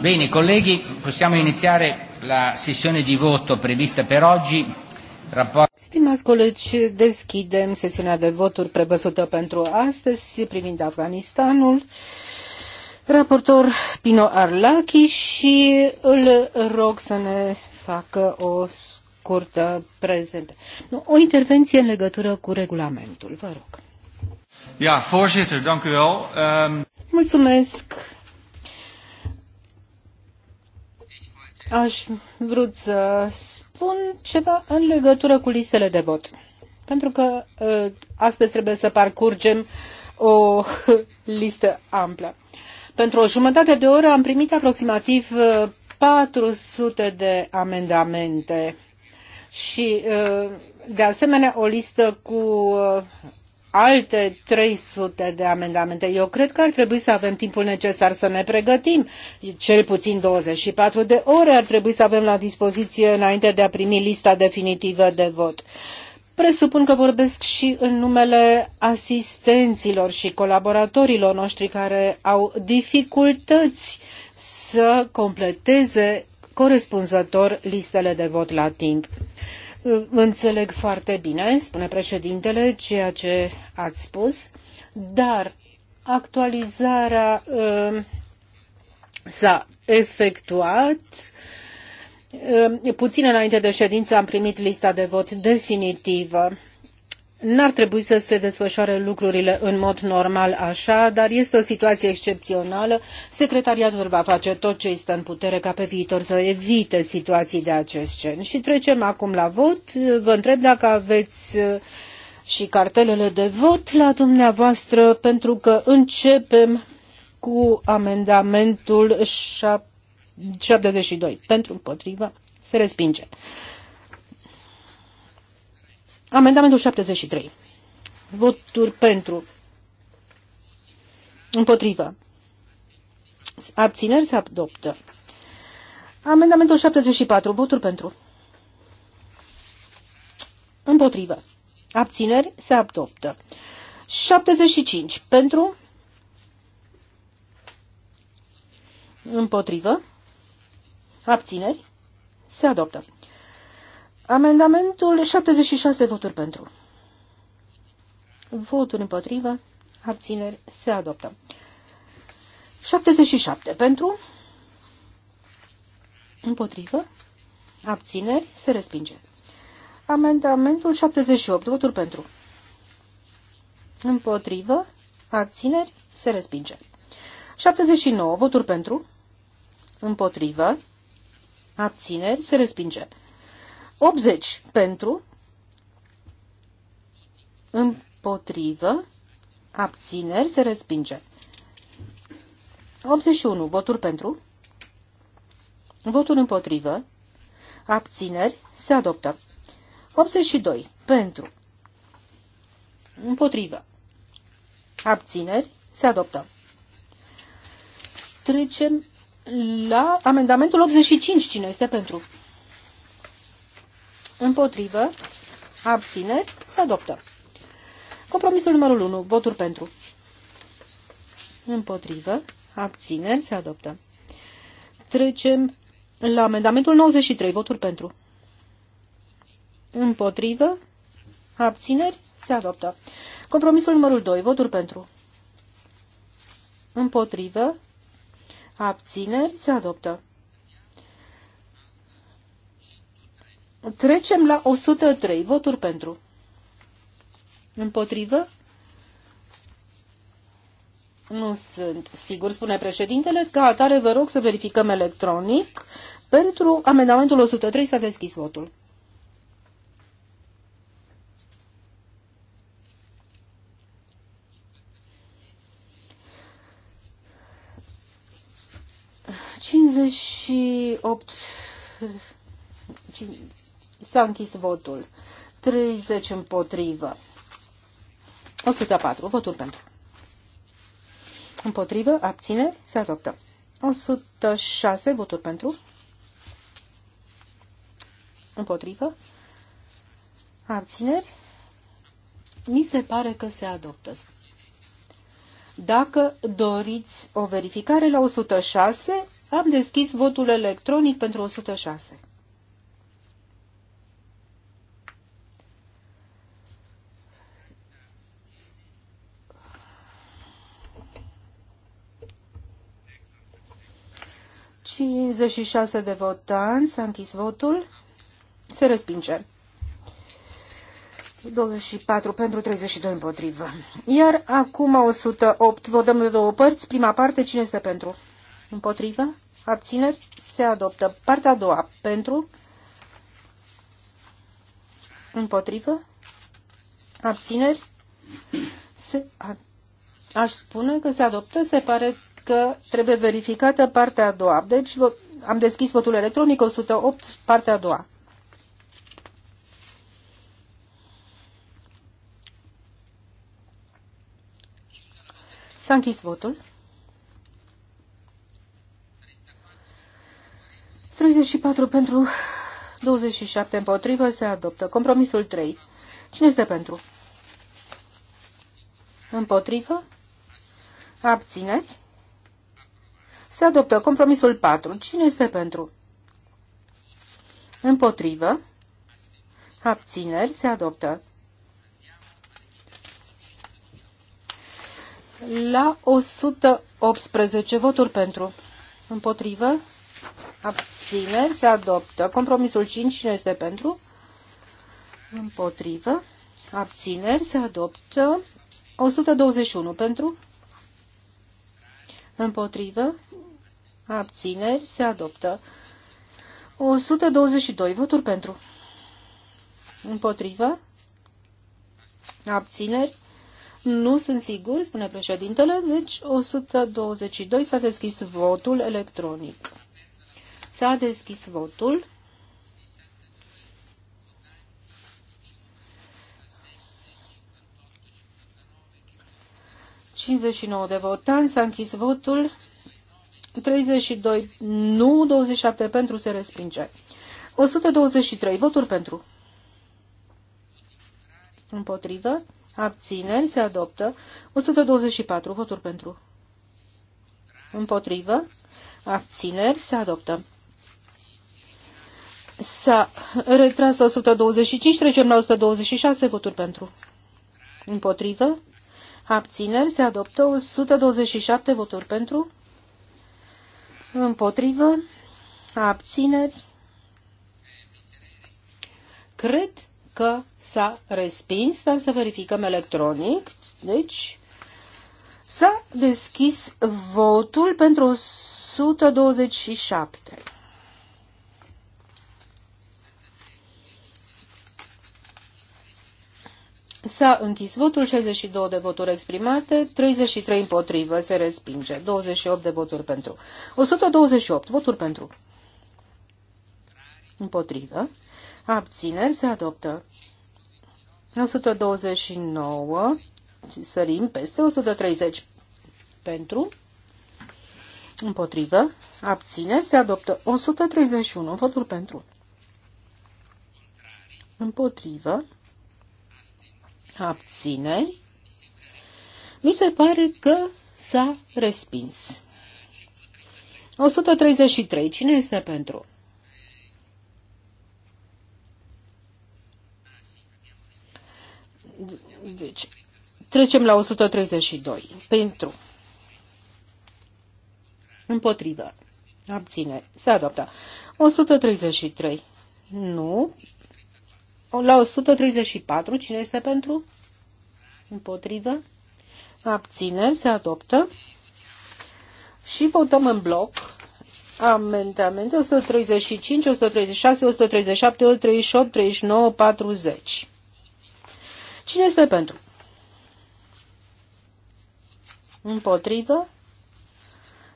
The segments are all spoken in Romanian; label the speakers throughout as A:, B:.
A: Bene, colleghi, possiamo iniziare la sessione di voto prevista per oggi. Rapport...
B: Stimați colegi, deschidem sesiunea de voturi prevăzută pentru astăzi privind Afganistanul. Raportor Pino Arlachi și îl rog să ne facă o scurtă prezentă. Nu, o intervenție în legătură cu regulamentul, vă rog.
C: Ja, voorzitter, dank u wel. Um...
B: Mulțumesc, Aș vrut să spun ceva în legătură cu listele de vot. Pentru că ă, astăzi trebuie să parcurgem o listă amplă. Pentru o jumătate de oră am primit aproximativ 400 ă, de amendamente și, ă, de asemenea, o listă cu alte 300 de amendamente. Eu cred că ar trebui să avem timpul necesar să ne pregătim. Cel puțin 24 de ore ar trebui să avem la dispoziție înainte de a primi lista definitivă de vot. Presupun că vorbesc și în numele asistenților și colaboratorilor noștri care au dificultăți să completeze corespunzător listele de vot la timp. Înțeleg foarte bine, spune președintele, ceea ce ați spus, dar actualizarea uh, s-a efectuat. Uh, puțin înainte de ședință am primit lista de vot definitivă N-ar trebui să se desfășoare lucrurile în mod normal așa, dar este o situație excepțională. Secretariatul va face tot ce este în putere ca pe viitor să evite situații de acest gen. Și trecem acum la vot. Vă întreb dacă aveți uh, și cartelele de vot la dumneavoastră, pentru că începem cu amendamentul 72. Pentru împotriva se respinge. Amendamentul 73. Voturi pentru. Împotrivă. Abțineri se adoptă. Amendamentul 74. Voturi pentru. Împotrivă. Abțineri se adoptă. 75. Pentru. Împotrivă. Abțineri se adoptă. Amendamentul 76 voturi pentru. Voturi împotrivă. Abțineri se adoptă. 77 pentru. Împotrivă. Abțineri se respinge. Amendamentul 78 voturi pentru. Împotrivă. Abțineri se respinge. 79 voturi pentru. Împotrivă. Abțineri se respinge. 80 pentru, împotrivă, abțineri, se respinge. 81. Voturi pentru. Voturi împotrivă. Abțineri. Se adoptă. 82. Pentru. Împotrivă. Abțineri. Se adoptă. Trecem la amendamentul 85. Cine este pentru? Împotrivă. Abțineri. Se adoptă. Compromisul numărul 1. Voturi pentru. Împotrivă. Abțineri. Se adoptă. Trecem la amendamentul 93. Voturi pentru. Împotrivă. Abțineri. Se adoptă. Compromisul numărul 2. Voturi pentru. Împotrivă. Abțineri. Se adoptă. Trecem la 103. Voturi pentru. Împotrivă? Nu sunt sigur, spune președintele. Ca atare, vă rog să verificăm electronic. Pentru amendamentul 103 s-a deschis votul. și S-a închis votul. 30 împotrivă. 104. Voturi pentru. Împotrivă, abțineri, se adoptă. 106 voturi pentru. Împotrivă. Abțineri. Mi se pare că se adoptă. Dacă doriți o verificare la 106, am deschis votul electronic pentru 106. 56 de votanți, s-a închis votul, se respinge. 24 pentru 32 împotrivă. Iar acum 108, votăm de două părți. Prima parte, cine este pentru? Împotrivă? Abțineri? Se adoptă. Partea a doua, pentru? Împotrivă? Abțineri? Se, a, aș spune că se adoptă, se pare că trebuie verificată partea a doua. Deci am deschis votul electronic 108, partea a doua. S-a închis votul. 34 pentru, 27 împotrivă, se adoptă. Compromisul 3. Cine este pentru? Împotrivă? Abțineri? Se adoptă compromisul 4. Cine este pentru? Împotrivă. Abțineri. Se adoptă. La 118 voturi pentru. Împotrivă. Abțineri. Se adoptă. Compromisul 5. Cine este pentru? Împotrivă. Abțineri. Se adoptă. 121 pentru. Împotrivă abțineri, se adoptă. 122 voturi pentru. Împotrivă? Abțineri? Nu sunt sigur, spune președintele, deci 122 s-a deschis votul electronic. S-a deschis votul. nouă de votanți, s-a închis votul 32 nu, 27 pentru se respinge. 123 voturi pentru. Împotrivă. Abțineri se adoptă. 124 voturi pentru. Împotrivă. Abțineri se adoptă. S-a retras 125, trecem la 126 voturi pentru. Împotrivă. Abțineri se adoptă 127 voturi pentru. Împotrivă? Abțineri? Cred că s-a respins, dar să verificăm electronic. Deci, s-a deschis votul pentru 127. S-a închis votul, 62 de voturi exprimate, 33 împotrivă, se respinge, 28 de voturi pentru. 128 voturi pentru. Împotrivă. Abțineri se adoptă. 129, sărim peste 130 pentru. Împotrivă. Abțineri se adoptă 131 voturi pentru. Împotrivă abțineri, mi se pare că s-a respins. 133. Cine este pentru? Deci, trecem la 132. Pentru. Împotrivă. Abține. Se adoptă. 133. Nu. La 134, cine este pentru? Împotrivă. Abțineri, se adoptă. Și votăm în bloc amendamente 135, 136, 137, 138, 39, 40. Cine este pentru? Împotrivă?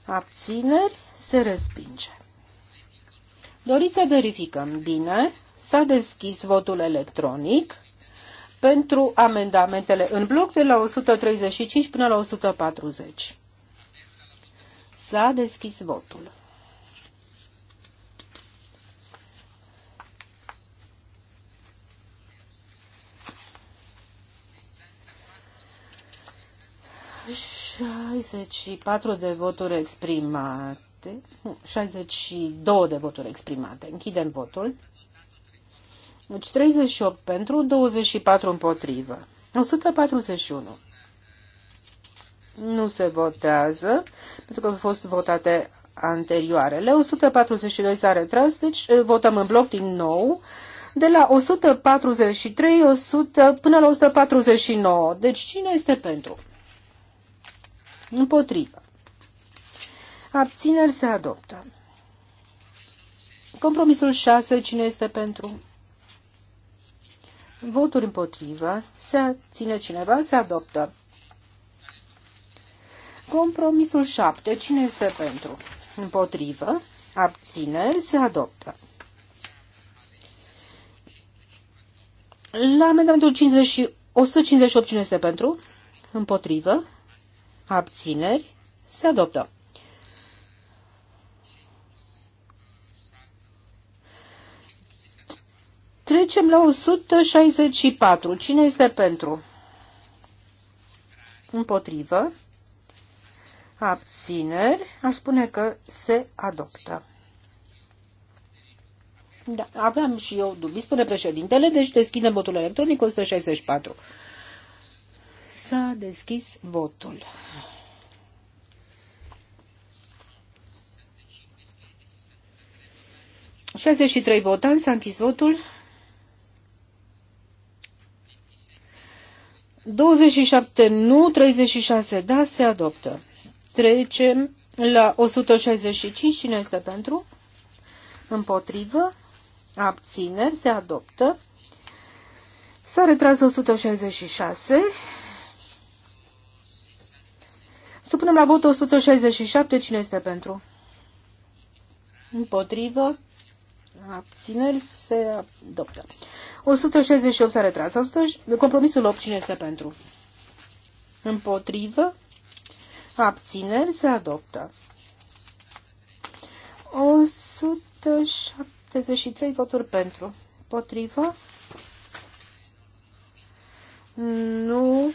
B: Abțineri? Se respinge. Doriți să verificăm bine? S-a deschis votul electronic pentru amendamentele în bloc de la 135 până la 140. S-a deschis votul. și patru de voturi exprimate, 62 de voturi exprimate. Închidem votul. Deci 38 pentru, 24 împotrivă. 141. Nu se votează, pentru că au fost votate anterioarele. 142 s-a retras, deci eh, votăm în bloc din nou de la 143 100, până la 149. Deci cine este pentru? Împotrivă. Abțineri se adoptă. Compromisul 6, cine este pentru? voturi împotrivă, se ține cineva, se adoptă. Compromisul 7. Cine este pentru? Împotrivă, abțineri, se adoptă. La amendamentul 50, 158, cine este pentru? Împotrivă, abțineri, se adoptă. Trecem la 164. Cine este pentru? Împotrivă. Abțineri. Aș spune că se adoptă. Da, aveam și eu dubii, spune președintele, deci deschidem votul electronic 164. S-a deschis votul. și 63 votanți, s-a închis votul. 27 nu, 36 da, se adoptă. Trecem la 165. Cine este pentru? Împotrivă. Abțineri. Se adoptă. S-a retras 166. Supunem la vot 167. Cine este pentru? Împotrivă. Abțineri. Se adoptă. 168 s-a retras. 100, compromisul 8 cine este pentru? Împotrivă. Abțineri se adoptă. 173 voturi pentru. Potrivă. Nu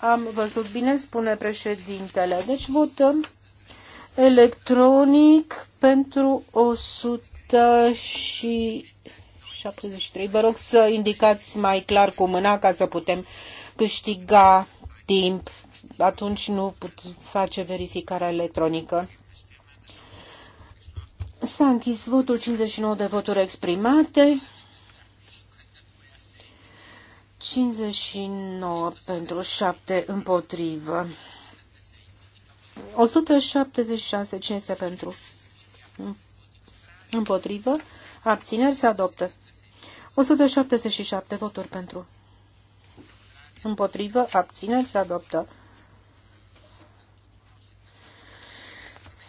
B: am văzut bine, spune președintele. Deci votăm electronic pentru 100 și 73. Vă rog să indicați mai clar cu mâna ca să putem câștiga timp. Atunci nu pot face verificarea electronică. S-a închis votul 59 de voturi exprimate. 59 pentru 7 împotrivă. 176, cine este pentru? Împotrivă. Abțineri se adoptă. 177 voturi pentru. Împotrivă, abțineri, se adoptă.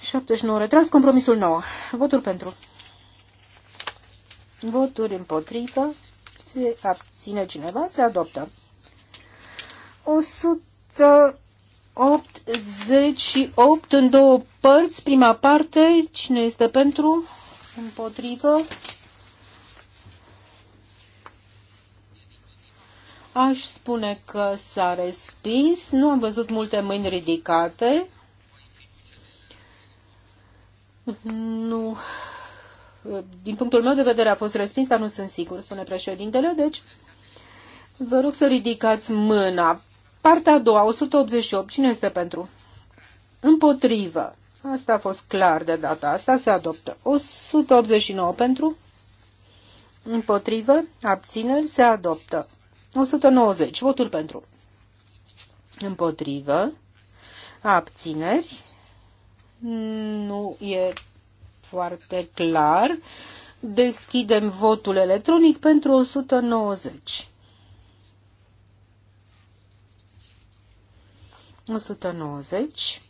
B: 79 retras, compromisul 9. Voturi pentru. Voturi împotrivă, se abține cineva, se adoptă. 188 în două părți, prima parte, cine este pentru, împotrivă, Aș spune că s-a respins, nu am văzut multe mâini ridicate. Nu. Din punctul meu de vedere a fost respins, dar nu sunt sigur, spune președintele, deci vă rog să ridicați mâna. Partea a doua, 188, cine este pentru? Împotrivă. Asta a fost clar de data asta, se adoptă. 189 pentru, împotrivă, abțineri, se adoptă. 190. Votul pentru. Împotrivă. Abțineri. Nu e foarte clar. Deschidem votul electronic pentru 190. 190.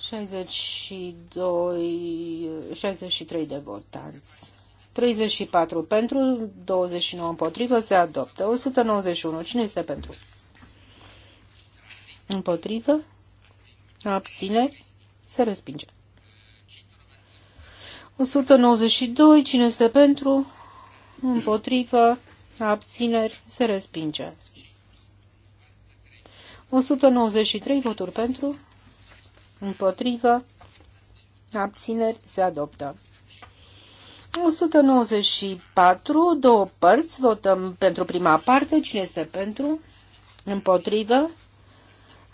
B: 62, 63 de votanți. 34 pentru, 29 împotrivă, se adoptă. 191. Cine este pentru? Împotrivă? Abține? Se respinge. 192. Cine este pentru? Împotrivă? Abțineri? Se respinge. 193 voturi pentru, împotrivă, abțineri, se adoptă. 194, două părți, votăm pentru prima parte, cine este pentru, împotrivă,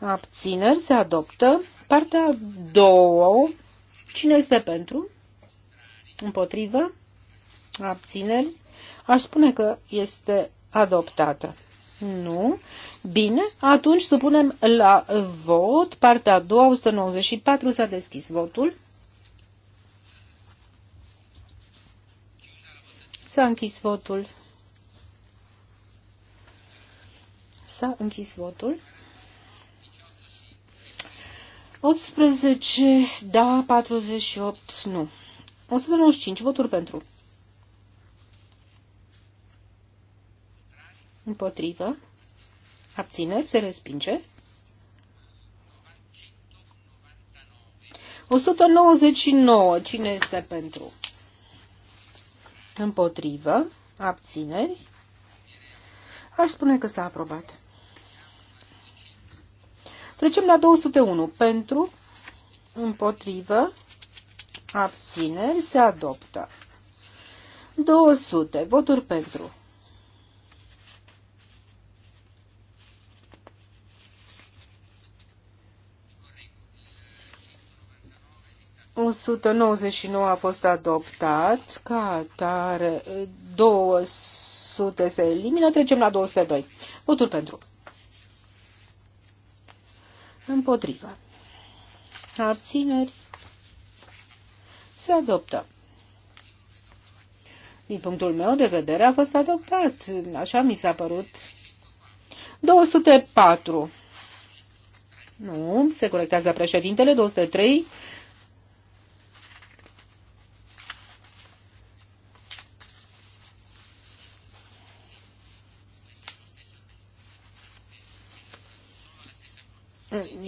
B: abțineri, se adoptă. Partea a doua, cine este pentru, împotrivă, abțineri, aș spune că este adoptată. Nu. Bine, atunci să punem la vot partea a doua, 194, s-a deschis votul. S-a închis votul. S-a închis votul. 18, da, 48, nu. 195 voturi pentru. Împotrivă. Abțineri, se respinge. 199. Cine este pentru? Împotrivă. Abțineri. Aș spune că s-a aprobat. Trecem la 201. Pentru, împotrivă, abțineri, se adoptă. 200. Voturi pentru. 199 a fost adoptat, ca atare 200 se elimină, trecem la 202. Votul pentru. Împotriva. Abțineri. Se adoptă. Din punctul meu de vedere a fost adoptat. Așa mi s-a părut. 204. Nu, se corectează președintele. 203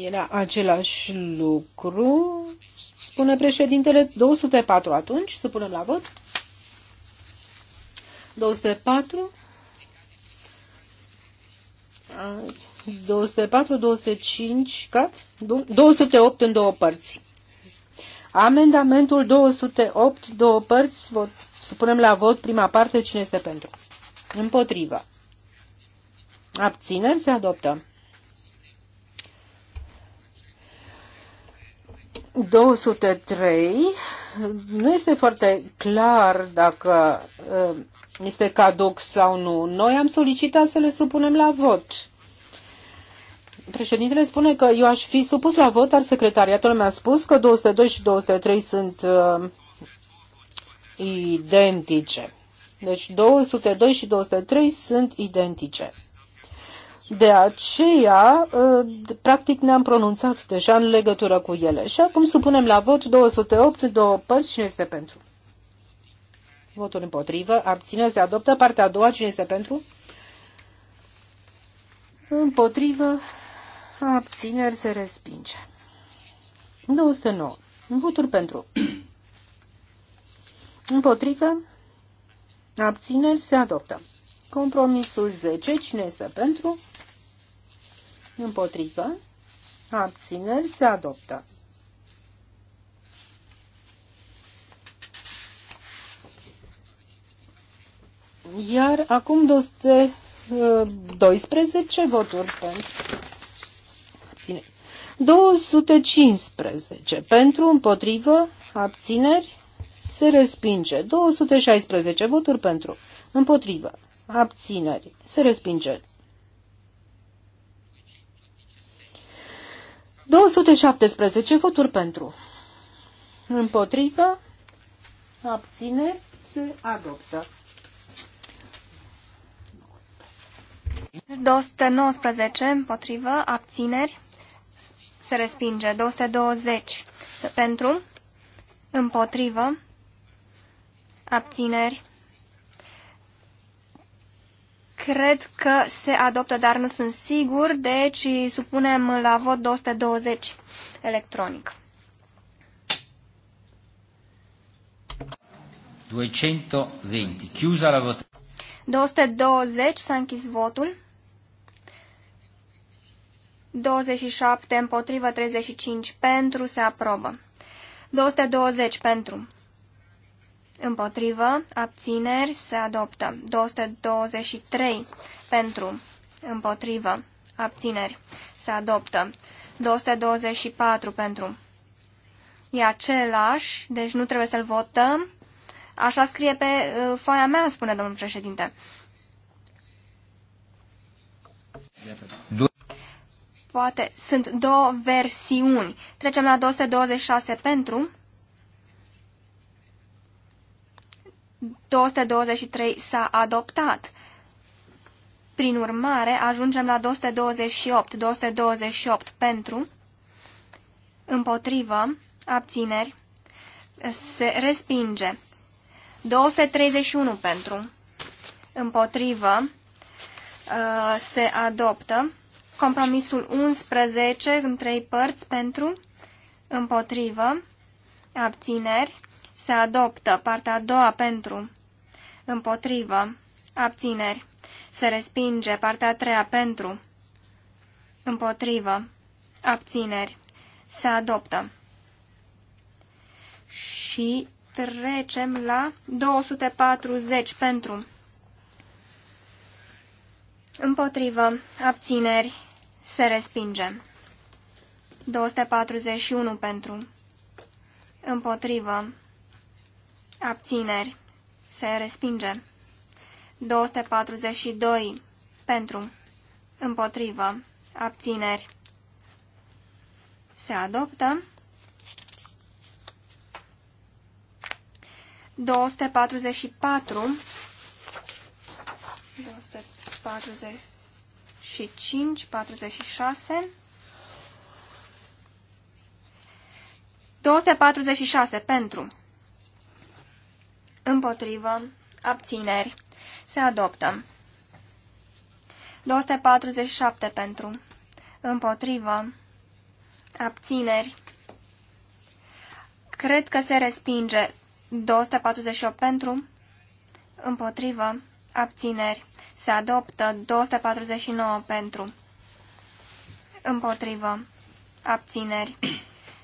B: era același lucru, spune președintele, 204 atunci, să punem la vot. 204, 204, 205, cat? 208 în două părți. Amendamentul 208, două părți, vot, să punem la vot prima parte, cine este pentru? Împotriva. Abțineri se adoptă. 203 nu este foarte clar dacă uh, este caduc sau nu. Noi am solicitat să le supunem la vot. Președintele spune că eu aș fi supus la vot, dar secretariatul mi-a spus că 202 și 203 sunt uh, identice. Deci 202 și 203 sunt identice. De aceea, ă, practic, ne-am pronunțat deja în legătură cu ele. Și acum supunem la vot 208, două părți, cine este pentru? Votul împotrivă, abține, se adoptă. Partea a doua, cine este pentru? Împotrivă, abțineri, se respinge. 209. votul pentru. împotrivă, abțineri, se adoptă. Compromisul 10. Cine este pentru? Împotrivă. Abțineri se adoptă. Iar acum 212 uh, voturi pentru. Abține. 215 pentru, împotrivă, abțineri, se respinge. 216 voturi pentru, împotrivă, abțineri, se respinge. 217 voturi pentru.
D: Împotrivă,
B: abțineri, se adoptă.
D: 219 împotrivă, abțineri, se respinge. 220 pentru, împotrivă, abțineri, Cred că se adoptă, dar nu sunt sigur, deci supunem la vot 220 electronic.
A: 220. Chiusa la vot.
D: 220 s-a închis votul. 27 împotrivă, 35 pentru, se aprobă. 220 pentru, Împotrivă, abțineri, se adoptă. 223 pentru, împotrivă, abțineri, se adoptă. 224 pentru. E același, deci nu trebuie să-l votăm. Așa scrie pe uh, foaia mea, spune domnul președinte. Poate sunt două versiuni. Trecem la 226 pentru, 223 s-a adoptat. Prin urmare, ajungem la 228. 228 pentru, împotrivă, abțineri, se respinge. 231 pentru, împotrivă, uh, se adoptă. Compromisul 11 în trei părți pentru, împotrivă, abțineri, se adoptă. Partea a doua pentru. Împotrivă. Abțineri. Se respinge. Partea a treia pentru. Împotrivă. Abțineri. Se adoptă. Și trecem la 240 pentru. Împotrivă. Abțineri. Se respinge. 241 pentru. Împotrivă. Abțineri. Se respinge. 242. Pentru. Împotrivă. Abțineri. Se adoptă. 244. 245. 46. 246. Pentru împotrivă, abțineri, se adoptă. 247 pentru, împotrivă, abțineri, cred că se respinge. 248 pentru, împotrivă, abțineri, se adoptă. 249 pentru, împotrivă, abțineri,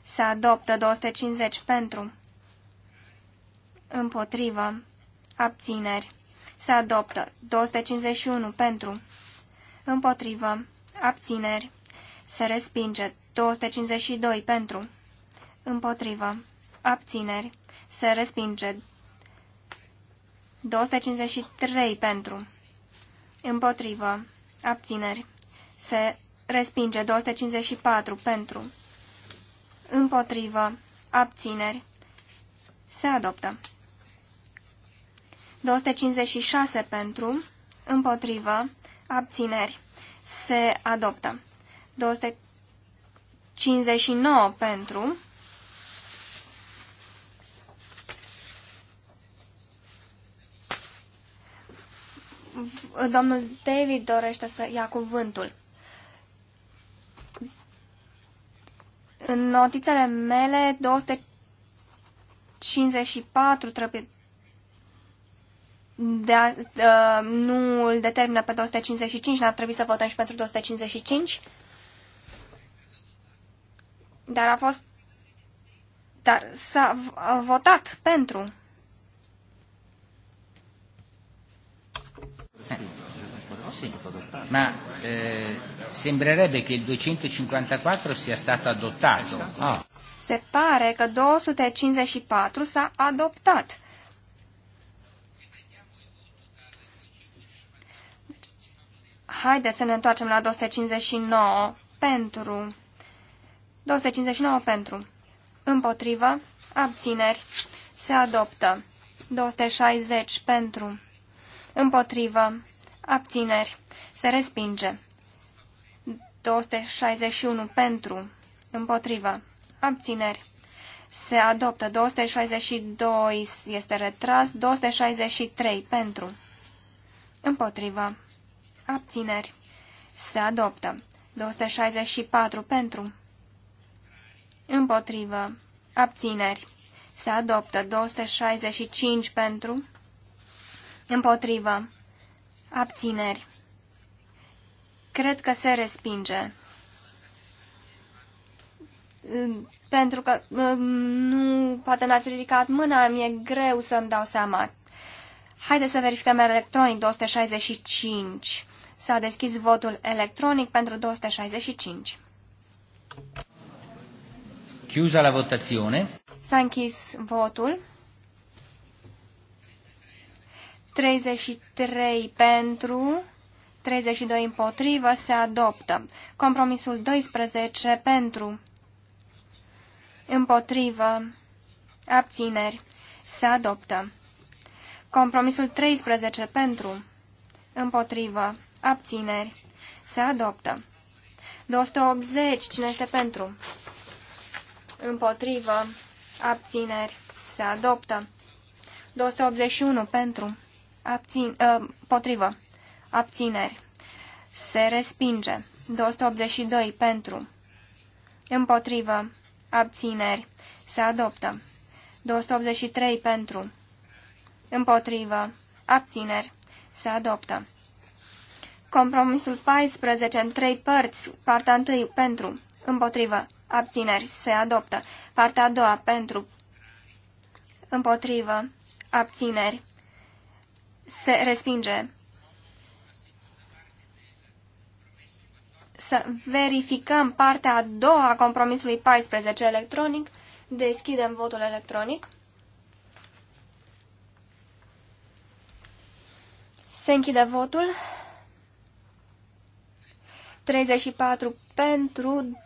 D: se adoptă. 250 pentru, împotrivă, abțineri, se adoptă. 251 pentru, împotrivă, abțineri, se respinge. 252 pentru, împotrivă, abțineri, se respinge. 253 pentru, împotrivă, abțineri, se respinge. 254 pentru, împotrivă, abțineri, se adoptă. 256 pentru, împotrivă, abțineri, se adoptă. 259 pentru, domnul David dorește să ia cuvântul. În notițele mele, 254 trebuie de a, uh, nu îl determină pe 255, n-ar trebui să votăm și pentru 255. Dar a fost... Dar s-a votat pentru.
A: Sì, ma eh, sembrerebbe che il 254 sia stato adottato. Ah.
D: Se pare che 254 sia adottato. adoptat. Haideți să ne întoarcem la 259 pentru. 259 pentru. Împotrivă. Abțineri. Se adoptă. 260 pentru. Împotrivă. Abțineri. Se respinge. 261 pentru. Împotrivă. Abțineri. Se adoptă. 262 este retras. 263 pentru. Împotrivă. Abțineri. Se adoptă. 264 pentru. Împotrivă. Abțineri. Se adoptă. 265 pentru. Împotrivă. Abțineri. Cred că se respinge. Pentru că nu, poate n-ați ridicat mâna, mi-e greu să-mi dau seama. Haideți să verificăm electronic 265. S-a deschis votul electronic pentru 265.
A: Chiusa la votazione.
D: S-a închis votul. 33 pentru, 32 împotrivă, se adoptă. Compromisul 12 pentru, împotrivă, abțineri, se adoptă. Compromisul 13 pentru, împotrivă, abțineri, se adoptă. 280, cine este pentru? Împotrivă, abțineri, se adoptă. 281, pentru, abțin, uh, potrivă, abțineri, se respinge. 282, pentru, împotrivă, abțineri, se adoptă. 283, pentru, împotrivă, abțineri, se adoptă. Compromisul 14 în trei părți, partea 1 pentru, împotrivă, abțineri, se adoptă. Partea a doua pentru, împotrivă, abțineri, se respinge. Să verificăm partea a doua a compromisului 14 electronic. Deschidem votul electronic. Se închide votul. 34 pentru,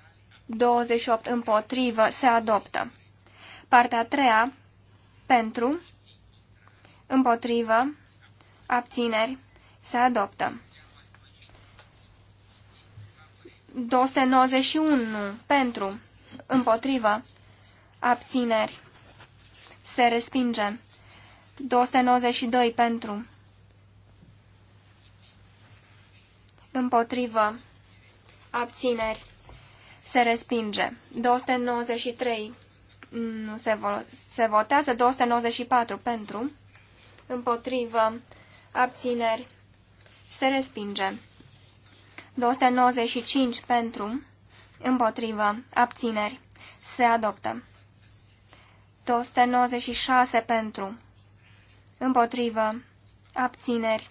D: 28 împotrivă, se adoptă. Partea a treia, pentru, împotrivă, abțineri, se adoptă. 291 pentru, împotrivă, abțineri, se respinge. 292 pentru, împotrivă, abțineri, se respinge. 293 nu se, vo se votează, 294 pentru, împotrivă, abțineri, se respinge. 295 pentru, împotrivă, abțineri, se adoptă. 296 pentru, împotrivă, abțineri,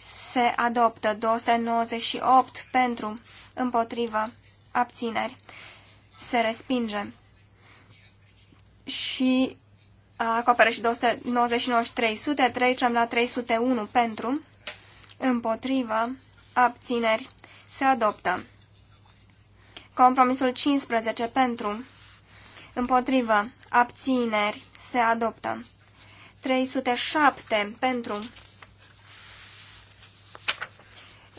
D: se adoptă. 298 pentru, împotrivă, abțineri, se respinge. Și acoperă și 299 300, trecem la 301 pentru, împotrivă, abțineri, se adoptă. Compromisul 15 pentru, împotrivă, abțineri, se adoptă. 307 pentru,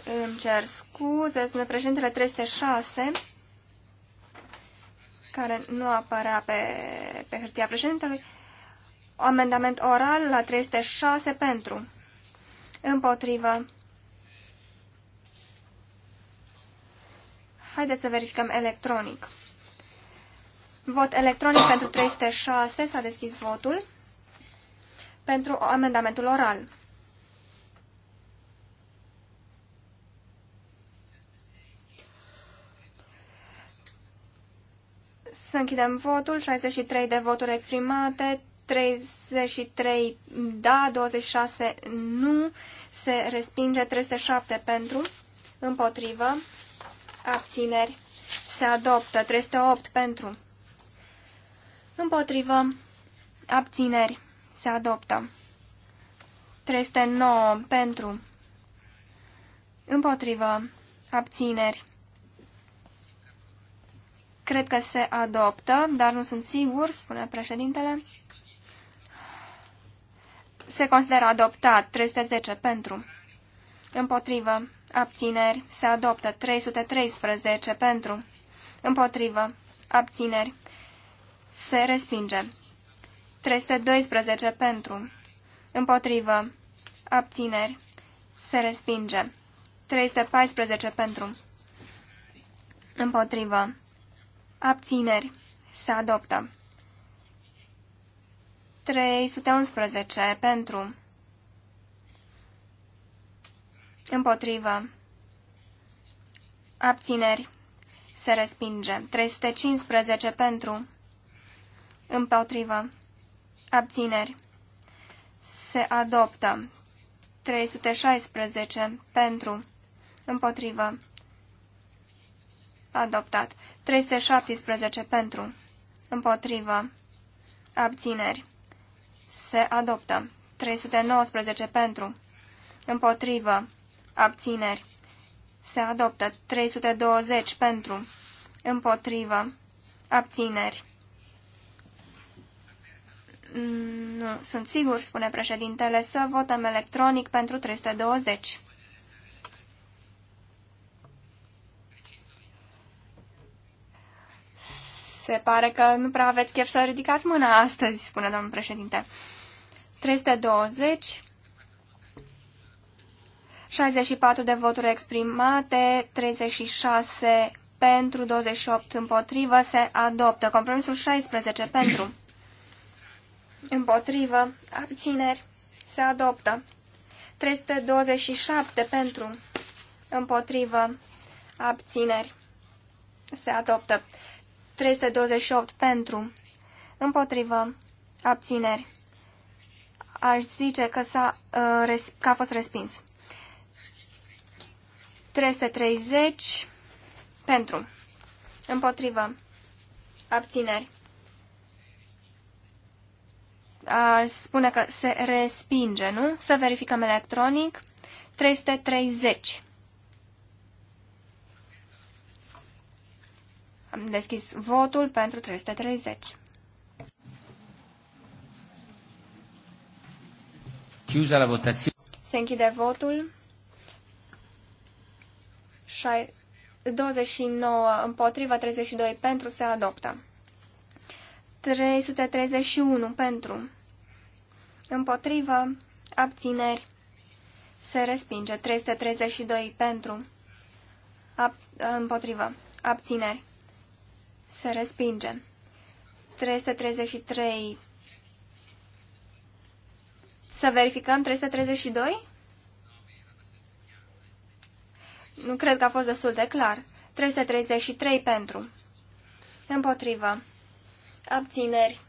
D: îmi cer scuze, spune președintele 306, care nu apărea pe, pe hârtia președintelui. Amendament oral la 306 pentru. Împotrivă. Haideți să verificăm electronic. Vot electronic pentru 306. S-a deschis votul pentru amendamentul oral. Să închidem votul. 63 de voturi exprimate, 33 da, 26 nu, se respinge 307 pentru, împotrivă, abțineri, se adoptă 308 pentru, împotrivă, abțineri, se adoptă 309 pentru, împotrivă, abțineri, Cred că se adoptă, dar nu sunt sigur, spune președintele. Se consideră adoptat 310 pentru. Împotrivă. Abțineri. Se adoptă 313 pentru. Împotrivă. Abțineri. Se respinge. 312 pentru. Împotrivă. Abțineri. Se respinge. 314 pentru. Împotrivă. Abțineri. Se adoptă. 311 pentru. Împotrivă. Abțineri. Se respinge. 315 pentru. Împotrivă. Abțineri. Se adoptă. 316 pentru. Împotrivă. Adoptat. 317 pentru. Împotrivă. Abțineri. Se adoptă. 319 pentru. Împotrivă. Abțineri. Se adoptă. 320 pentru. Împotrivă. Abțineri. Nu, sunt sigur, spune președintele, să votăm electronic pentru 320. Se pare că nu prea aveți chef să ridicați mâna astăzi, spune domnul președinte. 320, 64 de voturi exprimate, 36 pentru, 28 împotrivă, se adoptă. Compromisul 16 pentru, împotrivă, abțineri, se adoptă. 327 pentru, împotrivă, abțineri, se adoptă. 328 pentru, împotrivă, abțineri. Aș zice că, a uh, că a fost respins. 330 pentru, împotrivă, abțineri. Ar spune că se respinge, nu? Să verificăm electronic. 330. Am deschis votul pentru 330.
A: Chiusa la votație.
D: Se închide votul. 29 împotriva, 32 pentru, se adoptă. 331 pentru, împotrivă, abțineri, se respinge. 332 pentru, ab, împotrivă, abțineri, se respinge. 333. Să verificăm 332? Nu cred că a fost destul de clar. 333 pentru. Împotrivă. Abțineri.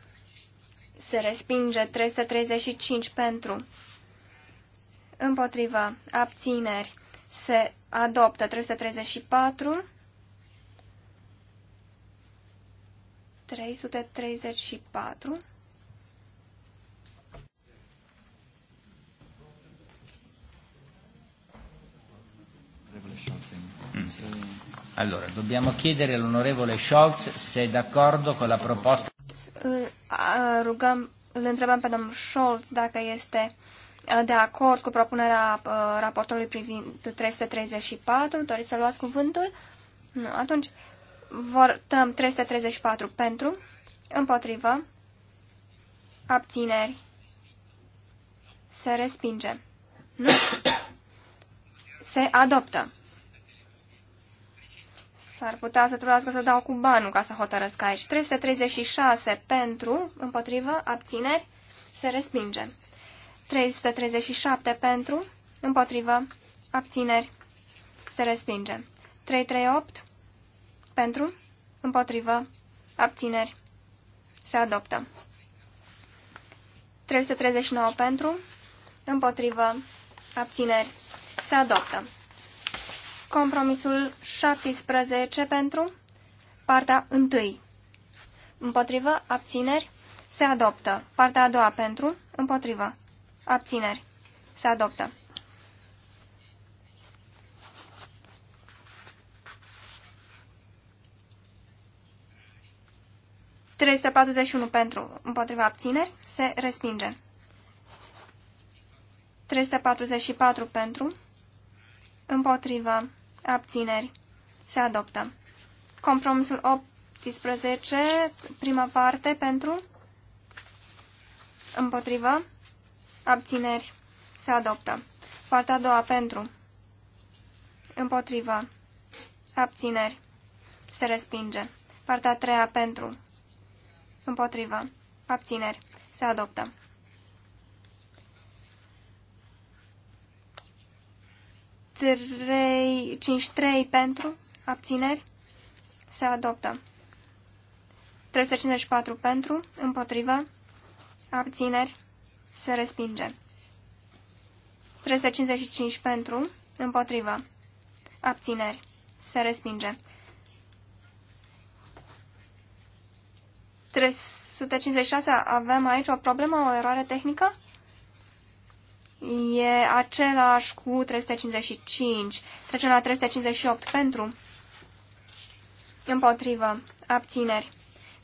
D: Se respinge 335 pentru. Împotrivă. Abțineri. Se adoptă 334 334.
E: Mm.
A: Allora, dobbiamo chiedere all'onorevole Scholz se è d'accordo con la proposta.
D: rugăm, îl întrebăm pe domnul Scholz dacă este de acord cu propunerea raportului privind 334. Doriți să luați cuvântul? Nu, atunci Votăm 334 pentru, împotrivă, abțineri, se respinge. Nu? Se adoptă. S-ar putea să trebuiască să dau cu banul ca să hotărăsc aici. 336 pentru, împotrivă, abțineri, se respinge. 337 pentru, împotrivă, abțineri, se respinge. 338 pentru, împotrivă, abțineri, se adoptă. 339 pentru, împotrivă, abțineri, se adoptă. Compromisul 17 pentru, partea 1. Împotrivă, abțineri, se adoptă. Partea a doua pentru, împotrivă, abțineri, se adoptă. 341 pentru împotriva abțineri se respinge. 344 pentru împotriva abțineri se adoptă. Compromisul 18, prima parte pentru împotriva abțineri se adoptă. Partea a doua pentru împotriva abțineri se respinge. Partea a treia pentru Împotrivă. Abțineri. Se adoptă. Trei, cinci, trei pentru, abțineri, se adoptă. 354 pentru, împotrivă, abțineri, se respinge. 355 pentru, împotrivă, abțineri, se respinge. 356 avem aici o problemă, o eroare tehnică? E același cu 355. Trecem la 358 pentru împotrivă abțineri.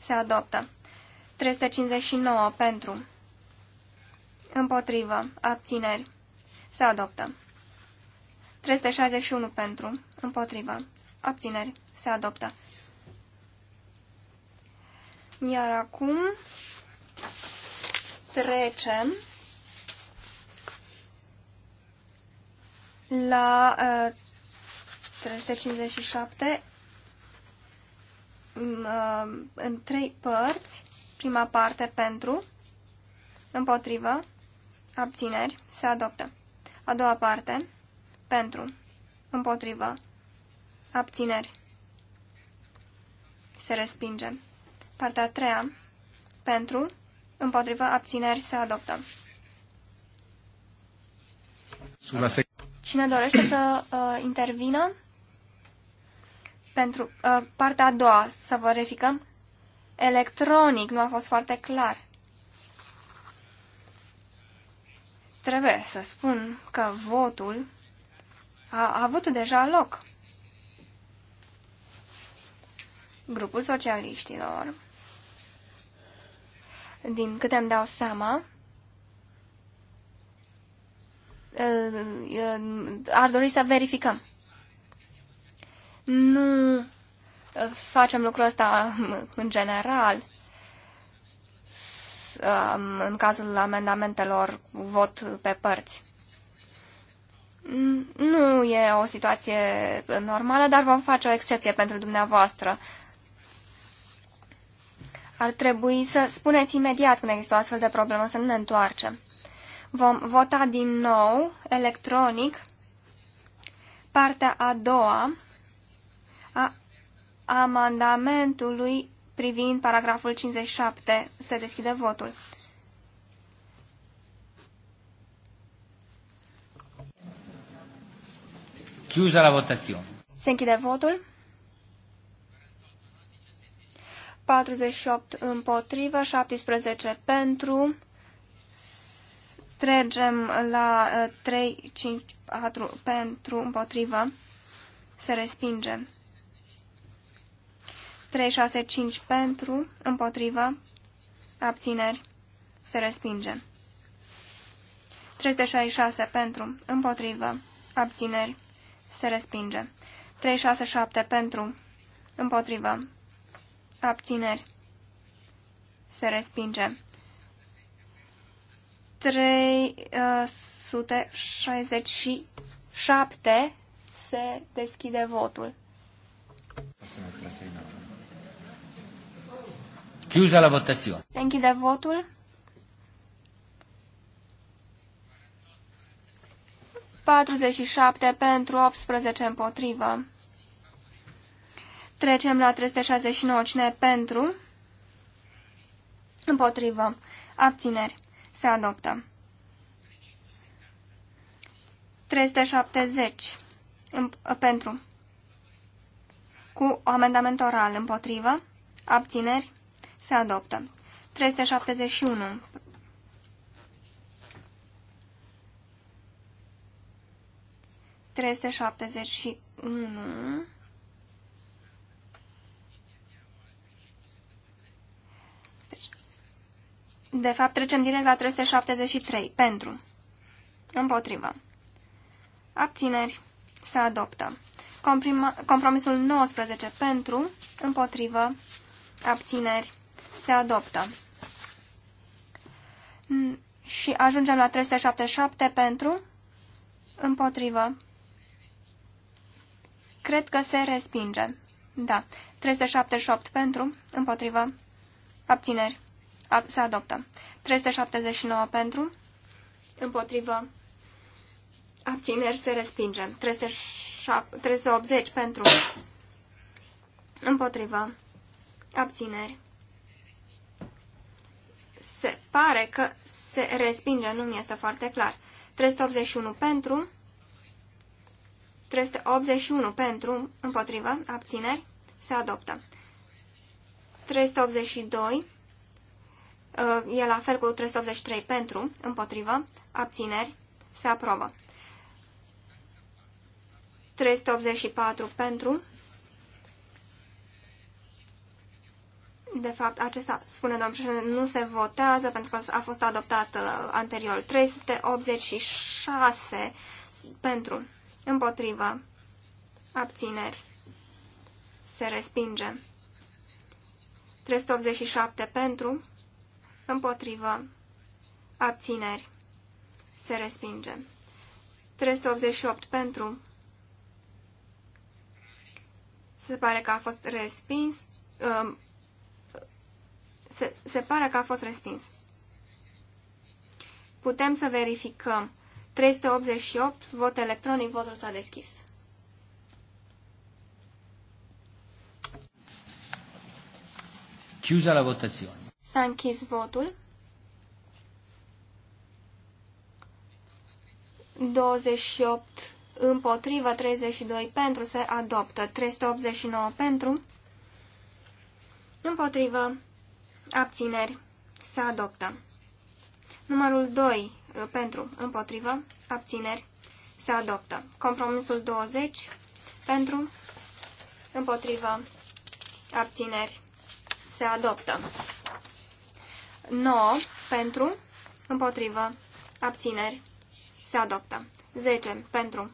D: Se adoptă. 359 pentru împotrivă abțineri. Se adoptă. 361 pentru împotrivă abțineri. Se adoptă. Iar acum trecem la uh, 357 um, uh, în trei părți. Prima parte pentru, împotrivă, abțineri, se adoptă. A doua parte pentru, împotrivă, abțineri, se respinge. Partea a treia. Pentru. Împotrivă. Abțineri. Se adoptă. Cine dorește să uh, intervină? Pentru uh, partea a doua, să verificăm. Electronic, nu a fost foarte clar. Trebuie să spun că votul a, a avut deja loc. grupul socialiștilor, din câte îmi dau seama, uh, uh, ar dori să verificăm. Nu facem lucrul ăsta în general în cazul amendamentelor vot pe părți. Nu e o situație normală, dar vom face o excepție pentru dumneavoastră ar trebui să spuneți imediat când există o astfel de problemă, să nu ne întoarcem. Vom vota din nou, electronic, partea a doua a amandamentului privind paragraful 57. Se deschide votul.
A: Chiusa la votație.
D: Se închide votul. 48 împotrivă, 17 pentru. Trecem la 3, 5, 4 pentru împotrivă. Se respinge. 3, 6, 5 pentru împotrivă. Abțineri. Se respinge. 366 pentru împotrivă. Abțineri. Se respinge. 367 pentru împotrivă abțineri, se respinge. 367 uh, se deschide votul.
A: Chiusa la votație.
D: Se închide votul. șapte pentru optsprezece împotrivă. Trecem la 369. Cine pentru? Împotrivă. Abțineri. Se adoptă. 370. Ă, pentru. Cu amendament oral. Împotrivă. Abțineri. Se adoptă. 371. Trei sute și unu. De fapt, trecem direct la 373. Pentru. Împotrivă. Abțineri. Se adoptă. Comprima, compromisul 19. Pentru. Împotrivă. Abțineri. Se adoptă. Și ajungem la 377 pentru. Împotrivă. Cred că se respinge. Da. 378 pentru. Împotrivă. Abțineri se adoptă. 379 pentru, împotrivă, abțineri se respinge. 380 pentru, împotrivă, abțineri. Se pare că se respinge, nu mi este foarte clar. 381 pentru, 381 pentru, împotrivă, abțineri, se adoptă. 382 Uh, e la fel cu 383 pentru, împotrivă, abțineri, se aprobă. 384 pentru. De fapt, acesta, spune domnul președinte, nu se votează pentru că a fost adoptat uh, anterior. 386 pentru, împotrivă, abțineri, se respinge. 387 pentru, Împotrivă. Abțineri. Se respinge. 388 pentru. Se pare că a fost respins. Uh, se, se pare că a fost respins. Putem să verificăm. 388, vot electronic, votul s-a deschis.
A: Chiusa la votazione.
D: S-a închis votul. 28 împotrivă, 32 pentru, se adoptă. 389 pentru, împotrivă, abțineri, se adoptă. Numărul 2 uh, pentru, împotrivă, abțineri, se adoptă. Compromisul 20 pentru, împotrivă, abțineri, se adoptă. 9 pentru, împotrivă, abțineri, se adoptă. 10 pentru,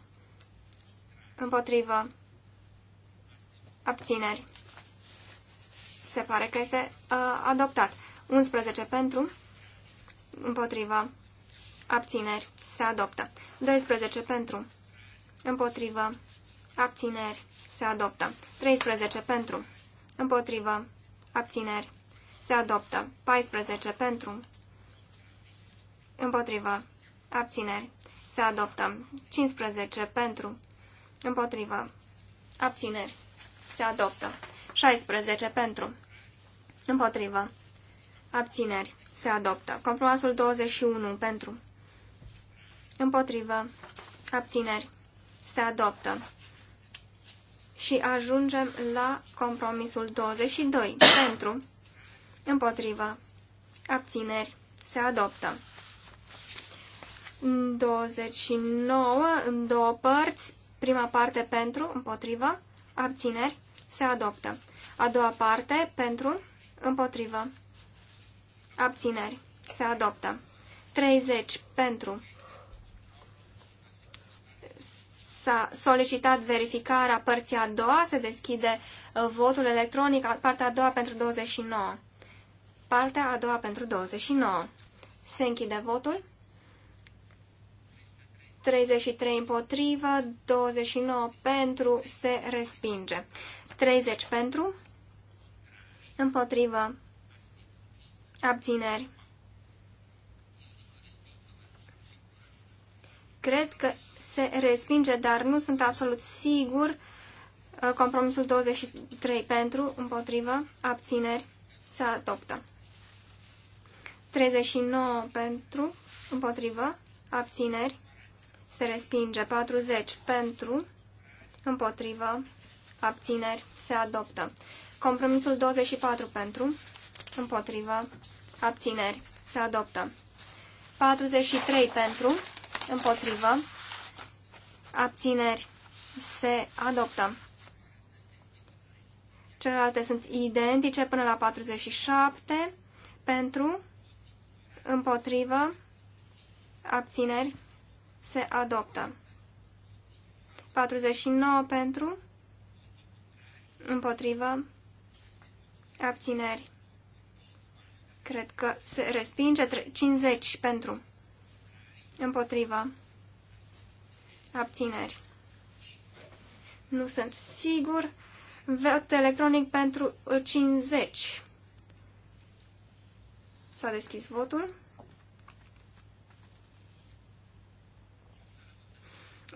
D: împotrivă, abțineri, se pare că este uh, adoptat. 11 pentru, împotrivă, abțineri, se adoptă. 12 pentru, împotrivă, abțineri, se adoptă. 13 pentru, împotrivă, abțineri, se adoptă. 14 pentru. Împotrivă. Abțineri. Se adoptă. 15 pentru. Împotrivă. Abțineri. Se adoptă. 16 pentru. Împotrivă. Abțineri. Se adoptă. Compromisul 21 pentru. Împotrivă. Abțineri. Se adoptă. Și ajungem la compromisul 22 pentru. Împotrivă. Abțineri. Se adoptă. 29 în două părți. Prima parte pentru, împotrivă, abțineri, se adoptă. A doua parte pentru, împotrivă, abțineri, se adoptă. 30 pentru. S-a solicitat verificarea părții a doua, se deschide uh, votul electronic, partea a doua pentru 29. Partea a doua pentru 29. Se închide votul. 33 împotrivă, 29 pentru, se respinge. 30 pentru, împotrivă, abțineri. Cred că se respinge, dar nu sunt absolut sigur. Compromisul 23 pentru, împotrivă, abțineri, se adoptă. 39 pentru, împotrivă, abțineri, se respinge. 40 pentru, împotrivă, abțineri, se adoptă. Compromisul 24 pentru, împotrivă, abțineri, se adoptă. 43 pentru, împotrivă, abțineri, se adoptă. Celelalte sunt identice până la 47 pentru, împotrivă, abțineri, se adoptă. 49 pentru, împotrivă, abțineri. Cred că se respinge 50 pentru, împotrivă, abțineri. Nu sunt sigur. Vot electronic pentru 50. S-a deschis votul.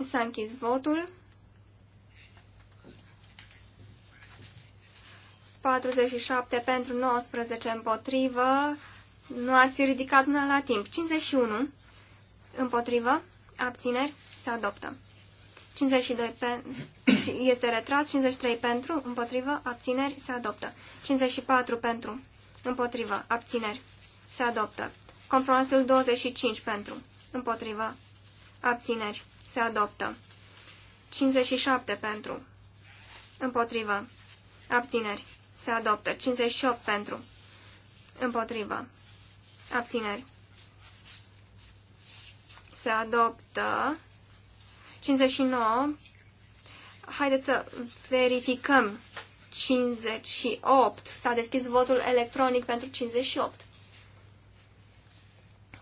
D: S-a închis votul. 47 pentru 19 împotrivă. Nu ați ridicat până la timp. 51 împotrivă. Abțineri. Se adoptă. 52 pen... este retras. 53 pentru. Împotrivă. Abțineri. Se adoptă. 54 pentru. Împotrivă. Abțineri. Se adoptă. Compromisul 25 pentru. Împotriva. Abțineri. Se adoptă. 57 pentru. Împotrivă. Abțineri. Se adoptă. 58 pentru. Împotrivă. Abțineri. Se adoptă. 59. Haideți să verificăm. 58. S-a deschis votul electronic pentru 58.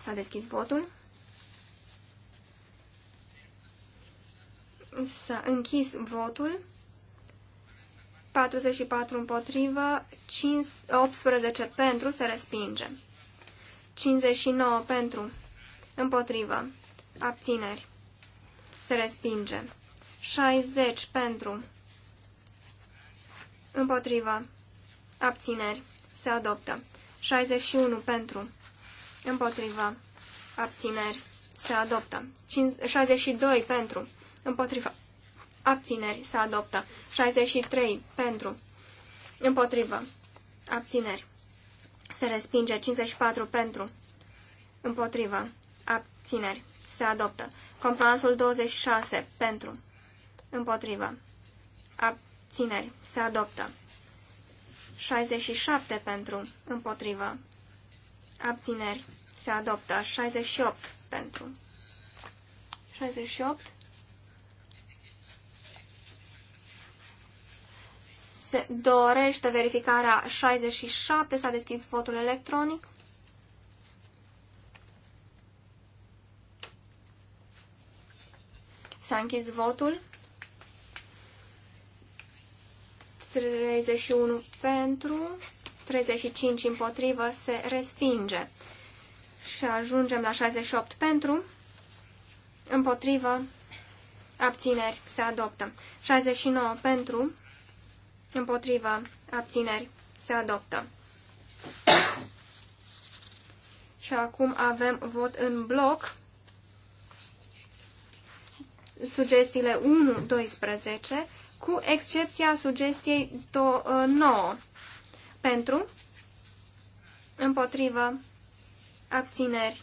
D: S-a deschis votul. S-a închis votul. 44 împotrivă, 5, 18 pentru, se respinge. 59 pentru, împotrivă, abțineri, se respinge. 60 pentru, împotrivă, abțineri, se adoptă. 61 pentru, Împotriva. Abțineri. Se adoptă. 62 pentru. Împotriva. Abțineri. Se adoptă. 63 pentru. împotriva, Abțineri. Se respinge. 54 pentru. împotriva, Abțineri. Se adoptă. Compromisul 26 pentru. împotriva, Abțineri. Se adoptă. 67 pentru. împotriva, Abțineri. Se adoptă. 68 pentru. 68. Se dorește verificarea 67. S-a deschis votul electronic. S-a închis votul. 31 pentru, 35 împotrivă se respinge. Și ajungem la 68 pentru, împotrivă, abțineri se adoptă. 69 pentru, împotrivă, abțineri se adoptă. Și acum avem vot în bloc. Sugestiile 1-12, cu excepția sugestiei 9. Pentru, împotrivă, abțineri,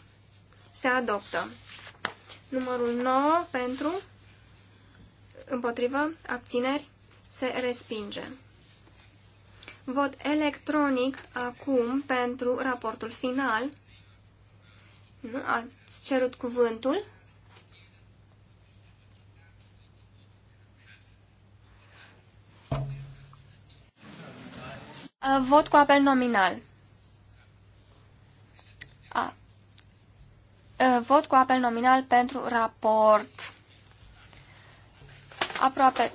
D: se adoptă. Numărul 9, pentru, împotrivă, abțineri, se respinge. Vot electronic acum pentru raportul final. Nu ați cerut cuvântul? Uh, vot cu apel nominal. A. Uh, vot cu apel nominal pentru raport. Aproape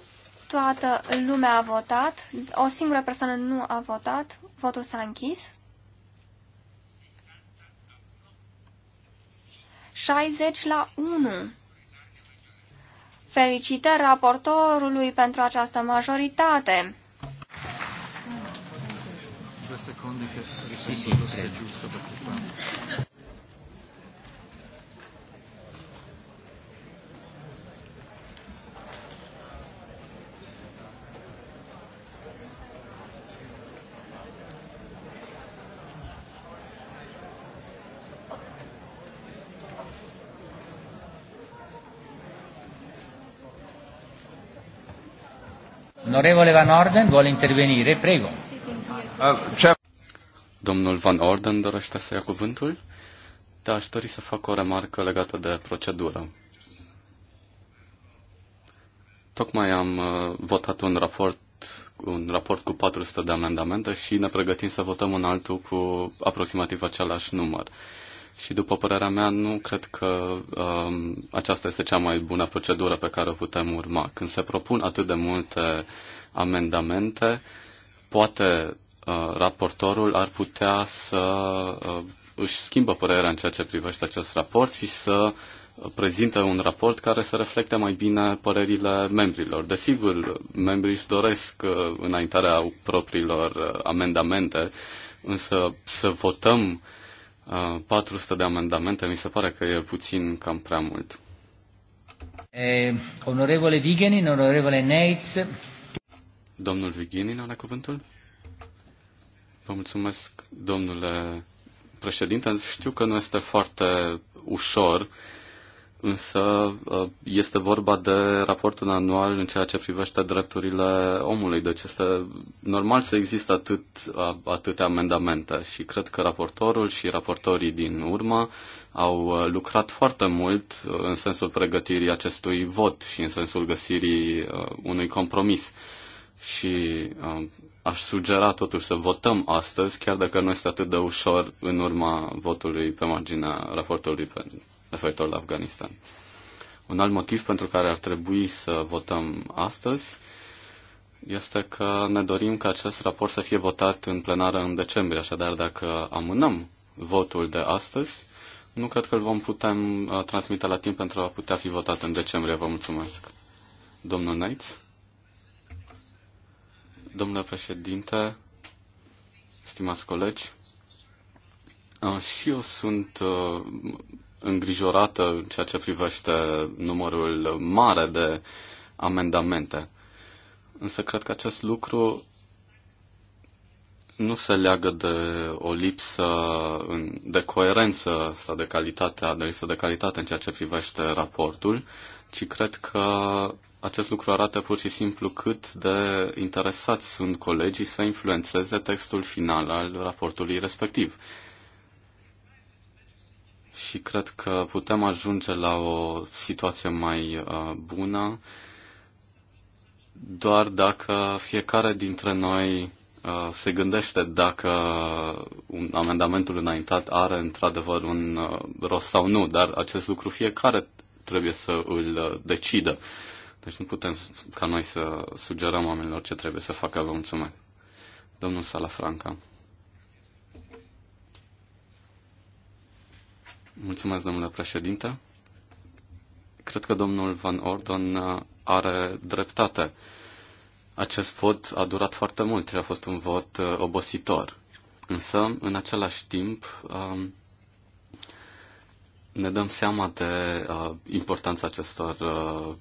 D: toată lumea a votat. O singură persoană nu a votat. Votul s-a închis. 60 la 1. Felicitări raportorului pentru această majoritate
C: tre secondi che sì, sì, giusto perché qua...
A: Onorevole Van Orden vuole intervenire, prego.
E: Domnul Van Orden dorește să ia cuvântul? dar aș dori să fac o remarcă legată de procedură. Tocmai am uh, votat un raport, un raport cu 400 de amendamente și ne pregătim să votăm un altul cu aproximativ același număr. Și după părerea mea, nu cred că um, aceasta este cea mai bună procedură pe care o putem urma. Când se propun atât de multe amendamente, poate Uh, raportorul ar putea să uh, își schimbă părerea în ceea ce privește acest raport și să prezintă un raport care să reflecte mai bine părerile membrilor. Desigur, membrii își doresc uh, înaintarea propriilor amendamente, însă să votăm 400 de amendamente mi se pare că e puțin cam prea mult.
A: Eh, onorevole Vigenin, onorevole Neitz.
E: Domnul Vigenin are cuvântul? Vă mulțumesc, domnule președinte. Știu că nu este foarte ușor, însă ă, este vorba de raportul anual în ceea ce privește drepturile omului. Deci este normal să existe atât, atâtea amendamente și cred că raportorul și raportorii din urmă au ă, lucrat foarte mult ă, în sensul pregătirii acestui vot și în sensul găsirii unui compromis. Și Aș sugera totuși să votăm astăzi, chiar dacă nu este atât de ușor în urma votului pe marginea raportului pe, referitor la Afganistan. Un alt motiv pentru care ar trebui să votăm astăzi este că ne dorim ca acest raport să fie votat în plenară în decembrie, așadar dacă amânăm votul de astăzi, nu cred că îl vom putea uh, transmite la timp pentru a putea fi votat în decembrie. Vă mulțumesc. Domnul Neitz? Domnule președinte, stimați colegi, uh, și eu sunt uh, îngrijorată în ceea ce privește numărul mare de amendamente. Însă cred că acest lucru nu se leagă de o lipsă de coerență sau de calitate, de lipsă de calitate în ceea ce privește raportul, ci cred că acest lucru arată pur și simplu cât de interesați sunt colegii să influențeze textul final al raportului respectiv. Și cred că putem ajunge la o situație mai uh, bună doar dacă fiecare dintre noi uh, se gândește dacă un amendamentul înaintat are într-adevăr un uh, rost sau nu, dar acest lucru fiecare trebuie să îl decidă. Deci nu putem ca noi să sugerăm oamenilor ce trebuie să facă. Vă mulțumesc. Domnul Salafranca. Mulțumesc, domnule președinte. Cred că domnul Van Orden are dreptate. Acest vot a durat foarte mult și a fost un vot uh, obositor. Însă, în același timp, um, ne dăm seama de uh, importanța acestor uh,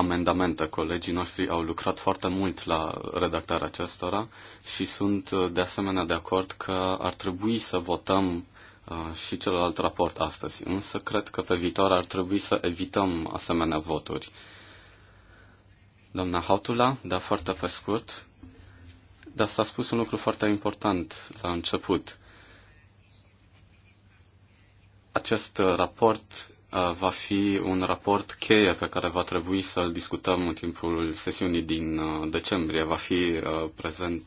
E: amendamente. Colegii noștri au lucrat foarte mult la redactarea acestora și sunt uh, de asemenea de acord că ar trebui să votăm uh, și celălalt raport astăzi. Însă cred că pe viitor ar trebui să evităm asemenea voturi. Doamna Hautula, da, foarte pe scurt, dar s-a spus un lucru foarte important la început. Acest uh, raport Uh, va fi un raport cheie pe care va trebui să-l discutăm în timpul sesiunii din uh, decembrie. Va fi uh, prezent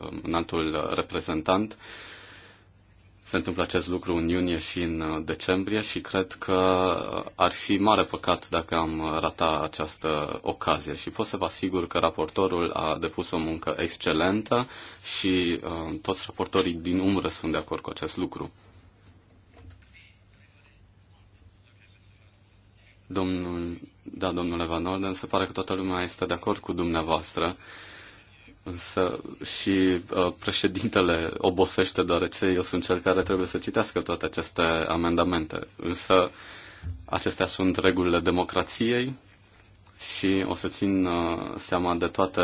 E: um, în altul reprezentant. Se întâmplă acest lucru în iunie și în decembrie și cred că ar fi mare păcat dacă am rata această ocazie și pot să vă asigur că raportorul a depus o muncă excelentă și uh, toți raportorii din umbră sunt de acord cu acest lucru. Domnul, da, domnule Van Orden, se pare că toată lumea este de acord cu dumneavoastră, însă și uh, președintele obosește, deoarece eu sunt cel care trebuie să citească toate aceste amendamente. Însă acestea sunt regulile democrației și o să țin uh, seama de toate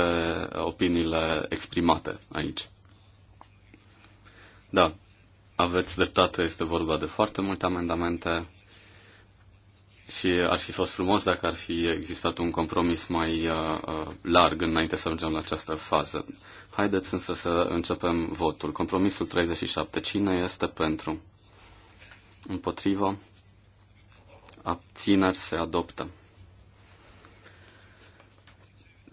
E: opiniile exprimate aici. Da, aveți dreptate, este vorba de foarte multe amendamente și ar fi fost frumos dacă ar fi existat un compromis mai uh, uh larg înainte să mergem la această fază. Haideți însă să începem votul. Compromisul 37. Cine este pentru? Împotrivă? Abțineri se adoptă.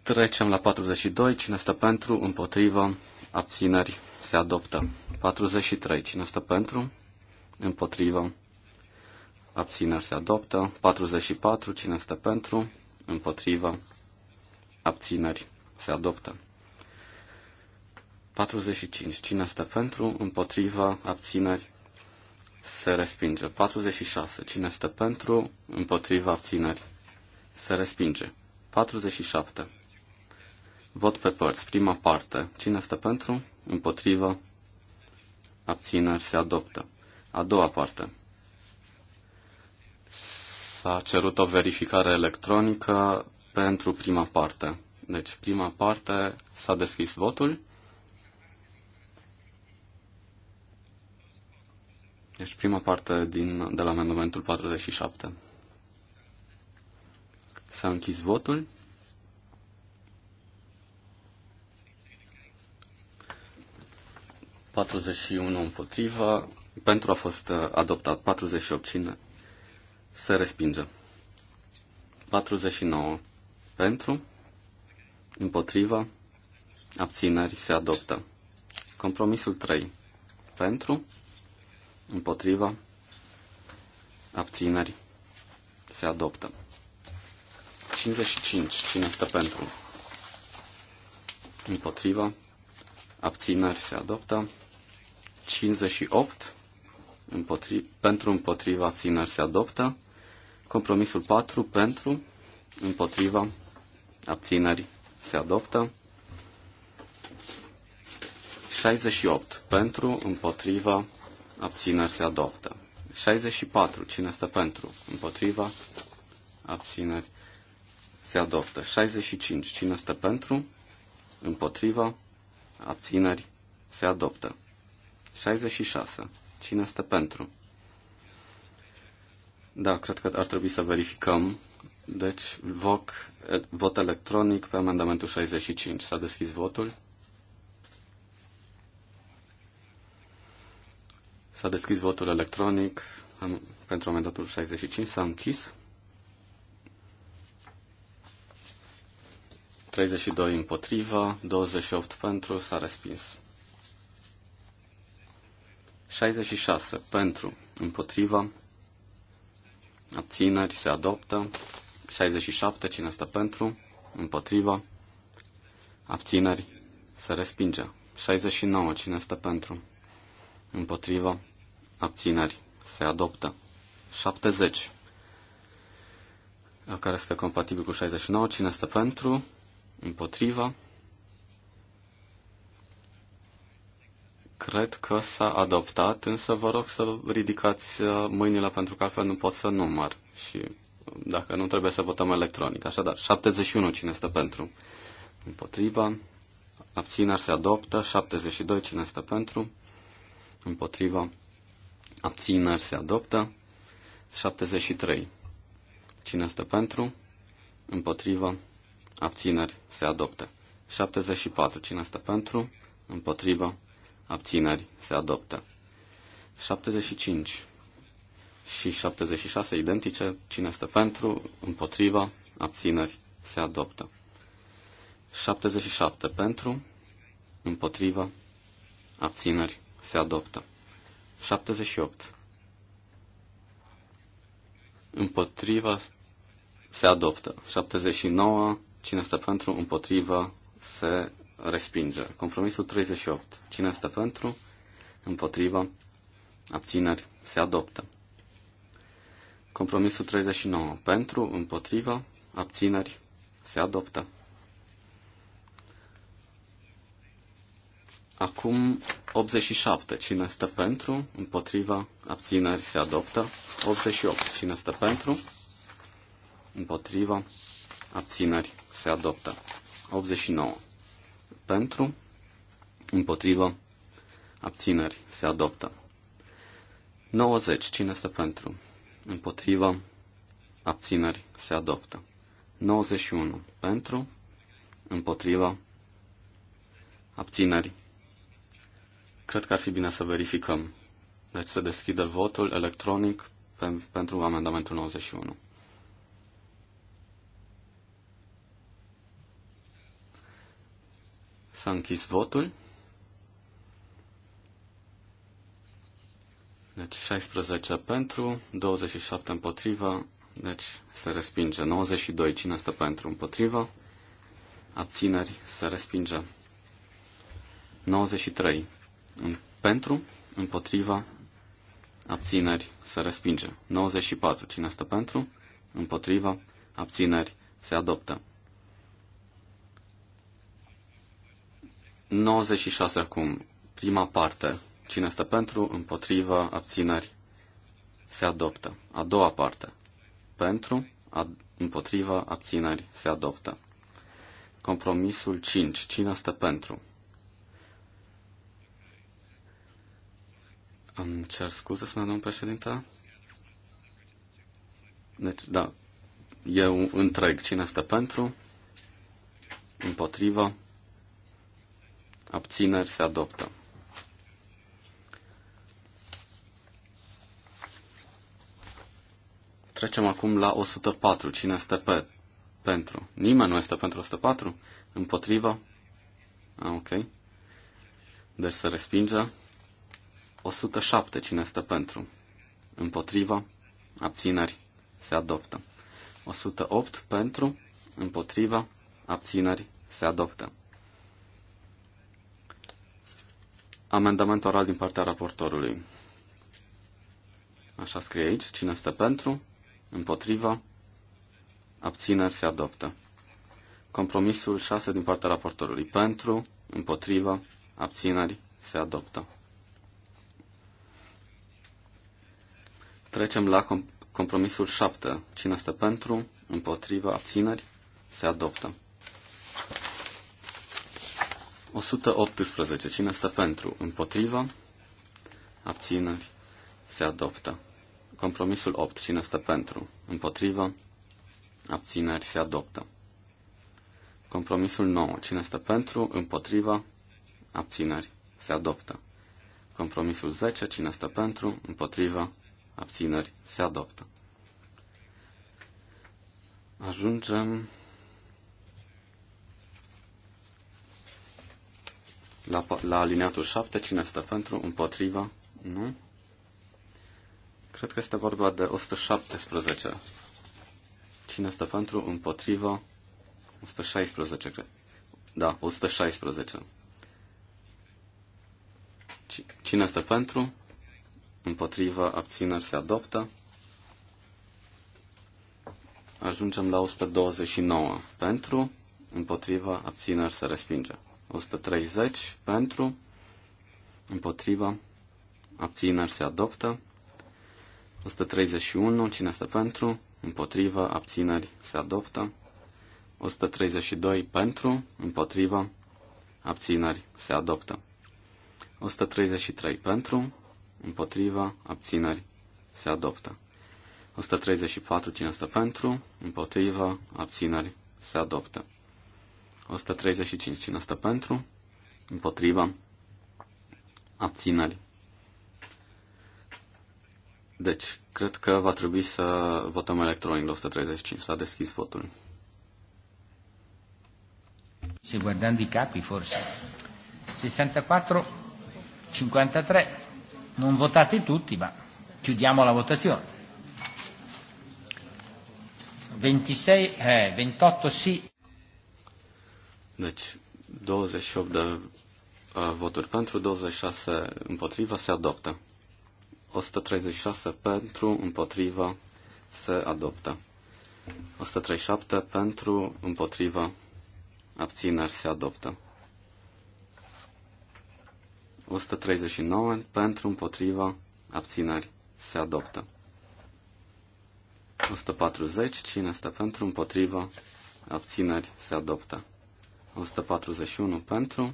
E: Trecem la 42. Cine este pentru? Împotrivă? Abțineri se adoptă. 43. Cine este pentru? Împotrivă? abțineri se adoptă, 44, cine este pentru, împotrivă, abțineri se adoptă. 45, cine este pentru, împotrivă, abțineri se respinge. 46, cine este pentru, împotrivă, abțineri se respinge. 47. Vot pe părți. Prima parte. Cine este pentru? Împotrivă? Abțineri se adoptă. A doua parte. S-a cerut o verificare electronică pentru prima parte. Deci, prima parte s-a deschis votul. Deci, prima parte din, de la amendamentul 47. S-a închis votul. ...41 împotriva, pentru a fost adoptat 48 cine se respinge. 49 pentru, împotriva, abțineri se adoptă. Compromisul 3 pentru, împotriva, abțineri se adoptă. 55. Cine stă pentru? Împotriva. Abțineri se adoptă. 58 împotri, pentru împotriva abțineri se adoptă. Compromisul 4 pentru împotriva abțineri se adoptă. 68 pentru împotriva abțineri se adoptă. 64 cine este pentru împotriva abțineri se adoptă. 65 cine este pentru împotriva abțineri se adoptă. 66 Cine este pentru? Da, cred că ar trebui să verificăm. Deci, voc, vot electronic pe amendamentul 65. S-a deschis votul. S-a deschis votul electronic am, pentru amendamentul 65. S-a închis. 32 împotriva, 28 pentru, s-a respins. 66 pentru, împotriva, abțineri se adoptă. 67 cine stă pentru, împotriva, abțineri se respinge. 69 cine stă pentru, împotriva, abțineri se adoptă. 70 care este compatibil cu 69 cine stă pentru, împotriva, Cred că s-a adoptat, însă vă rog să ridicați uh, mâinile pentru că altfel nu pot să număr și uh, dacă nu trebuie să votăm electronic. Așadar, 71 cine stă pentru? Împotriva. Abțineri se adoptă. 72 cine stă pentru? Împotriva. Abțineri se adoptă. 73. Cine stă pentru? Împotriva. Abțineri se adoptă. 74. Cine stă pentru? Împotriva abțineri, se adoptă. 75 și 76 identice, cine este pentru, împotriva, abțineri, se adoptă. 77 pentru, împotriva, abțineri, se adoptă. 78 împotriva, se adoptă. 79 cine este pentru, împotriva, se respinge. Compromisul 38. Cine este pentru? Împotriva. Abțineri. Se adoptă. Compromisul 39. Pentru, împotriva, abțineri, se adoptă. Acum 87. Cine stă pentru, împotriva, abțineri, se adoptă. 88. Cine stă pentru, împotriva, abțineri, se adoptă. 89 pentru, împotrivă, abțineri, se adoptă. 90. Cine este pentru? Împotrivă, abțineri, se adoptă. 91. Pentru, împotrivă, abțineri. Cred că ar fi bine să verificăm. Deci se deschide votul electronic pe, pentru amendamentul 91. S-a închis votul. Deci 16 pentru, 27 împotriva, deci se respinge. 92, cine stă pentru împotriva? Abțineri, se respinge. 93, pentru, împotriva, abțineri, se respinge. 94, cine stă pentru? Împotriva, abțineri, se adoptă. 96 acum. Prima parte. Cine este pentru, împotrivă, abțineri, se adoptă. A doua parte. Pentru, ad- împotrivă, abțineri, se adoptă. Compromisul 5. Cine este pentru? Îmi cer scuze, spune domnul președinte. Deci, da, eu întreg cine este pentru, împotrivă, abțineri se adoptă. Trecem acum la 104. Cine este pe? Pentru. Nimeni nu este pentru 104? Împotriva? Ah, ok. Deci se respinge. 107. Cine este pentru? Împotriva? Abțineri? Se adoptă. 108. Pentru? Împotriva? Abțineri? Se adoptă. Amendament oral din partea raportorului. Așa scrie aici. Cine este pentru? Împotriva? Abțineri se adoptă. Compromisul 6 din partea raportorului. Pentru? Împotriva? Abțineri se adoptă. Trecem la compromisul 7. Cine este pentru? Împotriva? Abțineri se adoptă. 118. Cine stă pentru? Împotriva? Abțineri? Se adoptă. Compromisul 8. Cine stă pentru? Împotriva? Abțineri? Se adoptă. Compromisul 9. Cine stă pentru? Împotriva? Abțineri? Se adoptă. Compromisul 10. Cine stă pentru? Împotriva? Abțineri? Se adoptă. Ajungem La, la alineatul 7, cine stă pentru? Împotriva? Nu? Cred că este vorba de 117. Cine stă pentru? Împotriva? 116, cred. Da, 116. Cine stă pentru? Împotriva abțineri se adoptă. Ajungem la 129. Pentru, împotriva abțineri se respinge. 130 pentru, împotriva, abțineri se adoptă. 131, cine este pentru, împotriva, abțineri se adoptă. 132 pentru, împotriva, abțineri se adoptă. 133 pentru, împotriva, abțineri se adoptă. 134 cine este pentru, împotriva, abțineri se adoptă. 135. Cine stă pentru? Împotriva? Abțineri? Deci, cred că va trebui să votăm electronic la 135. S-a deschis votul.
A: Se guardando i capi, forse. 64, 53. Non votate tutti, ma chiudiamo la votazione.
E: 26, eh, 28 sì. Deci 28 de uh, voturi pentru, 26 împotriva se adoptă. 136 pentru, împotriva se adoptă. 137 pentru, împotriva, abțineri se adoptă. 139 pentru, împotriva, abțineri se adoptă. 140, cine este pentru, împotriva, abțineri se adoptă. 141 pentru,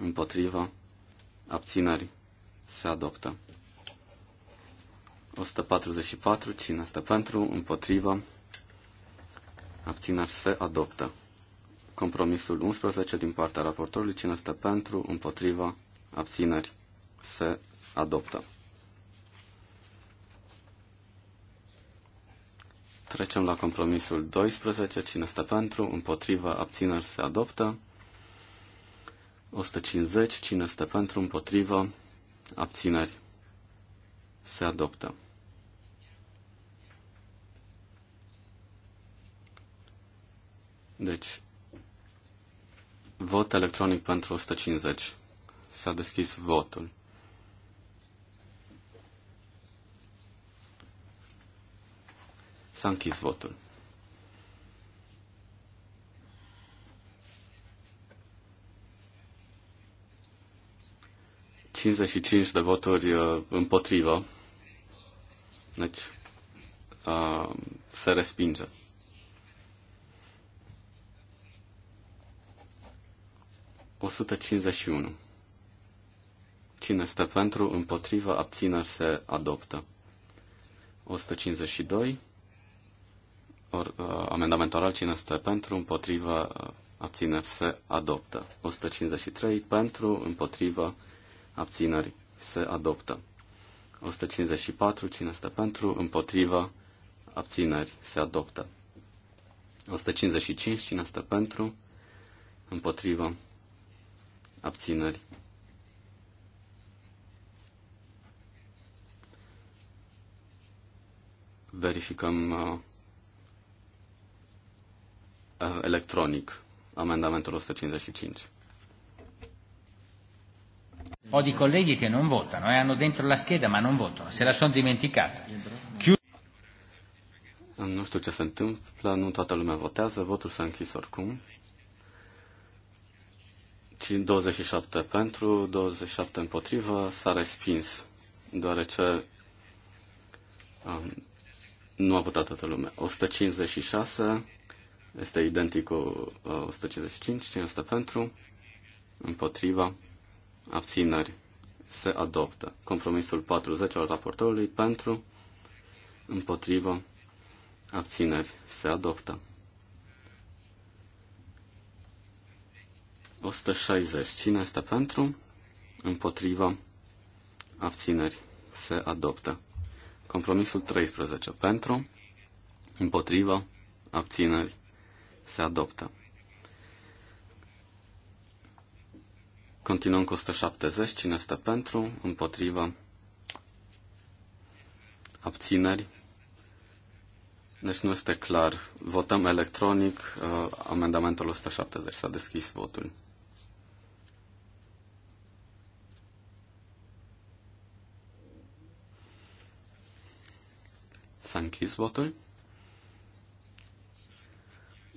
E: împotriva, abțineri, se adoptă. 144, cine este pentru, împotriva, abțineri, se adoptă. Compromisul 11 din partea raportorului, cine este pentru, împotriva, abțineri, se adoptă. Trecem la compromisul 12. Cine stă pentru? Împotriva abțineri se adoptă. 150. Cine stă pentru? Împotriva abțineri se adoptă. Deci, vot electronic pentru 150. S-a deschis votul. S-a închis votul. ...55 de voturi uh, împotrivă. Deci, uh, se respinge. O 151. Cine stă pentru, împotrivă, abțineri se adoptă. 152. Or, uh, amendament oral, cine este pentru, împotriva, abțineri, se adoptă. 153 pentru, împotriva, abțineri, se adoptă. 154, cine este pentru, împotriva, abțineri, se adoptă. 155, cine este pentru, împotriva, abțineri. Verificăm uh, Uh, electronic amendamentul 155.
A: Ho di colleghi che non votano e eh, hanno dentro la scheda ma non votano, se la sono dimenticata.
F: Chiu-
E: nu știu ce se întâmplă, nu toată lumea votează, votul s-a închis oricum. 27 pentru, 27 împotrivă, s-a respins, deoarece um, nu a votat toată lumea. 156 este identic cu 155. Uh, 500 pentru? Împotriva. Abțineri. Se adoptă. Compromisul 40 al raportorului pentru. Împotriva. Abțineri. Se adoptă. 160. Cine este pentru? Împotriva. Abțineri. Se adoptă. Compromisul 13. Pentru. Împotriva. Abțineri. Se adoptă. Continuăm cu 170. Cine este pentru? Împotrivă? Abțineri? Deci nu este clar. Votăm electronic uh, amendamentul 170. S-a deschis votul. S-a închis votul.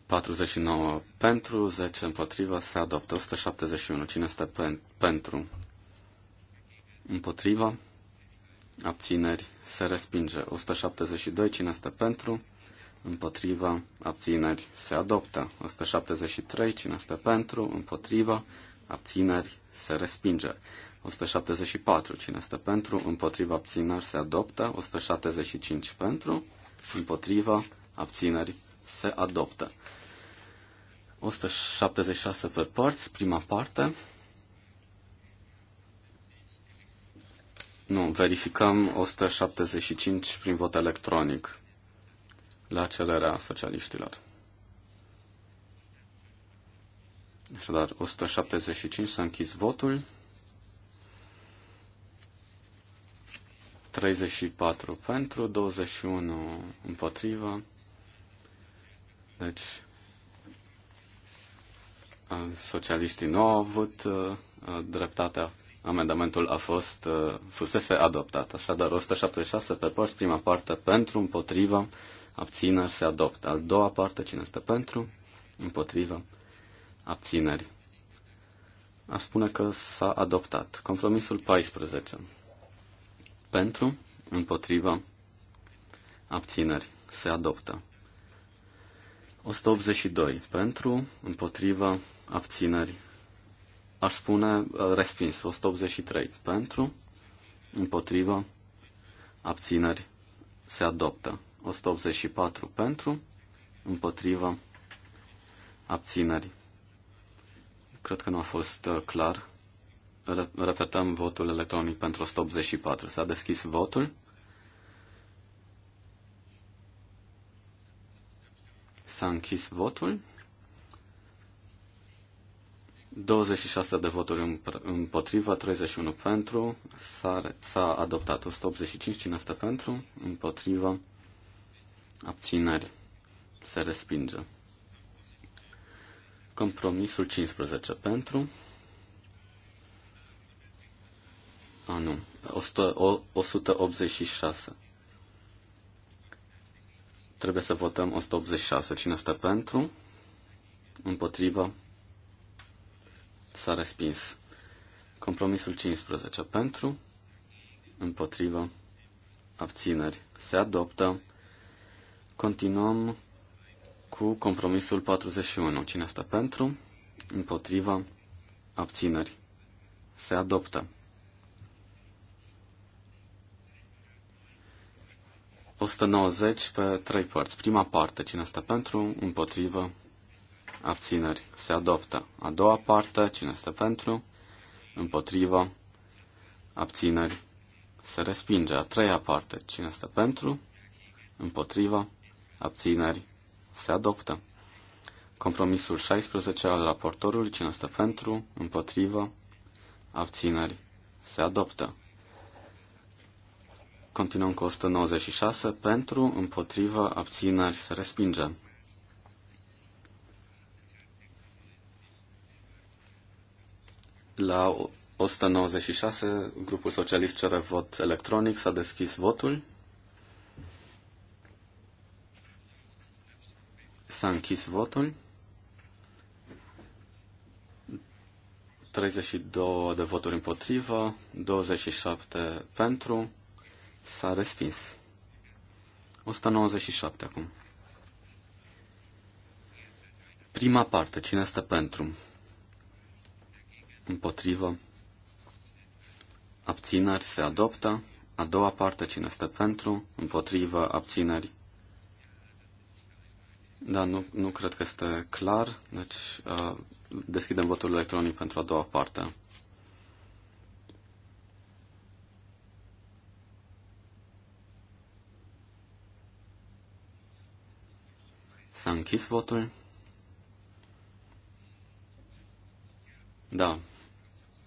E: 49 pentru, 10 împotrivă, se adoptă 171. Cine este pen- pentru? Împotrivă? Abțineri, se respinge 172. Cine este pentru? Împotrivă, abțineri, se adoptă 173. Cine este pentru? Împotrivă, abțineri, se respinge. 174. Cine este pentru? Împotriva abțineri se adoptă. 175 pentru. Împotriva abțineri se adoptă. 176 pe părți, prima parte. Nu, verificăm 175 prin vot electronic la celerea socialiștilor. Așadar, 175 s-a închis votul. 34 pentru, 21 împotrivă, deci, socialiștii nu au avut dreptatea. Amendamentul a fost, fusese adoptat. Așadar, 176 pe părți, prima parte pentru, împotriva, abțineri, se adoptă. Al doua parte, cine este pentru, împotriva, abțineri. A spune că s-a adoptat. Compromisul 14. Pentru, împotriva, abțineri, se adoptă. 182 pentru, împotriva, abțineri. Aș spune uh, respins. 183 pentru, împotriva, abțineri. Se adoptă. 184 pentru, împotriva, abțineri. Cred că nu a fost uh, clar. Repetăm votul electronic pentru 184. S-a deschis votul. S-a închis votul. 26 de voturi împotriva, 31 pentru, s-a adoptat 185, cine este pentru, împotriva, abțineri, se respinge. Compromisul 15 pentru, a nu, 100, 186 Trebuie să votăm 186. Cine stă pentru? Împotrivă? S-a respins. Compromisul 15. Pentru? Împotrivă? Abțineri. Se adoptă. Continuăm cu compromisul 41. Cine stă pentru? Împotriva? Abțineri. Se adoptă. 190 pe trei părți. Prima parte, cine este pentru, împotrivă, abțineri, se adoptă. A doua parte, cine este pentru, împotrivă, abțineri, se respinge. A treia parte, cine este pentru, împotrivă, abțineri, se adoptă. Compromisul 16 al raportorului, cine este pentru, împotrivă, abțineri, se adoptă. Continuăm cu 196 pentru, împotrivă, abțineri, se respinge. La 196, grupul socialist cere vot electronic, s-a deschis votul. S-a închis votul. 32 de voturi împotrivă, 27 pentru, S-a respins. 197 acum. Prima parte. Cine este pentru? Împotrivă. Abțineri se adoptă. A doua parte. Cine este pentru? Împotrivă. Abțineri. Da, nu, nu cred că este clar. Deci, uh, deschidem votul electronic pentru a doua parte. S-a închis votul? Da.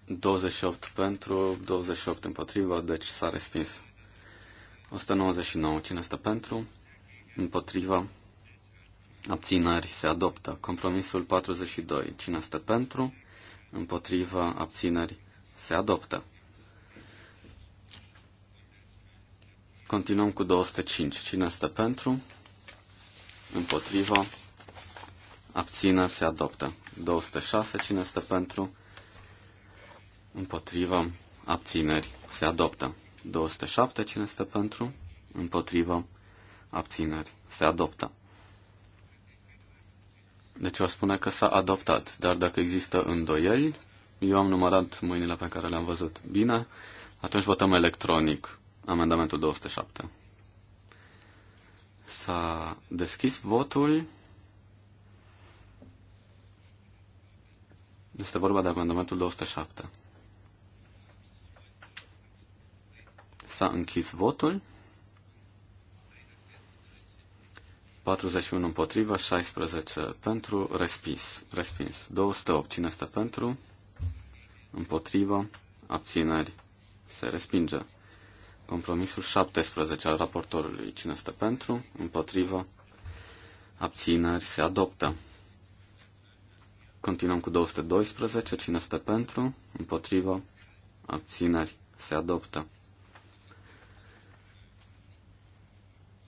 E: 28 pentru, 28 împotriva, deci s-a respins. 199. Cine stă pentru? Împotriva. Abțineri se adoptă. Compromisul 42. Cine stă pentru? Împotriva. Abțineri se adoptă. Continuăm cu 205. Cine stă pentru? împotrivă, abțină se adoptă. 206, cine este pentru, împotriva, abțineri se adoptă. 207, cine este pentru, împotriva, abțineri se adoptă. Deci o spune că s-a adoptat, dar dacă există îndoieli, eu am numărat mâinile pe care le-am văzut. Bine, atunci votăm electronic amendamentul 207. S-a deschis votul. Este vorba de amendamentul 207. S-a închis votul. 41 împotriva, 16 pentru, respins. respins. 208, cine este pentru? Împotriva, abțineri, se respinge. Compromisul 17 al raportorului. Cine stă pentru? Împotrivă? Abțineri se adoptă. Continuăm cu 212. Cine stă pentru? Împotrivă? Abțineri se adoptă.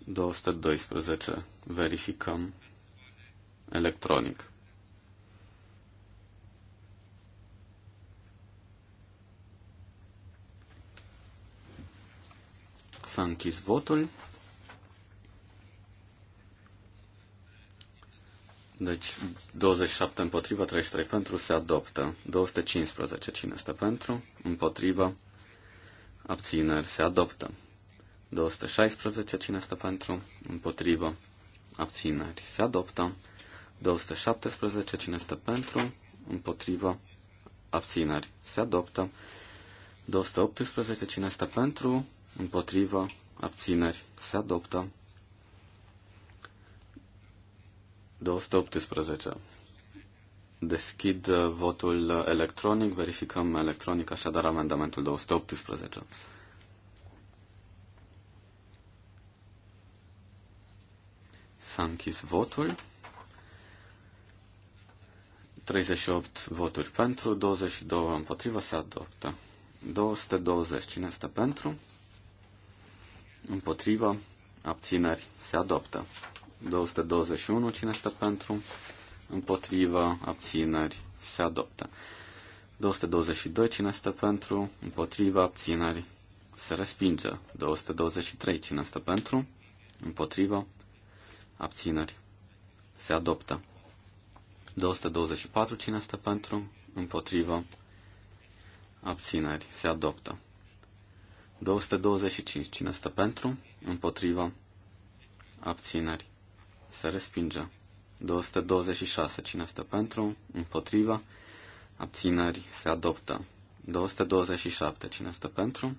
E: 212. Verificăm electronic. S-a închis votul. Deci 27 împotriva, 33 pentru, se adoptă. 215, cine este pentru? Împotriva, abțineri, se adoptă. 216, cine este pentru? Împotriva, abțineri, se adoptă. 217, cine este pentru? Împotriva, abțineri, se adoptă. 218, cine este pentru? împotrivă, abțineri, se adoptă. 218. Deschid uh, votul electronic, verificăm electronic așadar amendamentul 218. S-a închis votul. 38 voturi pentru, 22 împotrivă, se adoptă. 220. Cine este pentru? împotriva, abțineri, se adoptă. 221, cine este pentru, împotriva, abțineri, se adoptă. 222, cine este pentru, împotriva, abțineri, se respinge. 223, cine este pentru, împotriva, abțineri, se adoptă. 224, cine este pentru, împotriva, abțineri, se adoptă. 225. Cine stă pentru? Împotriva. Abțineri. Se respinge. 226. Cine stă pentru? Împotriva. Abțineri. Se adoptă. 227. Cine stă pentru?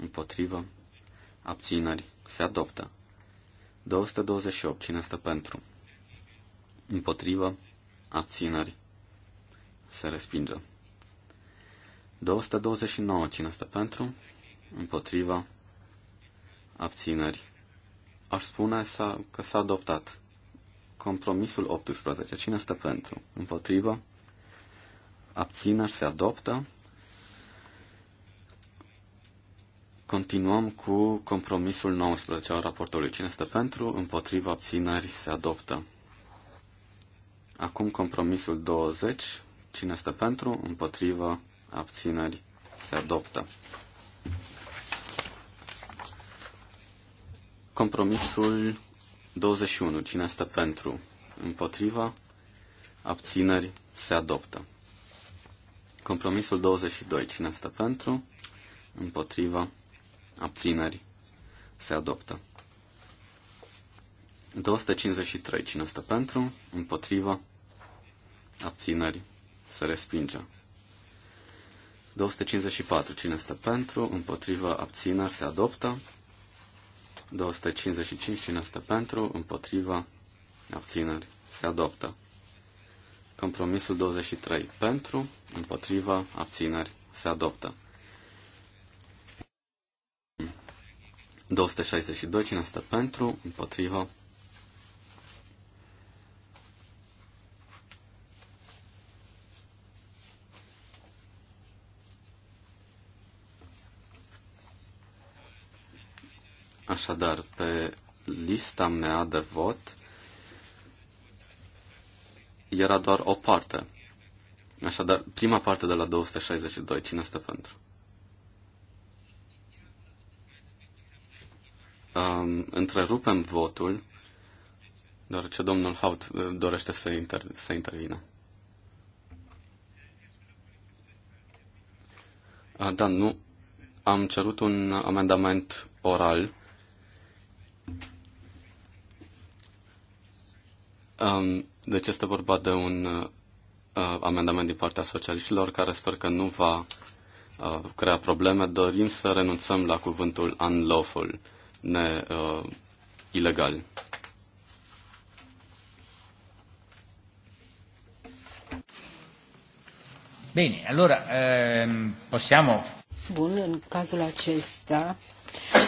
E: Împotriva. Abțineri. Se adoptă. 228. Cine stă pentru? Împotriva. Abțineri. Se respinge. 229. Cine este pentru? Împotriva? Abțineri? Aș spune că s-a adoptat. Compromisul 18. Cine este pentru? Împotriva? Abțineri? Se adoptă? Continuăm cu compromisul 19 al raportului. Cine este pentru? Împotriva? Abțineri? Se adoptă. Acum compromisul 20. Cine este pentru? Împotriva? abțineri, se adoptă. Compromisul 21. Cine este pentru? Împotriva? Abțineri? Se adoptă. Compromisul 22. Cine este pentru? Împotriva? Abțineri? Se adoptă. 253. Cine este pentru? Împotriva? Abțineri? Se respinge. 254. Cine este pentru? Împotriva abțineri se adoptă. 255. Cine este pentru? Împotriva abțineri se adoptă. Compromisul 23. Pentru, împotriva, abțineri, se adoptă. 262. Cine este pentru, împotriva, Așadar, pe lista mea de vot era doar o parte. Așadar, prima parte de la 262, cine este pentru? Um, întrerupem votul, deoarece domnul Haut uh, dorește să, inter- să intervină. Da, nu. Am cerut un amendament oral Deci este vorba de un uh, amendament din partea socialiștilor care sper că nu va uh, crea probleme. Dorim să renunțăm la cuvântul unlawful, ne, uh, ilegal.
A: Bine, allora ehm, possiamo.
B: Bun, în cazul acesta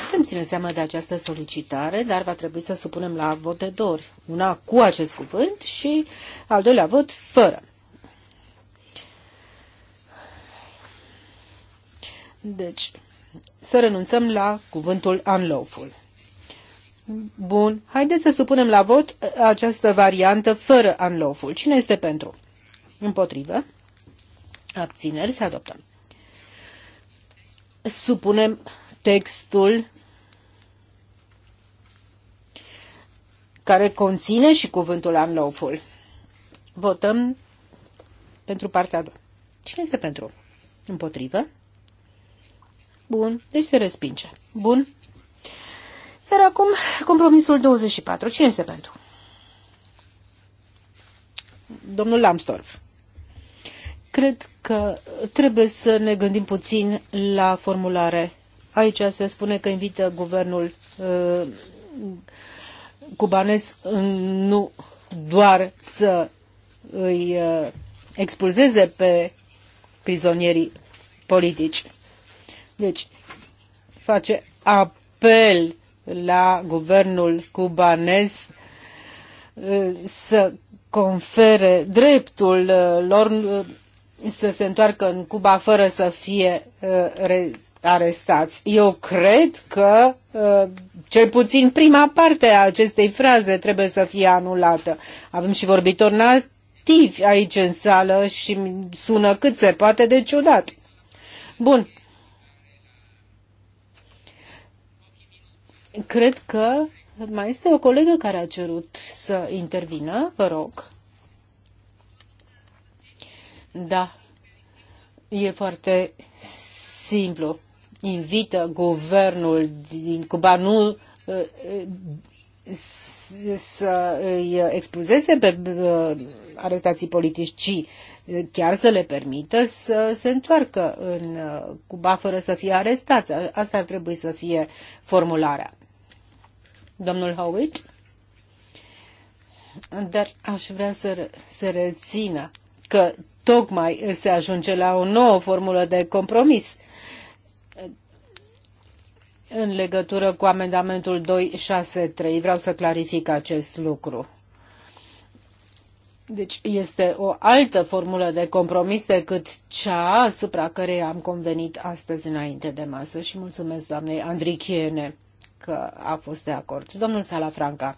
B: Putem ține seama de această solicitare, dar va trebui să supunem la vot de două Una cu acest cuvânt și al doilea vot fără. Deci, să renunțăm la cuvântul unlawful. Bun, haideți să supunem la vot această variantă fără unlawful. Cine este pentru? Împotrivă? Abțineri? Se adoptă. Supunem textul care conține și cuvântul unlawful. Votăm pentru partea a doua. Cine este pentru? Împotrivă? Bun, deci se respinge. Bun. Iar acum compromisul 24. Cine este pentru? Domnul Lambsdorff. Cred că trebuie să ne gândim puțin la formulare. Aici se spune că invită guvernul uh, cubanez nu doar să îi uh, expulzeze pe prizonierii politici. Deci, face apel la guvernul cubanez uh, să confere dreptul uh, lor uh, să se întoarcă în Cuba fără să fie uh, arestați. Eu cred că uh, cel puțin prima parte a acestei fraze trebuie să fie anulată. Avem și vorbitori nativi aici în sală și sună cât se poate de ciudat. Bun. Cred că mai este o colegă care a cerut să intervină, vă rog. Da, e foarte simplu invită guvernul din Cuba nu uh, uh, să îi expuzeze pe uh, arestații politici, ci chiar să le permită să se întoarcă în Cuba fără să fie arestați. Asta ar trebui să fie formularea. Domnul Howitt? Dar aș vrea să, să rețină că tocmai se ajunge la o nouă formulă de compromis în legătură cu amendamentul 263, vreau să clarific acest lucru. Deci este o altă formulă de compromis decât cea asupra care am convenit astăzi înainte de masă și mulțumesc doamnei Andrichiene că a fost de acord. Domnul Salafranca.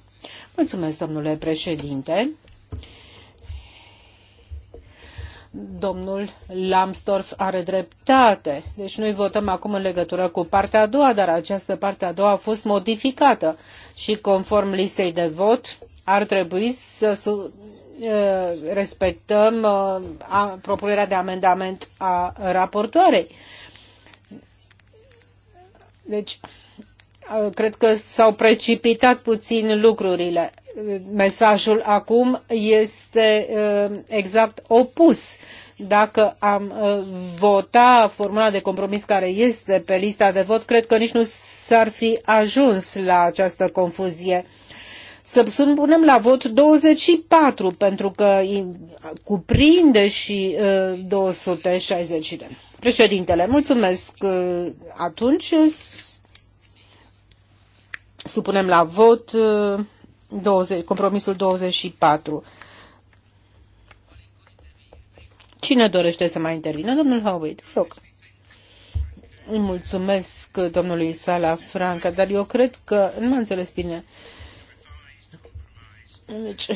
B: Mulțumesc, domnule președinte domnul Lambsdorff are dreptate. Deci noi votăm acum în legătură cu partea a doua, dar această parte a doua a fost modificată și conform listei de vot ar trebui să uh, respectăm uh, propunerea de amendament a raportoarei. Deci, uh, cred că s-au precipitat puțin lucrurile mesajul acum este uh, exact opus. Dacă am uh, vota formula de compromis care este pe lista de vot, cred că nici nu s-ar fi ajuns la această confuzie. Să punem la vot 24, pentru că cuprinde și 260 uh, de. Președintele, mulțumesc. Atunci supunem la vot 20, compromisul 24. Cine dorește să mai intervină? Domnul Howitt, foc. Îi mulțumesc domnului Sala Franca, dar eu cred că nu m-a înțeles bine. Deci,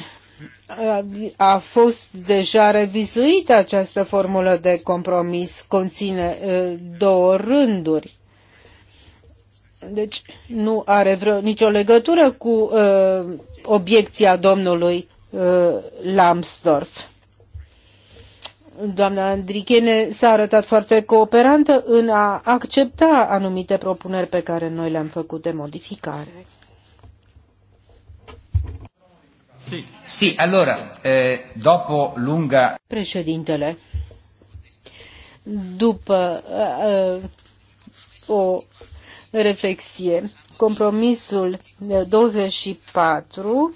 B: a, a fost deja revizuită această formulă de compromis, conține uh, două rânduri. Deci nu are vreo, nicio legătură cu uh, obiecția domnului uh, Lambsdorff. Doamna Andrichene s-a arătat foarte cooperantă în a accepta anumite propuneri pe care noi le-am făcut de modificare.
A: Sì, sì allora, eh, dopo lunga...
B: Președintele, după uh, o reflexie. Compromisul 24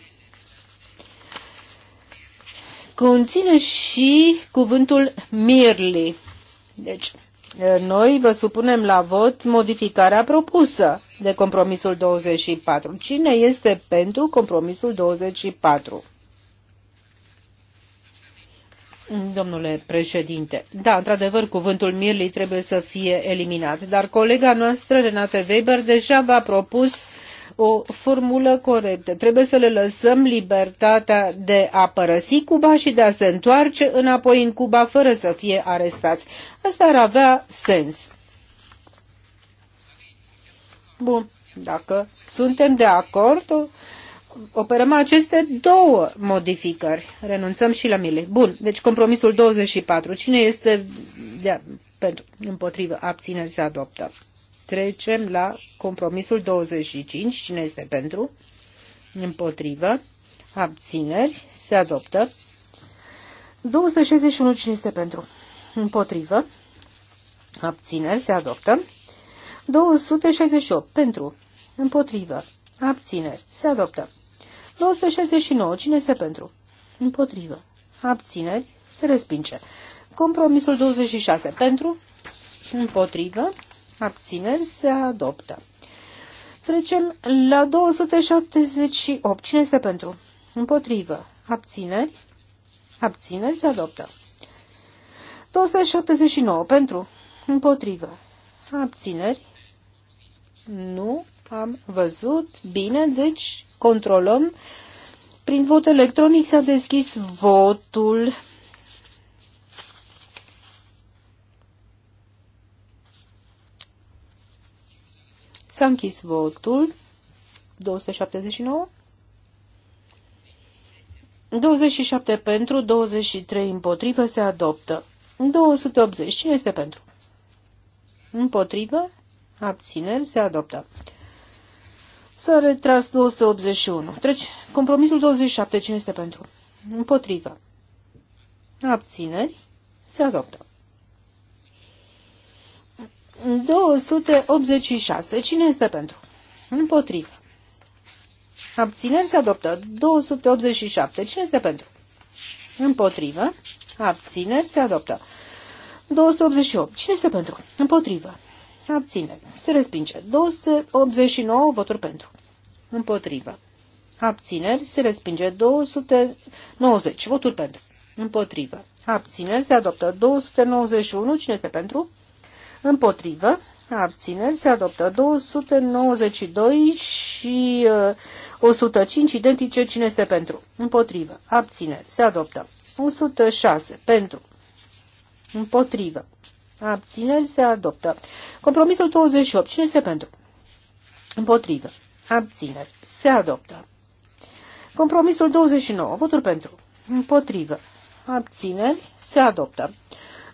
B: conține și cuvântul Mirli. Deci, noi vă supunem la vot modificarea propusă de compromisul 24. Cine este pentru compromisul 24? Domnule președinte, da, într-adevăr, cuvântul Mirli trebuie să fie eliminat, dar colega noastră, Renate Weber, deja v-a propus o formulă corectă. Trebuie să le lăsăm libertatea de a părăsi Cuba și de a se întoarce înapoi în Cuba fără să fie arestați. Asta ar avea sens. Bun, dacă suntem de acord, operăm aceste două modificări. Renunțăm și la mile. Bun, deci compromisul 24. Cine este de, pentru, împotrivă? Abțineri se adoptă. Trecem la compromisul 25. Cine este pentru? Împotrivă. Abțineri se adoptă. 261. Cine este pentru? Împotrivă. Abțineri se adoptă. 268. Pentru. Împotrivă. Abțineri. Se adoptă. 269. Cine este pentru? Împotrivă. Abțineri. Se respinge. Compromisul 26. Pentru? Împotrivă. Abțineri. Se adoptă. Trecem la 278. Cine este pentru? Împotrivă. Abțineri. Abțineri. Se adoptă. 279. Pentru? Împotrivă. Abțineri. Nu am văzut. Bine, deci controlăm. Prin vot electronic s-a deschis votul. S-a închis votul. 279. 27 pentru, 23 împotrivă, se adoptă. 280. Cine este pentru? Împotrivă? Abțineri, se adoptă. S-a retras 281. Treci, compromisul 27, cine este pentru? Împotrivă. Abțineri. Se adoptă. 286. Cine este pentru? Împotrivă. Abțineri se adoptă. 287. Cine este pentru? Împotrivă. Abțineri se adoptă. 288. Cine este pentru? Împotrivă. Abțineri. Se respinge. 289 voturi pentru. Împotrivă. Abțineri. Se respinge. 290 voturi pentru. Împotrivă. Abțineri. Se adoptă. 291. Cine este pentru? Împotrivă. Abțineri. Se adoptă. 292 și uh, 105. Identice. Cine este pentru? Împotrivă. Abțineri. Se adoptă. 106. Pentru. Împotrivă. Abțineri se adoptă. Compromisul 28. Cine este pentru? Împotrivă. Abțineri. Se adoptă. Compromisul 29. Voturi pentru. Împotrivă. Abțineri. Se adoptă.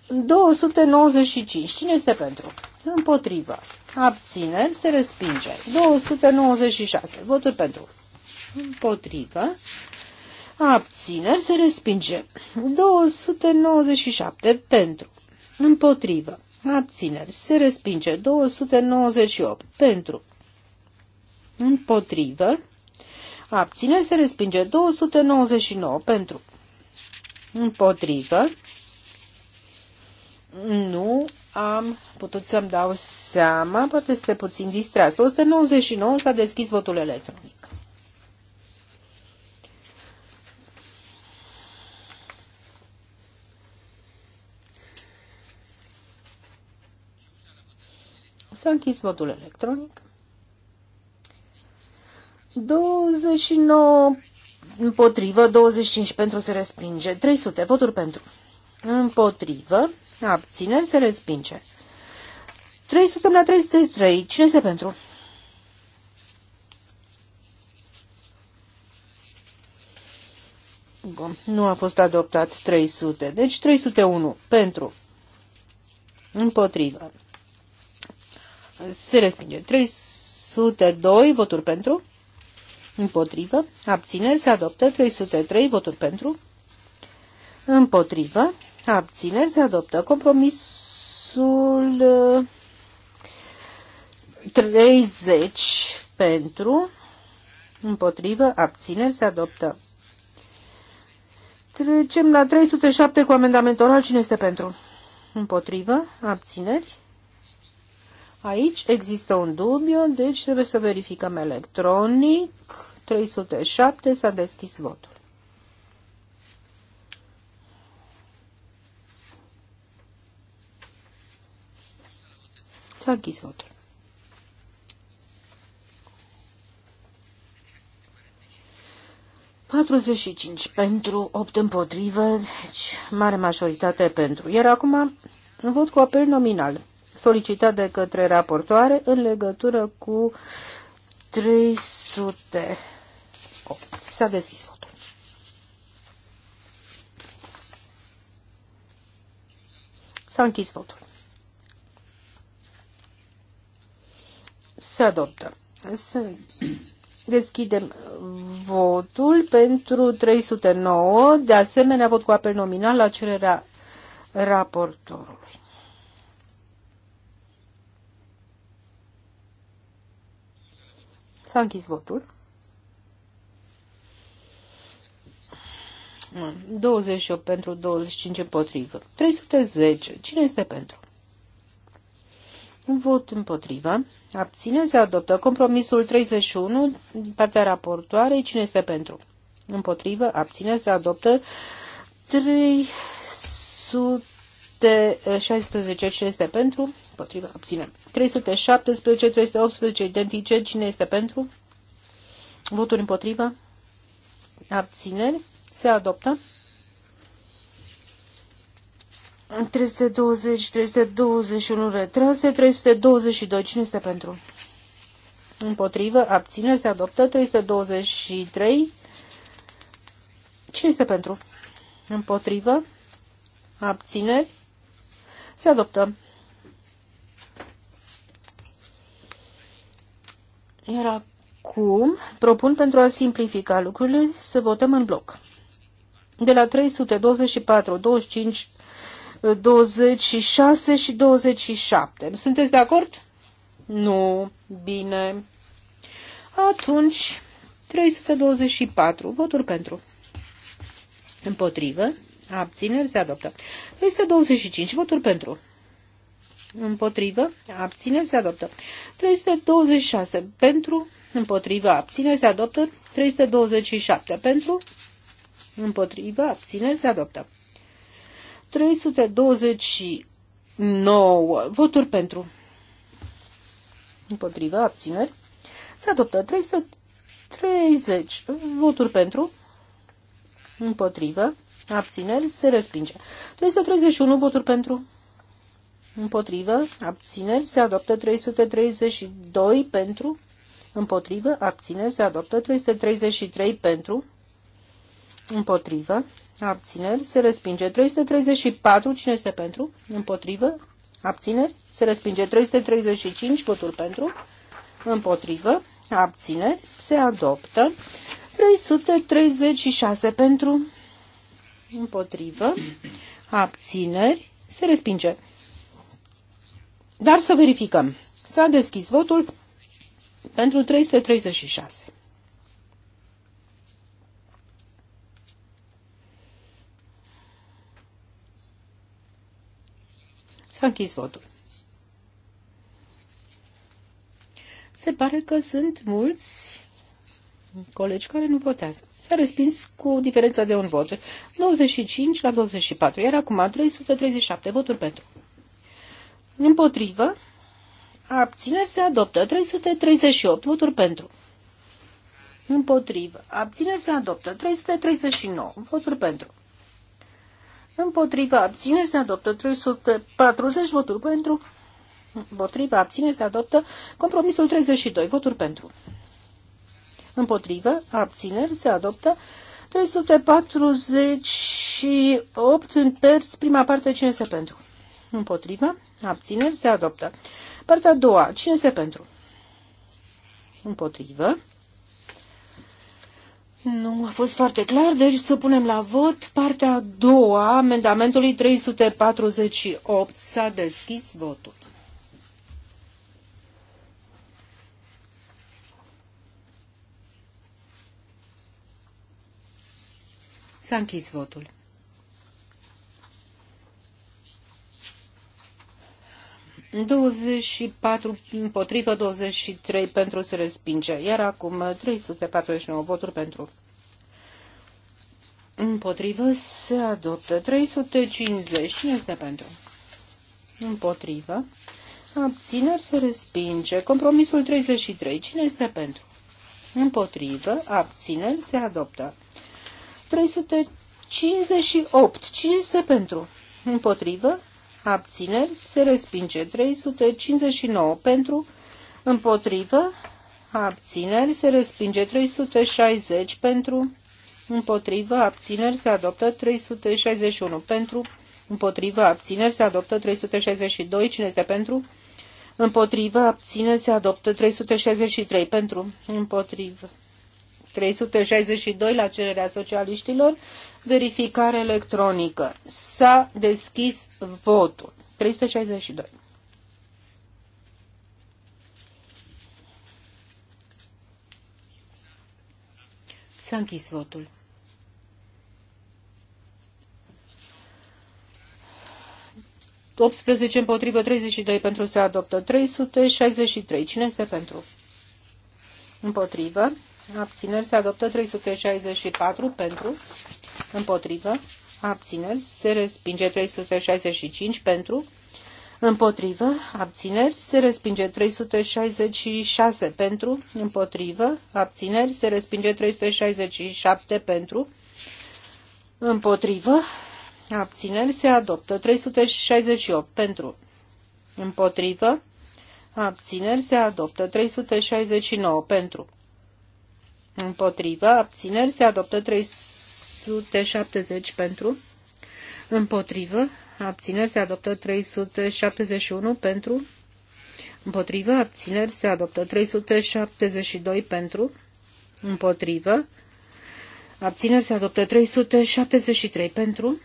B: 295. Cine este pentru? Împotrivă. Abțineri. Se respinge. 296. Voturi pentru. Împotrivă. Abțineri. Se respinge. 297. Pentru. Împotrivă. Abțineri. Se respinge. 298. Pentru. Împotrivă. Abțineri. Se respinge. 299. Pentru. Împotrivă. Nu am putut să-mi dau seama, poate este puțin distras. 299 s-a deschis votul electronic. S-a închis votul electronic. 29 împotrivă, 25 pentru se respinge, 300 voturi pentru. Împotrivă, abțineri se respinge. 300 la 303, cine se pentru? Bun, nu a fost adoptat 300, deci 301 pentru. Împotrivă se respinge. 302 voturi pentru, împotrivă, abține se adoptă. 303 voturi pentru, împotrivă, abține se adoptă. Compromisul 30 uh, pentru, împotrivă, abține se adoptă. Trecem la 307 cu amendamentul oral. Cine este pentru? Împotrivă? Abțineri? Aici există un dubiu, deci trebuie să verificăm electronic. 307 s-a deschis votul. S-a închis votul. Patruzeci și cinci pentru, opt împotrivă, deci mare majoritate pentru. Iar acum vot cu apel nominal solicitat de către raportoare în legătură cu 300. S-a deschis votul. S-a închis votul. Se adoptă. Să deschidem votul pentru 309. De asemenea, vot cu apel nominal la cererea raportorului. S-a închis votul. 28 pentru 25 împotrivă. 310. Cine este pentru? Un vot împotrivă. Abține, se adoptă. Compromisul 31 din partea raportoarei. Cine este pentru? Împotrivă. Abține, se adoptă. 316. Cine este pentru? împotrivă, abținem. 317, 318, identice, cine este pentru? Voturi împotrivă, abțineri, se adoptă. 320, 321 retrase, 322, cine este pentru? Împotrivă, abțineri, se adoptă. 323, cine este pentru? Împotrivă, abțineri, se adoptă. Iar acum propun pentru a simplifica lucrurile să votăm în bloc. De la 324, 25, 26 și 27. Sunteți de acord? Nu. Bine. Atunci, 324. Voturi pentru. Împotrivă. Abțineri se adoptă. 325. Voturi pentru împotrivă, abține, se adoptă. 326 pentru, împotrivă, abține, se adoptă. 327 pentru, împotrivă, abține, se adoptă. 329 voturi pentru, împotrivă, abțineri, se adoptă. 330 voturi pentru, împotrivă, Abțineri se respinge. 331 voturi pentru împotrivă, abțineri, se adoptă 332 pentru, împotrivă, abțineri, se adoptă 333 pentru, împotrivă, abțineri, se respinge 334, cine este pentru, împotrivă, abțineri, se respinge 335, votul pentru, împotrivă, abțineri, se adoptă 336 pentru, împotrivă, abțineri, se respinge dar să verificăm. S-a deschis votul pentru 336. S-a închis votul. Se pare că sunt mulți colegi care nu votează. S-a respins cu diferența de un vot. 95 la 24, iar acum 337 voturi pentru. Împotrivă. Abțineri se adoptă. 338 voturi pentru. Împotrivă. Abțineri se adoptă. 339 voturi pentru. Împotrivă. Abțineri se adoptă. 340 voturi pentru. Împotrivă. Abțineri se adoptă. Compromisul 32 voturi pentru. Împotrivă. Abțineri se adoptă. 348 în perți prima parte, cine se pentru? Împotrivă. Abțineri se adoptă. Partea a doua. Cine este pentru? Împotrivă. Nu a fost foarte clar, deci să punem la vot partea a doua amendamentului 348. S-a deschis votul. S-a închis votul. 24 împotrivă, 23 pentru se respinge. Iar acum 349 voturi pentru. Împotrivă se adoptă 350. Cine este pentru? Împotrivă. Abțineri se respinge. Compromisul 33. Cine este pentru? Împotrivă. Abțineri se adoptă. 358. Cine este pentru? Împotrivă abțineri, se respinge. 359 pentru, împotrivă, abțineri, se respinge. 360 pentru, împotrivă, abțineri, se adoptă. 361 pentru, împotrivă, abțineri, se adoptă. 362, cine este pentru? Împotrivă, abțineri, se adoptă. 363 pentru, împotrivă. 362 la cererea socialiștilor, Verificare electronică. S-a deschis votul. 362. S-a închis votul. Optsprezece împotrivă, 32 pentru se adoptă, 363. Cine este pentru? Împotrivă abțineri se adoptă 364 pentru, împotrivă, abțineri se respinge 365 pentru, împotrivă, abțineri se respinge 366 pentru, împotrivă, abțineri se respinge 367 pentru, împotrivă, abțineri se adoptă 368 pentru, împotrivă, Abțineri se adoptă 369 pentru împotrivă, abțineri se adoptă 370 pentru, împotrivă, abțineri se adoptă 371 pentru, împotrivă, abțineri se adoptă 372 pentru, împotrivă, abțineri se adoptă 373 pentru,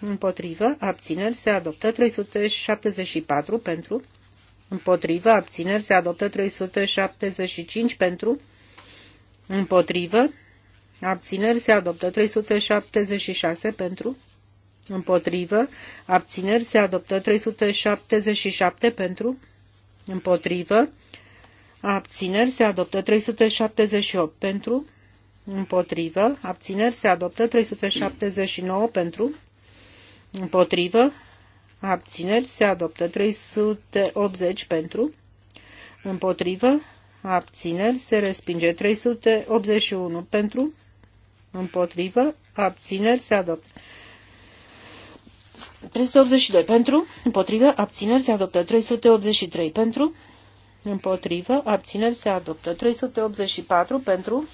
B: împotrivă, abțineri se adoptă 374 pentru, împotrivă, abțineri se adoptă 375 pentru, Împotrivă. Abțineri se adoptă. 376 pentru. Împotrivă. Abțineri se adoptă. 377 pentru. Împotrivă. Abțineri se adoptă. 378 pentru. Împotrivă. Abțineri se adoptă. 379 pentru. Împotrivă. Abțineri se adoptă. 380 pentru. Împotrivă abțineri se respinge. 381 pentru, împotrivă, abțineri se adoptă. 382 pentru, împotrivă, abțineri se adoptă. 383 pentru, împotrivă, abțineri se adoptă. 384 pentru,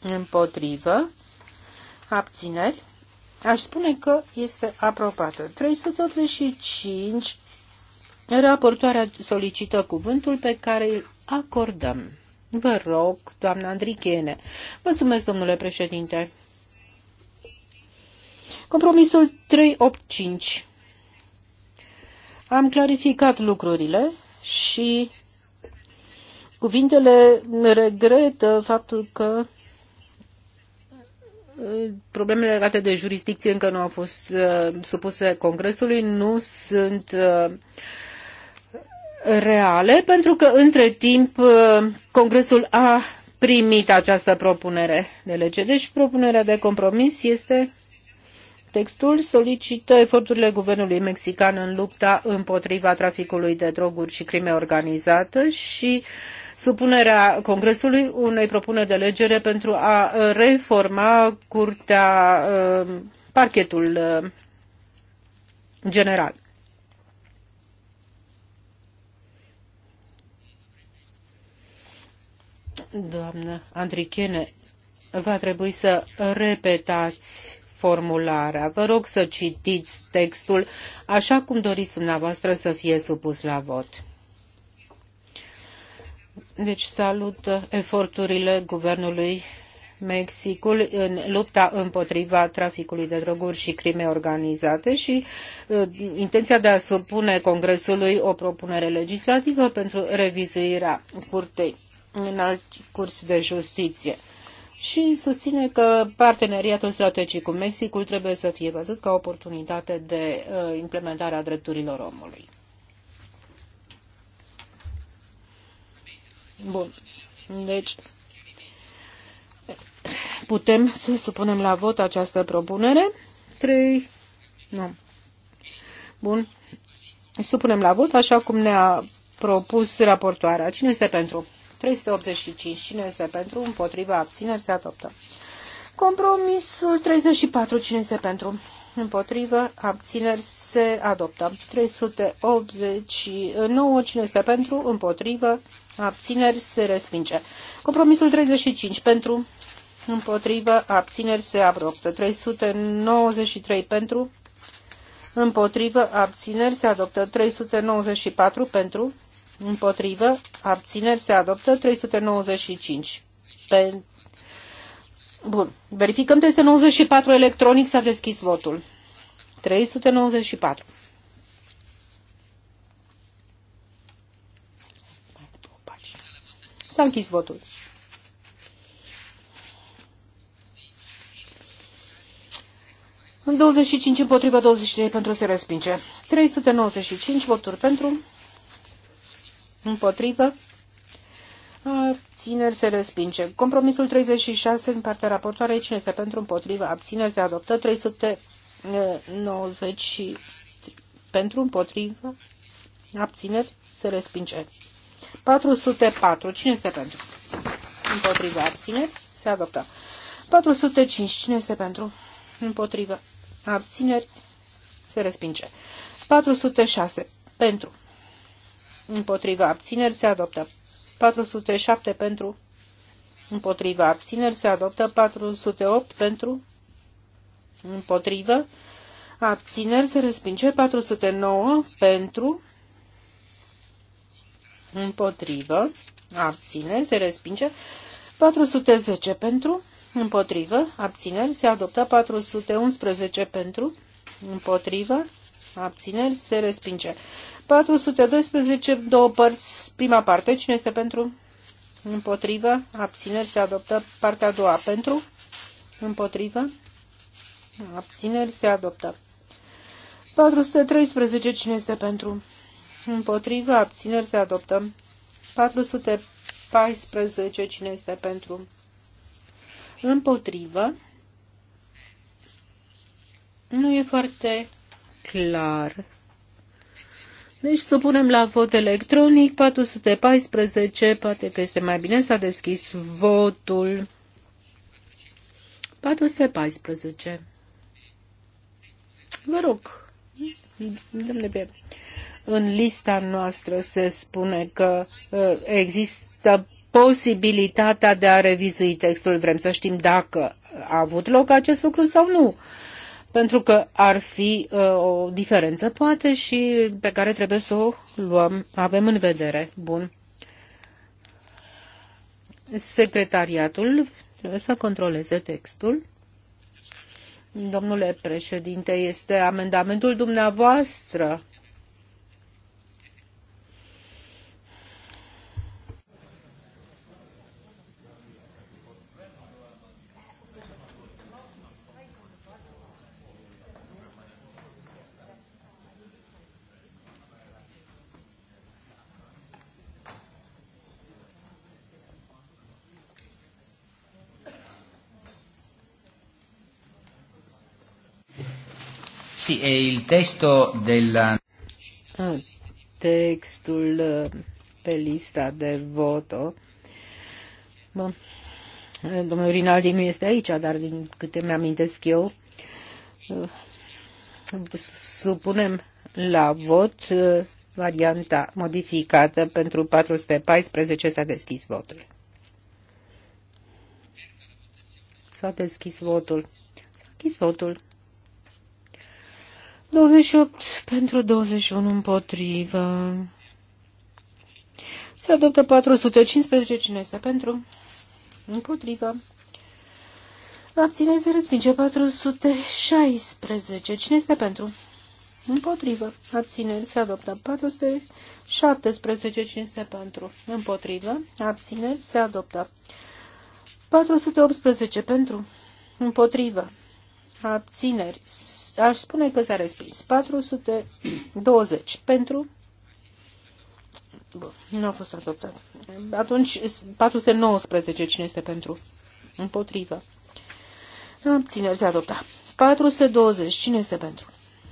B: împotrivă, abțineri. Aș spune că este aprobată. 385 Raportoarea solicită cuvântul pe care îl acordăm. Vă rog, doamna Andrichene. Mulțumesc, domnule președinte. Compromisul 385. Am clarificat lucrurile și cuvintele regretă faptul că uh, problemele legate de jurisdicție încă nu au fost uh, supuse Congresului, nu sunt uh, reale, pentru că între timp uh, Congresul a primit această propunere de lege. Deci propunerea de compromis este textul solicită eforturile guvernului mexican în lupta împotriva traficului de droguri și crime organizată și supunerea Congresului unei propuneri de legere pentru a reforma curtea, uh, parchetul uh, general. Doamnă Andrichene, va trebui să repetați formularea. Vă rog să citiți textul așa cum doriți dumneavoastră să fie supus la vot. Deci salut eforturile guvernului Mexicul în lupta împotriva traficului de droguri și crime organizate și uh, intenția de a supune Congresului o propunere legislativă pentru revizuirea curtei în alți curs de justiție și susține că parteneriatul strategic cu Mexicul trebuie să fie văzut ca oportunitate de uh, implementare a drepturilor omului. Bun. Deci, putem să supunem la vot această propunere? 3. Nu. Bun. Supunem la vot așa cum ne-a propus raportoarea. Cine este pentru? 385. Cine este pentru? Împotriva abțineri se adoptă. Compromisul 34. Cine este pentru? Împotrivă, abțineri se adoptă. 389. Cine este pentru? Împotrivă, abțineri se respinge. Compromisul 35. Pentru? Împotrivă, abțineri se adoptă. 393 pentru? Împotrivă, abțineri se adoptă. 394 pentru? împotrivă, abțineri se adoptă, 395. Pe... Bun, verificăm 394 electronic, s-a deschis votul. 394. S-a închis votul. În 25 împotriva 23 pentru se respinge. 395 voturi pentru, Împotrivă? Abțineri se respinge. Compromisul 36 din partea raportoarei. Cine este pentru? Împotrivă? Abțineri se adoptă. 390 și pentru? Împotrivă? Abțineri se respinge. 404. Cine este pentru? Împotrivă. Abțineri se adoptă. 405. Cine este pentru? Împotrivă. Abțineri se respinge. 406. Pentru împotriva abțineri se adoptă. 407 pentru împotriva abțineri se adoptă. 408 pentru împotrivă abțineri se respinge. 409 pentru împotrivă abțineri se respinge. 410 pentru împotrivă abțineri se adoptă. 411 pentru împotrivă abțineri se respinge. 412, două părți, prima parte, cine este pentru? Împotrivă, abțineri se adoptă. Partea a doua, pentru? Împotrivă, abțineri se adoptă. 413, cine este pentru? Împotrivă, abțineri se adoptă. 414, cine este pentru? Împotrivă, nu e foarte clar. Deci să punem la vot electronic 414, poate că este mai bine, s-a deschis votul. 414. Vă rog, domnule în lista noastră se spune că uh, există posibilitatea de a revizui textul. Vrem să știm dacă a avut loc acest lucru sau nu pentru că ar fi uh, o diferență, poate, și pe care trebuie să o luăm, avem în vedere. Bun. Secretariatul trebuie să controleze textul. Domnule președinte, este amendamentul dumneavoastră
A: Sì, e il testo della...
B: Ah, textul eh, pe lista de voto. Bă, eh, Domnul Rinaldi nu este aici, dar din câte mi-amintesc eu, eh, supunem la vot varianta modificată pentru 414 s-a deschis votul. S-a deschis votul. S-a deschis votul. 28 pentru 21 împotrivă. Se adoptă 415. Cine este pentru? Împotrivă. Abține se respinge 416. Cine este pentru? Împotrivă. Abțineri se adoptă 417. Cine este pentru? Împotrivă. Abțineri se adoptă 418 pentru. Împotrivă. Abțineri Aș spune că s-a respins. 420 pentru. Bă, nu a fost adoptat. Atunci, 419, cine este pentru? Împotrivă. Abțineri se adoptă. 420, cine este pentru?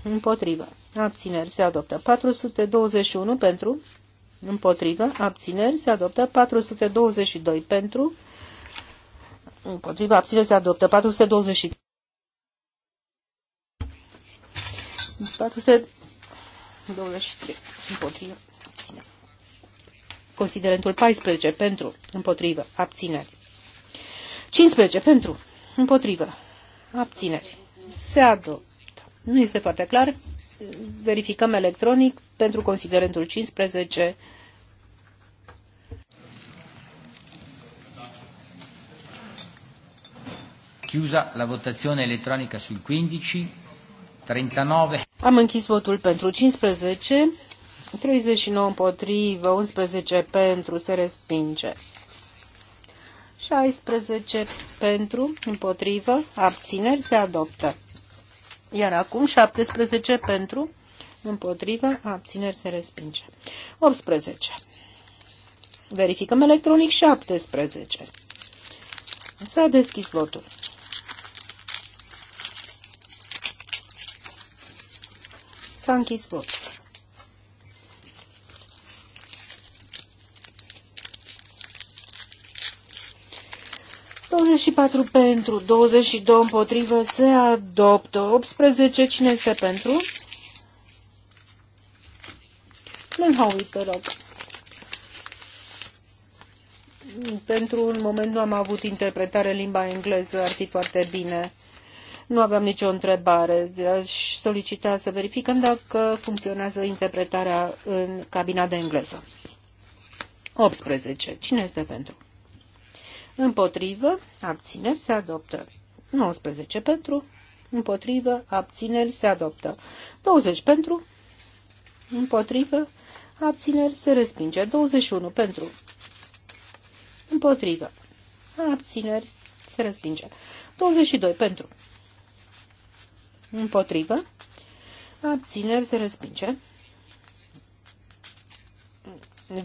B: Împotrivă. Abțineri se adoptă. 421 pentru. Împotrivă. Abțineri se adoptă. 422 pentru. Împotrivă. Abțineri se adoptă. 423. 423 Considerentul 14 pentru, împotrivă, abțineri. 15 pentru, împotrivă, abțineri. Se adoptă. Nu este foarte clar. Verificăm electronic pentru considerentul 15.
A: Chiusa la votazione elettronica sul 15. 39.
B: Am închis votul pentru 15, 39 împotrivă, 11 pentru, se respinge. 16 pentru, împotrivă, abțineri, se adoptă. Iar acum 17 pentru, împotrivă, abțineri, se respinge. 18. Verificăm electronic 17. S-a deschis votul. S-a închis votul. și patru pentru, 22 împotrivă, se adoptă. 18, cine este pentru? Menhaui, te rog. Pentru un moment nu am avut interpretare în limba engleză, ar fi foarte bine. Nu aveam nicio întrebare. Aș solicita să verificăm dacă funcționează interpretarea în cabina de engleză. 18. Cine este pentru? Împotrivă, abțineri, se adoptă. 19 pentru, împotrivă, abțineri, se adoptă. 20 pentru, împotrivă, abțineri, se respinge. 21 pentru, împotrivă, abțineri, se respinge. 22 pentru, Împotrivă. Abțineri se respinge.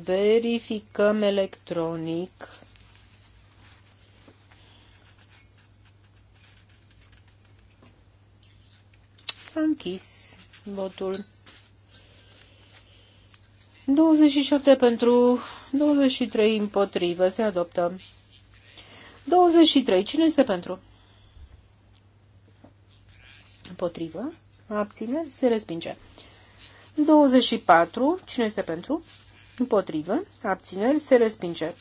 B: Verificăm electronic. S-a închis votul. 27 pentru, 23 împotrivă, se adoptă. 23. Cine este pentru? Împotrivă. abține, Se respinge. 24. Cine este pentru? Împotrivă. Abțineri. Se respinge.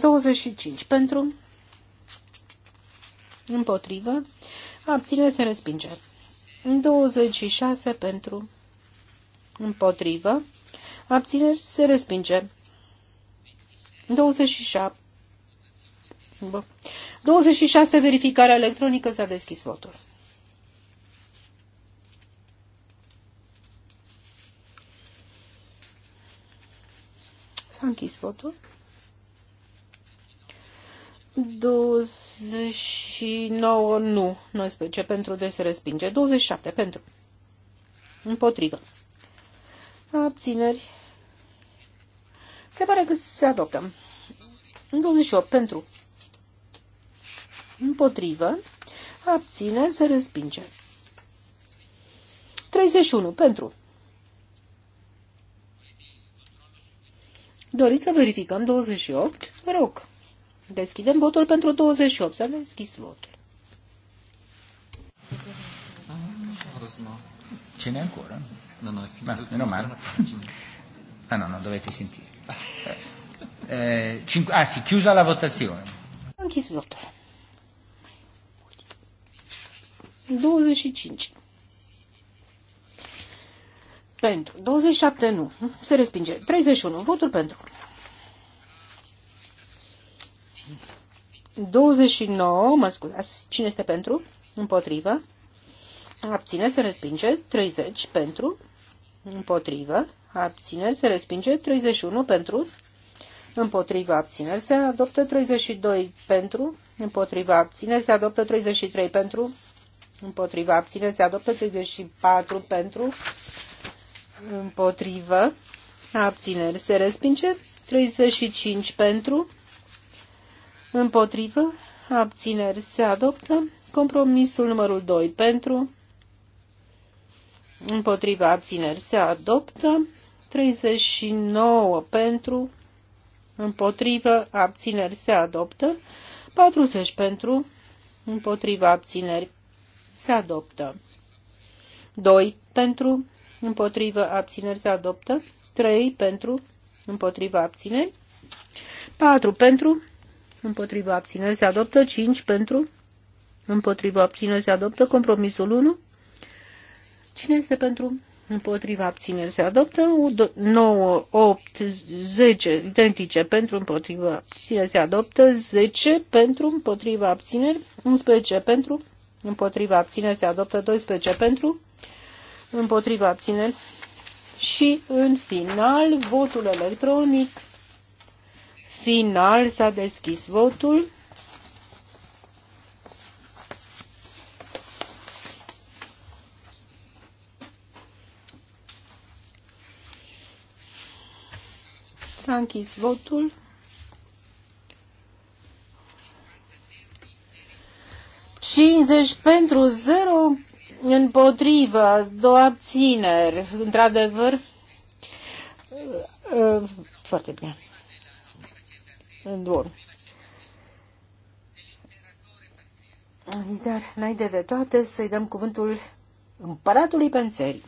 B: 25. Pentru. Împotrivă. Abțineri. Se respinge. 26. Pentru. Împotrivă. Abțineri. Se respinge. 27. 26. Verificarea electronică s-a deschis votul. S-a închis votul. 29 nu, 19 pentru, de se respinge. 27 pentru. Împotrivă. Abțineri. Se pare că se adoptă. 28 pentru. Împotrivă. Abține, se respinge. 31 pentru. Doriți să verificăm 28? Vă rog. Deschidem votul pentru 28. Să deschis votul.
A: Ce ne ancora? Nu, Nu ah, nu. finito. Ah, no, no, dovete sentire. Eh, ah, sì, chiusa la votazione.
B: Închis votul. 25. Pentru. 27 nu. Se respinge. 31. Votul pentru. 29. Mă scuzați. Cine este pentru? Împotrivă. Abține. Se respinge. 30. Pentru. Împotrivă. Abțineri se respinge 31 pentru. Împotriva abțineri se adoptă 32 pentru. Împotriva abțineri se adoptă 33 pentru. Împotriva abțineri se adoptă 34 pentru împotrivă, abțineri se respinge, 35 pentru, împotrivă, abțineri se adoptă, compromisul numărul 2 pentru, împotrivă, abțineri se adoptă, 39 pentru, împotrivă, abțineri se adoptă, 40 pentru, împotrivă, abțineri se adoptă, 2 pentru, împotrivă abțineri se adoptă, 3 pentru, împotrivă abțineri, 4 pentru, împotrivă abțineri se adoptă, 5 pentru, împotrivă abțineri se adoptă, compromisul 1. Cine este pentru? Împotriva abțineri se adoptă 9, 8, 10 identice pentru împotriva abțineri se adoptă 10 pentru împotriva abțineri 11 pentru împotriva abțineri se adoptă 12 pentru împotriva abțineri și în final votul electronic. Final s-a deschis votul. S-a închis votul. Cincizeci pentru zero împotrivă, două abțineri, într-adevăr, uh, foarte bine. Bun. Dar, înainte de toate, să-i dăm cuvântul împăratului Penserii.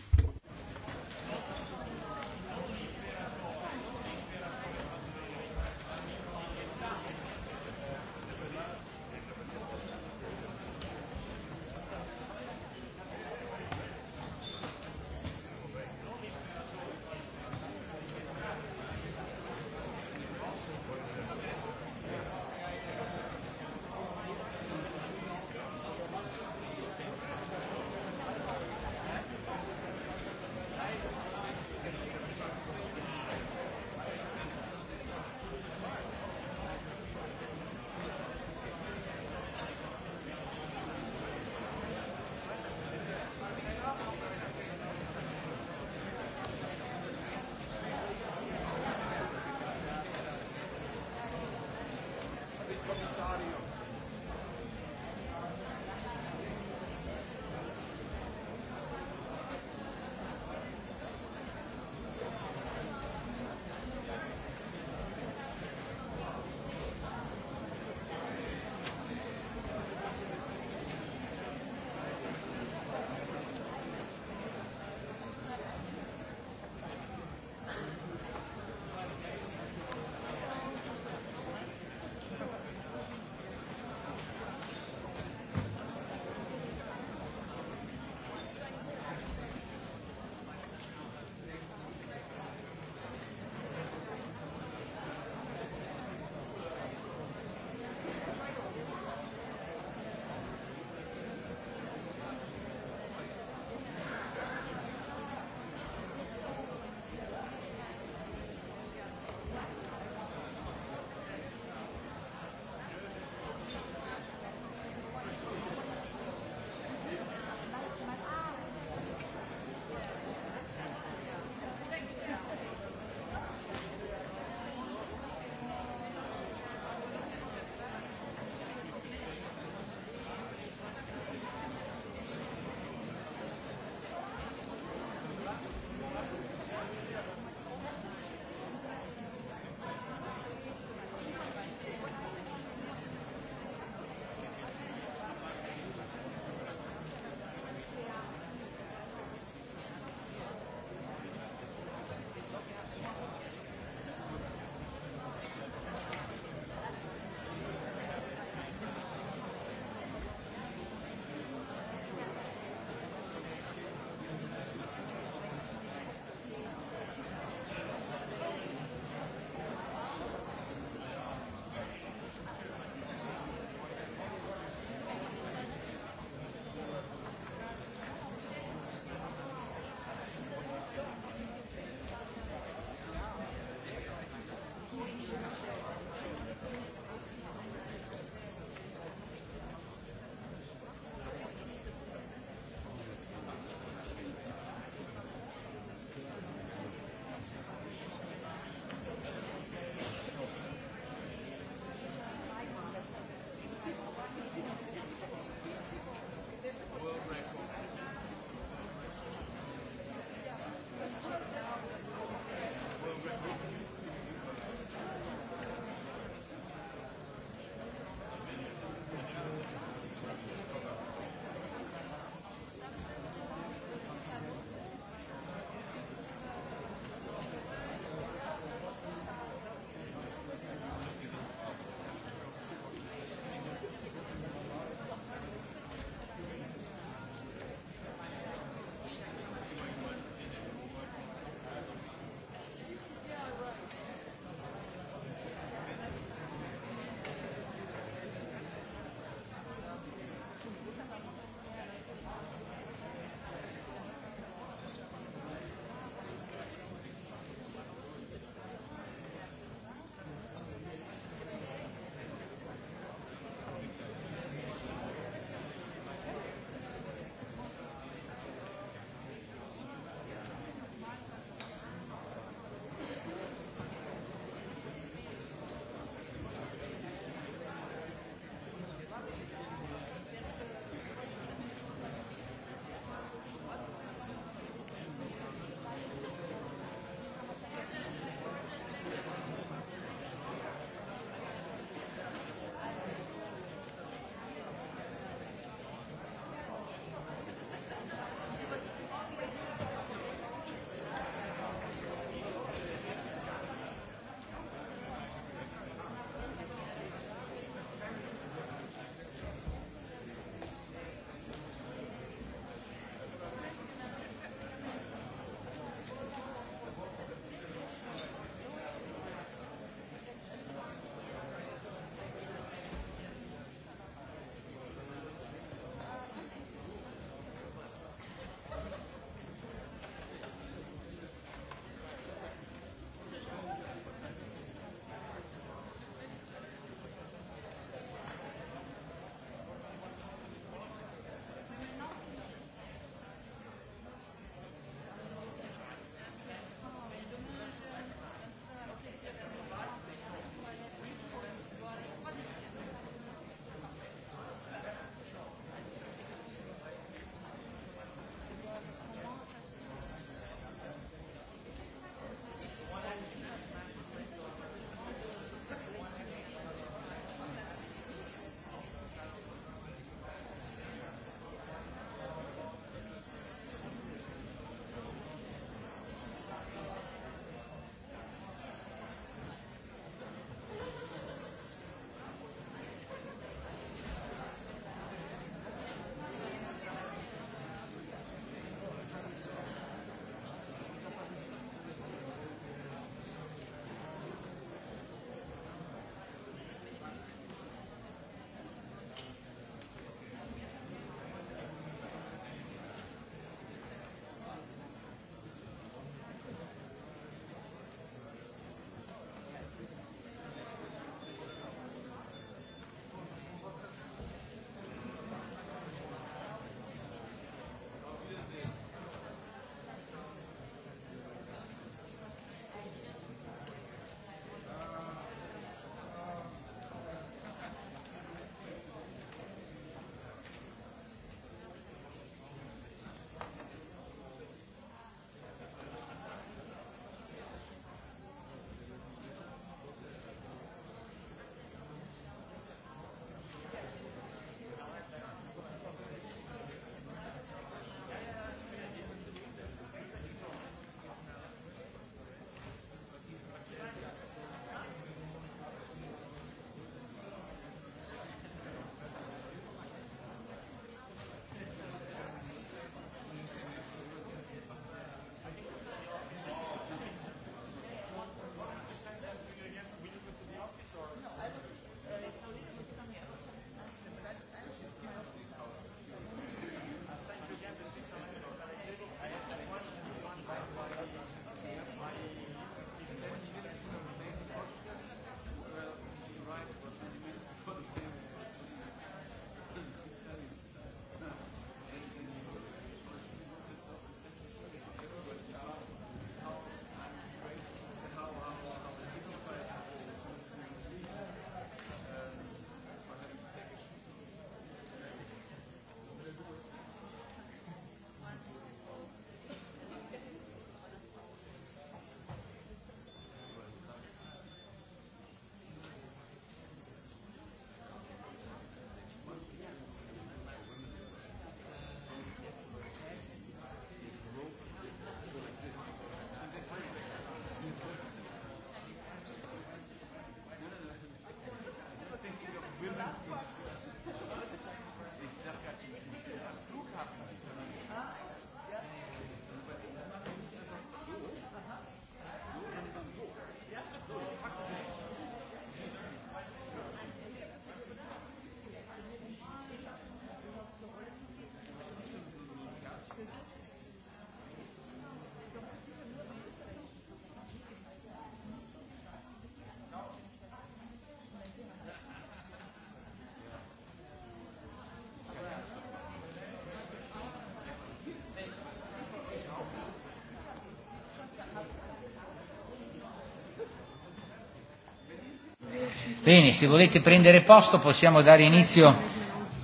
D: Bene,
A: se volete prendere posto possiamo dare inizio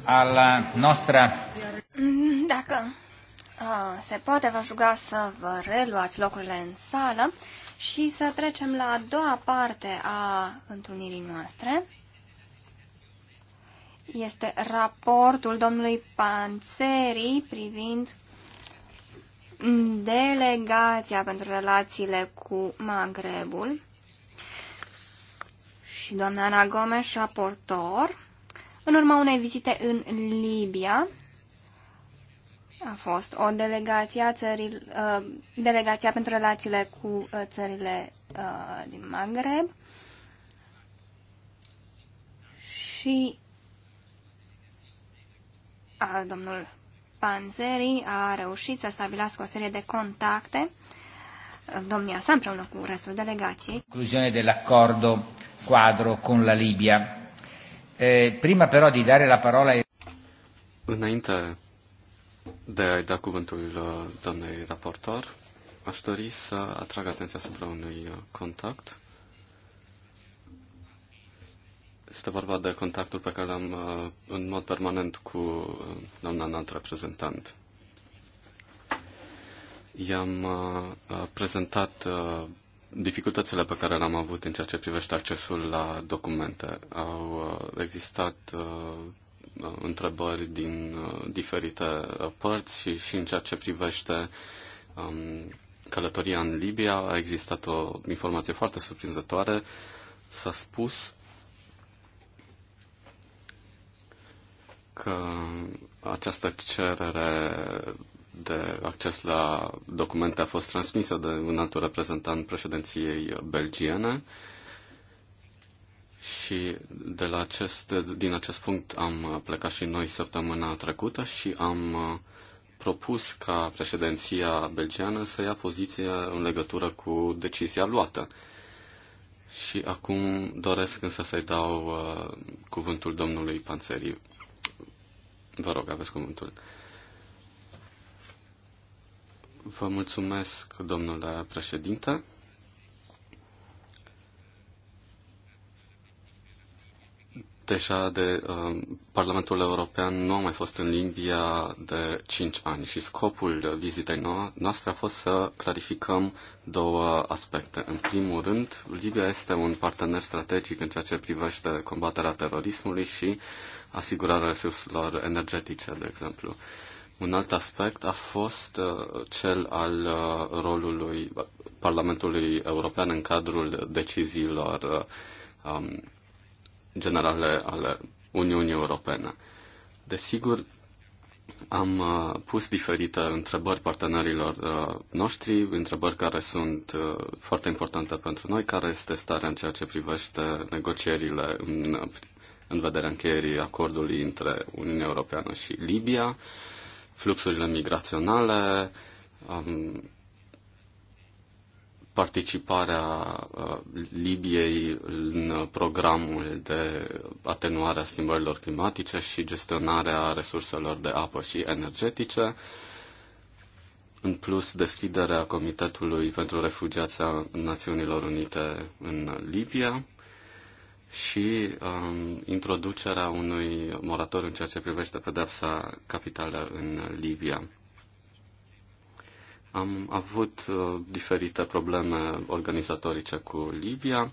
A: alla nostra...
D: Mm, dacă uh, se poate, vă ruga să vă reluați locurile în sală și să trecem la a doua parte a întâlnirii noastre. Este raportul domnului Panțeri privind delegația pentru relațiile cu Magrebul și doamna Ana Gomes, raportor, în urma unei vizite în Libia, a fost o delegație, a țării, uh, delegația pentru relațiile cu uh, țările uh, din Maghreb și a, domnul Panzeri a reușit să stabilească o serie de contacte uh, domnia sa împreună cu restul delegației.
A: Concluzione dell'accordo quadro con la Libia. Eh, prima però di
E: dare la parola ai... Înainte de a-i da cuvântul uh, doamnei raportor, aș dori să atrag atenția asupra unui uh, contact. Este vorba de contactul pe care l-am uh, în mod permanent cu doamna înalt reprezentant. I-am prezentat dificultățile pe care le-am avut în ceea ce privește accesul la documente. Au uh, existat uh, întrebări din uh, diferite părți și, și în ceea ce privește um, călătoria în Libia a existat o informație foarte surprinzătoare. S-a spus că această cerere de acces la documente a fost transmisă de un alt reprezentant președinției belgiene și de la acest, din acest punct am plecat și noi săptămâna trecută și am propus ca președinția belgiană să ia poziție în legătură cu decizia luată. Și acum doresc însă să-i dau uh, cuvântul domnului Panțeriu. Vă rog, aveți cuvântul. Uh, Vă mulțumesc, domnule președinte. Deja de uh, Parlamentul European nu a mai fost în Libia de 5 ani și scopul vizitei no- noastre a fost să clarificăm două aspecte. În primul rând, Libia este un partener strategic în ceea ce privește combaterea terorismului și asigurarea resurselor energetice, de exemplu. Uh, un alt aspect a fost uh, cel al uh, rolului Parlamentului European în cadrul deciziilor uh, um, generale ale Uniunii Europene. Desigur, am pus diferite întrebări partenerilor noștri, întrebări care sunt foarte importante pentru noi, care este starea în ceea ce privește negocierile în, în vederea încheierii acordului între Uniunea Europeană și Libia fluxurile migraționale, um, participarea uh, Libiei în programul de atenuare a schimbărilor climatice și gestionarea resurselor de apă și energetice, în plus deschiderea Comitetului pentru Refugiația Națiunilor Unite în Libia și um, introducerea unui moratoriu în ceea ce privește pedepsa capitală în Libia. Am avut uh, diferite probleme organizatorice cu Libia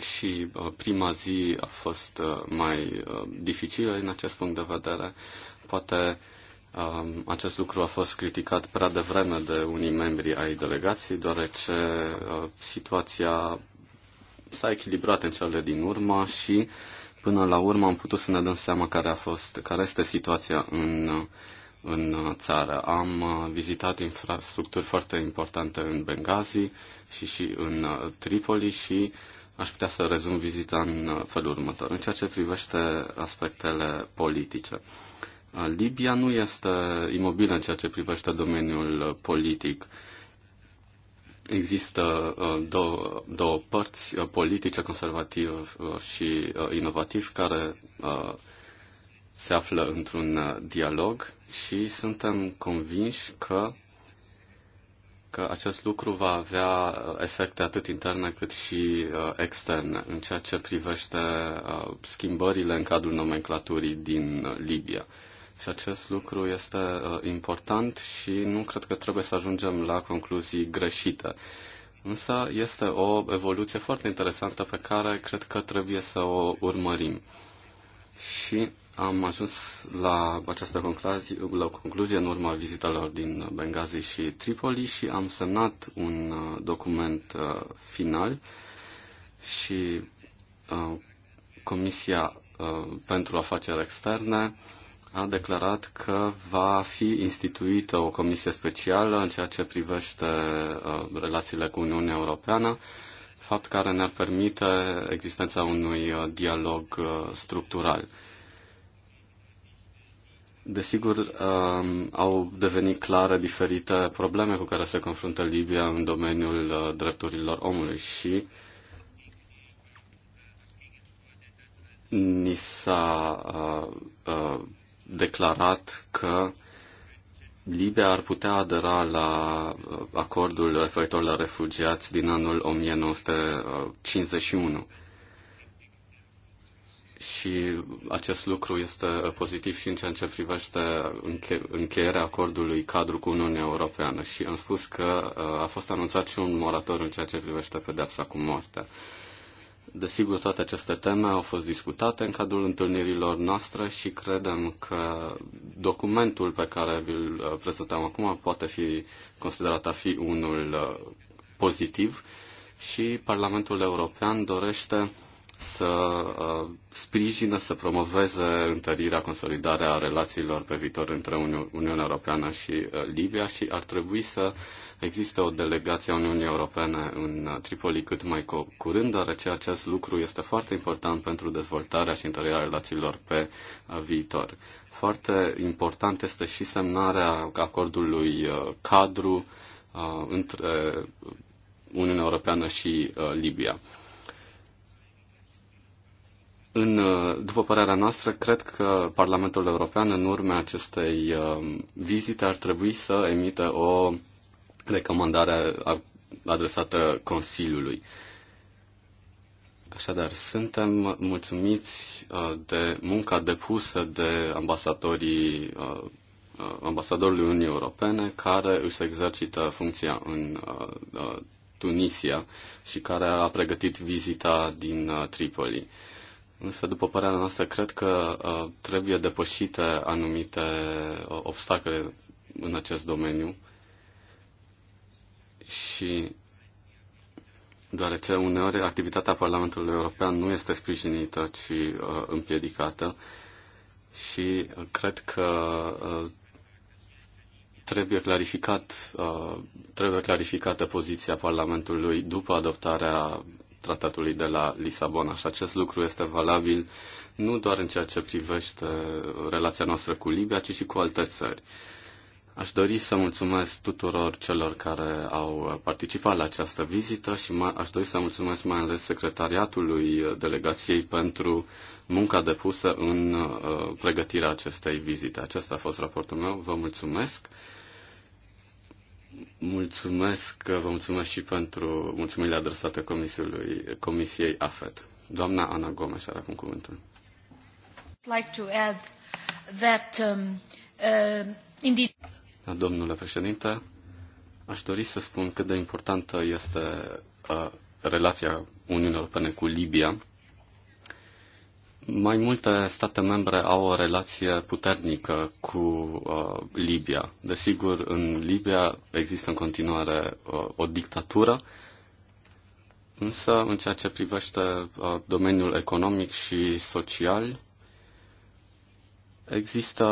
E: și uh, prima zi a fost uh, mai uh, dificilă în acest punct de vedere. Poate uh, acest lucru a fost criticat prea devreme de unii membri ai delegației, deoarece uh, situația s-a echilibrat în cele din urmă și până la urmă am putut să ne dăm seama care a fost, care este situația în, în țară. Am vizitat infrastructuri foarte importante în Benghazi și și în uh, Tripoli și aș putea să rezum vizita în uh, felul următor. În ceea ce privește aspectele politice. Uh, Libia nu este imobilă în ceea ce privește domeniul politic. Uh, Există uh, două, două părți uh, politice, conservativ uh, și inovativ, care se află într-un dialog și suntem convinși că, că acest lucru va avea efecte atât interne cât și externe în ceea ce privește schimbările în cadrul nomenclaturii din Libia. Și acest lucru este uh, important și nu cred că trebuie să ajungem la concluzii greșite. Însă este o evoluție foarte interesantă pe care cred că trebuie să o urmărim. Și am ajuns la această concluzie, la concluzie în urma vizitelor din Benghazi și Tripoli și am semnat un uh, document uh, final și Comisia pentru Afaceri Externe a declarat că va fi instituită o comisie specială în ceea ce privește uh, relațiile cu Uniunea Europeană, fapt care ne-ar permite existența unui uh, dialog uh, structural. Desigur, um, au devenit clare diferite probleme cu care se confruntă Libia în domeniul drepturilor omului și ni s-a declarat că Libia ar putea adera la uh, acordul referitor la refugiați din anul 1951. Și acest lucru este pozitiv și în ceea ce privește înche- încheierea acordului cadru cu Uniunea Europeană. Și am spus că uh, a fost anunțat și un moratoriu în ceea ce privește pedepsa cu moartea. Desigur, toate aceste teme au fost discutate în cadrul întâlnirilor noastre și credem că documentul pe care vi-l uh, prezentăm acum poate fi considerat a fi unul uh, pozitiv și Parlamentul European dorește să uh, sprijină, să promoveze întărirea, consolidarea relațiilor pe viitor între Uniunea Europeană și Libia și ar trebui să uh, există o delegație a Uniunii Europene în uh, Tripoli cât mai curând, deoarece acest lucru este foarte important pentru dezvoltarea și întărirea relațiilor pe uh, viitor. Foarte important este și semnarea acordului uh, cadru între Uniunea Europeană și Libia. În, după părerea noastră, cred că Parlamentul European, în urma acestei vizite, ar trebui să emită o recomandare adresată Consiliului. Așadar, suntem mulțumiți uh, de munca depusă de ambasadorii uh, uh, ambasadorului Uniunii Europene care își exercită funcția în Tunisia și care a pregătit vizita din Tripoli. Însă, după părerea noastră, cred că trebuie depășite anumite obstacole în acest domeniu și deoarece uneori activitatea Parlamentului European nu este sprijinită, ci uh, împiedicată și uh, cred că uh, trebuie, clarificat, uh, trebuie clarificată poziția Parlamentului după adoptarea tratatului de la Lisabona și acest lucru este valabil nu doar în ceea ce privește relația noastră cu Libia, ci și cu alte țări. Uh, Aș dori să mulțumesc tuturor celor care au participat la această vizită și aș dori să mulțumesc mai ales secretariatului delegației pentru munca depusă în uh, pregătirea acestei vizite. Acesta a fost raportul meu. Vă mulțumesc. Mulțumesc, vă mulțumesc și pentru mulțumirile adresate Comisiei, Comisiei AFET. Doamna Ana Gomes are acum cuvântul.
B: like to add that um, uh, indeed
E: Domnule președinte, aș dori să spun cât de importantă este relația Uniunii Europene cu Libia. Mai multe state membre au o relație puternică cu uh, Libia. Desigur, în Libia există în continuare uh, o dictatură, însă în ceea ce privește uh, domeniul economic și social, Există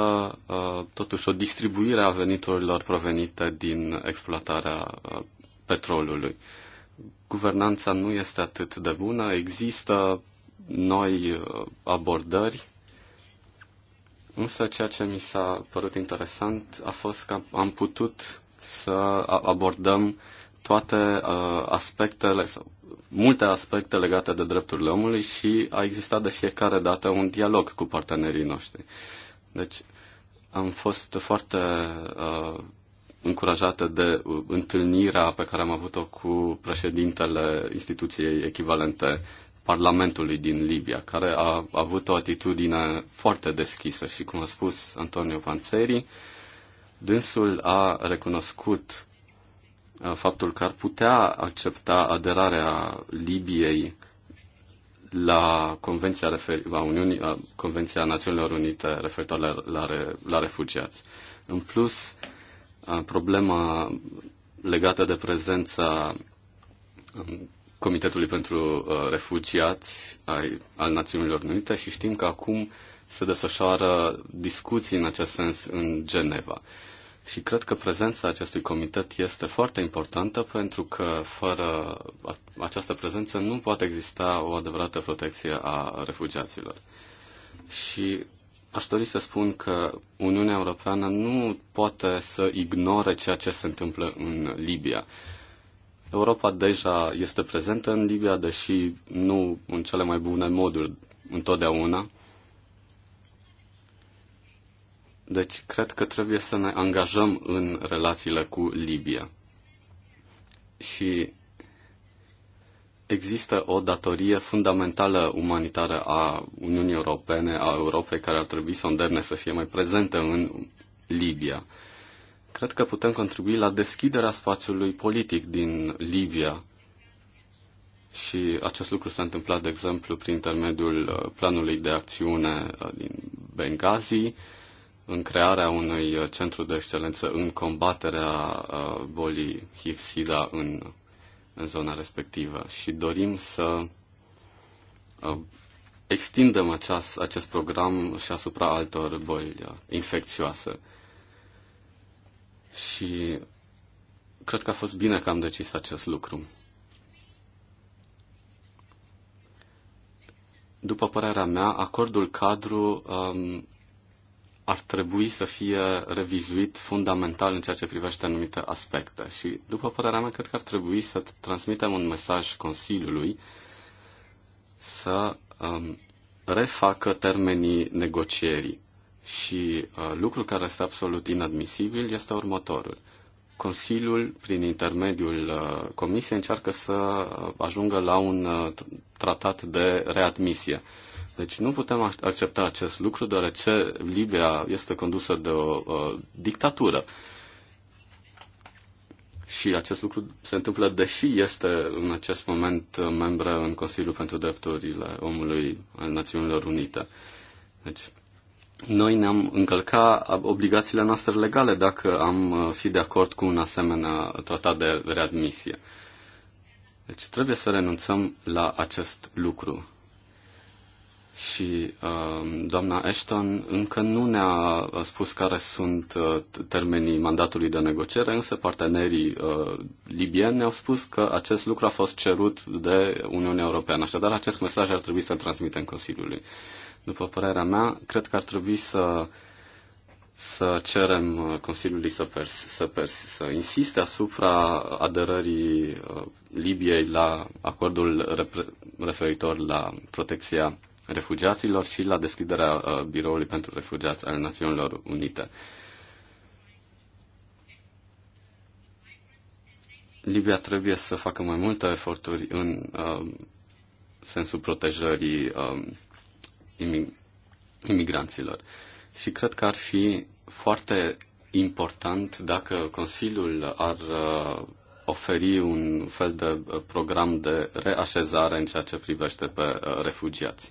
E: uh, totuși o distribuire a veniturilor provenite din exploatarea uh, petrolului. Guvernanța nu este atât de bună, există noi uh, abordări, însă ceea ce mi s-a părut interesant a fost că am putut să abordăm toate uh, aspectele sau multe aspecte legate de drepturile omului și a existat de fiecare dată un dialog cu partenerii noștri. Uh, deci am fost foarte uh, încurajată de uh, întâlnirea pe care am avut-o cu președintele instituției echivalente Parlamentului din Libia, care a avut o atitudine foarte deschisă și, cum a spus Antonio Panzeri, dânsul a recunoscut uh, faptul că ar putea accepta aderarea Libiei la Convenția, refer- la Uniunii, la Convenția Națiunilor Unite referitoare la, la, la refugiați. În plus, problema legată de prezența um, Comitetului pentru uh, Refugiați al Națiunilor Unite și știm că acum se desfășoară discuții în acest sens în Geneva. Și cred că prezența acestui comitet este foarte importantă pentru că fără această prezență nu poate exista o adevărată protecție a refugiaților. Și aș dori să spun că Uniunea Europeană nu poate să ignore ceea ce se întâmplă în Libia. Europa deja este prezentă în Libia, deși nu în cele mai bune moduri întotdeauna. Deci, cred că trebuie să ne angajăm în relațiile cu Libia. Și există o datorie fundamentală umanitară a Uniunii Europene, a Europei, care ar trebui să îndemne să fie mai prezentă în Libia. Cred că putem contribui la deschiderea spațiului politic din Libia. Și acest lucru s-a întâmplat, de exemplu, prin intermediul uh, planului de acțiune uh, din Benghazi, în crearea unui centru de excelență în combaterea uh, bolii HIV-SIDA în, în zona respectivă și dorim să uh, extindem aceast, acest program și asupra altor boli uh, infecțioase. Și cred că a fost bine că am decis acest lucru. După părerea mea, acordul cadru um, ar trebui să fie revizuit fundamental în ceea ce privește anumite aspecte. Și, după părerea mea, cred că ar trebui să transmitem un mesaj Consiliului să um, refacă termenii negocierii. Și uh, lucru care este absolut inadmisibil este următorul. Consiliul, prin intermediul uh, Comisiei, încearcă să uh, ajungă la un uh, tratat de readmisie. Uh, deci nu putem accepta acest lucru, deoarece Libia este condusă de o uh, dictatură. Și acest lucru se întâmplă deși este în acest moment membră în Consiliul pentru Drepturile Omului al Națiunilor Unite. Deci, noi ne-am încălca obligațiile noastre legale dacă am uh, fi de acord cu un asemenea tratat de readmisie. Deci trebuie să renunțăm la acest lucru și uh, doamna Ashton încă nu ne-a uh, spus care sunt uh, termenii mandatului de negociere, însă partenerii uh, libieni ne-au spus că acest lucru a fost cerut de Uniunea Europeană. Așadar, acest mesaj ar trebui să-l transmitem Consiliului. După părerea mea, cred că ar trebui să să cerem uh, Consiliului să, pers- să, pers- să insiste asupra aderării uh, Libiei la acordul referitor la protecția refugiaților și la deschiderea uh, biroului pentru refugiați al Națiunilor Unite. Libia trebuie să facă mai multe eforturi în uh, sensul protejării uh, um, imig- imigranților. Și cred că ar fi foarte important dacă Consiliul ar uh, oferi un fel de uh, program de reașezare în ceea ce privește pe uh, refugiați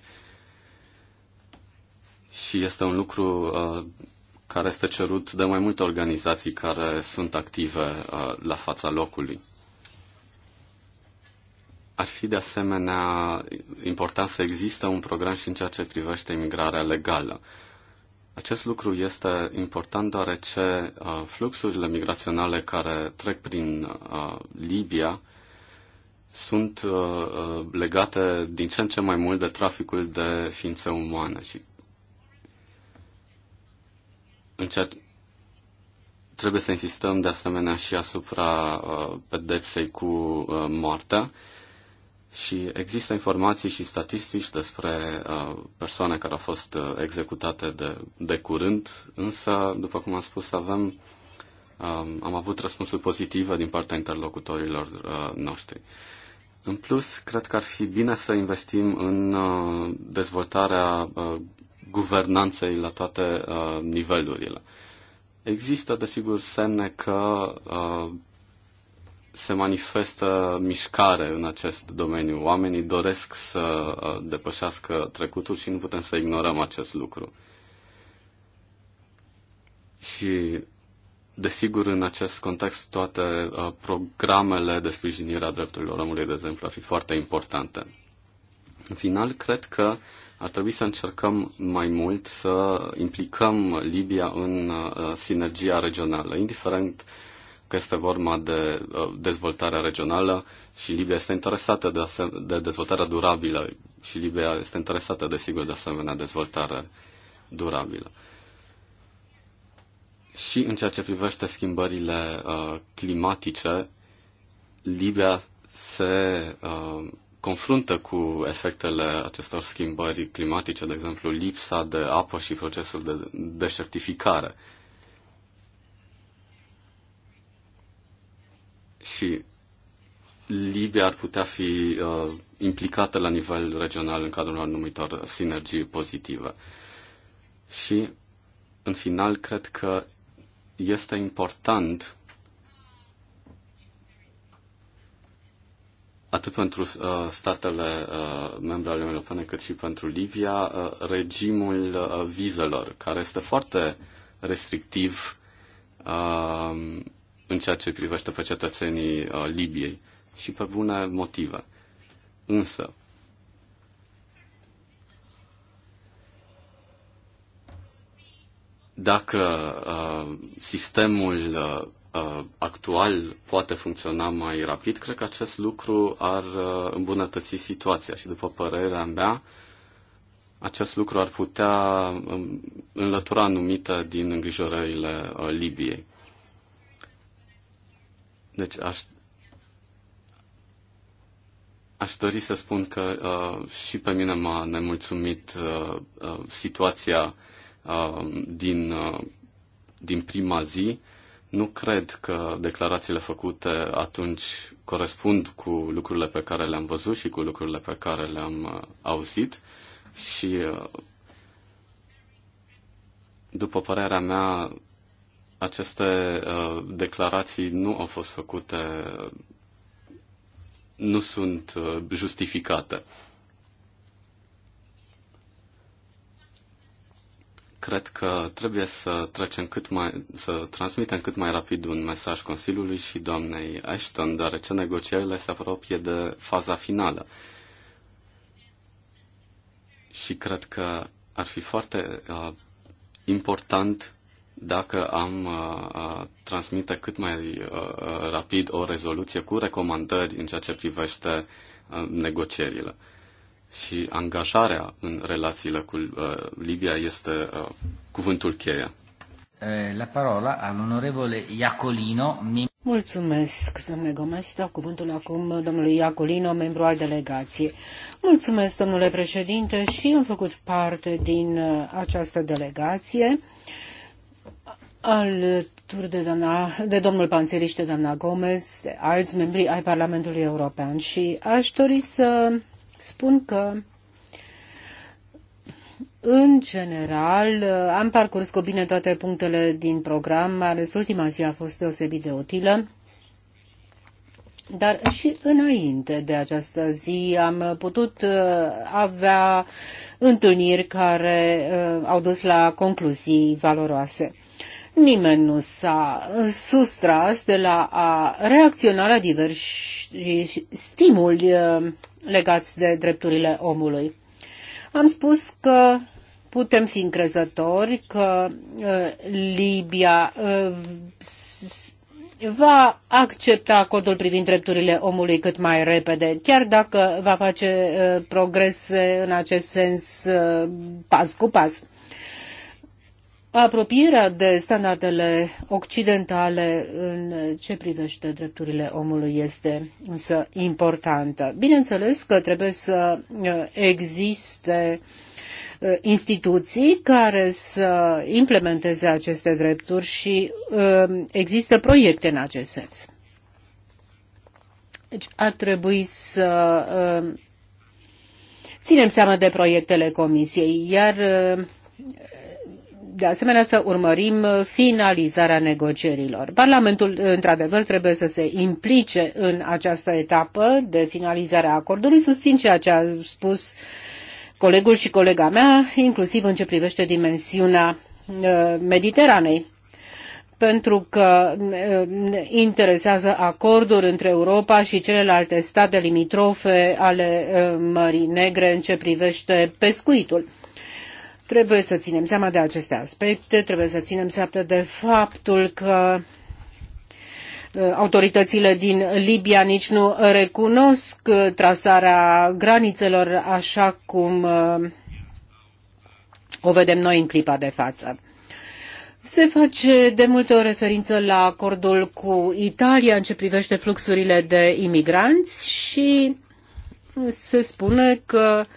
E: și este un lucru uh, care este cerut de mai multe organizații care sunt active uh, la fața locului. Ar fi de asemenea important să existe un program și în ceea ce privește imigrarea legală. Acest lucru este important deoarece uh, fluxurile migraționale care trec prin Libia sunt legate din ce în ce mai mult de traficul de ființe umane și în trebuie să insistăm de asemenea și asupra uh, pedepsei cu uh, moartea. Și există informații și statistici despre uh, persoane care au fost uh, executate de, de curând, însă, după cum am spus, avem, uh, am avut răspunsuri pozitive din partea interlocutorilor uh, noștri. În plus, cred că ar fi bine să investim în uh, dezvoltarea uh, guvernanței la toate uh, nivelurile. Există, desigur, semne că uh, se manifestă mișcare în acest domeniu. Oamenii doresc să uh, depășească trecutul și nu putem să ignorăm acest lucru. Și, desigur, în acest context, toate uh, programele de sprijinire a drepturilor omului, de exemplu, ar fi foarte importante. În final, cred că uh, ar trebui să încercăm mai mult să implicăm Libia în uh, sinergia regională, indiferent că este vorba de uh, dezvoltarea regională și Libia este interesată de, asem- de dezvoltarea durabilă și Libia este interesată, desigur, de asemenea dezvoltare durabilă. Și în ceea ce privește schimbările uh, climatice, Libia se uh, confruntă cu efectele acestor schimbări climatice, de exemplu lipsa de apă și procesul de deșertificare. Și Libia ar putea fi uh, implicată la nivel regional în cadrul anumitor sinergii pozitive. Și, în final, cred că este important atât pentru uh, statele uh, membre ale Uniunii Europene, cât și pentru Libia, uh, regimul uh, vizelor, care este foarte restrictiv uh, în ceea ce privește pe cetățenii uh, Libiei și pe bune motive. Însă, dacă uh, sistemul uh, Uh, actual poate funcționa mai rapid, cred că acest lucru ar uh, îmbunătăți situația și, după părerea mea, acest lucru ar putea um, înlătura anumite din îngrijorările uh, Libiei. Deci aș, aș dori să spun că uh, și pe mine m-a nemulțumit uh, uh, situația uh, din, uh, din prima zi. Nu cred că declarațiile făcute atunci corespund cu lucrurile pe care le-am văzut și cu lucrurile pe care le-am uh, auzit și uh, după părerea mea, aceste uh, declarații nu au fost făcute, nu sunt justificate. Cred că trebuie să trecem cât mai, să transmitem cât mai rapid un mesaj Consiliului și doamnei Ashton, deoarece negocierile se apropie de faza finală. Și cred că ar fi foarte uh, important dacă am uh, uh transmite cât mai uh, rapid o rezoluție cu recomandări în ceea ce privește uh, negocierile și angajarea în relațiile cu uh, Libia este uh, cuvântul cheie.
A: Eh, la parola al onorevole Iacolino.
B: Mulțumesc, domnule Gomes. Dau cuvântul acum domnului Iacolino, membru al delegației. Mulțumesc, domnule președinte, și am făcut parte din uh, această delegație alături de, doamna, de domnul Panțeliște, doamna Gomes, de alți membri ai Parlamentului European și aș dori să spun că în general, am parcurs cu bine toate punctele din program, mai ales ultima zi a fost deosebit de utilă. Dar și înainte de această zi am putut uh, avea întâlniri care uh, au dus la concluzii valoroase. Nimeni nu s-a sustras de la a reacționa la diversi stimuli uh, legați de drepturile omului. Am spus că putem fi încrezători că uh, Libia uh, va accepta acordul privind drepturile omului cât mai repede, chiar dacă va face progrese în acest sens pas cu pas apropierea de standardele occidentale în ce privește drepturile omului este însă importantă. Bineînțeles că trebuie să uh, existe uh, instituții care să implementeze aceste drepturi și uh, există proiecte în acest sens. Deci ar trebui să ținem seama de proiectele Comisiei, iar de asemenea să urmărim uh, finalizarea negocierilor. Parlamentul, uh, într-adevăr, trebuie să se implice în această etapă de finalizare a acordului. Susțin ceea ce a spus colegul și colega mea, inclusiv în ce privește dimensiunea uh, Mediteranei pentru că interesează acorduri între Europa și celelalte state limitrofe ale Mării Negre în ce privește pescuitul. Trebuie să ținem seama de aceste aspecte, trebuie să ținem seama de faptul că uh, autoritățile din Libia nici nu recunosc uh, trasarea granițelor așa cum uh, o vedem noi în clipa de față. Se face de multe o referință la acordul cu Italia în ce privește fluxurile de imigranți și se spune că uh,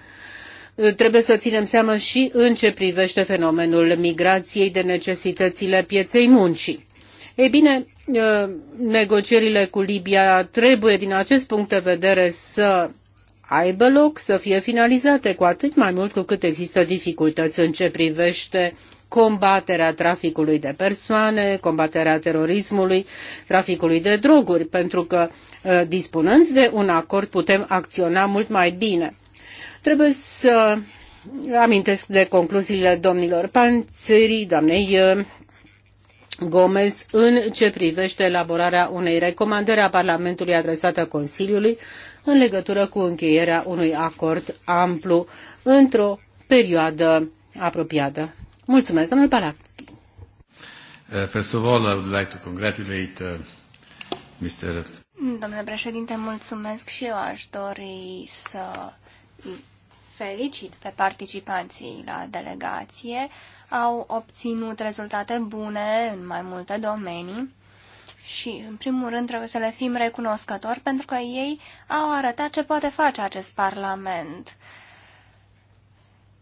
B: Uh, trebuie să ținem seama și în ce privește fenomenul migrației de necesitățile pieței muncii. Ei bine, uh, negocierile cu Libia trebuie din acest punct de vedere să aibă loc, să fie finalizate, cu atât mai mult cu cât există dificultăți în ce privește combaterea traficului de persoane, combaterea terorismului, traficului de droguri, pentru că uh, dispunând de un acord putem acționa mult mai bine. Trebuie să amintesc de concluziile domnilor Panzeri, doamnei eh, Gomes în ce privește elaborarea unei recomandări a Parlamentului adresată Consiliului în legătură cu încheierea unui acord amplu într-o perioadă apropiată. Mulțumesc, domnul Palatski.
E: Eh, first of all, I would like to congratulate uh, eh, Mr.
D: Domnule președinte, mulțumesc și eu aș dori să felicit pe participanții la delegație. Au obținut rezultate bune în mai multe domenii și, în primul rând, trebuie să le fim recunoscători pentru că ei au arătat ce poate face acest Parlament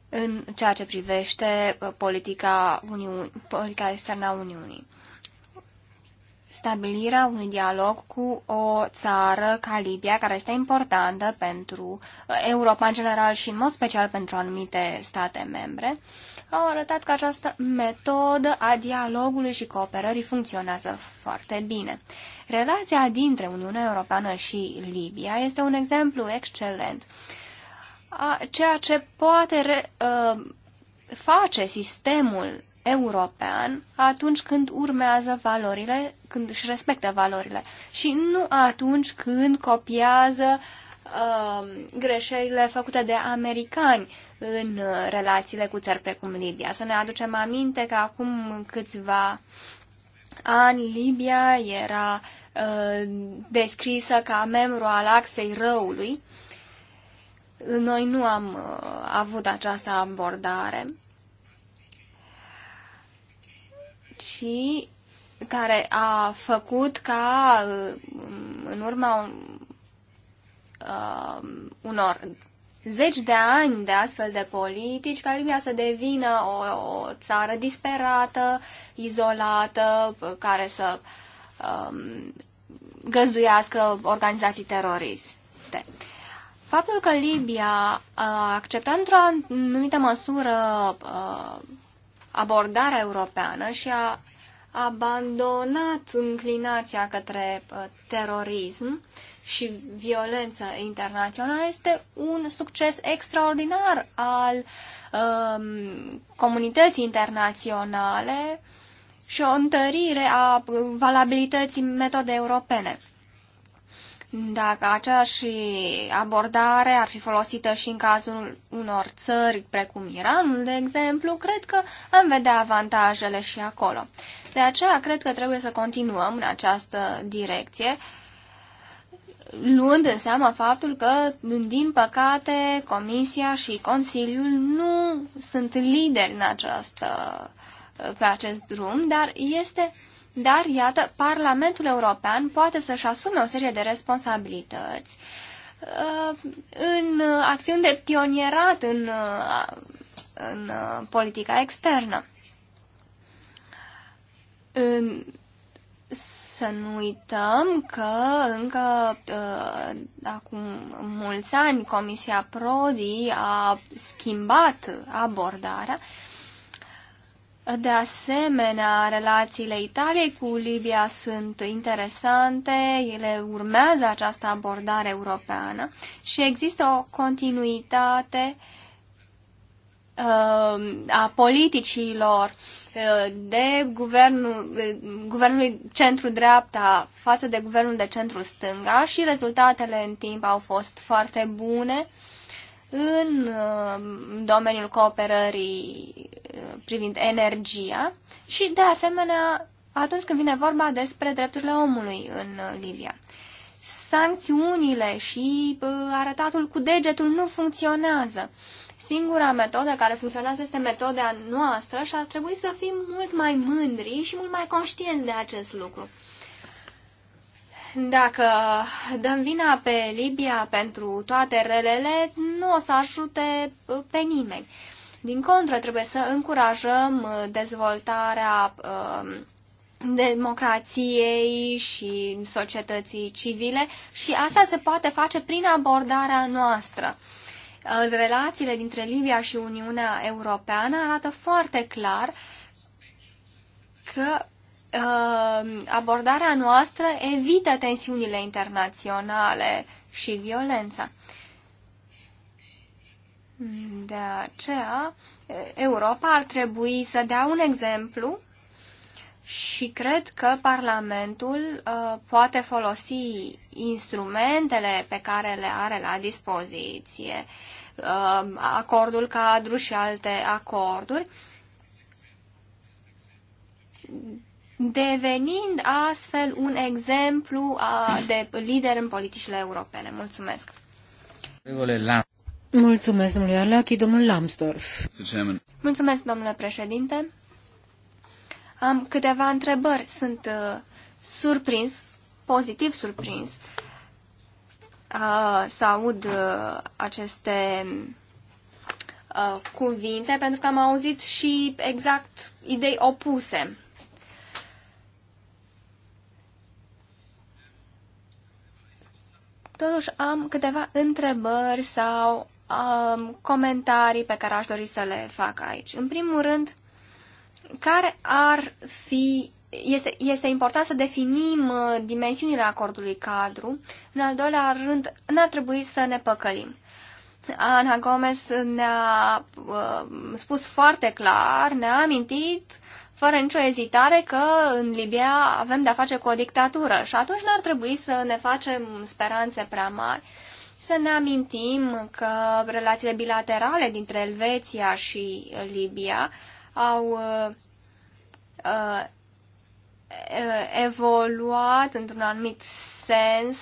D: în ceea ce privește politica, Uniun, politica externă a Uniunii stabilirea unui dialog cu o țară ca Libia, care este importantă pentru uh, Europa în general și în mod special pentru anumite state membre, au arătat că această metodă a dialogului și cooperării funcționează foarte bine. Relația dintre Uniunea Europeană și Libia este un exemplu excelent a ceea ce poate re, a, uh, face sistemul european atunci când urmează valorile când își respectă valorile și nu atunci când copiază uh, greșelile făcute de americani în uh, relațiile cu țări precum Libia. Să ne aducem aminte că acum câțiva ani Libia era uh, descrisă ca membru al axei răului. Noi nu am uh, avut această abordare. Și care a făcut ca uh, în urma uh, unor zeci de ani de astfel de politici ca Libia să devină o, o țară disperată, izolată, care să um, găzduiască organizații teroriste. Faptul că Libia a acceptat într-o anumită măsură uh, abordarea europeană și a abandonat înclinația către uh, terorism și violență internațională este un succes extraordinar al um, comunității internaționale și o întărire a valabilității metodei europene. Dacă aceeași abordare ar fi folosită și în cazul unor țări precum Iranul, de exemplu, cred că am vedea avantajele și acolo. De aceea cred că trebuie să continuăm în această direcție, luând în seama faptul că, din păcate, Comisia și Consiliul nu sunt lideri în această, pe acest drum, dar este dar, iată, Parlamentul European poate să-și asume o serie de responsabilități uh, în acțiuni de pionierat în, uh, în uh, politica externă. În, să nu uităm că încă uh, acum mulți ani Comisia Prodi a schimbat abordarea. De asemenea, relațiile Italiei cu Libia sunt interesante, ele urmează această abordare europeană și există o continuitate uh, a politicilor uh, Uh, de guvernul, uh, guvernului centru-dreapta față de guvernul de centru-stânga și rezultatele în timp au fost foarte bune în uh, domeniul cooperării privind energia și, de asemenea, atunci când vine vorba despre drepturile omului în Libia. Sancțiunile și arătatul cu degetul nu funcționează. Singura metodă care funcționează este metoda noastră și ar trebui să fim mult mai mândri și mult mai conștienți de acest lucru. Dacă dăm vina pe Libia pentru toate relele, nu o să ajute pe nimeni. Din contră, trebuie să încurajăm dezvoltarea um, democrației și societății civile și asta se poate face prin abordarea noastră în relațiile dintre Libia și Uniunea Europeană arată foarte clar că uh, abordarea noastră evită tensiunile internaționale și violența. De aceea, Europa ar trebui să dea un exemplu și cred că Parlamentul uh, poate folosi instrumentele pe care le are la dispoziție, uh, acordul cadru și alte acorduri, devenind astfel un exemplu uh, de lider în politicile europene. Mulțumesc! Mulțumesc, domnule Arlachi, domnul Lambsdorff. Mulțumesc, domnule președinte. Am câteva întrebări. Sunt uh, surprins, pozitiv surprins, uh, să aud uh, aceste uh, cuvinte, pentru că am auzit și exact idei opuse. Totuși am câteva întrebări sau um, comentarii pe care aș dori să le fac aici. În primul rând, care ar fi este, este important să definim uh, dimensiunile acordului cadru. În al doilea rând, n-ar trebui să ne păcălim. Ana Gomez ne-a uh, spus foarte clar, ne-a amintit fără nicio ezitare că în Libia avem de-a face cu o dictatură și atunci n-ar trebui să ne facem speranțe prea mari. Să ne amintim că relațiile bilaterale dintre Elveția și Libia au uh, uh, evoluat într-un anumit sens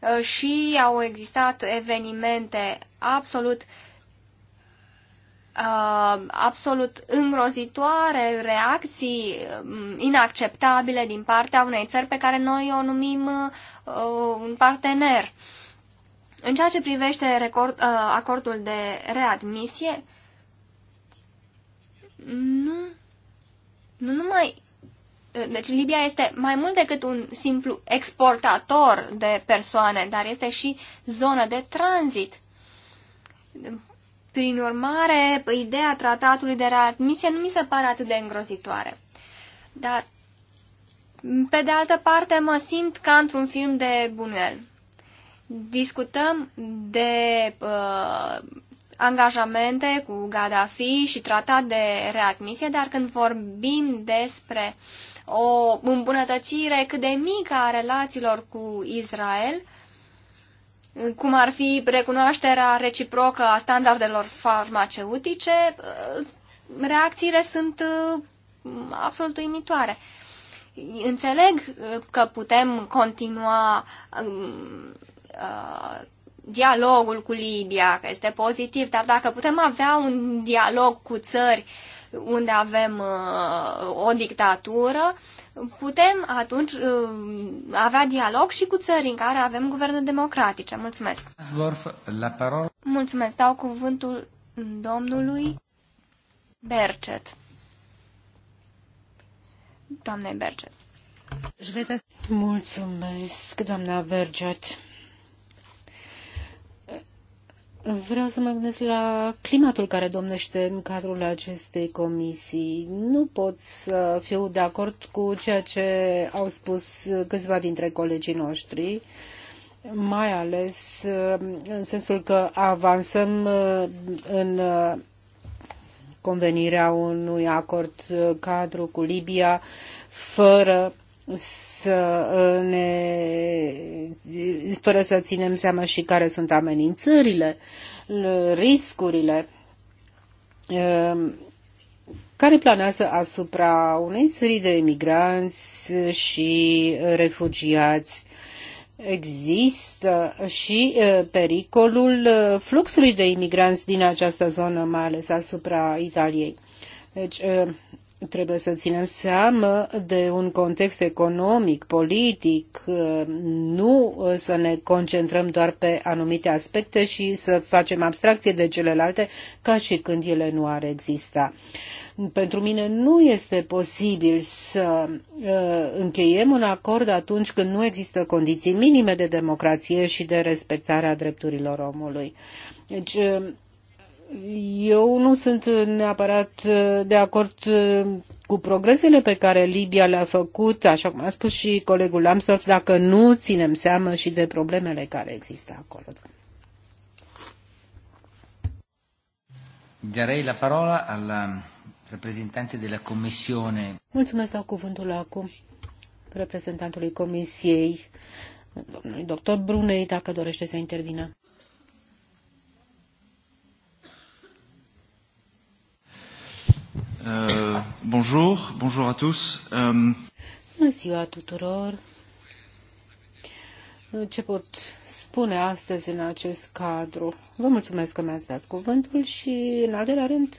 D: uh, și au existat evenimente absolut uh, absolut îngrozitoare, reacții um, inacceptabile din partea unei țări pe care noi o numim uh, un partener. În ceea ce privește record, uh, acordul de readmisie, uh, nu, nu numai. Deci Libia este mai mult decât un simplu exportator de persoane, dar este și zonă de tranzit. Prin urmare, ideea tratatului de readmisie nu mi se pare atât de îngrozitoare. Dar, pe de altă parte, mă simt ca într-un film de Bunuel. Discutăm de uh, angajamente cu Gaddafi și tratat de readmisie, dar când vorbim despre o îmbunătățire cât de mică a relațiilor cu Israel, cum ar fi recunoașterea reciprocă a standardelor farmaceutice, reacțiile sunt uh, absolut uimitoare. Înțeleg uh, că putem continua um, uh, dialogul cu Libia, că este pozitiv, dar dacă putem avea un dialog cu țări unde avem uh, o dictatură, putem atunci uh, avea dialog și cu țări în care avem guverne democratice. Mulțumesc. Mulțumesc. Dau cuvântul domnului Bercet. Doamnei Bercet. Mulțumesc,
B: doamna Bercet. Vreau să mă gândesc la climatul care domnește în cadrul acestei comisii. Nu pot să fiu de acord cu ceea ce au spus câțiva dintre colegii noștri, mai ales uh, în sensul că avansăm uh, în uh, convenirea unui acord cadru cu Libia fără să uh, ne fără să ținem seama și care sunt amenințările, riscurile uh, care planează asupra unei serii de emigranți și refugiați. Există și uh, pericolul fluxului de imigranți din această zonă, mai ales asupra Italiei. Deci trebuie să ținem seama de un context economic, politic, nu să ne concentrăm doar pe anumite aspecte și să facem abstracție de celelalte ca și când ele nu ar exista. Pentru mine nu este posibil să uh, încheiem un acord atunci când nu există condiții minime de democrație și de respectarea drepturilor omului. Deci, uh, eu nu sunt neapărat uh, de acord uh, cu progresele pe care Libia le-a făcut, așa cum a spus și colegul Lambsdorff, dacă nu ținem seamă și de problemele care există acolo.
A: Darei la parola al um, reprezentante de la Comisione.
B: Mulțumesc, dau cuvântul acum reprezentantului Comisiei, domnului doctor Brunei, dacă dorește să intervină.
E: Euh,
G: bonjour, bonjour à tous. Um...
B: Bună ziua tuturor. Ce pot spune astăzi în acest cadru? Vă mulțumesc că mi-ați dat cuvântul și, în al doilea rând,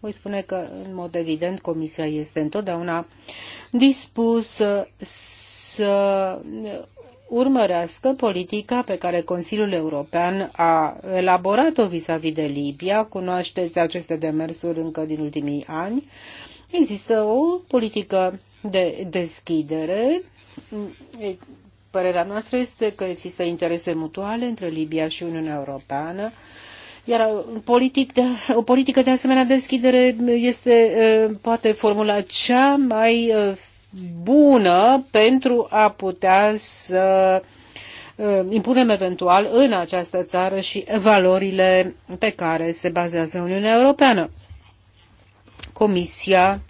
B: voi spune că, în mod evident, Comisia este întotdeauna dispusă să urmărească politica pe care Consiliul European a elaborat-o vis-a-vis de Libia. Cunoașteți aceste demersuri încă din ultimii ani. Există o politică de deschidere. Părerea noastră este că există interese mutuale între Libia și Uniunea Europeană. Iar politic de, o politică de asemenea deschidere este eh, poate formula cea mai eh, bună pentru a putea să uh, impunem eventual în această țară și valorile pe care se bazează Uniunea Europeană. Comisia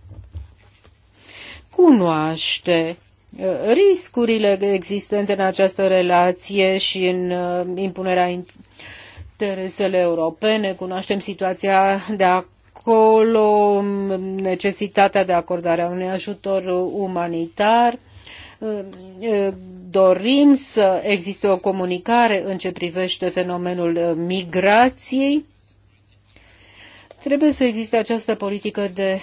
B: cunoaște uh, riscurile existente în această relație și în uh, impunerea interesele europene, cunoaștem situația de acolo necesitatea de acordare a unui ajutor umanitar. Dorim să existe o comunicare în ce privește fenomenul migrației. Trebuie să existe această politică de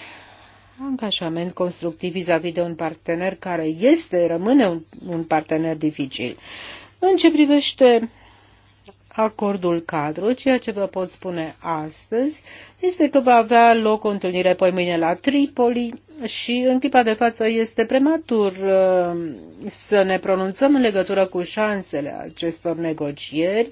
B: angajament constructiv vis-a-vis -vis de un partener care este, rămâne un, un partener dificil. În ce privește acordul cadru. Ceea ce vă pot spune astăzi este că va avea loc o întâlnire poi mâine la Tripoli și în clipa de față este prematur uh, să ne pronunțăm în legătură cu șansele acestor negocieri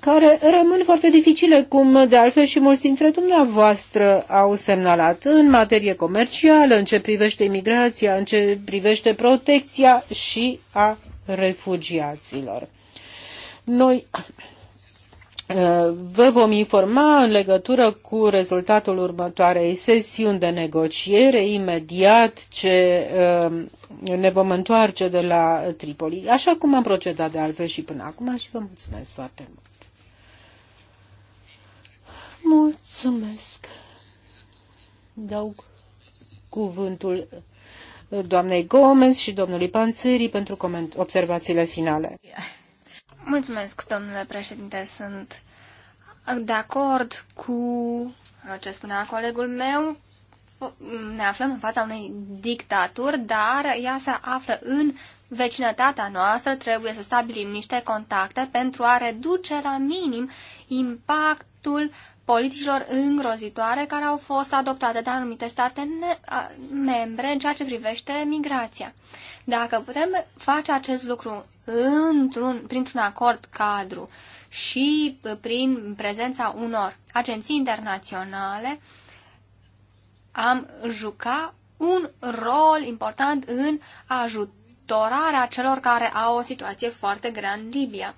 B: care rămân foarte dificile, cum de altfel și mulți dintre dumneavoastră au semnalat în materie comercială, în ce privește imigrația, în ce privește protecția și a refugiaților. Noi uh, vă vom informa în legătură cu rezultatul următoarei sesiuni de negociere imediat ce uh, ne vom întoarce de la Tripoli, așa cum am procedat de altfel și până acum și vă mulțumesc foarte mult. Mulțumesc. Dau cuvântul doamnei Gomez și domnului Panțării pentru observațiile finale. Yeah.
D: Mulțumesc, domnule președinte. Sunt de acord cu ce spunea colegul meu. Ne aflăm în fața unei dictaturi, dar ea se află în vecinătatea noastră. Trebuie să stabilim niște contacte pentru a reduce la minim impactul politicilor îngrozitoare care au fost adoptate de anumite state membre în ceea ce privește migrația. Dacă putem face acest lucru într-un, printr-un acord cadru și prin prezența unor agenții internaționale am juca un rol important în ajutorarea celor care au o situație foarte grea în Libia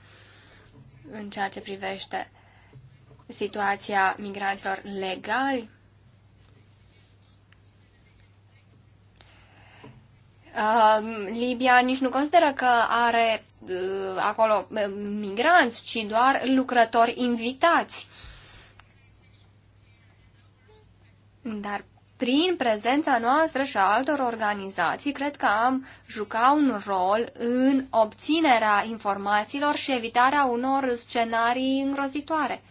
D: în ceea ce privește situația migranților legali Um, Libia nici nu consideră că are uh, acolo um, migranți, ci doar lucrători invitați. Dar prin prezența noastră și a altor organizații, cred că am jucat un rol în obținerea informațiilor și evitarea unor scenarii îngrozitoare.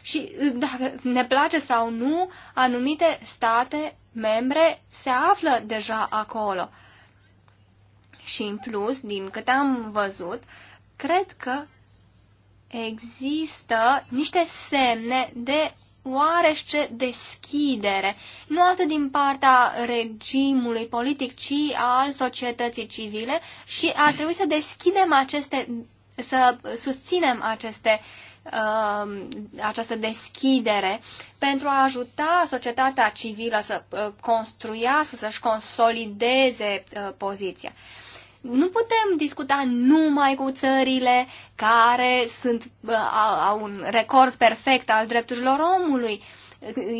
D: Și uh, dacă ne place sau nu, anumite state membre se află deja acolo. Și în plus, din câte am văzut, cred că există niște semne de oarește deschidere, nu atât din partea regimului politic, ci al societății civile și ar trebui să deschidem aceste, să susținem aceste um, această deschidere pentru a ajuta societatea civilă să uh, construiască, să-și consolideze uh, poziția. Nu putem discuta numai cu țările care sunt, au un record perfect al drepturilor omului.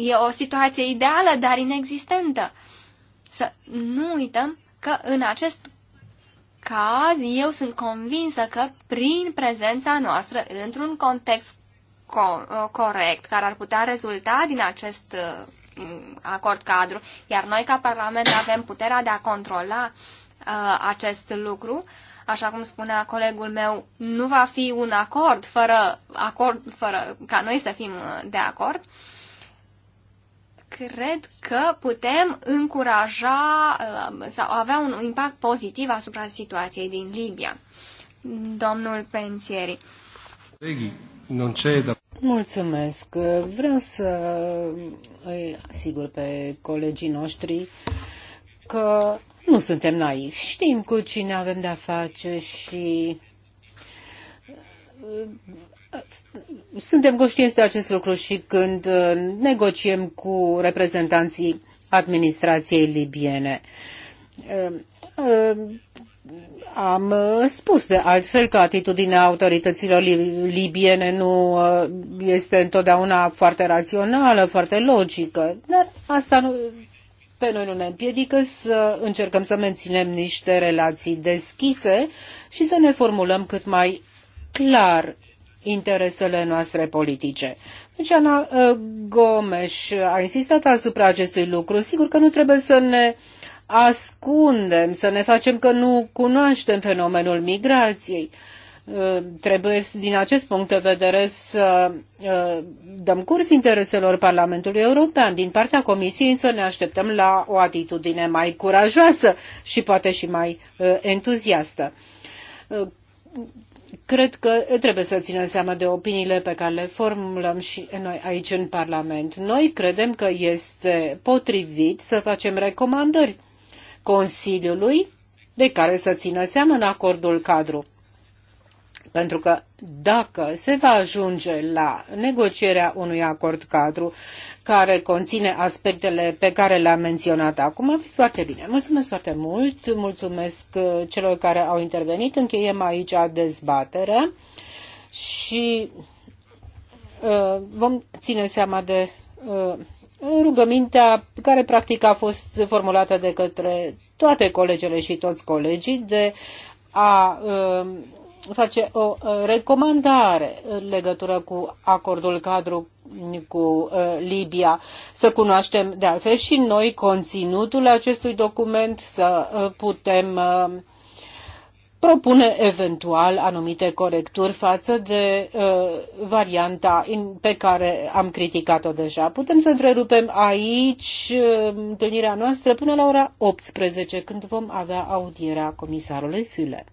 D: E o situație ideală, dar inexistentă. Să nu uităm că în acest caz eu sunt convinsă că prin prezența noastră într-un context co- corect care ar putea rezulta din acest uh, acord cadru, iar noi ca Parlament avem puterea de a controla uh, Uh, acest lucru. Așa cum spunea colegul meu, nu va fi un acord fără, acord fără ca noi să fim uh, de acord. Cred că putem încuraja uh, sau avea un impact pozitiv asupra situației din Libia. Domnul Pensieri.
F: Da-
B: Mulțumesc. Vreau să îi asigur pe colegii noștri că nu suntem naivi, știm cu cine avem de-a face și
H: uh,
B: suntem conștienți de acest lucru și când uh, negociem cu reprezentanții administrației libiene. Uh, am spus de altfel că atitudinea autorităților libiene nu este întotdeauna foarte rațională, foarte logică, dar asta nu pe noi nu ne împiedică să încercăm să menținem niște relații deschise și să ne formulăm cât mai clar interesele noastre politice. Deci Ana uh, Gomes a insistat asupra acestui lucru. Sigur că nu trebuie să ne ascundem, să ne facem că nu cunoaștem fenomenul migrației. Uh, trebuie din acest punct de vedere să uh, dăm curs intereselor Parlamentului European. Din partea Comisiei însă ne așteptăm la o atitudine mai curajoasă și poate și mai uh, entuziastă cred că trebuie să ținem seama de opiniile pe care le formulăm și noi aici în Parlament. Noi credem că este potrivit să facem recomandări Consiliului de care să țină seama în acordul cadru. Pentru că dacă se va ajunge la negocierea unui acord cadru care conține aspectele pe care le-am menționat acum, foarte bine. Mulțumesc foarte mult, mulțumesc uh, celor care au intervenit. Încheiem aici dezbaterea și uh, vom ține seama de uh, rugămintea care practic a fost formulată de către toate colegele și toți colegii de a uh, face o uh, recomandare în legătură cu acordul cadru cu uh, Libia. Să cunoaștem de altfel și noi conținutul acestui document, să uh, putem propune eventual anumite corecturi față de uh, varianta in, pe care am criticat-o deja. Putem să întrerupem aici uh, întâlnirea noastră până la ora 18, când vom avea audierea comisarului Füle.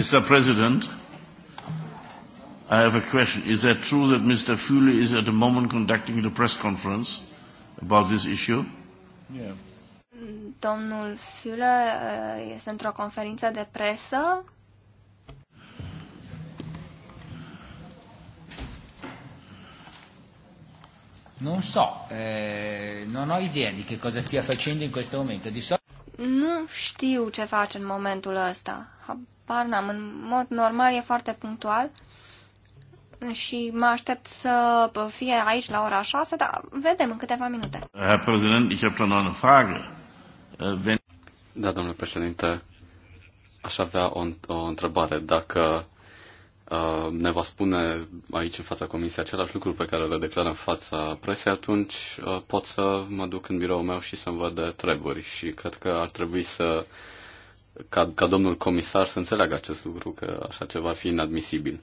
F: Mr. President, I have a question. Is that true that Mr. Fule is at the moment conducting the press conference about this issue?
D: Yeah. Domnul Fule uh, este într-o conferință de presă.
A: Non so, eh, non ho idea di che cosa stia facendo in questo momento. Di so-
D: nu știu ce face în momentul ăsta n-am. în mod normal e foarte punctual și mă aștept să fie aici la ora 6, dar vedem în câteva minute.
E: Herr Präsident, ich habe da noch eine Frage. Äh, da, domnule președinte, aș avea o, o întrebare. Dacă uh, ne va spune aici în fața comisiei același lucru pe care le declară în fața presei, atunci uh, pot să mă duc în biroul meu și să-mi văd de treburi și cred că ar trebui să uh, ca, ca domnul comisar să înțeleagă acest lucru, că așa ceva ar fi inadmisibil.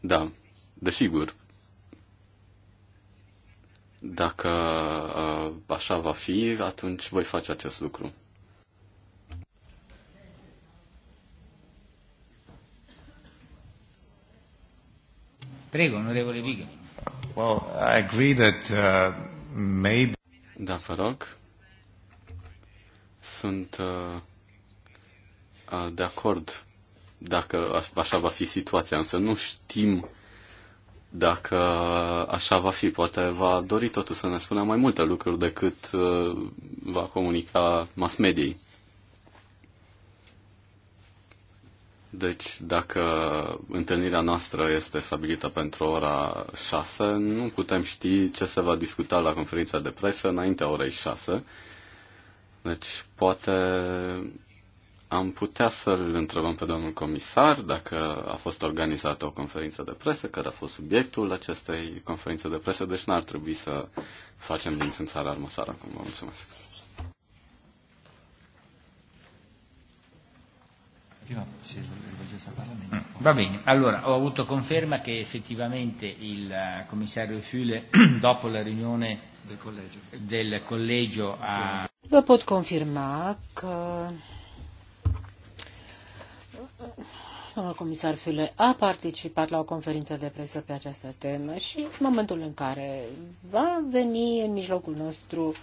E: Da, desigur. Dacă uh, așa va fi, atunci voi face acest lucru.
A: Prego, onorevole Viga.
E: Well, I agree that uh, maybe da, vă rog. Sunt uh, de acord dacă așa va fi situația, însă nu știm dacă așa va fi. Poate va dori totul să ne spună mai multe lucruri decât uh, va comunica mass mediei. Deci, dacă întâlnirea noastră este stabilită pentru ora 6, nu putem ști ce se va discuta la conferința de presă înaintea orei 6. Deci, poate am putea să-l întrebăm pe domnul comisar dacă a fost organizată o conferință de presă, care a fost subiectul acestei conferințe de presă, deci n-ar trebui să facem din țânțara armăsar acum. Vă mulțumesc!
A: Prima rivolgesse Parlamento.
E: Va bene, allora
A: ho avuto conferma che effettivamente il eh, commissario Fiule dopo la riunione del collegio, del collegio ha...
B: Lo pot confirma che... domnul comisar Fiule a participat la o conferință de presă pe această temă și în momentul în care va veni în mijlocul nostru uh,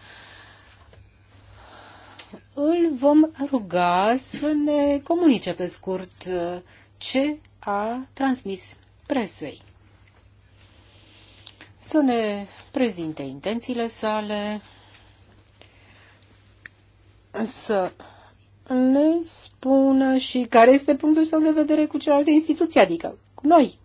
B: îl vom ruga să ne comunice pe scurt uh, ce a transmis presei. Să ne prezinte intențiile sale, să ne spună și care este punctul său de vedere cu celelalte instituții, adică cu noi,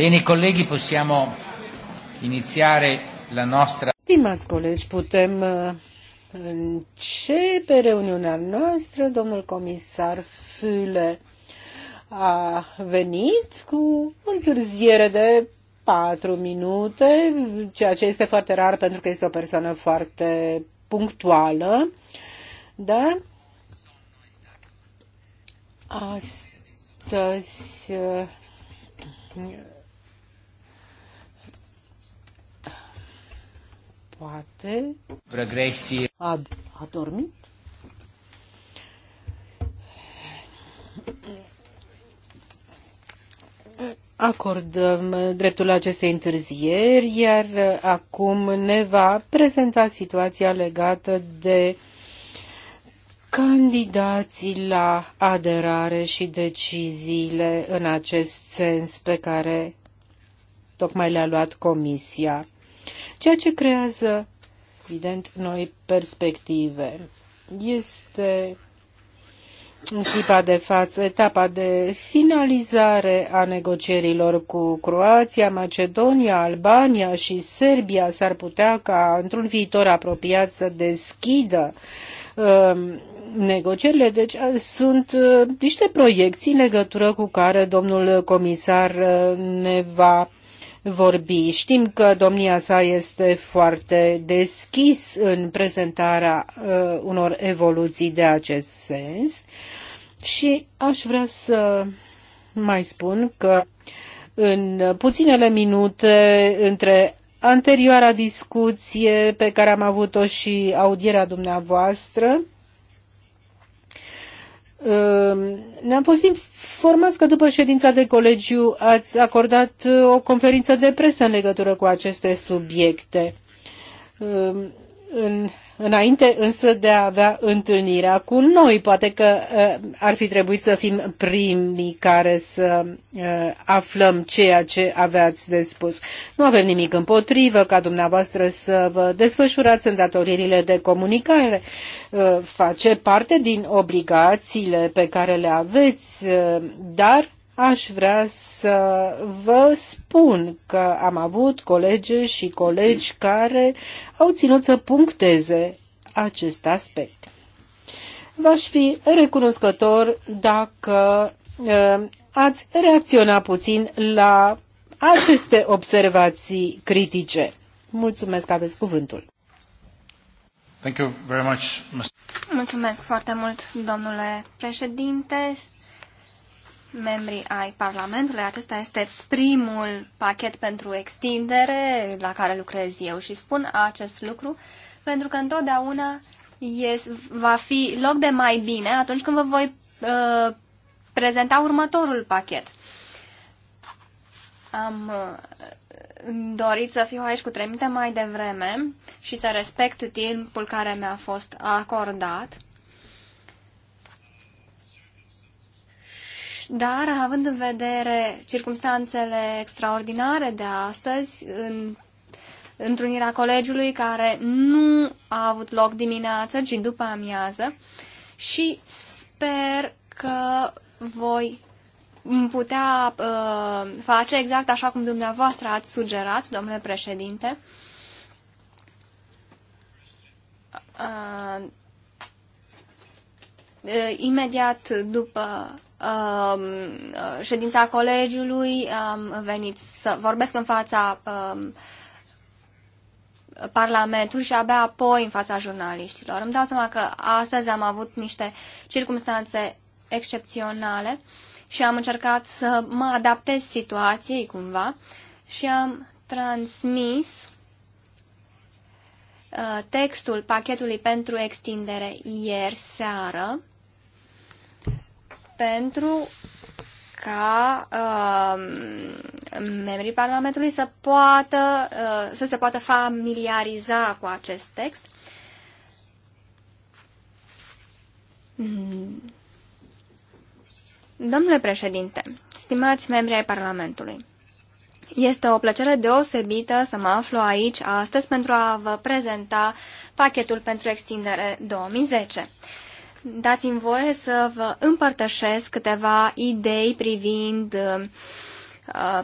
A: Bine, colegi, possiamo iniziare la nostra...
B: Stimați colegi, putem uh, începe reuniunea noastră. Domnul comisar Füle a venit cu o întârziere de patru minute, ceea ce este foarte rar pentru că este o persoană foarte punctuală, dar astăzi uh, poate.
A: Progresie. A,
B: a dormit? Acordăm dreptul acestei întârzieri, iar acum ne va prezenta situația legată de candidații la aderare și deciziile în acest sens pe care tocmai le-a luat Comisia ceea ce creează, evident, noi perspective. Este în clipa de față etapa de finalizare a negocierilor cu Croația, Macedonia, Albania și Serbia s-ar putea ca într-un viitor apropiat să deschidă uh, negocierile. Deci uh, sunt uh, niște proiecții în legătură cu care domnul comisar uh, ne va vorbi. Știm că domnia sa este foarte deschis în prezentarea uh, unor evoluții de acest sens și aș vrea să mai spun că în puținele minute între anterioara discuție pe care am avut-o și audierea dumneavoastră, Ehm, ne-am fost informați că după ședința de colegiu ați acordat uh, o conferință de presă în legătură cu aceste subiecte. Ehm, în înainte însă de a avea întâlnirea cu noi. Poate că uh, ar fi trebuit să fim primii care să uh, aflăm ceea ce aveați de spus. Nu avem nimic împotrivă ca dumneavoastră să vă desfășurați îndatoririle de comunicare. Uh, face parte din obligațiile pe care le aveți, dar aș vrea să vă spun că am avut colege și colegi care au ținut să puncteze acest aspect. V-aș fi recunoscător dacă ați reacționa puțin la aceste observații critice. Mulțumesc că aveți cuvântul.
H: Thank you very much, Mr.
D: Mulțumesc foarte mult, domnule președinte, membrii ai Parlamentului. Acesta este primul pachet pentru extindere la care lucrez eu și spun acest lucru pentru că întotdeauna yes, va fi loc de mai bine atunci când vă voi uh, prezenta următorul pachet. Am uh, dorit să fiu aici cu trei minute mai devreme și să respect timpul care mi-a fost acordat. dar având în vedere circumstanțele extraordinare de astăzi, în întrunirea colegiului care nu a avut loc dimineață, ci după amiază, și sper că voi putea uh, face exact așa cum dumneavoastră ați sugerat, domnule președinte. Uh, uh, imediat după Um, ședința colegiului, am um, venit să vorbesc în fața um, Parlamentului și abia apoi în fața jurnaliștilor. Îmi dau seama că astăzi am avut niște circumstanțe excepționale și am încercat să mă adaptez situației cumva și am transmis uh, textul pachetului pentru extindere ieri seară pentru ca uh, membrii Parlamentului să, poată, uh, să se poată familiariza cu acest text. Mm. Domnule președinte, stimați membri ai Parlamentului, este o plăcere deosebită să mă aflu aici astăzi pentru a vă prezenta pachetul pentru extindere 2010 dați-mi voie să vă împărtășesc câteva idei privind uh,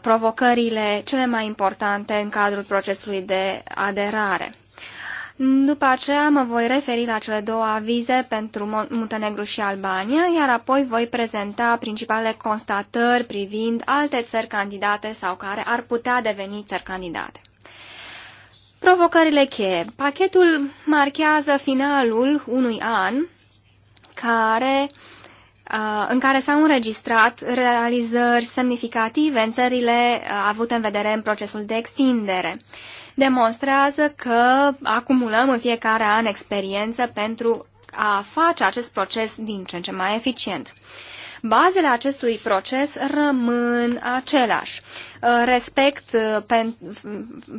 D: provocările cele mai importante în cadrul procesului de aderare. După aceea mă voi referi la cele două avize pentru Muntenegru și Albania, iar apoi voi prezenta principalele constatări privind alte țări candidate sau care ar putea deveni țări candidate. Provocările cheie. Pachetul marchează finalul unui an care, uh, în care s-au înregistrat realizări semnificative în țările uh, avute în vedere în procesul de extindere. Demonstrează că acumulăm în fiecare an experiență pentru a face acest proces din ce în ce mai eficient. Bazele acestui proces rămân aceleași: uh, Respect uh, pen,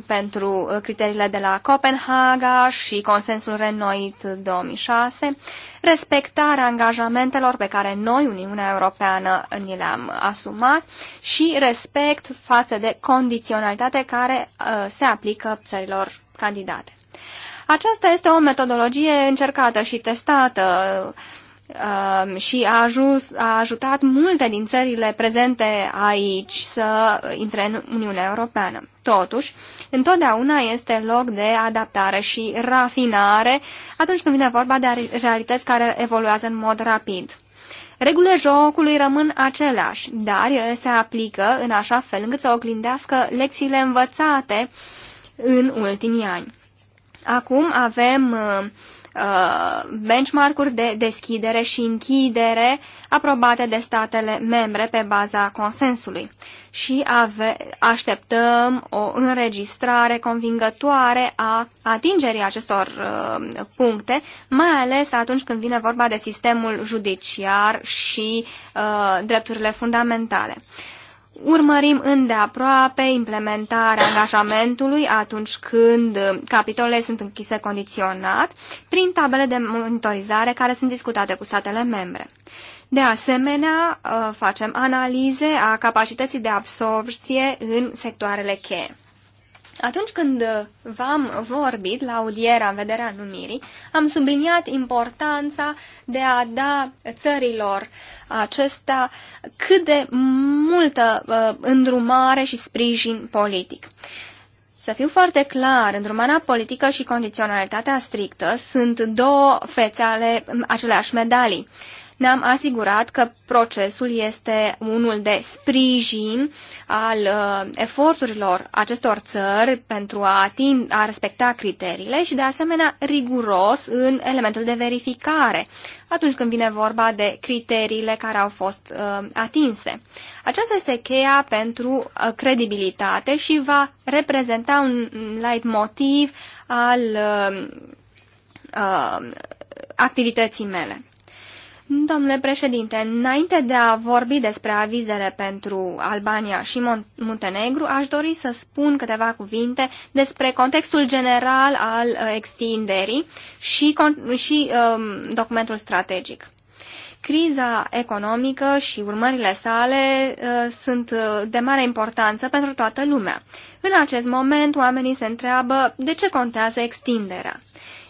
D: pentru criteriile de la Copenhaga și consensul renoit 2006, respectarea angajamentelor pe care noi, Uniunea Europeană, ni le-am asumat și respect față de condiționalitate care uh, se aplică țărilor candidate. Aceasta este o metodologie încercată și testată Um, și a, a ajutat multe din țările prezente aici să intre în Uniunea Europeană. Totuși, întotdeauna este loc de adaptare și rafinare atunci când vine vorba de realități care evoluează în mod rapid. Regulile jocului rămân aceleași, dar ele se aplică în așa fel încât să oglindească lecțiile învățate în ultimii ani. Acum avem uh, Uh, benchmark-uri de deschidere și închidere aprobate de statele membre pe baza consensului și ave așteptăm o înregistrare convingătoare a atingerii acestor uh, puncte, mai ales atunci când vine vorba de sistemul judiciar și uh, drepturile fundamentale. Uh, Urmărim îndeaproape implementarea angajamentului atunci când capitolele sunt închise condiționat prin tabele de monitorizare care sunt discutate cu statele membre. De asemenea, uh, facem analize a capacității de absorpție în sectoarele cheie. Atunci când uh, v-am vorbit la audiera în vederea numirii, am subliniat importanța de a da țărilor acesta cât de multă uh, îndrumare și sprijin politic. Să fiu foarte clar, îndrumarea politică și condiționalitatea strictă sunt două fețe ale aceleași medalii. Uh, ne-am asigurat că procesul este unul de sprijin al uh, eforturilor acestor țări pentru a, ating, a respecta criteriile și de asemenea riguros în elementul de verificare atunci când vine vorba de criteriile care au fost uh, atinse. Aceasta este cheia pentru uh, credibilitate și va reprezenta un light motiv al uh, uh, activității mele. Domnule președinte, înainte de a vorbi despre avizele pentru Albania și Muntenegru, aș dori să spun câteva cuvinte despre contextul general al uh, extinderii și, și um, documentul strategic. Criza economică și urmările sale uh, sunt uh, de mare importanță pentru toată lumea. În acest moment, oamenii se întreabă de ce contează extinderea.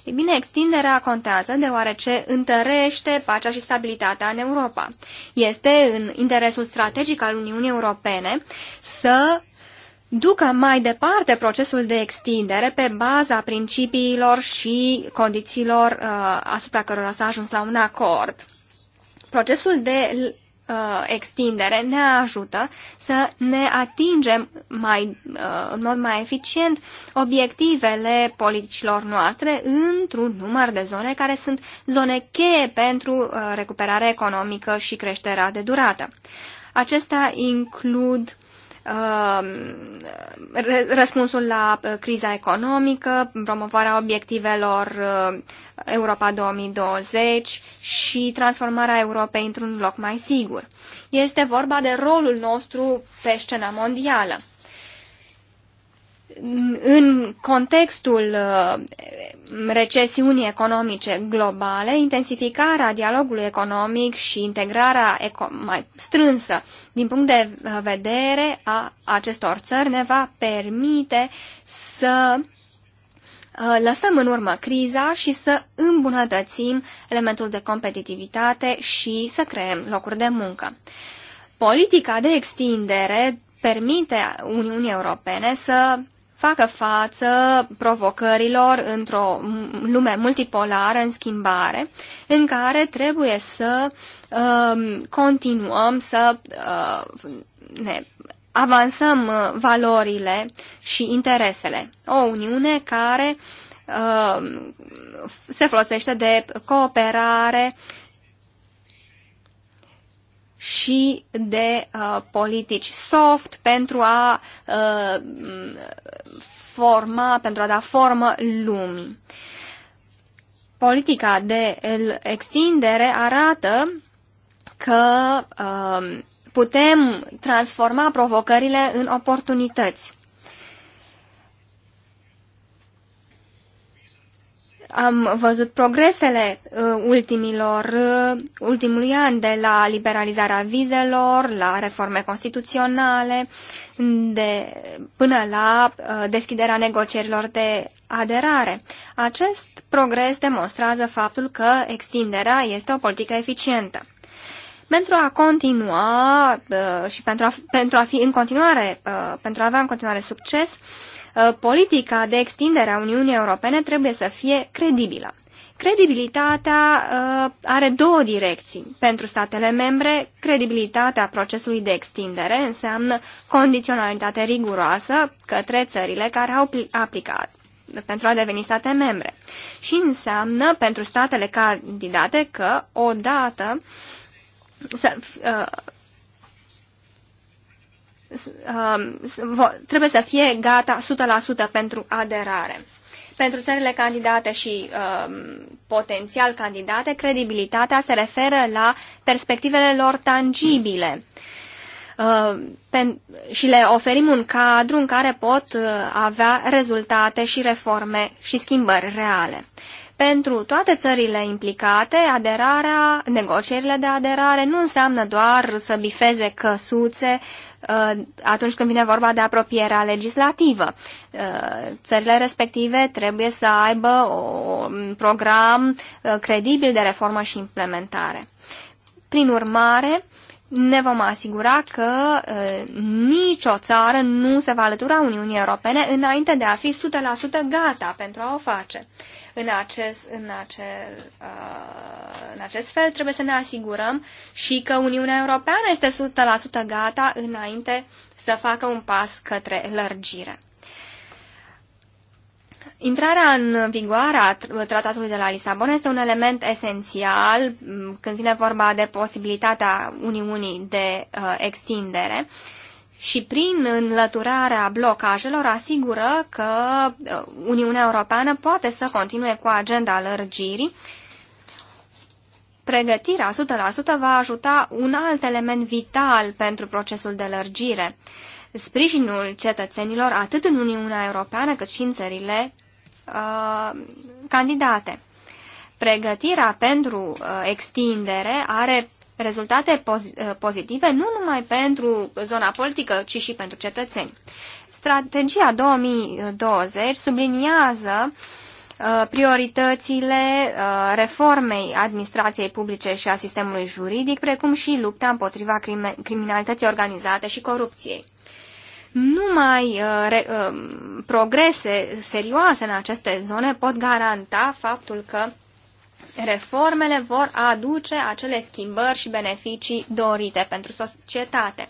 D: Ei bine, extinderea contează deoarece întărește pacea și stabilitatea în Europa. Este în interesul strategic al Uniunii Europene să ducă mai departe procesul de extindere pe baza principiilor și condițiilor uh, asupra cărora s-a ajuns la un acord. Procesul de uh, extindere ne ajută să ne atingem mai, uh, în mod mai eficient obiectivele politicilor noastre într-un număr de zone care sunt zone cheie pentru uh, recuperarea economică și creșterea de durată. Acestea includ Um, răspunsul la uh, criza economică, promovarea obiectivelor uh, Europa 2020 și transformarea Europei într-un loc mai sigur. Este vorba de rolul nostru pe scena mondială în contextul uh, recesiunii economice globale, intensificarea dialogului economic și integrarea mai strânsă din punct de uh, vedere a acestor țări ne va permite să uh, lăsăm în urmă criza și să îmbunătățim elementul de competitivitate și să creăm locuri de muncă. Politica de extindere permite Uniunii Europene să facă față provocărilor într-o lume multipolară în schimbare, în care trebuie să uh, continuăm să uh, ne avansăm uh, valorile și interesele. O Uniune care uh, se folosește de cooperare și de uh, politici soft pentru a uh, forma, pentru a da formă lumii. Politica de extindere arată că uh, putem transforma provocările în oportunități. Am văzut progresele uh, ultimilor, uh, ultimului an de la liberalizarea vizelor, la reforme constituționale, de, până la uh, deschiderea negocierilor de aderare. Acest progres demonstrează faptul că extinderea este o politică eficientă. Pentru a continua și pentru a, pentru a fi în continuare, pentru a avea în continuare succes, uh, Uh, politica de extindere a Uniunii Europene trebuie să fie credibilă. Credibilitatea uh, are două direcții. Pentru statele membre, credibilitatea procesului de extindere înseamnă condiționalitate riguroasă către țările care au aplicat pentru a deveni state membre. Și înseamnă pentru statele candidate că odată să, uh, Um, trebuie să fie gata 100% pentru aderare. Pentru țările candidate și um, potențial candidate, credibilitatea se referă la perspectivele lor tangibile uh, pen, și le oferim un cadru în care pot uh, avea rezultate și reforme și schimbări reale. Pentru toate țările implicate, aderarea, negocierile de aderare nu înseamnă doar să bifeze căsuțe uh, Uh, atunci când vine vorba de apropierea legislativă. Uh, țările respective trebuie să aibă un program uh, credibil de reformă și implementare. Prin urmare, uh, ne vom asigura că uh, nicio țară nu se va alătura Uniunii Europene înainte de a fi 100% gata pentru a o face. În acest, în, acel, uh, în acest fel trebuie să ne asigurăm și că Uniunea Europeană este 100% gata înainte să facă un pas către lărgire. Intrarea în vigoare a tratatului de la Lisabona este un element esențial mm, când vine vorba de posibilitatea Uniunii de uh, extindere și prin înlăturarea blocajelor asigură că uh, Uniunea Europeană poate să continue cu agenda lărgirii. Pregătirea 100% va ajuta un alt element vital pentru procesul de lărgire sprijinul cetățenilor atât în Uniunea Europeană cât și în țările Uh, candidate. Pregătirea pentru uh, extindere are rezultate poz uh, pozitive nu numai pentru zona politică, ci și pentru cetățeni. Strategia 2020 subliniază uh, prioritățile reformei administrației publice și a sistemului juridic, precum și lupta împotriva criminalității organizate și corupției. Numai uh, re, uh, progrese serioase în aceste zone pot garanta faptul că reformele vor aduce acele schimbări și beneficii dorite pentru societate.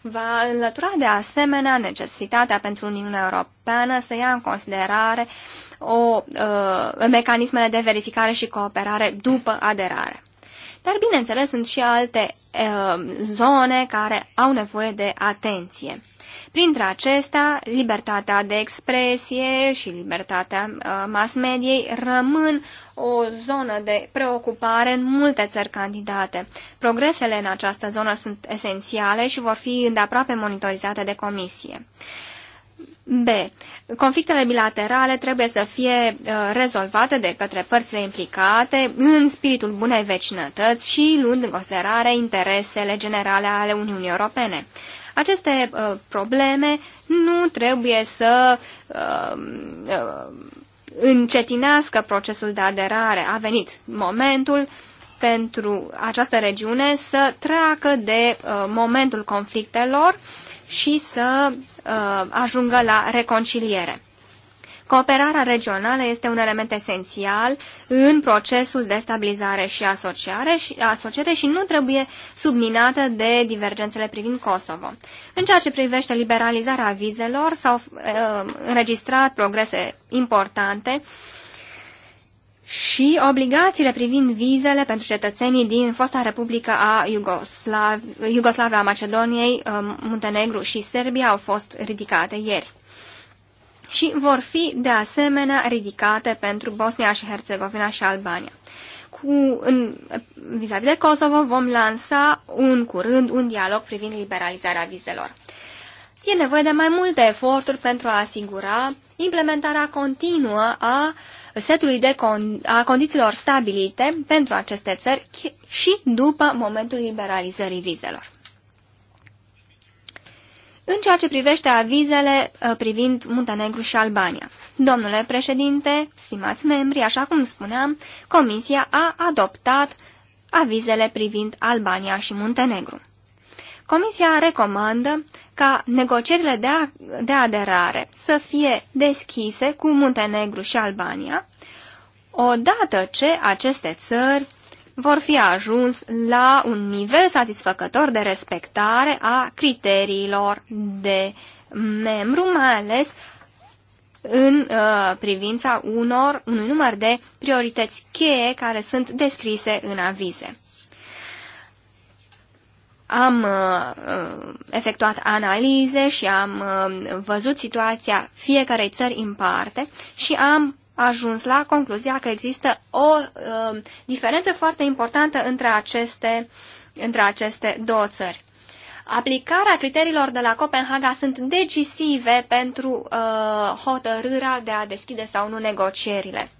D: Va înlătura de asemenea necesitatea pentru Uniunea Europeană să ia în considerare o, uh, mecanismele de verificare și cooperare după aderare. Dar, bineînțeles, sunt și alte uh, zone care au nevoie de atenție. Printre acestea, libertatea de expresie și libertatea uh, mass mediei rămân o zonă de preocupare în multe țări candidate. Progresele în această zonă sunt esențiale și vor fi îndeaproape monitorizate de comisie. B. Conflictele bilaterale trebuie să fie uh, rezolvate de către părțile implicate în spiritul bunei vecinătăți și luând în considerare interesele generale ale Uniunii Europene. Aceste uh, probleme nu trebuie să uh, uh, încetinească procesul de aderare. A venit momentul pentru această regiune să treacă de uh, momentul conflictelor și să uh, ajungă la reconciliere. Cooperarea regională este un element esențial în procesul de stabilizare și asociare și, asociere și nu trebuie subminată de divergențele privind Kosovo. În ceea ce privește liberalizarea vizelor, s-au uh, înregistrat progrese importante și obligațiile privind vizele pentru cetățenii din fosta Republică a Iugoslav, Iugoslavia, Macedoniei, uh, Muntenegru și Serbia au fost ridicate ieri și vor fi de asemenea ridicate pentru Bosnia și Herțegovina și Albania. Cu, în, vis vis de Kosovo vom lansa un curând un dialog privind liberalizarea vizelor. E nevoie de mai multe eforturi pentru a asigura implementarea continuă a setului de con- a condițiilor stabilite pentru aceste țări și după momentul liberalizării vizelor. În ceea ce privește avizele uh, privind Muntenegru și Albania. Domnule președinte, stimați membri, așa cum spuneam, Comisia a adoptat avizele privind Albania și Muntenegru. Comisia recomandă ca negocierile de, de aderare să fie deschise cu Muntenegru și Albania, odată ce aceste țări vor fi ajuns la un nivel satisfăcător de respectare a criteriilor de membru, mai ales în uh, privința unor, unui număr de priorități cheie care sunt descrise în avize. Am uh, uh efectuat analize și am uh, văzut situația fiecarei țări în parte și am ajuns la concluzia că există o uh, diferență foarte importantă între aceste, între aceste două țări. Aplicarea criteriilor de la Copenhaga sunt decisive pentru uh, hotărârea de a deschide sau nu negocierile.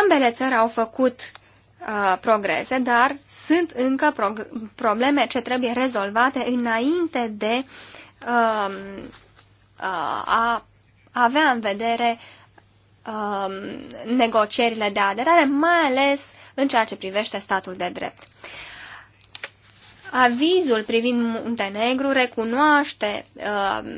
D: Ambele țări au făcut uh, progrese, dar sunt încă pro probleme ce trebuie rezolvate înainte de uh, uh, a avea în vedere um, negocierile de aderare, mai ales în ceea ce privește statul de drept. Avizul privind Muntenegru recunoaște uh,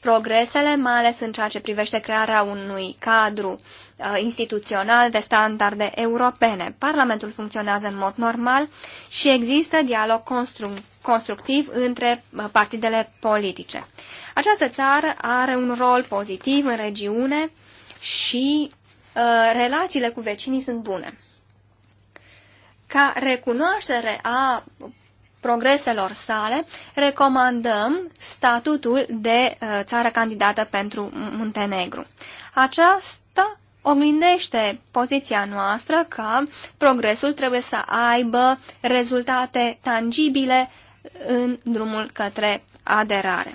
D: progresele, mai ales în ceea ce privește crearea unui cadru uh, instituțional de standarde europene. Parlamentul funcționează în mod normal și există dialog constructiv între uh, partidele politice. Această țară are un rol pozitiv în regiune și uh, relațiile cu vecinii sunt bune. Ca recunoaștere a progreselor sale, recomandăm statutul de uh, țară candidată pentru Muntenegru. Aceasta oglindește poziția noastră că progresul trebuie să aibă rezultate tangibile în drumul către aderare.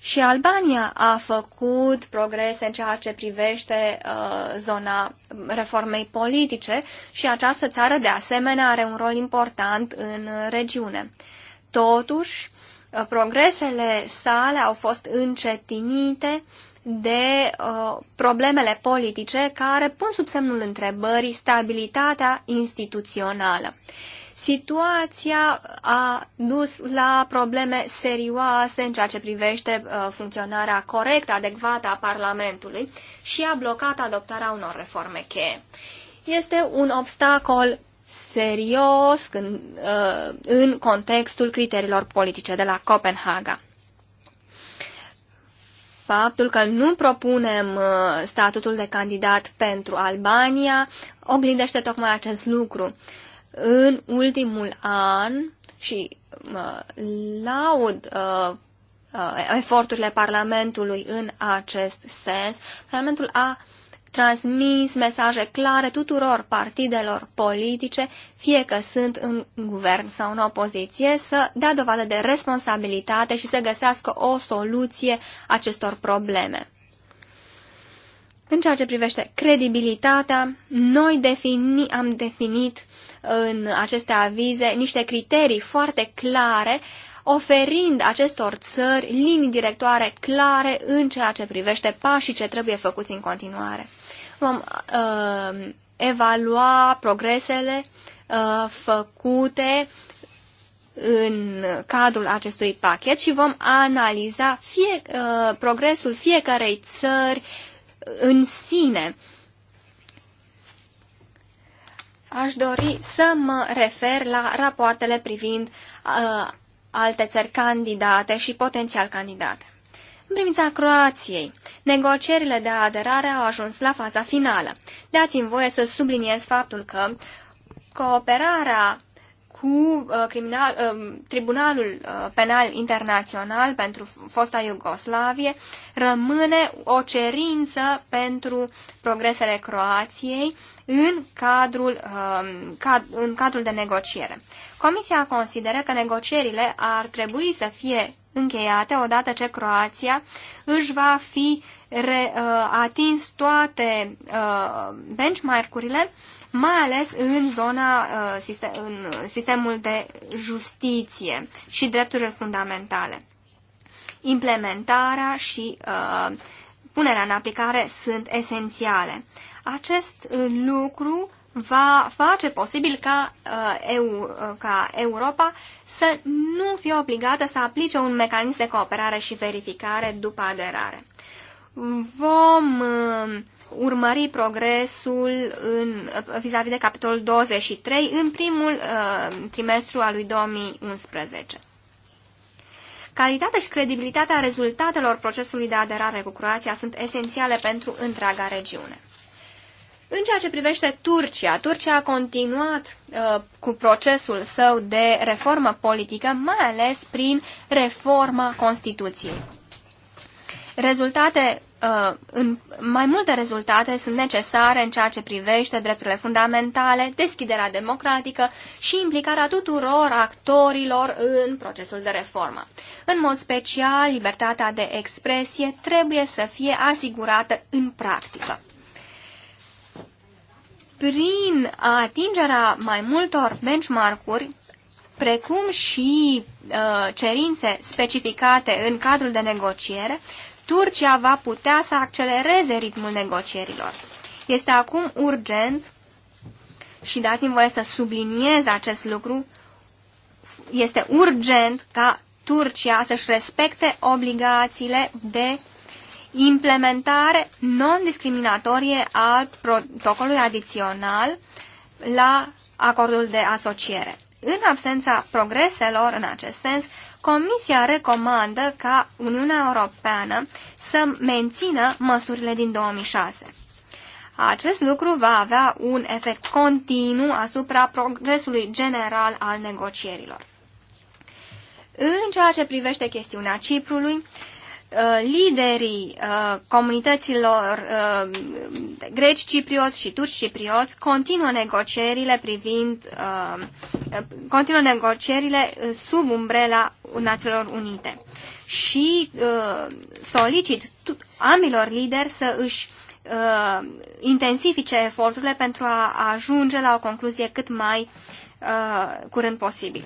D: Și Albania a făcut progrese în ceea ce privește uh, zona reformei politice și această țară de asemenea are un rol important în regiune. Totuși, uh, progresele sale au fost încetinite de uh, problemele politice care pun sub semnul întrebării stabilitatea instituțională. Uh, Situația a dus la probleme serioase în ceea ce privește uh, funcționarea corectă, adecvată a Parlamentului și a blocat adoptarea unor reforme cheie. Este un obstacol serios în, uh, în contextul criteriilor politice de la Copenhaga faptul că nu propunem uh, statutul de candidat pentru Albania oglindește tocmai acest lucru în ultimul an și uh, laud uh, uh, eforturile Parlamentului în acest sens. Parlamentul a transmis mesaje clare tuturor partidelor politice, fie că sunt în guvern sau în opoziție, să dea dovadă de responsabilitate și să găsească o soluție acestor probleme. În ceea ce privește credibilitatea, noi defini, am definit uh, în aceste avize niște criterii foarte clare, oferind acestor țări linii directoare clare în ceea ce privește pașii ce trebuie făcuți în continuare. Vom uh, evalua progresele uh, făcute în cadrul acestui pachet și vom analiza fie, uh, progresul fiecarei țări în sine aș dori să mă refer la rapoartele privind uh, alte țări candidate și potențial candidate. În privința Croației, negocierile de aderare au ajuns la faza finală. Dați-mi voie să subliniez faptul că cooperarea cu uh, criminal, uh, Tribunalul uh, Penal Internațional pentru fosta Iugoslavie rămâne o cerință pentru progresele Croației în cadrul, uh, cad, în cadrul de negociere. Comisia consideră că negocierile ar trebui să fie încheiate odată ce Croația își va fi re, uh, atins toate uh, benchmark-urile uh, mai ales în zona, uh, în sistemul de justiție și drepturile fundamentale. Implementarea și uh, punerea în aplicare sunt esențiale. Acest uh, lucru va face posibil ca, uh, EU, ca Europa să nu fie obligată să aplice un mecanism de cooperare și verificare după aderare. Vom uh, urmări progresul în, vis-a-vis -vis de capitolul 23 în primul uh, trimestru al lui 2011. Calitatea și credibilitatea rezultatelor procesului de aderare cu Croația sunt esențiale pentru întreaga regiune. În ceea ce privește Turcia, Turcia a continuat uh, cu procesul său de reformă politică, mai ales prin reforma Constituției. Rezultate, uh, în, mai multe rezultate sunt necesare în ceea ce privește drepturile fundamentale, deschiderea democratică și implicarea tuturor actorilor în procesul de reformă. În mod special, libertatea de expresie trebuie să fie asigurată în practică prin atingerea mai multor benchmark-uri, precum și uh, cerințe specificate în cadrul de negociere, Turcia va putea să accelereze ritmul negocierilor. Este acum urgent și dați-mi voie să subliniez acest lucru, este urgent ca Turcia să-și respecte obligațiile de implementare non-discriminatorie a protocolului adițional la acordul de asociere. În absența progreselor în acest sens, Comisia recomandă ca Uniunea Europeană să mențină măsurile din 2006. Acest lucru va avea un efect continuu asupra progresului general al negocierilor. În ceea ce privește chestiunea Ciprului, Uh, liderii uh, comunităților uh, greci ciprioți și turci ciprioți continuă negocierile privind continuă negocierile sub umbrela Națiunilor Unite și solicit amilor lideri să își intensifice eforturile pentru a ajunge la o concluzie cât mai curând posibil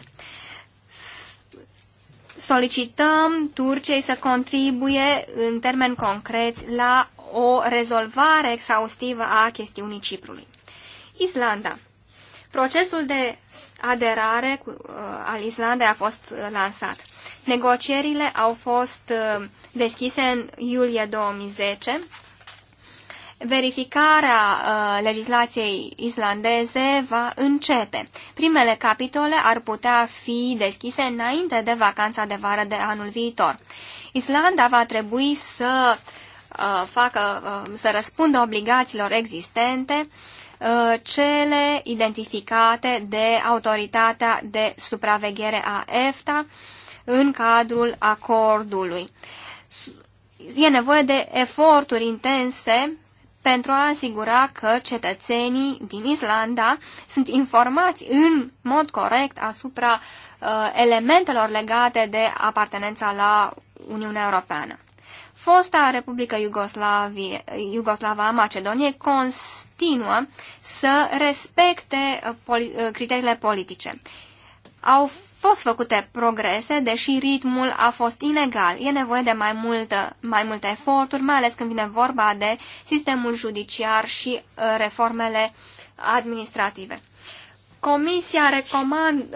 D: solicităm Turciei să contribuie în termeni concreți la o rezolvare exhaustivă a chestiunii Ciprului. Islanda. Procesul de aderare cu, uh, al Islandei a fost uh, lansat. Negocierile au fost uh, deschise în iulie 2010 verificarea uh, legislației islandeze va începe. Primele capitole ar putea fi deschise înainte de vacanța de vară de anul viitor. Islanda va trebui să uh, facă, uh, să răspundă obligațiilor existente uh, cele identificate de autoritatea de supraveghere a EFTA în cadrul acordului. E nevoie de eforturi intense pentru a asigura că cetățenii din Islanda sunt informați în mod corect asupra uh, elementelor legate de apartenența la Uniunea Europeană. Fosta Republică Iugoslavie, Iugoslava a Macedoniei continuă să respecte poli, uh, criteriile politice. Au fost făcute progrese, deși ritmul a fost inegal. E nevoie de mai, multă, mai multe eforturi, mai ales când vine vorba de sistemul judiciar și uh, reformele administrative. Comisia recomandă...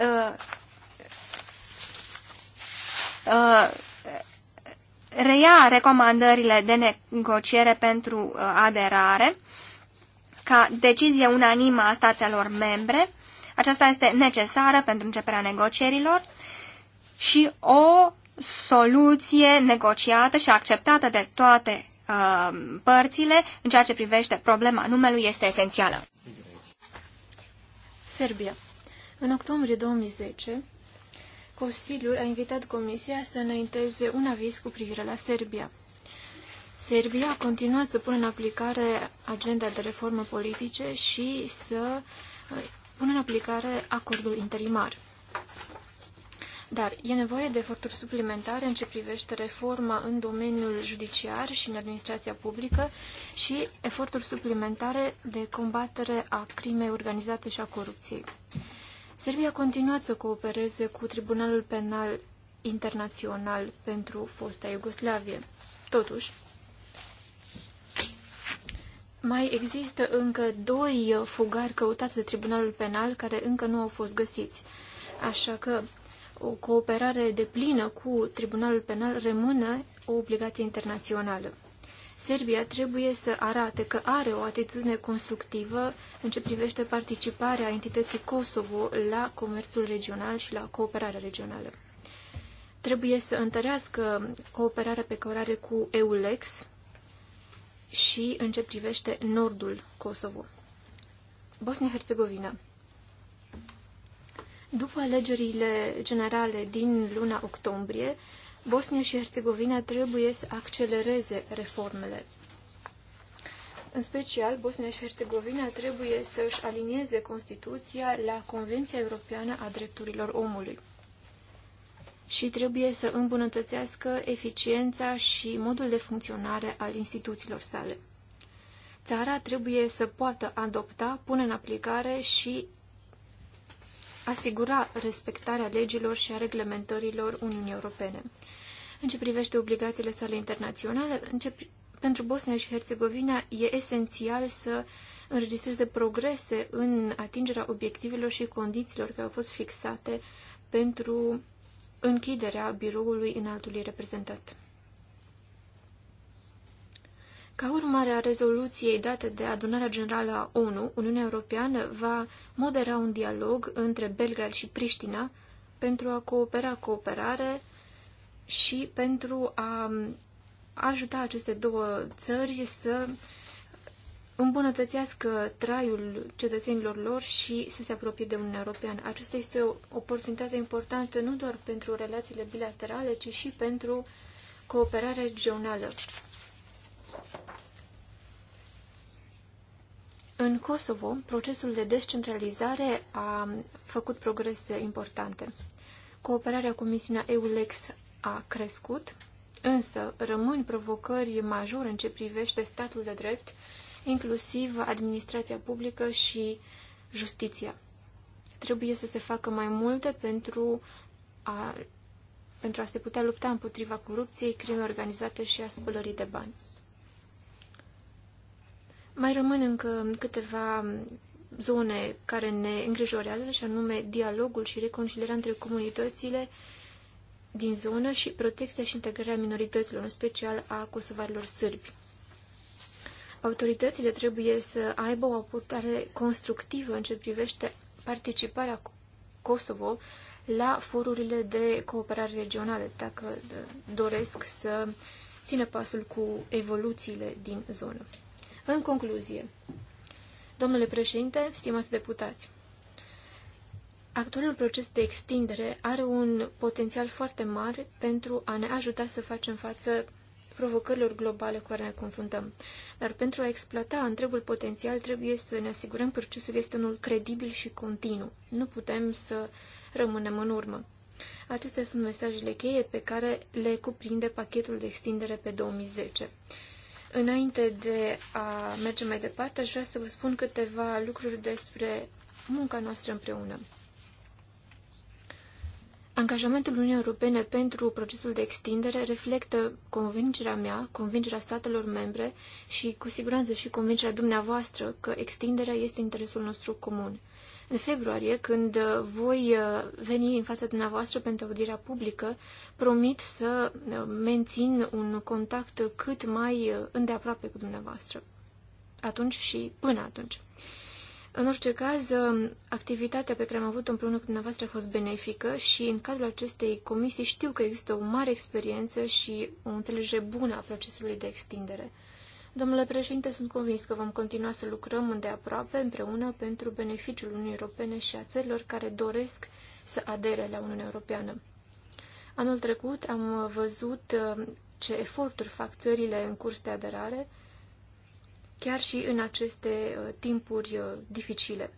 D: Uh, uh, reia recomandările de negociere pentru uh, aderare ca decizie unanimă a statelor membre aceasta este necesară pentru începerea negocierilor și o soluție negociată și acceptată de toate uh, părțile în ceea ce privește problema numelui este esențială. Serbia. În octombrie
G: 2010, Consiliul a invitat Comisia să înainteze un aviz cu privire la Serbia. Serbia a continuat să pună în aplicare agenda de reformă politice și să uh, pune în aplicare acordul interimar. Dar e nevoie de eforturi suplimentare în ce privește reforma în domeniul judiciar și în administrația publică și eforturi suplimentare de combatere a crimei organizate și a corupției. Serbia continuă continuat să coopereze cu Tribunalul Penal Internațional pentru fosta Iugoslavie. Totuși, mai există încă doi fugari căutați de Tribunalul Penal care încă nu au fost găsiți. Așa că o cooperare deplină cu Tribunalul Penal rămână o obligație internațională. Serbia trebuie să arate că are o atitudine constructivă în ce privește participarea entității Kosovo la comerțul regional și la cooperarea regională. Trebuie să întărească cooperarea pe care o are cu EULEX, și în ce privește nordul Kosovo. Bosnia-Herzegovina. După alegerile generale din luna octombrie, Bosnia și Herzegovina trebuie să accelereze reformele. În special, Bosnia și Herzegovina trebuie să își alinieze Constituția la Convenția Europeană a Drepturilor Omului și trebuie să îmbunătățească eficiența și modul de funcționare al instituțiilor sale. Țara trebuie să poată adopta, pune în aplicare și asigura respectarea legilor și a reglementărilor Uniunii Europene. În ce privește obligațiile sale internaționale, ce, pentru Bosnia și Herțegovina e esențial să înregistreze progrese în atingerea obiectivelor și condițiilor care au fost fixate pentru închiderea biroului înaltului reprezentat. Ca urmare a rezoluției date de Adunarea Generală a ONU, Uniunea Europeană va modera un dialog între Belgrad și Priștina pentru a coopera cooperare și pentru a ajuta aceste două țări să îmbunătățească traiul cetățenilor lor și să se apropie de Uniunea Europeană. Aceasta este o oportunitate importantă nu doar pentru relațiile bilaterale, ci și pentru cooperarea regională. În Kosovo, procesul de descentralizare a făcut progrese importante. Cooperarea cu misiunea EULEX a crescut, însă rămân provocări majore în ce privește statul de drept, inclusiv administrația publică și justiția. Trebuie să se facă mai multe pentru a, pentru a se putea lupta împotriva corupției, crime organizate și a spălării de bani. Mai rămân încă câteva zone care ne îngrijorează, și anume dialogul și reconcilierea între comunitățile din zonă și protecția și integrarea minorităților, în special a kosovarilor sârbi autoritățile trebuie să aibă o aportare constructivă în ce privește participarea Kosovo la forurile de cooperare regională, dacă uh, doresc să țină pasul cu evoluțiile din zonă. În concluzie, domnule președinte, stimați deputați, actualul proces de extindere are un potențial foarte mare pentru a ne ajuta să facem față provocărilor globale cu care ne confruntăm. Dar pentru a exploata întregul potențial, trebuie să ne asigurăm că procesul este unul credibil și continuu. Nu putem să rămânem în urmă. Acestea sunt mesajele cheie pe care le cuprinde pachetul de extindere pe 2010. Înainte de a merge mai departe, aș vrea să vă spun câteva lucruri despre munca noastră împreună. Angajamentul Uniunii Europene pentru procesul de extindere reflectă convingerea mea, convingerea statelor membre și cu siguranță și convingerea dumneavoastră că extinderea este interesul nostru comun. În februarie, când voi uh, veni în fața dumneavoastră pentru audierea publică, promit să uh, mențin un contact cât mai uh, îndeaproape cu dumneavoastră. Atunci și până atunci. În orice caz, activitatea pe care am avut-o împreună cu dumneavoastră a fost benefică și în cadrul acestei comisii știu că există o mare experiență și o înțelegere bună a procesului de extindere. Domnule președinte, sunt convins că vom continua să lucrăm îndeaproape împreună pentru beneficiul Uniunii Europene și a țărilor care doresc să adere la Uniunea Europeană. Anul trecut am văzut uh, ce eforturi fac țările în curs de aderare, chiar și în aceste uh, timpuri uh, dificile.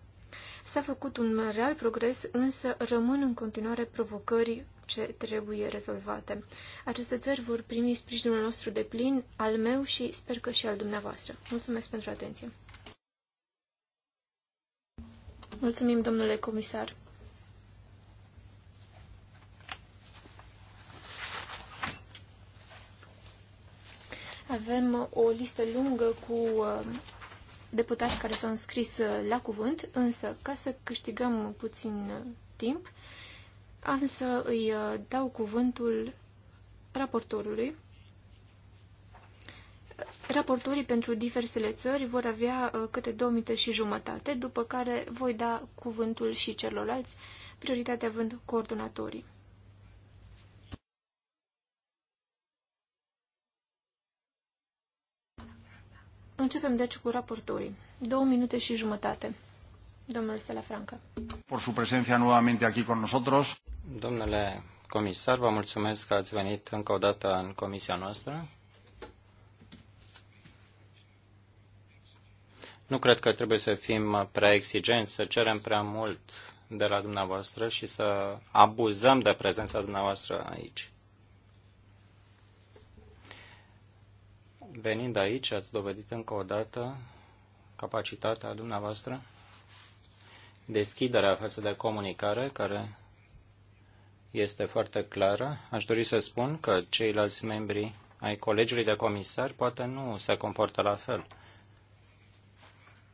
G: S-a făcut un real progres, însă rămân în continuare provocări ce trebuie rezolvate. Aceste țări vor primi sprijinul nostru de plin, al meu și sper că și al dumneavoastră. Mulțumesc pentru atenție! Mulțumim, domnule comisar! Avem o listă lungă cu uh, deputați care s-au înscris uh, la cuvânt, însă ca să câștigăm puțin uh, timp, am să îi dau cuvântul raportorului. Raportorii pentru diversele țări vor avea câte două minute și jumătate, după care voi da cuvântul și celorlalți, prioritatea având coordonatorii. Începem deci cu raportorii. Două minute și jumătate. Domnul Franca.
C: Por su presencia nuevamente aquí con nosotros. Domnule comisar, vă mulțumesc că ați venit încă o dată în comisia noastră. Nu cred că trebuie să fim prea exigenți, să cerem prea mult de la dumneavoastră și să abuzăm de prezența dumneavoastră aici. Venind aici, ați dovedit încă o dată capacitatea dumneavoastră, deschiderea față de comunicare, care este foarte clară. Aș dori să spun că ceilalți membri ai colegiului de comisari poate nu se comportă la fel.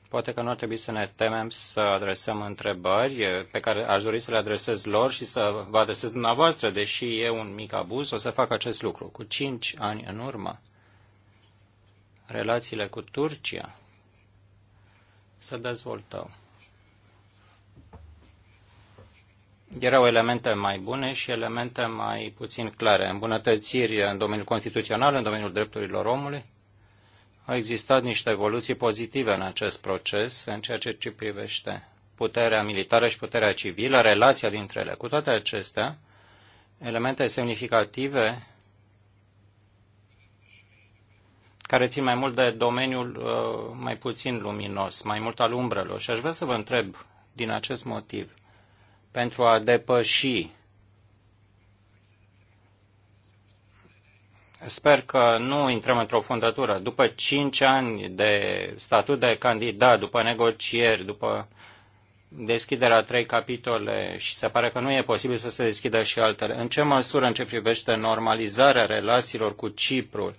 C: Poate că nu ar trebui să ne temem să adresăm întrebări pe care aș dori să le adresez lor și să vă adresez dumneavoastră, deși e un mic abuz, o să fac acest lucru. Cu cinci ani în urmă, relațiile cu Turcia să dezvoltau. Erau elemente mai bune și elemente mai puțin clare. Îmbunătățiri în domeniul constituțional, în domeniul drepturilor omului. Au existat niște evoluții pozitive în acest proces, în ceea ce privește puterea militară și puterea civilă, relația dintre ele. Cu toate acestea, elemente semnificative care țin mai mult de domeniul uh, mai puțin luminos, mai mult al umbrelor. Și aș vrea să vă întreb, din acest motiv, pentru a depăși Sper că nu intrăm într-o fundătură. După cinci ani de statut de candidat, după negocieri, după deschiderea trei capitole și se pare că nu e posibil să se deschidă și altele. În ce măsură, în ce privește normalizarea relațiilor cu Ciprul,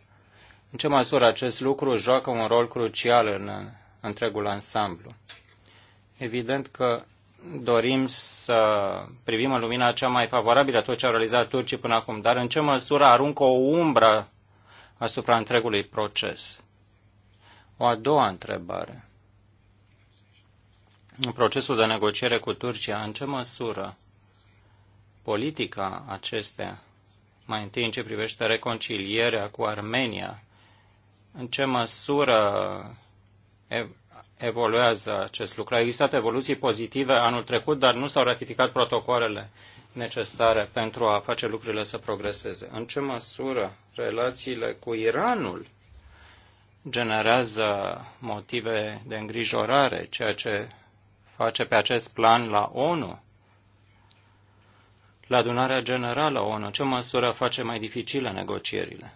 C: în ce măsură acest lucru joacă un rol crucial în întregul ansamblu? Evident că dorim să privim în lumina cea mai favorabilă a tot ce au realizat turcii până acum, dar în ce măsură aruncă o umbră asupra întregului proces? O a doua întrebare. În procesul de negociere cu Turcia, în ce măsură politica acestea, mai întâi în ce privește reconcilierea cu Armenia, în ce măsură evoluează acest lucru. Au existat evoluții pozitive anul trecut, dar nu s-au ratificat protocoalele necesare pentru a face lucrurile să progreseze. În ce măsură relațiile cu Iranul generează motive de îngrijorare, ceea ce face pe acest plan la ONU, la adunarea generală a ONU, ce măsură face mai dificile negocierile?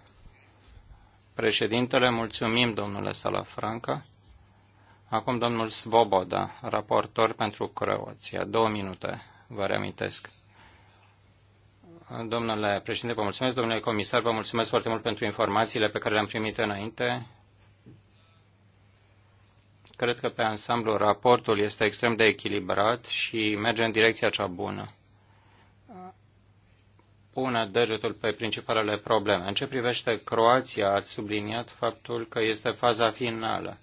C: Președintele, mulțumim, domnule Salafranca. Acum domnul Svoboda, raportor pentru Croația. Două minute, vă reamintesc. Domnule președinte, vă mulțumesc. Domnule comisar, vă mulțumesc foarte mult pentru informațiile pe care le-am primit înainte. Cred că pe ansamblu raportul este extrem de echilibrat și merge în direcția cea bună pune degetul pe principalele probleme. În ce privește Croația, ați subliniat faptul că este faza finală.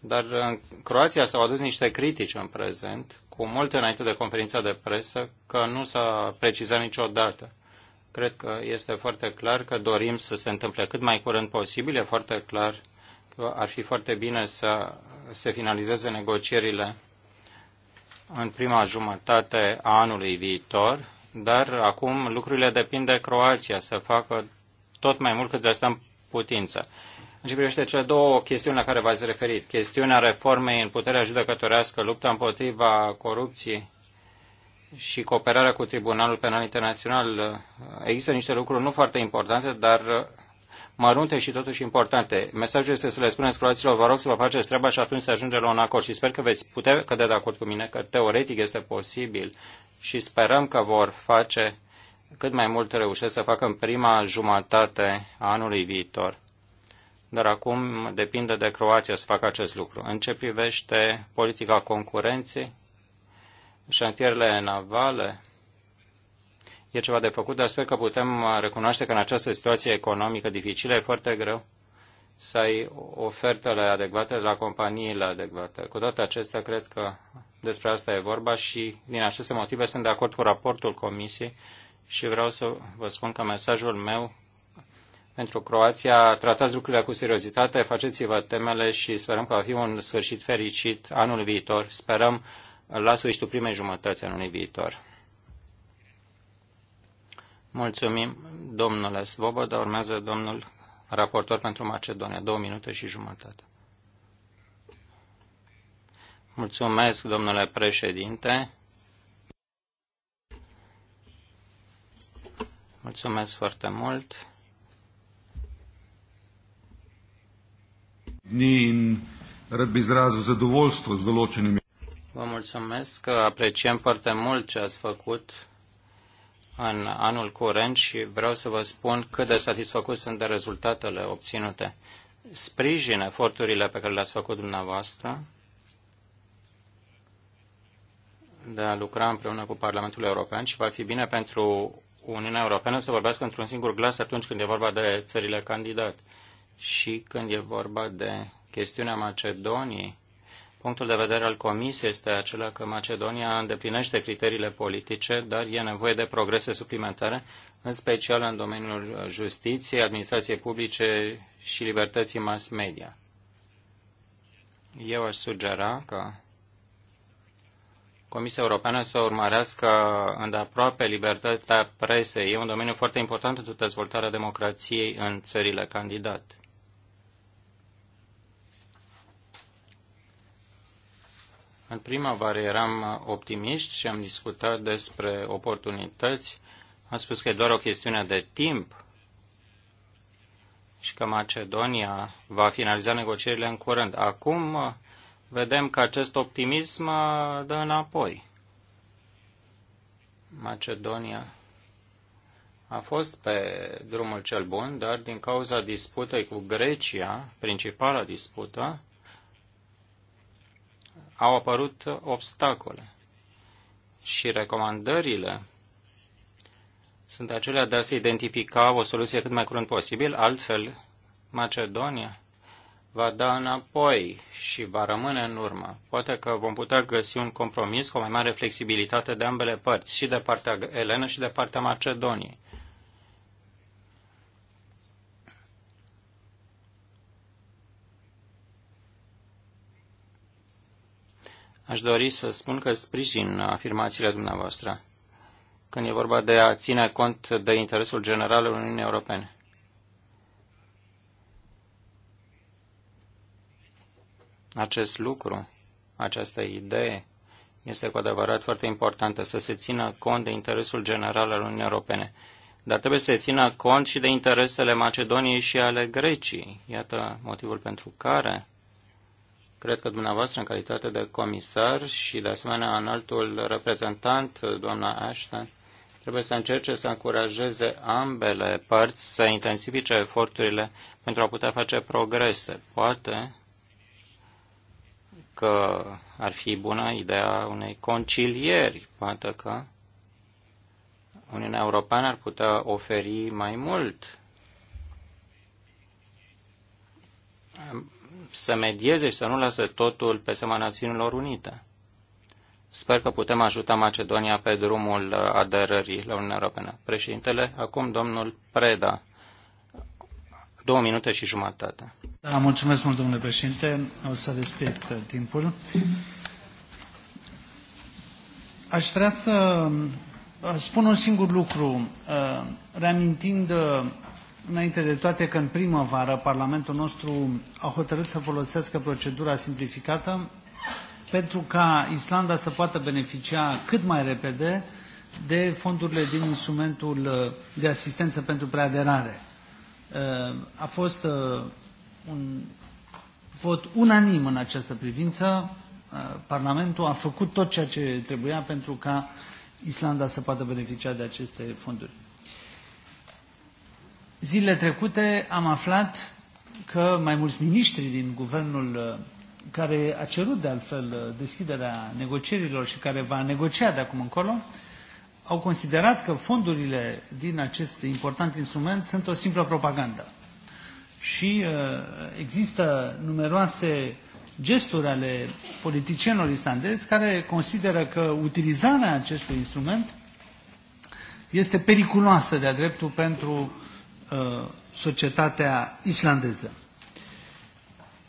C: Dar în Croația s-au adus niște critici în prezent, cu mult înainte de conferința de presă, că nu s-a precizat niciodată. Cred că este foarte clar că dorim să se întâmple cât mai curând posibil. E foarte clar că ar fi foarte bine să se finalizeze negocierile în prima jumătate a anului viitor, dar acum lucrurile depind de Croația să facă tot mai mult cât de asta în putință. În ce privește cele două chestiuni la care v-ați referit, chestiunea reformei în puterea judecătorească, lupta împotriva corupției și cooperarea cu Tribunalul Penal Internațional, există niște lucruri nu foarte importante, dar mărunte și totuși importante. Mesajul este să le spuneți croaților, vă rog să vă faceți treaba și atunci să ajunge la un acord. Și sper că veți putea cădea de acord cu mine, că teoretic este posibil și sperăm că vor face cât mai mult reușesc să facă în prima jumătate a anului viitor. Dar acum depinde de Croația să facă acest lucru. În ce privește politica concurenței, șantierele navale, e ceva de făcut, dar sper că putem uh, recunoaște că în această situație economică dificilă e foarte greu să ai ofertele adecvate la companiile adecvate. Cu toate acestea, cred că despre asta e vorba și din aceste motive sunt de acord cu raportul Comisiei și vreau să vă spun că mesajul meu pentru Croația, tratați lucrurile cu seriozitate, faceți-vă temele și sperăm că va fi un sfârșit fericit anul viitor. Sperăm la sfârșitul primei jumătăți anului viitor. Mulțumim, domnule Svoboda. Urmează domnul raportor pentru Macedonia. Două minute și jumătate. Mulțumesc, domnule președinte. Mulțumesc foarte mult.
F: Din rad bi izrazil zadovoljstvo z določenimi.
C: Vă mulțumesc că apreciem foarte mult ce ați făcut în anul curent și vreau să vă spun cât de satisfăcut sunt de rezultatele obținute. Sprijin eforturile pe care le-ați făcut dumneavoastră de a lucra împreună cu Parlamentul European și va fi bine pentru Uniunea Europeană să vorbească într-un singur glas atunci când e vorba de țările candidat și când e vorba de chestiunea Macedoniei Punctul de vedere al Comisiei este acela că Macedonia îndeplinește criteriile politice, dar e nevoie de progrese suplimentare, în special în domeniul justiției, administrației publice și libertății mass media. Eu aș sugera că Comisia Europeană să urmărească îndeaproape libertatea presei. E un domeniu foarte important pentru dezvoltarea democrației în țările candidate. În primăvară eram uh, optimiști și am discutat despre oportunități. Am spus că e doar o chestiune de timp și că Macedonia va finaliza negocierile în curând. Acum uh, vedem că acest optimism uh, dă înapoi. Macedonia a fost pe drumul cel bun, dar din cauza disputei cu Grecia, principala dispută, au apărut obstacole și recomandările sunt acelea de a se identifica o soluție cât mai curând posibil, altfel Macedonia va da înapoi și va rămâne în urmă. Poate că vom putea găsi un compromis cu o mai mare flexibilitate de ambele părți, și de partea elenă și de partea Macedoniei. Aș dori să spun că sprijin afirmațiile dumneavoastră când e vorba de a ține cont de interesul general al Uniunii Europene. Acest lucru, această idee, este cu adevărat foarte importantă, să se țină cont de interesul general al Uniunii Europene. Dar trebuie să se țină cont și de interesele Macedoniei și ale Greciei. Iată motivul pentru care Cred că dumneavoastră, în calitate de comisar și, de asemenea, în altul reprezentant, doamna Ashton, trebuie să încerce să încurajeze ambele părți să intensifice eforturile pentru a putea face progrese. Poate că ar fi bună ideea unei concilieri, poate că Uniunea Europeană ar putea oferi mai mult să medieze și să nu lase totul pe seama Națiunilor Unite. Sper că putem ajuta Macedonia pe drumul aderării la Uniunea Europeană. Președintele, acum domnul Preda. Două minute și jumătate.
F: Da, mulțumesc mult, domnule președinte. O să respect timpul. Aș vrea să uh, spun un singur lucru, uh, reamintind uh, înainte de toate că în primăvară Parlamentul nostru a hotărât să folosească procedura simplificată pentru ca Islanda să poată beneficia cât mai repede de fondurile din instrumentul uh, de asistență pentru preaderare. Uh, a fost uh, un vot unanim în această privință. Parlamentul a făcut tot ceea ce trebuia pentru ca Islanda să poată beneficia de aceste fonduri. Zilele trecute am aflat că mai mulți miniștri din guvernul uh, care a cerut de altfel uh, deschiderea negocierilor și care va negocia de acum încolo, au considerat că fondurile din acest important instrument sunt o simplă propagandă. Și uh, există numeroase gesturi ale politicienilor islandezi care consideră că utilizarea acestui instrument este periculoasă de-a dreptul pentru Uh, societatea islandeză.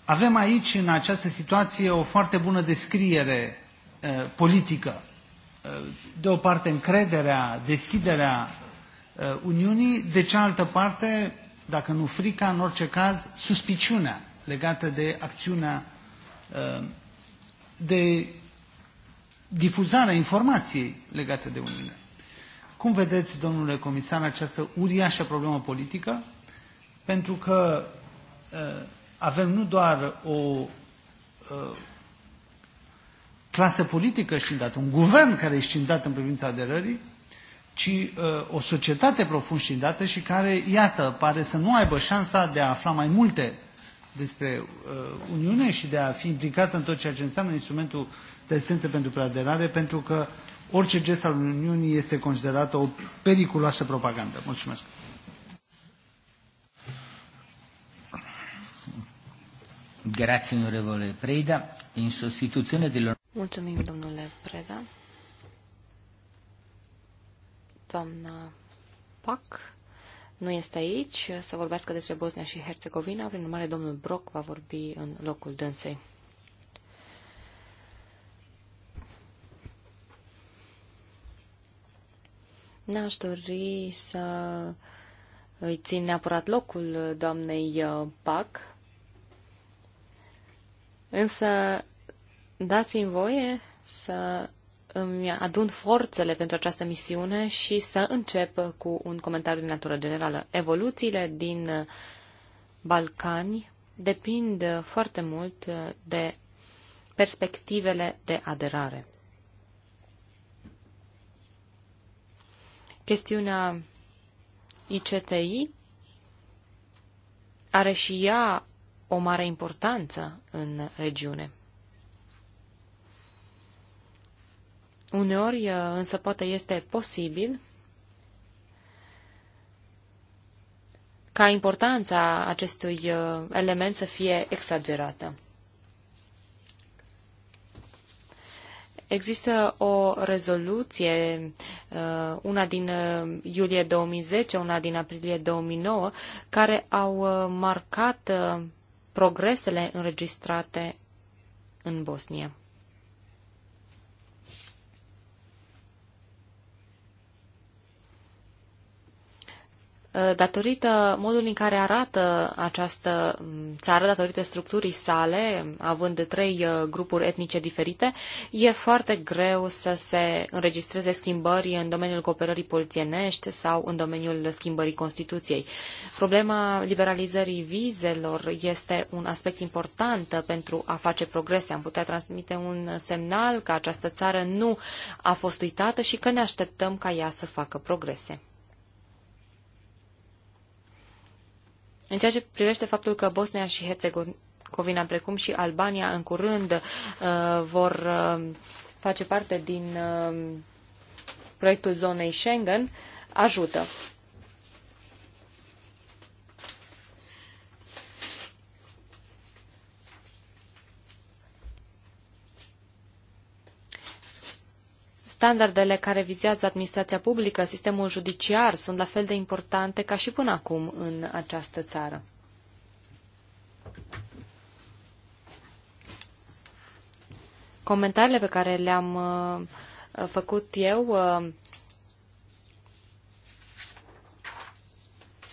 F: Avem aici, în această situație, o foarte bună descriere uh, politică. Uh, de o parte, încrederea, deschiderea Uniunii, de cealaltă parte, dacă nu frica, în orice caz, suspiciunea legată de acțiunea de difuzarea informației legate de Uniune. Cum vedeți, domnule comisar, această uriașă problemă politică? Pentru că uh, avem nu doar o uh, clasă politică știndată, un guvern care e știndat în privința aderării, ci uh, o societate profund știndată și care, iată, pare să nu aibă șansa de a afla mai multe despre uh, Uniune și de a fi implicată în tot ceea ce înseamnă instrumentul de asistență pentru preaderare, pentru că uh, orice gest al Uniunii este considerată o periculoasă propagandă. Mulțumesc!
A: Grazie, onorevole Preda.
I: Mulțumim, domnule Preda. Doamna Pac nu este aici să vorbească despre Bosnia și Herțegovina, prin urmare domnul Brock va vorbi în locul dânsei. N-aș dori să îi țin neapărat locul doamnei uh, Pac, însă dați-mi voie să îmi adun forțele pentru această misiune și să încep cu un comentariu de natură generală. Evoluțiile din uh, Balcani depind foarte mult uh, de perspectivele de aderare. chestiunea ICTI are și ea o mare importanță în regiune. Uneori uh, însă poate este posibil ca importanța acestui uh, element să fie exagerată. Există o rezoluție, uh, una din uh, iulie 2010, una din aprilie 2009, care au uh, marcat progresele înregistrate în Bosnia. Uh, datorită modului în care arată această mm, țară, datorită structurii sale, având de trei uh, grupuri etnice diferite, e foarte greu să se înregistreze schimbări în domeniul cooperării polițienești sau în domeniul schimbării Constituției. Problema liberalizării vizelor este un aspect important pentru a face progrese. Am putea transmite un semnal că această țară nu a fost uitată și că ne așteptăm ca ea să facă progrese. În ceea ce privește faptul că Bosnia și Herțegovina, precum și Albania, în curând uh, vor uh, face parte din uh, proiectul zonei Schengen, ajută. Standardele care vizează administrația publică, sistemul judiciar, sunt la fel de importante ca și până acum în această țară. Comentariile pe care le-am uh, făcut eu uh,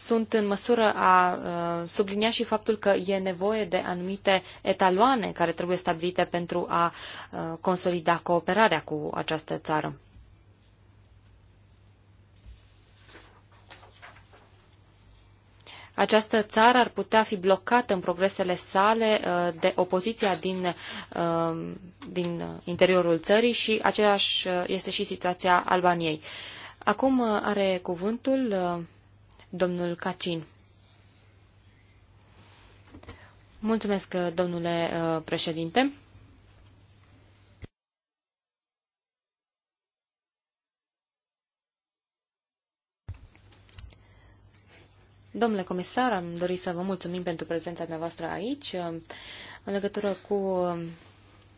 I: sunt în măsură a uh, sublinia și faptul că e nevoie de anumite etaloane care trebuie stabilite pentru a uh, consolida cooperarea cu această țară. Această țară ar putea fi blocată în progresele sale uh, de opoziția din, din interiorul țării și aceeași este și situația Albaniei. Acum are cuvântul domnul Cacin. Mulțumesc, domnule uh, președinte. Domnule comisar, am dorit să vă mulțumim pentru prezența dumneavoastră aici. În legătură cu uh,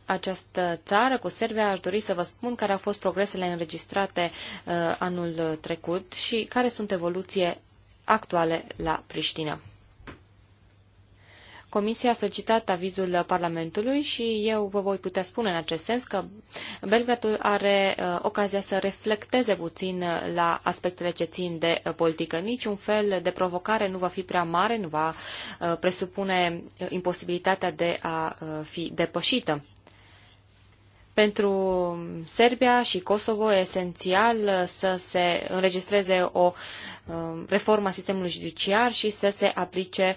I: această țară, cu Serbia, aș dori să vă spun care au fost progresele înregistrate uh, anul trecut și care sunt evoluție, actuale la Priștina. Comisia a solicitat avizul Parlamentului și eu vă voi putea spune în acest sens că Belgradul are uh, ocazia să reflecteze puțin uh, la aspectele ce țin de uh, politică. Niciun fel de provocare nu va fi prea mare, nu va uh, presupune uh, imposibilitatea de a uh, fi depășită. Pentru Serbia și Kosovo e esențial uh, să se înregistreze o um, reformă a sistemului judiciar și să se aplice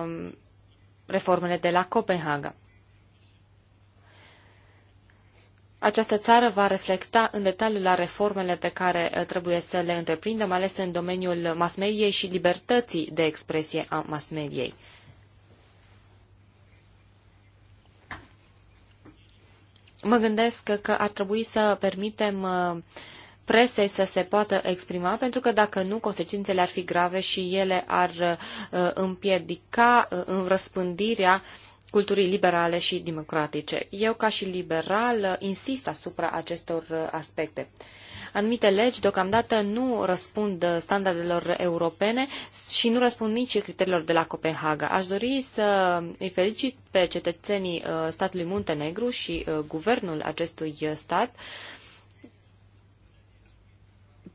I: um, reformele de la Copenhaga. Această țară va reflecta în detaliu la reformele pe care uh, trebuie să le întreprindă, mai ales în domeniul mass-mediei și libertății de expresie a mass-mediei. mă gândesc că ar trebui să permitem uh, presei să se poată exprima, pentru că dacă nu, consecințele ar fi grave și ele ar uh, împiedica uh, înrăspândirea culturii liberale și democratice. Eu, ca și liberal, insist asupra acestor aspecte. Anumite legi deocamdată nu răspund standardelor europene și nu răspund nici criteriilor de la Copenhaga. Aș dori să îi felicit pe cetățenii uh, statului Muntenegru și uh, guvernul acestui stat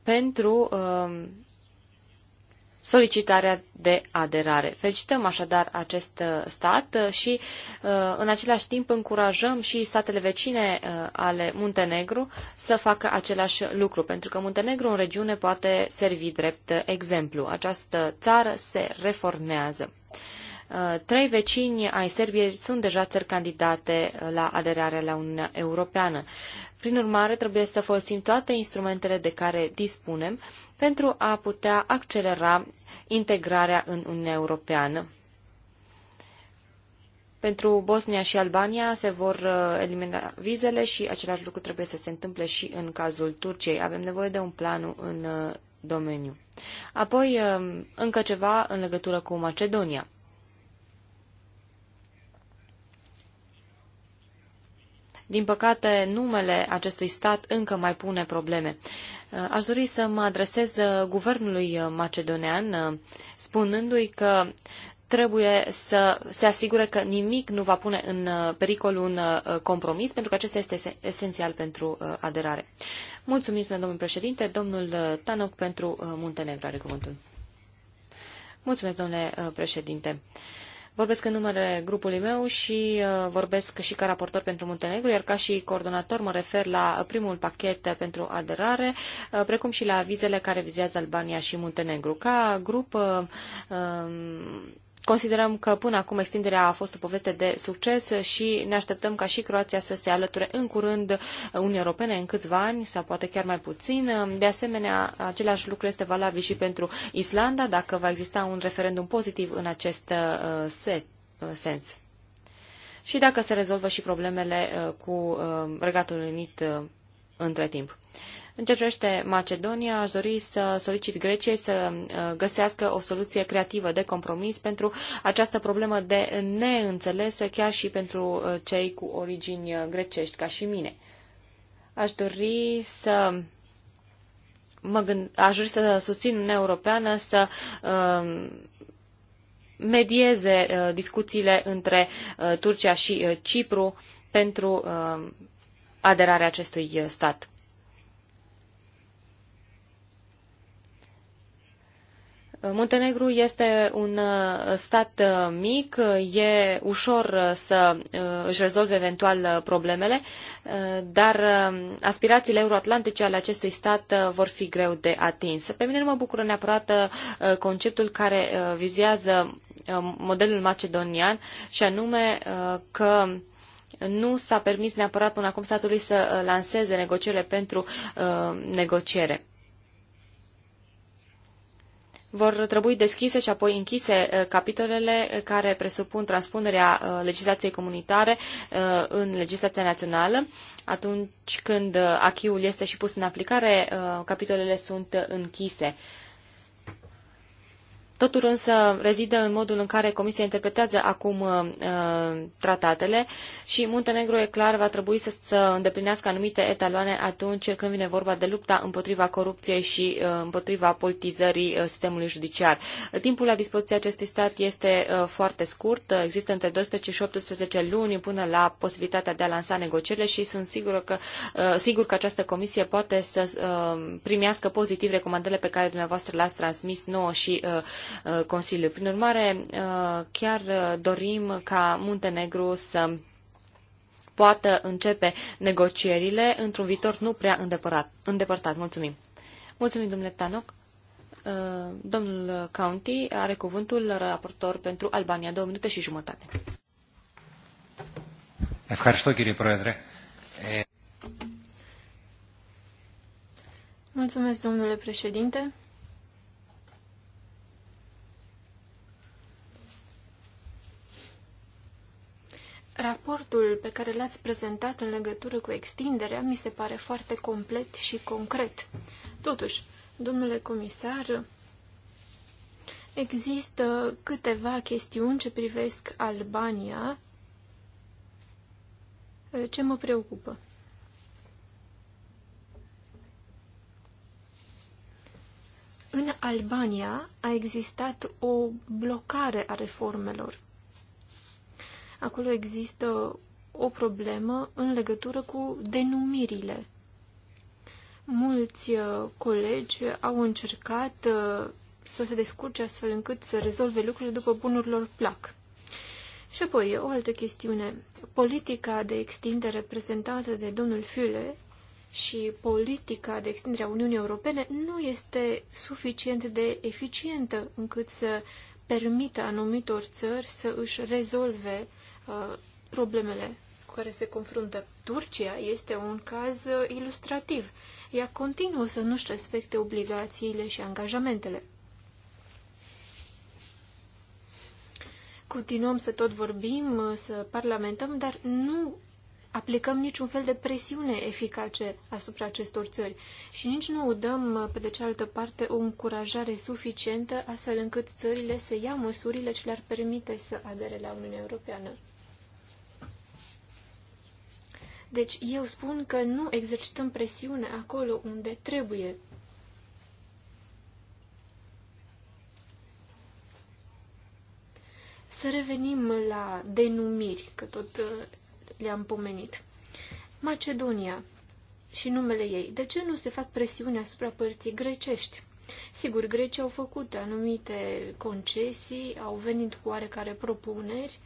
I: pentru uh, solicitarea de aderare. Felicităm așadar acest uh, stat uh, și uh, în același timp încurajăm și statele vecine ale Muntenegru să facă același lucru, pentru că Muntenegru în regiune poate servi drept exemplu. Această țară se reformează. Trei vecini ai Serbiei sunt deja țări candidate la aderare la Uniunea Europeană. Prin urmare, trebuie să folosim toate instrumentele de care dispunem pentru a putea accelera integrarea în Uniunea Europeană. Pentru Bosnia și Albania se vor uh, elimina vizele și același lucru trebuie să se întâmple și în cazul Turciei. Avem nevoie de un plan în uh, domeniu. Apoi, uh, încă ceva în legătură cu Macedonia. Din păcate, numele acestui stat încă mai pune probleme. Uh, aș dori să mă adresez uh, guvernului uh, macedonean, spunându-i că trebuie să se asigure că nimic nu va pune în pericol un compromis, pentru că acesta este esențial pentru aderare. Mulțumim, domnul președinte, domnul Tanoc pentru Muntenegru are cuvântul. Mulțumesc, domnule președinte. Vorbesc în numele grupului meu și uh, vorbesc și ca raportor pentru Muntenegru, iar ca și coordonator mă refer la primul pachet pentru aderare, uh, precum și la vizele care vizează Albania și Muntenegru. Ca grup uh, um, Considerăm că până acum extinderea a fost o poveste de succes și ne așteptăm ca și Croația să se alăture în curând Uniunii Europene în câțiva ani sau poate chiar mai puțin. De asemenea, același lucru este valabil și pentru Islanda, dacă va exista un referendum pozitiv în acest uh, uh, sens. Și dacă se rezolvă și problemele uh, cu Regatul Unit între timp. În ce privește Macedonia, aș dori să solicit Greciei să uh, găsească o soluție creativă de compromis pentru această problemă de neînțelese, chiar și pentru uh, cei cu origini uh, grecești, ca și mine. Aș dori să mă gând, aș dori să susțin Uniunea Europeană să medieze discuțiile între Turcia și Cipru pentru aderarea acestui stat. Muntenegru este un uh, stat uh, mic, uh, e ușor să își rezolve eventual problemele, dar aspirațiile euroatlantice ale acestui stat vor fi greu de atins. Pe mine nu mă bucură neapărat conceptul care vizează modelul macedonian și anume că nu s-a permis neapărat până acum statului să lanseze negocierile pentru negociere vor trebui deschise și apoi închise uh, capitolele uh, care presupun transpunerea uh, legislației comunitare în legislația națională. Atunci când achiul este și pus în aplicare, capitolele sunt închise. Totul însă rezidă în modul în care Comisia interpretează acum uh, uh, tratatele și Muntenegru, e clar, va trebui să, să îndeplinească anumite etaloane atunci când vine vorba de lupta împotriva corupției și uh, împotriva politizării uh, sistemului judiciar. Timpul la dispoziția acestui stat este uh, foarte scurt, există între 12 și 18 luni până la posibilitatea de a lansa negocierile și sunt sigur că, uh, sigur că această comisie poate să uh, primească pozitiv recomandările pe care dumneavoastră le-ați transmis nouă și uh, Uh, Consiliu. Prin urmare, uh, chiar uh, dorim ca Muntenegru să poată începe negocierile într-un viitor nu prea îndepărat, îndepărtat. Mulțumim. Mulțumim, domnule Tanoc. Domnul County are cuvântul raportor pentru Albania, două minute și jumătate. Mulțumesc, domnule
G: președinte. Raportul pe care l-ați prezentat în legătură cu extinderea mi se pare foarte complet și concret. Totuși, domnule comisar, există câteva chestiuni ce privesc Albania ce mă preocupă. În Albania a existat o blocare a reformelor Acolo există o problemă în legătură cu denumirile. Mulți uh, colegi au încercat uh, să se descurce astfel încât să rezolve lucrurile după bunurilor plac. Și apoi, o altă chestiune. Politica de extindere prezentată de domnul Füle și politica de extindere a Uniunii Europene nu este suficient de eficientă încât să permită anumitor țări să își rezolve Uh, problemele cu care se confruntă. Turcia este un caz uh, ilustrativ. Ea continuă să nu-și respecte obligațiile și angajamentele. Continuăm să tot vorbim, uh, să parlamentăm, dar nu aplicăm niciun fel de presiune eficace asupra acestor țări și nici nu dăm, pe de cealaltă parte, o încurajare suficientă astfel încât țările să ia măsurile ce le-ar permite să adere la Uniunea Europeană. Deci eu spun că nu exercităm presiune acolo unde trebuie. Să revenim la denumiri, că tot uh, le-am pomenit. Macedonia și numele ei. De ce nu se fac presiuni asupra părții grecești? Sigur, grecii au făcut anumite concesii, au venit cu oarecare propuneri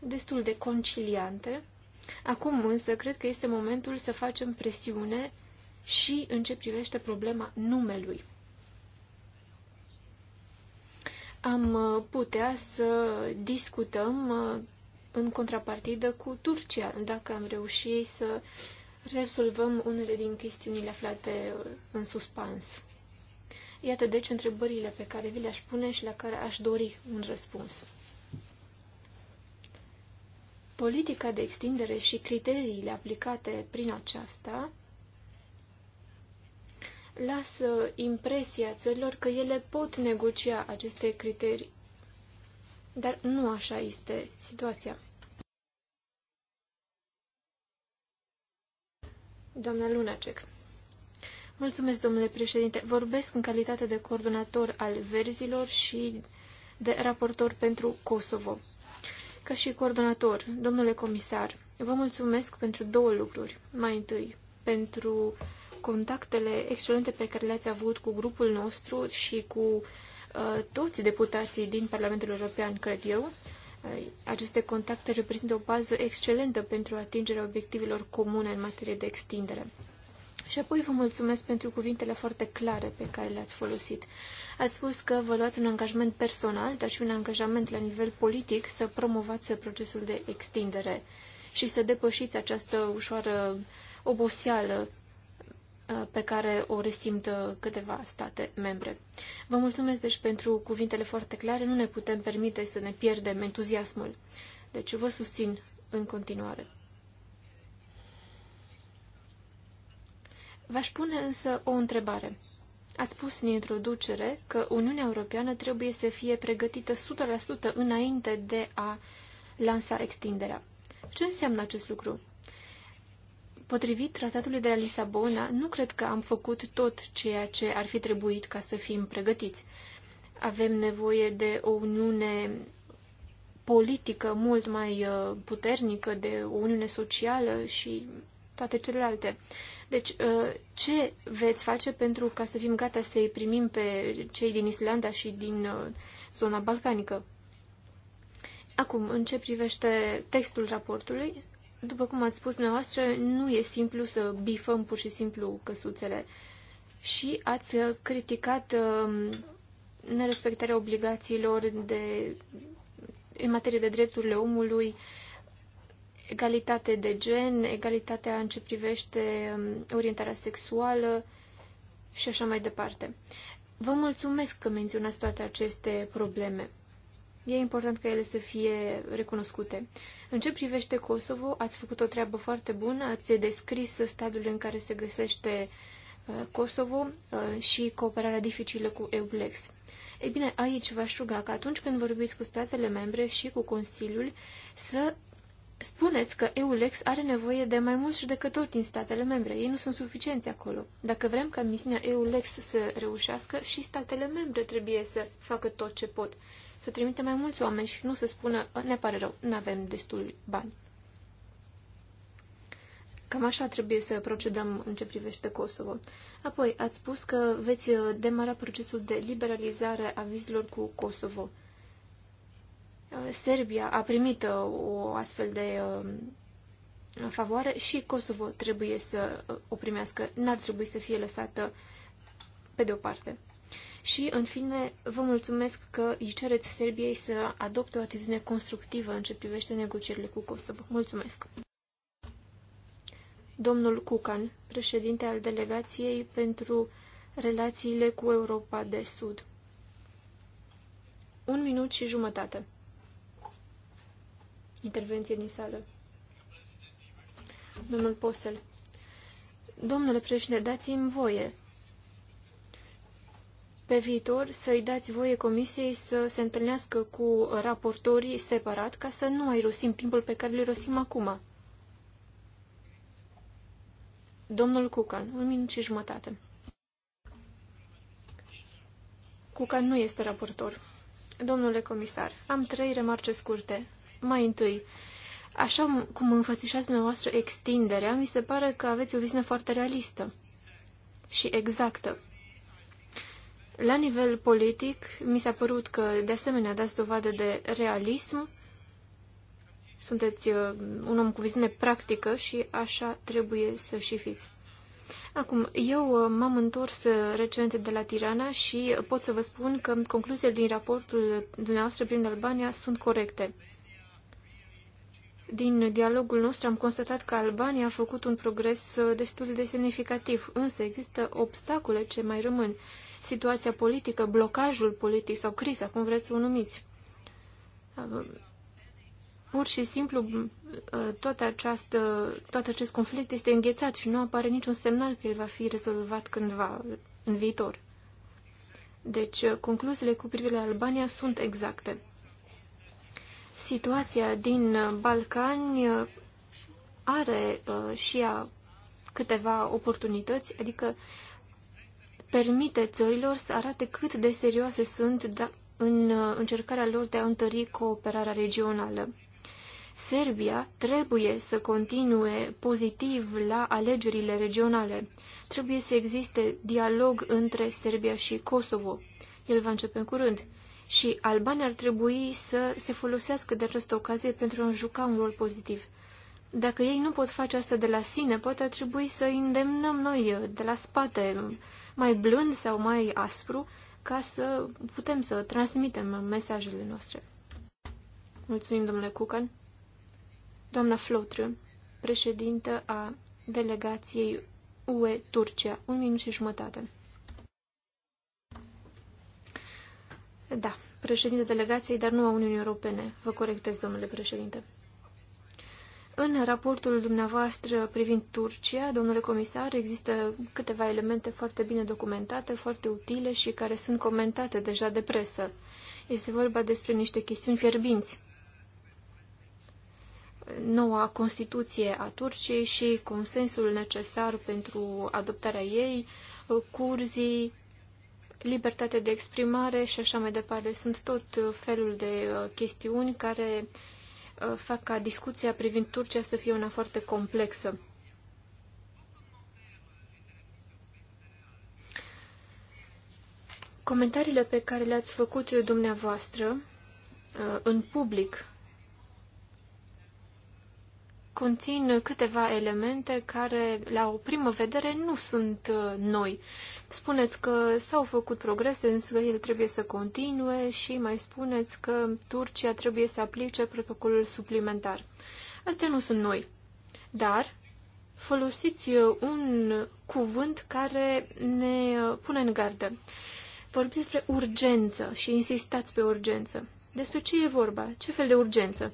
G: destul de conciliante, Acum însă cred că este momentul să facem presiune și în ce privește problema numelui. Am uh, putea să discutăm uh, în contrapartidă cu Turcia, dacă am reușit să rezolvăm unele din chestiunile aflate uh, în suspans. Iată deci întrebările pe care vi le-aș pune și la care aș dori un răspuns. Politica de extindere și criteriile aplicate prin aceasta lasă impresia țărilor că ele pot negocia aceste criterii. Dar nu așa este situația. Doamna Lunacek. Mulțumesc, domnule președinte. Vorbesc în calitate de coordonator al verzilor și de raportor pentru Kosovo. Ca și coordonator, domnule comisar, vă mulțumesc pentru două lucruri. Mai întâi, pentru contactele excelente pe care le-ați avut cu grupul nostru și cu uh, toți deputații din Parlamentul European, cred eu. Uh, aceste contacte reprezintă o bază excelentă pentru atingerea obiectivelor comune în materie de extindere. Și apoi vă mulțumesc pentru cuvintele foarte clare pe care le-ați folosit. Ați spus că vă luați un angajament personal, dar și un angajament la nivel politic să promovați procesul de extindere și să depășiți această ușoară oboseală uh, pe care o resimt uh, câteva state membre. Vă mulțumesc deci pentru cuvintele foarte clare, nu ne putem permite să ne pierdem entuziasmul. Deci vă susțin în continuare. V-aș pune însă o întrebare. Ați spus în introducere că Uniunea Europeană trebuie să fie pregătită 100% înainte de a lansa extinderea. Ce înseamnă acest lucru? Potrivit tratatului de la Lisabona, nu cred că am făcut tot ceea ce ar fi trebuit ca să fim pregătiți. Avem nevoie de o uniune politică mult mai uh, puternică, de o uniune socială și toate celelalte. Deci, uh, ce veți face pentru ca să fim gata să-i primim pe cei din Islanda și din uh, zona balcanică? Acum, în ce privește textul raportului, după cum ați spus dumneavoastră, nu e simplu să bifăm pur și simplu căsuțele. Și ați criticat um, nerespectarea obligațiilor de, în materie de drepturile omului, uh, egalitate de gen, egalitatea în ce privește um, orientarea sexuală și așa mai departe. Vă mulțumesc că menționați toate aceste probleme. E important ca ele să fie recunoscute. În ce privește Kosovo, ați făcut o treabă foarte bună, ați descris stadiul în care se găsește uh, Kosovo uh, și cooperarea dificilă cu EULEX. Ei bine, aici v-aș ruga că atunci când vorbiți cu statele membre și cu Consiliul să Spuneți că EULEX are nevoie de mai mulți judecători din statele membre. Ei nu sunt suficienți acolo. Dacă vrem ca misiunea EULEX să reușească, și statele membre trebuie să facă tot ce pot. Să trimite mai mulți oameni și nu să spună, ne pare rău, nu avem destul bani. Cam așa trebuie să procedăm în ce privește Kosovo. Apoi, ați spus că veți demara procesul de liberalizare a vizilor cu Kosovo. Uh, Serbia a primit uh, o astfel de uh, favoare și Kosovo trebuie să o primească. N-ar trebui să fie lăsată pe deoparte. Și, în fine, vă mulțumesc că îi cereți Serbiei să adopte o atitudine constructivă în ce privește negocierile cu Kosovo. Mulțumesc! Domnul Cucan, președinte al delegației pentru relațiile cu Europa de Sud. Un minut și jumătate intervenție din sală. Domnul Postel. Domnule președinte, dați-mi voie pe viitor să-i dați voie comisiei să se întâlnească cu raportorii separat ca să nu rosim timpul pe care îl rosim acum. Domnul Cucan, un minut și jumătate. Cucan nu este raportor. Domnule comisar, am trei remarce scurte. Mai întâi, așa cum înfățișați dumneavoastră extinderea, mi se pare că aveți o viziune foarte realistă și exactă. La nivel politic, mi s-a părut că, de asemenea, dați dovadă de realism, sunteți uh, un om cu viziune practică și așa trebuie să și fiți. Acum, eu uh, m-am întors uh, recent de la Tirana și pot să vă spun că concluziile din raportul dumneavoastră prin Albania sunt corecte. Din dialogul nostru am constatat că Albania a făcut un progres uh, destul de semnificativ, însă există obstacole ce mai rămân. Situația politică, blocajul politic sau criza, cum vreți să o numiți. Uh, pur și simplu, uh, toată această, tot acest conflict este înghețat și nu apare niciun semnal că el va fi rezolvat cândva în viitor. Deci, concluziile cu privire la Albania sunt exacte. Situația din Balcani are uh, și ea câteva oportunități, adică permite țărilor să arate cât de serioase sunt da, în uh, încercarea lor de a întări cooperarea regională. Serbia trebuie să continue pozitiv la alegerile regionale. Trebuie să existe dialog între Serbia și Kosovo. El va începe în curând și Albania ar trebui să se folosească de această ocazie pentru a juca un rol pozitiv. Dacă ei nu pot face asta de la sine, poate ar trebui să îi îndemnăm noi de la spate, mai blând sau mai aspru, ca să putem să transmitem mesajele noastre. Mulțumim, domnule Cucan. Doamna Flotră, președintă a delegației UE Turcia, un minut și jumătate. Da, președinte delegației, dar nu a Uniunii Europene. Vă corectez, domnule președinte. În raportul dumneavoastră privind Turcia, domnule comisar, există câteva elemente foarte bine documentate, foarte utile și care sunt comentate deja de presă. Este vorba despre niște chestiuni fierbinți. Noua Constituție a Turciei și consensul necesar pentru adoptarea ei, curzii, libertate de exprimare și așa mai departe. Sunt tot uh, felul de uh, chestiuni care uh, fac ca discuția privind Turcia să fie una foarte complexă. Comentariile pe care le-ați făcut dumneavoastră în public conțin câteva elemente care, la o primă vedere, nu sunt uh, noi. Spuneți că s-au făcut progrese, însă el trebuie să continue și mai spuneți că Turcia trebuie să aplice protocolul suplimentar. Astea nu sunt noi. Dar folosiți uh, un cuvânt care ne uh, pune în gardă. Vorbiți despre urgență și insistați pe urgență. Despre ce e vorba? Ce fel de urgență?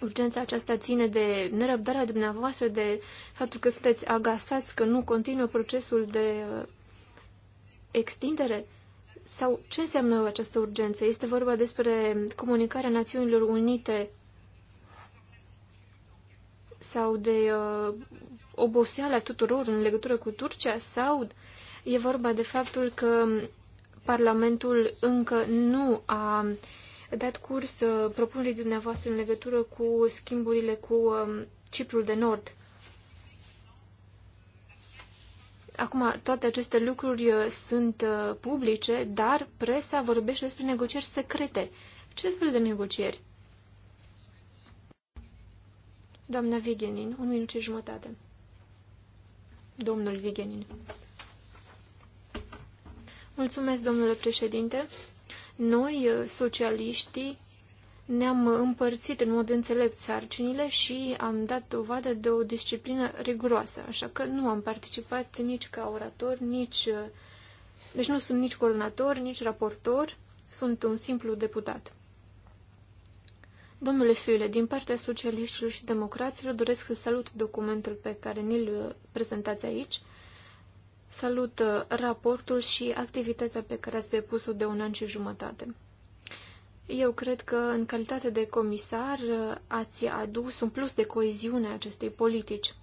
G: Urgența aceasta ține de nerăbdarea dumneavoastră, de faptul că sunteți agasați, că nu continuă procesul de uh, extindere? Sau ce înseamnă această urgență? Este vorba despre comunicarea Națiunilor Unite sau de uh, oboseala tuturor în legătură cu Turcia? Sau e vorba de faptul că Parlamentul încă nu a uh, dat curs uh, propunerii dumneavoastră în legătură cu schimburile cu um, Ciprul de Nord. Acum, toate aceste lucruri uh, sunt uh, publice, dar presa vorbește despre negocieri secrete. Ce fel de negocieri? Doamna Vigenin, un minut și jumătate. Domnul Vigenin. Mulțumesc, domnule președinte. Noi, uh, socialiștii, ne-am împărțit în mod înțelept sarcinile și am dat dovadă de o disciplină riguroasă, așa că nu am participat nici ca orator, nici... Uh, deci nu sunt nici coordonator, nici raportor, sunt un simplu deputat. Domnule Fiule, din partea socialiștilor și democraților doresc să salut documentul pe care ni-l uh, prezentați aici. Salut uh, raportul și activitatea pe care ați depus-o de un an și jumătate. Eu cred că, în calitate de comisar, uh, ați adus un plus de coeziune acestei politici.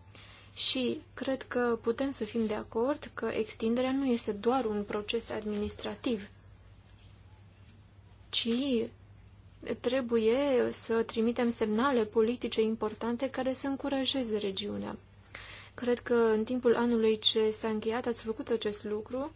G: Și cred că putem să fim de acord că extinderea nu este doar un proces administrativ, ci trebuie să trimitem semnale politice importante care să încurajeze regiunea. Cred că în timpul anului ce s-a încheiat ați făcut acest lucru.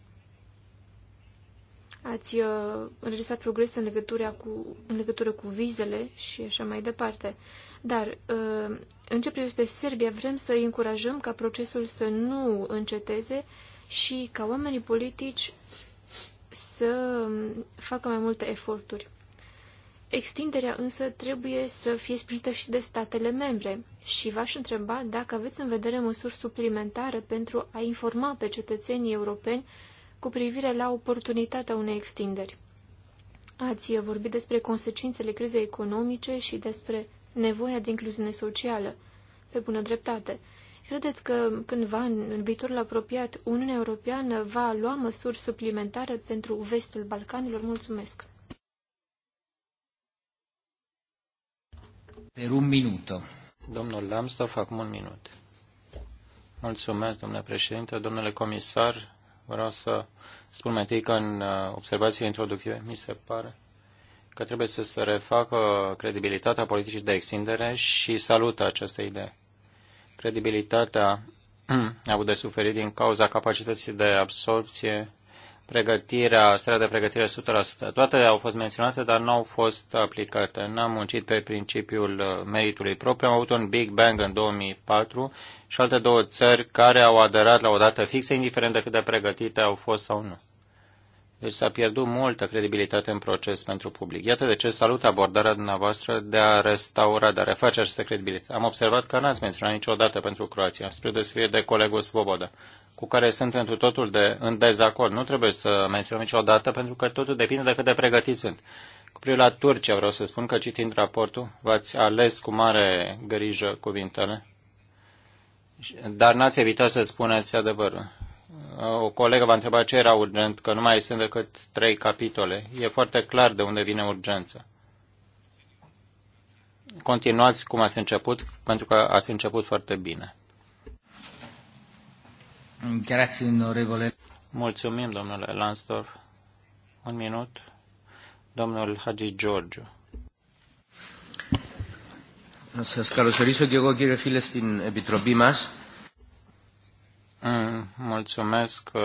G: Ați uh, înregistrat progres în legătură, cu, în legătură cu vizele și așa mai departe. Dar, uh, în ce privește Serbia, vrem să îi încurajăm ca procesul să nu înceteze și ca oamenii politici să facă mai multe eforturi. Extinderea însă trebuie să fie sprijinită și de statele membre și v-aș întreba dacă aveți în vedere măsuri suplimentare pentru a informa pe cetățenii europeni cu privire la oportunitatea unei extinderi. Ați vorbit despre consecințele crizei economice și despre nevoia de incluziune socială, pe bună dreptate. Credeți că cândva, în viitorul apropiat, Uniunea Europeană va lua măsuri suplimentare pentru vestul Balcanilor? Mulțumesc!
C: Per un Domnul Lambsdorff, acum un minut. Mulțumesc, domnule președinte. Domnule comisar, vreau să spun mai întâi că în uh, observațiile introductive mi se pare că trebuie să se refacă credibilitatea politicii de extindere și salută această idee. Credibilitatea a avut de suferit din cauza capacității de absorpție pregătirea, starea de pregătire 100%. Toate au fost menționate, dar nu au fost aplicate. N-am muncit pe principiul uh, meritului propriu. Am avut un Big Bang în 2004 și alte două țări care au aderat la o dată fixă, indiferent de cât de pregătite au fost sau nu. Deci s-a pierdut multă credibilitate în proces pentru public. Iată de ce salut abordarea dumneavoastră de a restaura, de a reface această credibilitate. Am observat că n-ați menționat niciodată pentru Croația, spre desfie de colegul Svoboda, cu care sunt întru totul de, în dezacord. Nu trebuie să menționăm niciodată, pentru că totul depinde de cât de pregătiți sunt. Cu privire la Turcia vreau să spun că citind raportul, v-ați ales cu mare grijă cuvintele, dar n-ați evitat să spuneți adevărul o colegă va întreba ce era urgent, că nu mai sunt decât trei capitole. E foarte clar de unde vine urgența. Continuați cum ați început, pentru că ați început foarte bine. Grazie, onorevole. Mulțumim, domnule Lansdorf. Un minut. Domnul Hagi Giorgio.
A: Să καλωσορίσω eu εγώ κύριε din στην mas.
C: Mm, mulțumesc, uh,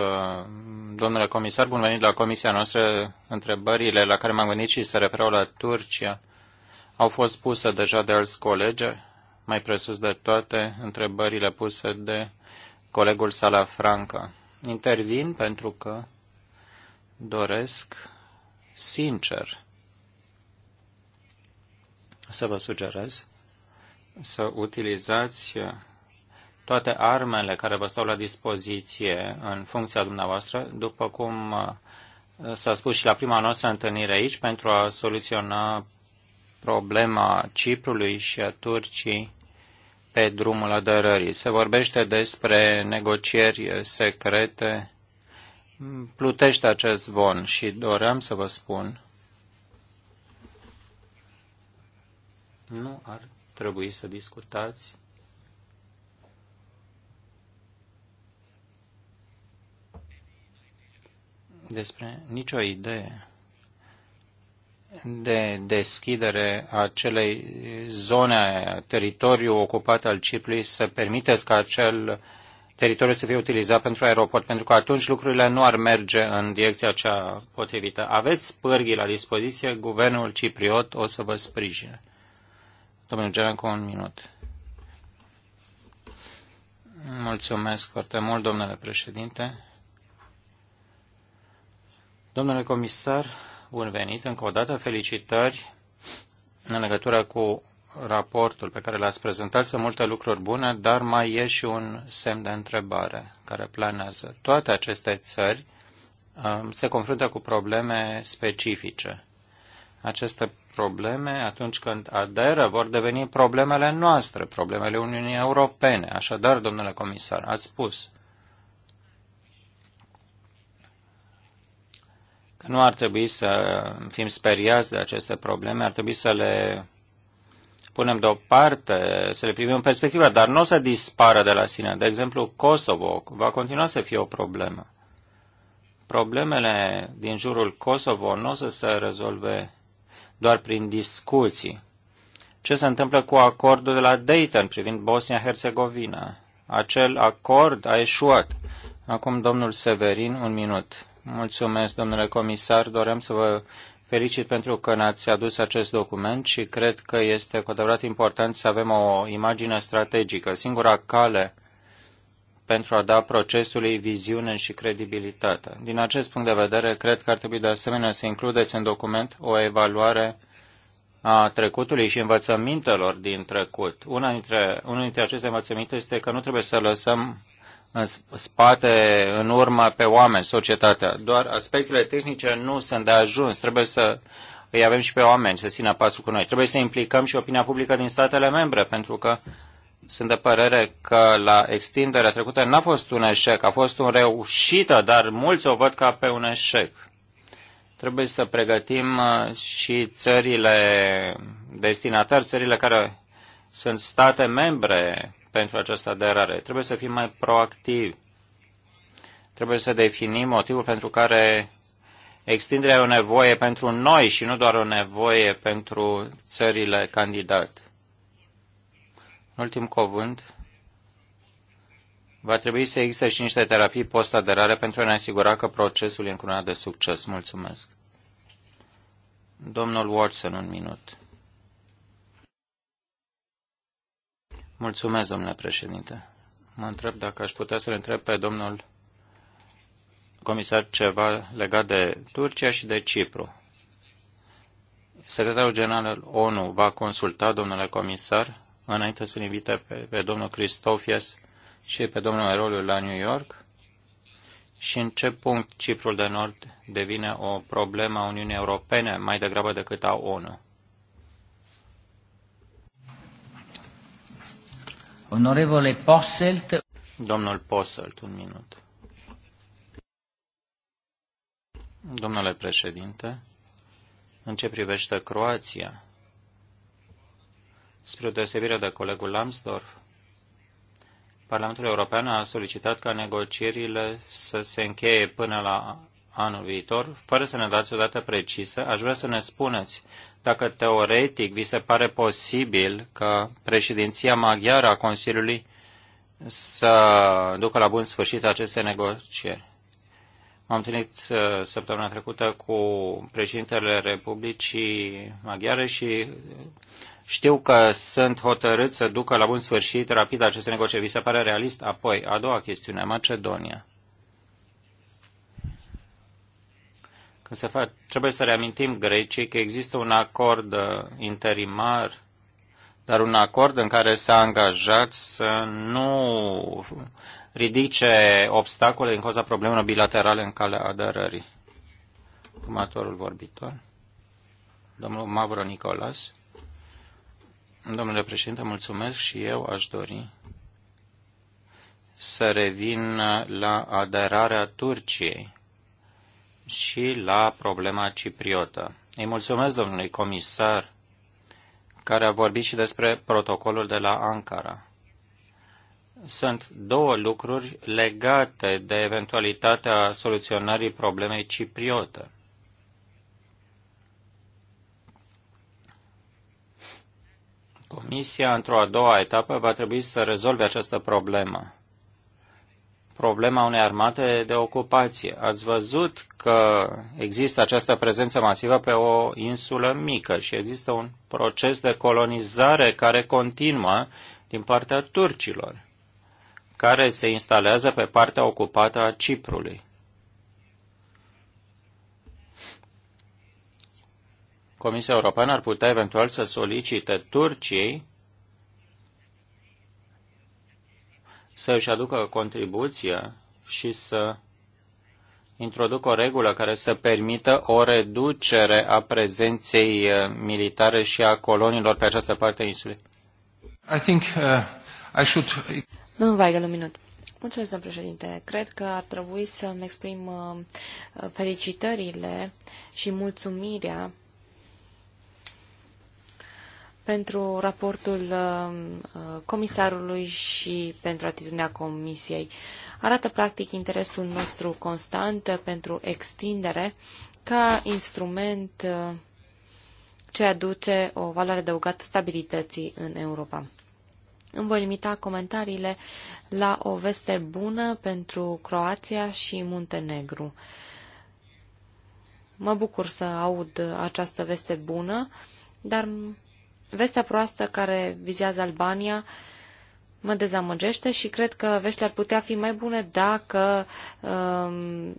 C: domnule comisar. Bun venit la comisia noastră. Întrebările la care m-am gândit și se referau la Turcia au fost puse deja de alți colegi, mai presus de toate întrebările puse de colegul Salafranca. Intervin pentru că doresc sincer să vă sugerez să utilizați toate armele care vă stau la dispoziție în funcția dumneavoastră, după cum uh, s-a spus și la prima noastră întâlnire aici, pentru a soluționa problema Ciprului și a Turcii pe drumul aderării. Se vorbește despre negocieri secrete. Plutește acest zvon și doream să vă spun. Nu ar trebui să discutați despre nicio idee de deschidere a acelei zone, teritoriu ocupat al Ciprului, să permiteți ca acel teritoriu să fie utilizat pentru aeroport, pentru că atunci lucrurile nu ar merge în direcția cea potrivită. Aveți pârghii la dispoziție, guvernul cipriot o să vă sprijine. Domnul Gerancu, un minut. Mulțumesc foarte mult, domnule președinte. Domnule comisar, bun venit încă o dată, felicitări în legătură cu raportul pe care l-ați prezentat. Sunt multe lucruri bune, dar mai e și un semn de întrebare care planează. Toate aceste țări um, se confruntă cu probleme specifice. Aceste probleme, atunci când aderă, vor deveni problemele noastre, problemele Uniunii Europene. Așadar, domnule comisar, ați spus, nu ar trebui să fim speriați de aceste probleme, ar trebui să le punem deoparte, să le privim în perspectivă, dar nu o să dispară de la sine. De exemplu, Kosovo va continua să fie o problemă. Problemele din jurul Kosovo nu o să se rezolve doar prin discuții. Ce se întâmplă cu acordul de la Dayton privind Bosnia-Herzegovina? Acel acord a eșuat. Acum, domnul Severin, un minut. Mulțumesc, domnule comisar. Doream să vă felicit pentru că ne-ați adus acest document și cred că este cu adevărat important să avem o imagine strategică. Singura cale pentru a da procesului viziune și credibilitate. Din acest punct de vedere, cred că ar trebui de asemenea să includeți în document o evaluare a trecutului și învățămintelor din trecut. Una dintre, unul dintre aceste învățăminte este că nu trebuie să lăsăm în spate, în urmă pe oameni, societatea. Doar aspectele tehnice nu sunt de ajuns. Trebuie să îi avem și pe oameni să țină pasul cu noi. Trebuie să implicăm și opinia publică din statele membre, pentru că sunt de părere că la extinderea trecută n-a fost un eșec, a fost un reușită, dar mulți o văd ca pe un eșec. Trebuie să pregătim uh, și țările destinatari, țările care sunt state membre pentru această aderare. Trebuie să fim mai proactivi. Trebuie să definim motivul pentru care extinderea e o nevoie pentru noi și nu doar o nevoie pentru țările candidat. Ultim cuvânt. Va trebui să existe și niște terapii post-aderare pentru a ne asigura că procesul e încununat de succes. Mulțumesc. Domnul Watson, un minut. Mulțumesc, domnule președinte. Mă întreb dacă aș putea să-l întreb pe domnul comisar ceva legat de Turcia și de Cipru. Secretarul General al ONU va consulta, domnule comisar, înainte să-l invite pe, pe domnul Cristofias și pe domnul Eroliu la New York? Și în ce punct Ciprul de Nord devine o problemă a Uniunii Europene mai degrabă decât a ONU?
A: Onorevole Posselt. Domnul Posselt, un minut.
C: Domnule președinte, în ce privește Croația, spre deosebire de colegul Lambsdorff, Parlamentul European a solicitat ca negocierile să se încheie până la anul viitor, fără să ne dați o dată precisă, aș vrea să ne spuneți dacă teoretic vi se pare posibil că președinția maghiară a Consiliului să ducă la bun sfârșit aceste negocieri. M-am întâlnit uh, săptămâna trecută cu președintele Republicii Maghiare și uh, știu că sunt hotărât să ducă la bun sfârșit rapid aceste negocieri. Vi se pare realist? Apoi, a doua chestiune, Macedonia. Când se face, trebuie să reamintim grecii că există un acord uh, interimar, dar un acord în care s-a angajat să nu ridice obstacole din cauza problemelor bilaterale în calea aderării. Următorul vorbitor, domnul Mavro Nicolas. Domnule președinte, mulțumesc și eu aș dori să revin la aderarea Turciei și la problema cipriotă. Îi mulțumesc domnului comisar care a vorbit și despre protocolul de la Ankara. Sunt două lucruri legate de eventualitatea soluționării problemei cipriote. Comisia, într-o a doua etapă, va trebui să rezolve această problemă problema unei armate de ocupație. Ați văzut că există această prezență masivă pe o insulă mică și există un proces de colonizare care continuă din partea turcilor, care se instalează pe partea ocupată a Ciprului. Comisia Europeană ar putea eventual să solicite Turciei să își aducă contribuția și să introducă o regulă care să permită o reducere a prezenței uh, militare și a colonilor pe această parte a insulei.
B: I think, uh, I should...
I: Domnul Weigel, un minut. Mulțumesc, domnul președinte. Cred că ar trebui să-mi exprim uh, felicitările și mulțumirea pentru raportul um, uh, comisarului și pentru atitudinea comisiei. Arată practic interesul nostru constant uh, pentru extindere ca instrument uh, ce aduce o valoare adăugată stabilității în Europa. Îmi voi limita comentariile la o veste bună pentru Croația și Muntenegru. Mă bucur să aud această veste bună, dar vestea proastă care vizează Albania mă dezamăgește și cred că veștile ar putea fi mai bune dacă um,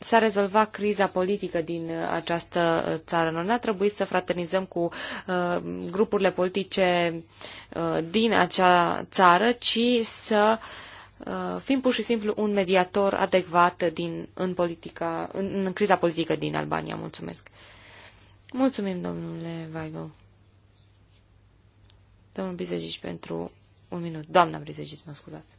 I: s-a rezolvat criza politică din această țară. Noi ne ar trebui să fraternizăm cu uh, grupurile politice uh, din acea țară, ci să uh, fim pur și simplu un mediator adecvat din, în, politica, în, în criza politică din Albania. Mulțumesc! Mulțumim, domnule Weigel. Domnul Brizegici pentru un minut. Doamna Brizegici, mă scuzați.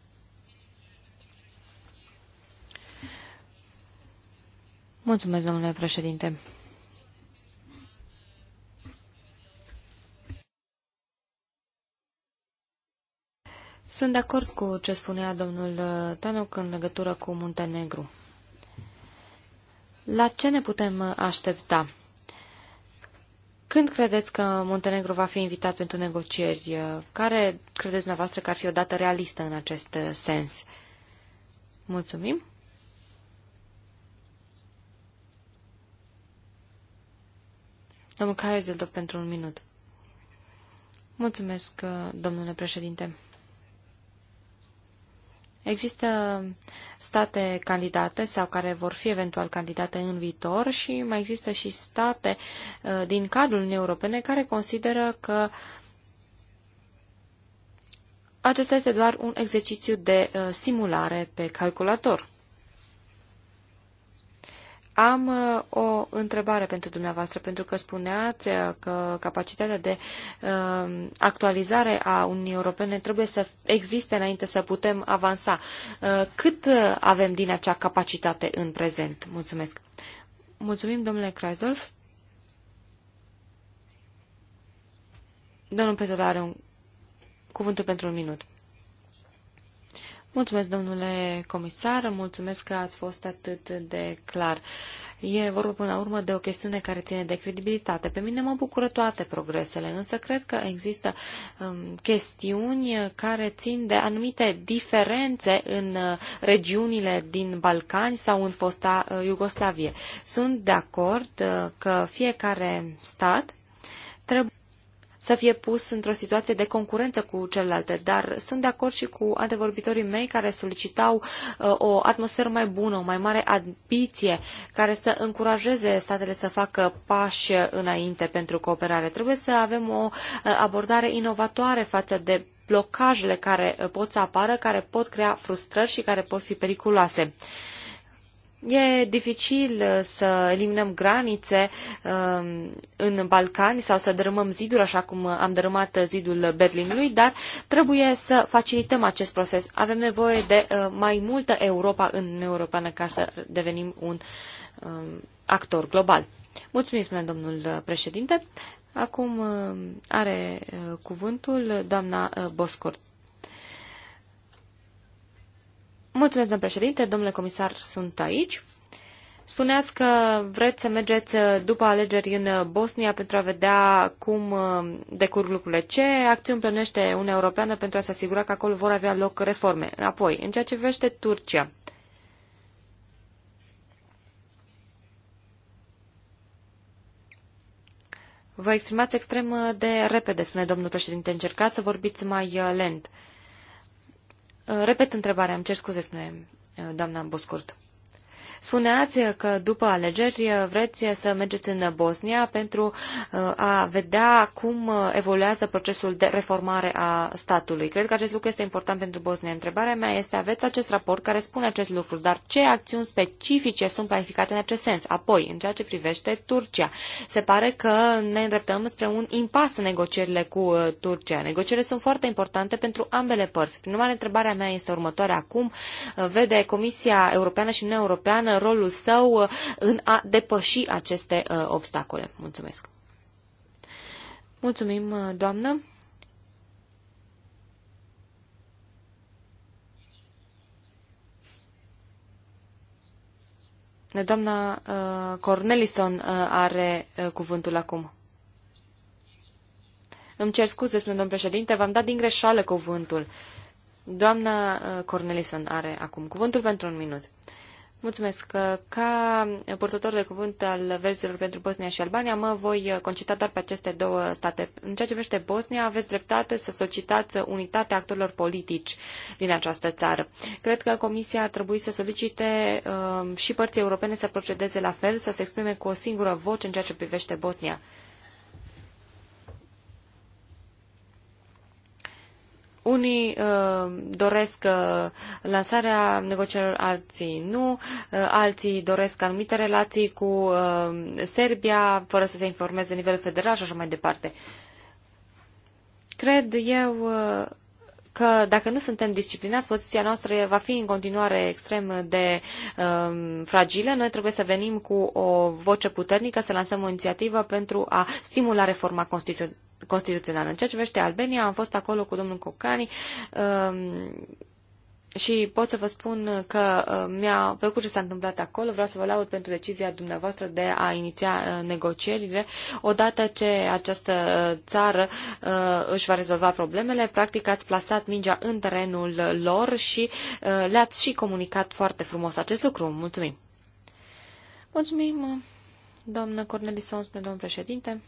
I: Mulțumesc, domnule președinte. Sunt de acord cu ce spunea domnul uh, Tanuc în legătură cu Muntenegru. La ce ne putem uh, aștepta? Când credeți că Montenegro va fi invitat pentru negocieri? Care credeți dumneavoastră că ar fi o dată realistă în acest sens? Mulțumim! Domnul Carezeldov pentru un minut. Mulțumesc, domnule președinte. Există state candidate sau care vor fi eventual candidate în viitor și mai există și state uh, din cadrul Uniunii Europene care consideră că acesta este doar un exercițiu de uh, simulare pe calculator. Am uh, o întrebare pentru dumneavoastră, pentru că spuneați uh, că capacitatea de uh, actualizare a Uniunii Europene trebuie să existe înainte să putem avansa. Cât avem din acea capacitate în prezent? Mulțumesc. Mulțumim, domnule Kreisdorf. Domnul Petrov are un cuvântul pentru un minut. Mulțumesc, domnule comisar, mulțumesc că ați fost atât de clar. E vorba până la urmă de o chestiune care ține de credibilitate. Pe mine mă bucură toate progresele, însă cred că există um, chestiuni care țin de anumite diferențe în uh, regiunile din Balcani sau în fosta uh, Iugoslavie. Sunt de acord uh, că fiecare stat trebuie să fie pus într-o situație de concurență cu celelalte, dar sunt de acord și cu antevorbitorii mei care solicitau uh, o atmosferă mai bună, o mai mare ambiție, care să încurajeze statele să facă pași înainte pentru cooperare. Trebuie să avem o uh, abordare inovatoare față de blocajele care uh, pot să apară, care pot crea frustrări și care pot fi periculoase. E dificil uh, să eliminăm granițe um, în Balcani sau să dărâmăm ziduri, așa cum am dărâmat zidul Berlinului, dar trebuie să facilităm acest proces. Avem nevoie de uh, mai multă Europa în Europeană ca să devenim un um, actor global. Mulțumim, spune domnul președinte. Acum uh, are cuvântul doamna Boscort. Mulțumesc, domnule președinte, domnule comisar, sunt aici. Spuneați că vreți să mergeți uh, după alegeri în uh, Bosnia pentru a vedea cum uh, decurg lucrurile. Ce acțiuni plănește Uniunea Europeană pentru a se asigura că acolo vor avea loc reforme? Apoi, în ceea ce vește Turcia, Vă exprimați extrem de repede, spune domnul președinte. Încercați să vorbiți mai lent. Repet întrebarea, îmi cer scuze, spune eh, doamna Boscurt. Spuneați că după alegeri vreți să mergeți în Bosnia pentru uh, a vedea cum evoluează procesul de reformare a statului. Cred că acest lucru este important pentru Bosnia. Întrebarea mea este, aveți acest raport care spune acest lucru, dar ce acțiuni specifice sunt planificate în acest sens? Apoi, în ceea ce privește Turcia, se pare că ne îndreptăm spre un impas în negocierile cu uh, Turcia. Negocierile sunt foarte importante pentru ambele părți. Prin urmare, întrebarea mea este următoarea. Acum uh, vede Comisia Europeană și Uniunea Europeană Europeană rolul său uh, în a depăși aceste uh, obstacole. Mulțumesc! Mulțumim, uh, doamnă! Doamna uh, Cornelison are cuvântul acum. Îmi cer scuze, spune domnul președinte, v-am dat din greșeală cuvântul. Doamna uh, Cornelison are acum cuvântul pentru un minut. Mulțumesc. Ca purtător de cuvânt al verzilor pentru Bosnia și Albania, mă voi concentra doar pe aceste două state. În ceea ce privește Bosnia, aveți dreptate să solicitați unitatea actorilor politici din această țară. Cred că Comisia ar trebui să solicite uh, și părții europene să procedeze la fel, să se exprime cu o singură voce în ceea ce privește Bosnia. Unii uh, doresc uh, lansarea negocierilor, alții nu, uh, alții doresc anumite relații cu uh, Serbia, fără să se informeze nivel federal și așa mai departe. Cred eu uh, că dacă nu suntem disciplinați, poziția noastră va fi în continuare extrem de um, fragilă. Noi trebuie să venim cu o voce puternică, să lansăm o inițiativă pentru a stimula reforma constituțională constituțională. În ceea ce vește Albania, am fost acolo cu domnul Cocani um, și pot să vă spun că um, mi-a plăcut ce s-a întâmplat acolo. Vreau să vă laud pentru decizia dumneavoastră de a iniția uh, negocierile. Odată ce această uh, țară uh, își va rezolva problemele, practic ați plasat mingea în terenul lor și le-ați și comunicat foarte frumos acest lucru. Mulțumim!
D: Mulțumim,
I: doamnă Cornelisons, domnul președinte!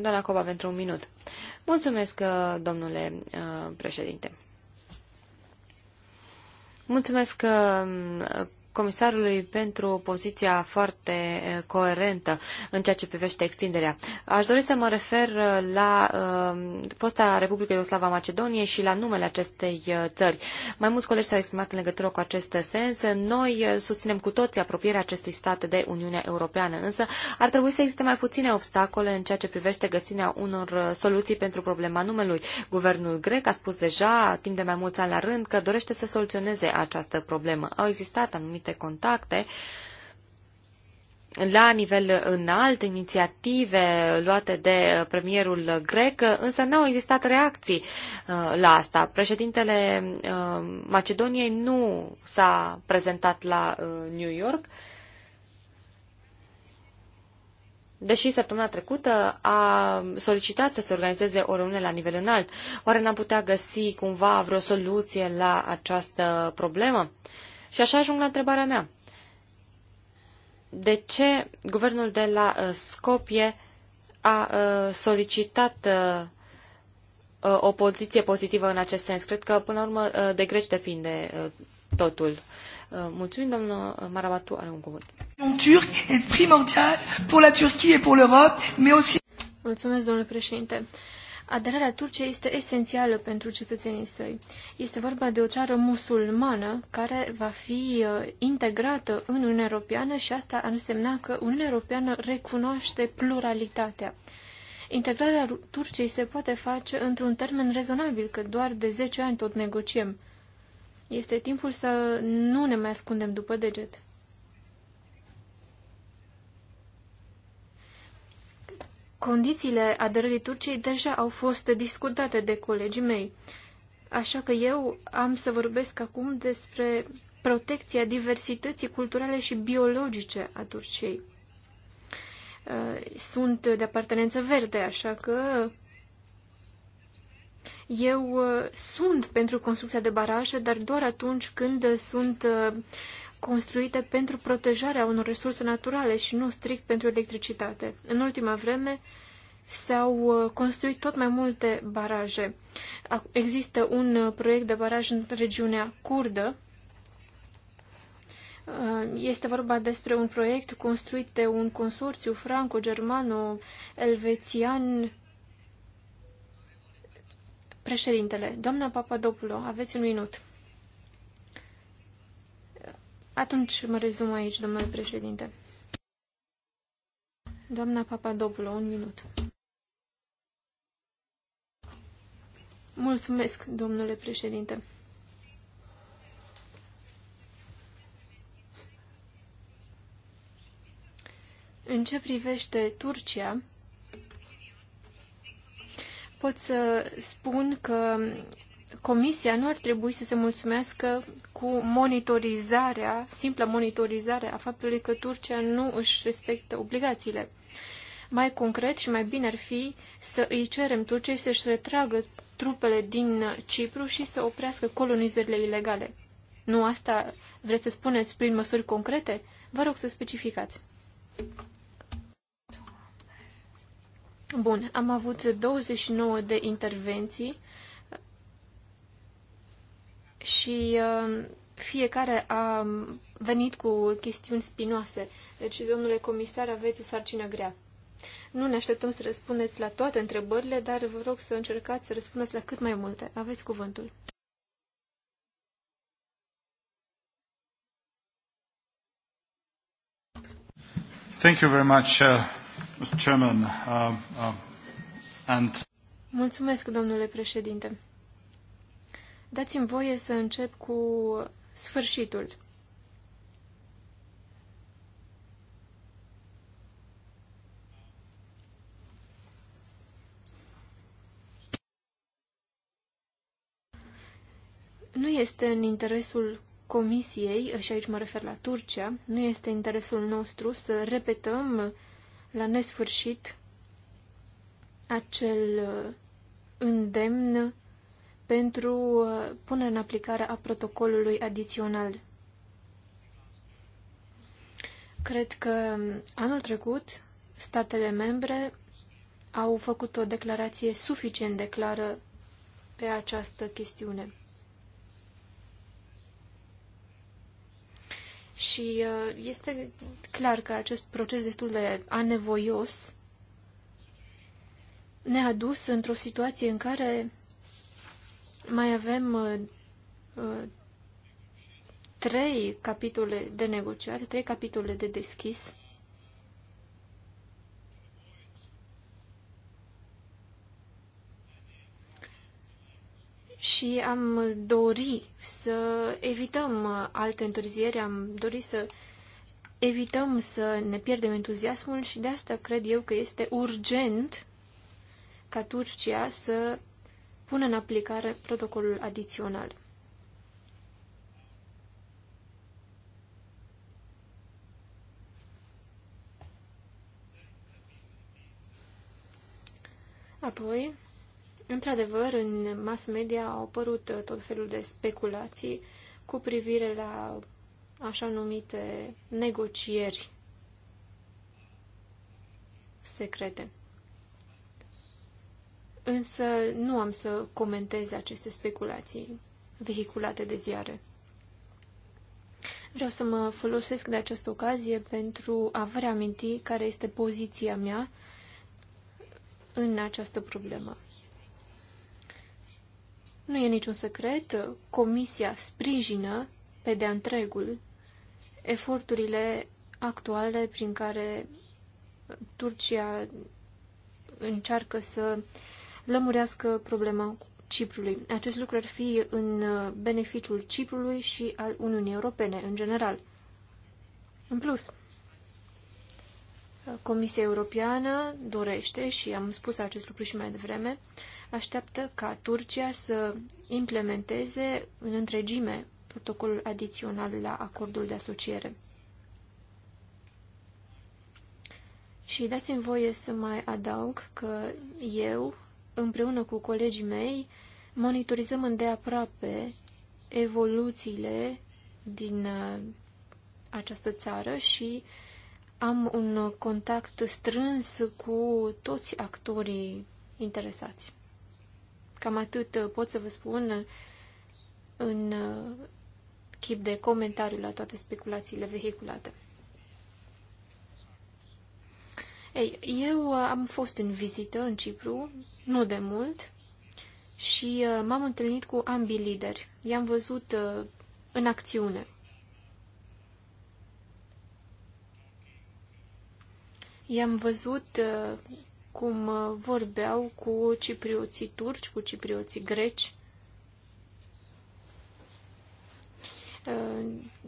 I: Doamna Coba, pentru un minut. Mulțumesc, uh, domnule uh, președinte. Mulțumesc uh, comisarului pentru o poziția foarte eh, coerentă în ceea ce privește extinderea. Aș dori să mă refer eh, la uh, fosta Republică Iugoslava Macedoniei și la numele acestei țări. Mai mulți colegi s-au exprimat în legătură cu acest sens. Noi susținem cu toții apropierea acestui stat de Uniunea Europeană, însă ar trebui să existe mai puține obstacole în ceea ce privește găsirea unor soluții pentru problema numelui. Guvernul grec a spus deja timp de mai mulți ani la rând că dorește să soluționeze această problemă. Au existat anumite anumite contacte la nivel înalt, inițiative luate de premierul grec, însă nu au existat reacții uh, la asta. Președintele uh, Macedoniei nu s-a prezentat la uh, New York, deși săptămâna trecută a solicitat să se organizeze o reuniune la nivel înalt. Oare n-am putea găsi cumva vreo soluție la această problemă? Și așa ajung la întrebarea mea. De ce guvernul de la uh, Scopie a uh, solicitat uh, uh, o poziție pozitivă în acest sens? Cred că, până la urmă, uh, de greci depinde uh, totul. Uh, mulțumim, domnul Marabatu, are un cuvânt.
G: Turc est primordial pour la Turquie et pour l'Europe, mais aussi... Mulțumesc, domnule președinte. Aderarea Turciei este esențială pentru cetățenii săi. Este vorba de o țară musulmană care va fi uh, integrată în Uniunea Europeană și asta ar însemna că Uniunea Europeană recunoaște pluralitatea. Integrarea Turciei se poate face într-un termen rezonabil, că doar de 10 ani tot negociem. Este timpul să nu ne mai ascundem după deget. Condițiile aderării Turciei deja au fost discutate de colegii mei, așa că eu am să vorbesc acum despre protecția diversității culturale și biologice a Turciei. Uh, sunt de apartenență verde, așa că eu uh, sunt pentru construcția de baraje, dar doar atunci când sunt uh, construite pentru protejarea unor resurse naturale și nu strict pentru electricitate. În ultima vreme s-au uh, construit tot mai multe baraje. Există un uh, proiect de baraj în regiunea Curdă. Uh, este vorba despre un proiect construit de un consorțiu franco-germano-elvețian Președintele, doamna Papadopulo, aveți un minut. Atunci mă rezum aici, domnule președinte. Doamna Papadopulo, un minut. Mulțumesc, domnule președinte. În ce privește Turcia, pot să spun că Comisia nu ar trebui să se mulțumească cu monitorizarea, simpla monitorizare a faptului că Turcia nu își respectă obligațiile. Mai concret și mai bine ar fi să îi cerem Turciei să-și retragă trupele din Cipru și să oprească colonizările ilegale. Nu asta vreți să spuneți prin măsuri concrete? Vă rog să specificați. Bun, am avut 29 de intervenții și uh, fiecare a venit cu chestiuni spinoase. Deci, domnule comisar, aveți o sarcină grea. Nu ne așteptăm să răspundeți la toate întrebările, dar vă rog să încercați să răspundeți la cât mai multe. Aveți cuvântul.
F: Thank you very much, uh, Chairman. Uh, uh, and...
G: Mulțumesc, domnule președinte. Dați-mi voie să încep cu sfârșitul. Nu este în interesul Comisiei, și aici mă refer la Turcia, nu este interesul nostru să repetăm la nesfârșit acel îndemn pentru uh, punerea în aplicare a protocolului adițional. Cred că um, anul trecut statele membre au făcut o declarație suficient de clară pe această chestiune. Și uh, este clar că acest proces destul de anevoios ne-a dus într-o situație în care mai avem uh, uh, trei capitole de negociat, trei capitole de deschis. și am dori să evităm uh, alte întârzieri, am dori să evităm să ne pierdem entuziasmul și de asta cred eu că este urgent ca Turcia să pune în aplicare protocolul adițional. Apoi, într-adevăr, în mass media au apărut uh, tot felul de speculații cu privire la așa numite negocieri secrete însă nu am să comentez aceste speculații vehiculate de ziare. Vreau să mă folosesc de această ocazie pentru a vă reaminti care este poziția mea în această problemă. Nu e niciun secret, Comisia sprijină pe de întregul eforturile actuale prin care Turcia încearcă să uh, lămurească problema Ciprului. Acest lucru ar fi în uh, beneficiul Ciprului și al Uniunii Europene în general. În plus, uh, Comisia Europeană dorește, și am spus acest lucru și mai devreme, așteaptă ca Turcia să implementeze în întregime protocolul adițional la acordul de asociere. Și dați-mi voie să mai adaug că eu împreună cu colegii mei, monitorizăm îndeaproape evoluțiile din uh, această țară și am un contact strâns cu toți actorii interesați. Cam atât uh, pot să vă spun uh, în chip de comentariu la toate speculațiile vehiculate. Ei, eu uh, am fost în vizită în Cipru, nu de mult, și uh, m-am întâlnit cu ambii lideri. I-am văzut uh, în acțiune. I-am văzut cum vorbeau cu ciprioții turci, cu ciprioții greci.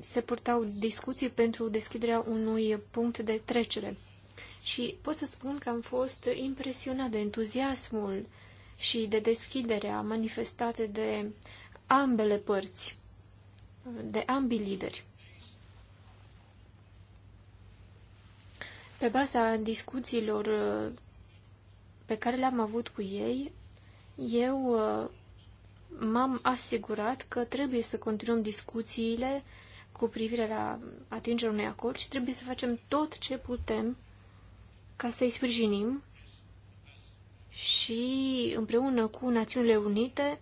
G: Se purtau discuții pentru deschiderea unui punct de trecere și pot să spun că am fost impresionat de entuziasmul și de deschiderea manifestate de ambele părți, de ambii lideri. Pe baza discuțiilor uh, pe care le-am avut cu ei, eu uh, m-am asigurat că trebuie să continuăm discuțiile cu privire la atingerea unui acord și trebuie să facem tot ce putem ca să-i sprijinim și împreună cu Națiunile Unite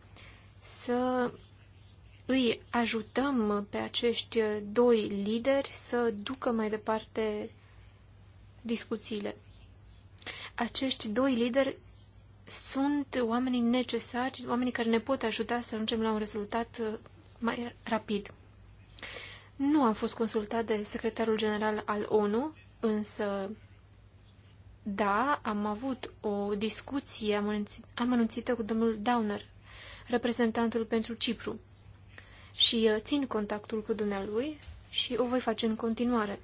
G: să îi ajutăm pe acești doi lideri să ducă mai departe discuțiile. Acești doi lideri sunt oamenii necesari, oamenii care ne pot ajuta să ajungem la un rezultat mai rapid. Nu am fost consultat de secretarul general al ONU, însă da, am avut o discuție amănunțită cu domnul Downer, reprezentantul pentru Cipru, și uh, țin contactul cu dumnealui și o voi face în continuare.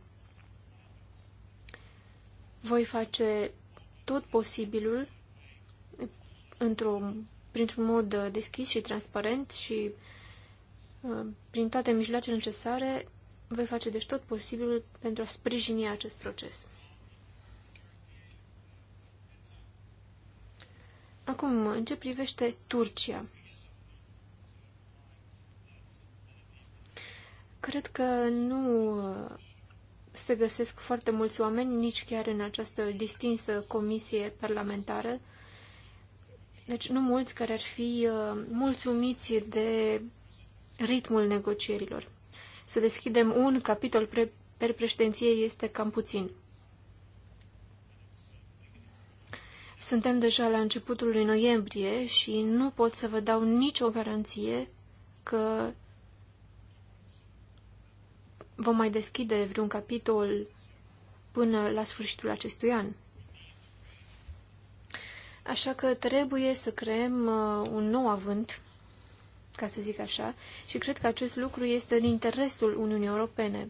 G: Voi face tot posibilul într-o, printr-un mod uh, deschis și transparent și uh, prin toate mijloacele necesare, voi face deci tot posibilul pentru a sprijini acest proces. Acum, în ce privește Turcia? Cred că nu uh, se găsesc foarte mulți oameni, nici chiar în această distinsă comisie parlamentară. Deci nu mulți care ar fi uh, mulțumiți de ritmul negocierilor. Să deschidem un capitol pre- per președinție este cam puțin. Suntem deja la începutul lui noiembrie și nu pot să vă dau nicio garanție că vom mai deschide vreun capitol până la sfârșitul acestui an. Așa că trebuie să creăm uh, un nou avânt, ca să zic așa, și cred că acest lucru este în interesul Uniunii Europene.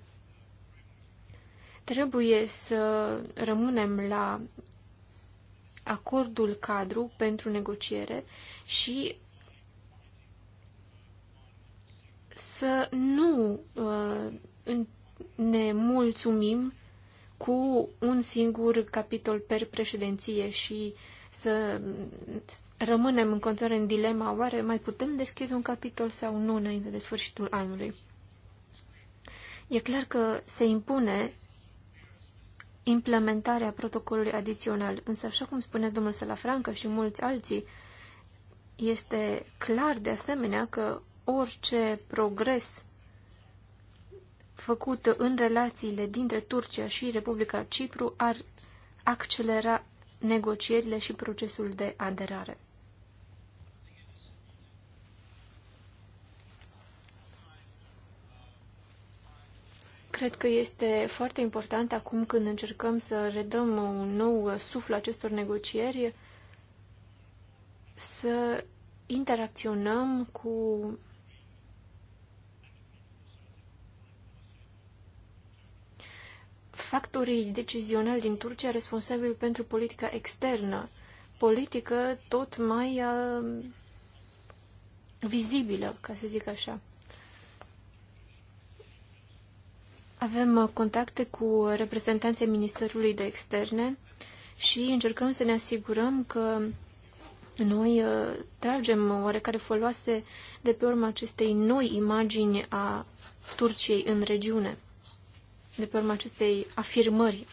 G: Trebuie să rămânem la acordul cadru pentru negociere și să nu uh, ne mulțumim cu un singur capitol per președinție și să rămânem în continuare în dilema oare mai putem deschide un capitol sau nu înainte de sfârșitul anului. E clar că se impune implementarea protocolului adițional. Însă, așa cum spune domnul Salafranca și mulți alții, este clar de asemenea că orice progres făcut în relațiile dintre Turcia și Republica Cipru ar accelera negocierile și procesul de aderare. Cred că este foarte important acum când încercăm să redăm un nou suflu acestor negocieri să interacționăm cu factorii decizionali din Turcia responsabili pentru politica externă, politică tot mai uh, vizibilă, ca să zic așa. Avem uh, contacte cu reprezentanții Ministerului de Externe și încercăm să ne asigurăm că noi uh, tragem oarecare foloase de pe urma acestei noi imagini a Turciei în regiune, de pe urma acestei afirmări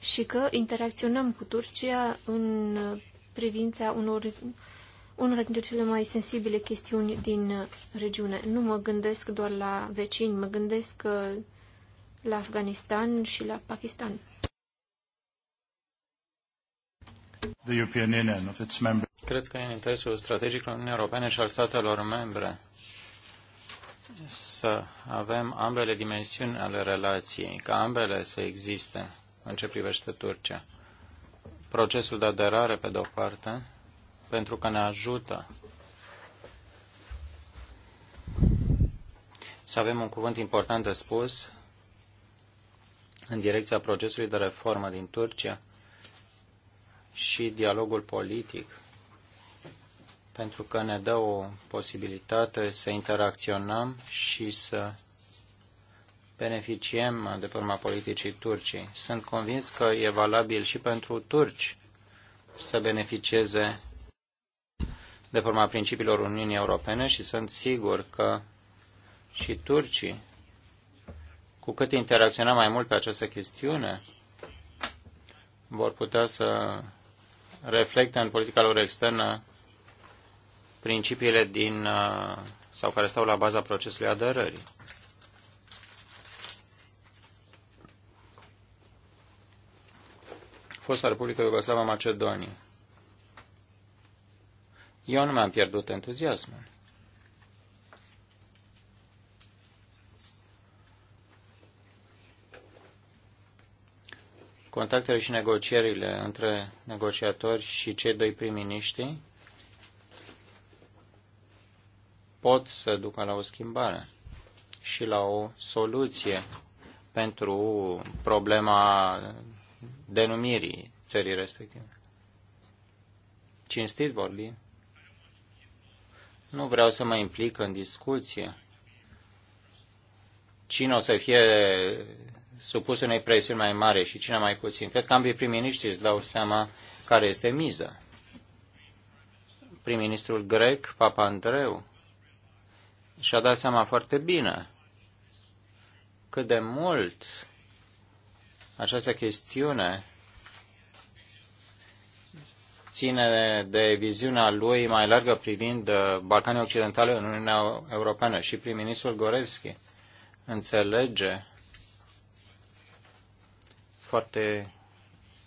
G: și că interacționăm cu Turcia în uh, privința unor unele dintre cele mai sensibile chestiuni din uh, regiune. Nu mă gândesc doar la vecini, mă gândesc uh, la Afganistan și la Pakistan.
A: The European Union, of its members.
C: Cred că e în interesul strategic al Uniunii Europene și al statelor membre să avem ambele dimensiuni ale relației, ca ambele să existe în ce privește Turcia. Procesul de aderare, pe de o parte, pentru că ne ajută să avem un cuvânt important de spus în direcția procesului de reformă din Turcia și dialogul politic, pentru că ne dă o posibilitate să interacționăm și să beneficiem de pe urma politicii Turciei. Sunt convins că e valabil și pentru turci să beneficieze de forma principiilor Uniunii Europene și sunt sigur că și turcii, cu cât interacționăm mai mult pe această chestiune, vor putea să reflecte în politica lor externă principiile din uh, sau care stau la baza procesului aderării. Fosta Republică Iugoslavă Macedonie. Eu nu mi-am pierdut entuziasmul. Contactele și negocierile între negociatori și cei doi prim-miniștri pot să ducă la o schimbare și la o soluție pentru problema denumirii țării respective. Cinstit vorbim. Nu vreau să mă implic în discuție. Cine o să fie supus unei presiuni mai mare și cine mai puțin? Cred că ambii prim-ministri își dau seama care este miza. Prim-ministrul grec, Papa Andreu, și-a dat seama foarte bine cât de mult această chestiune ține de viziunea lui mai largă privind uh, Balcanii Occidentale în Uniunea Europeană și prim-ministrul Gorevski înțelege foarte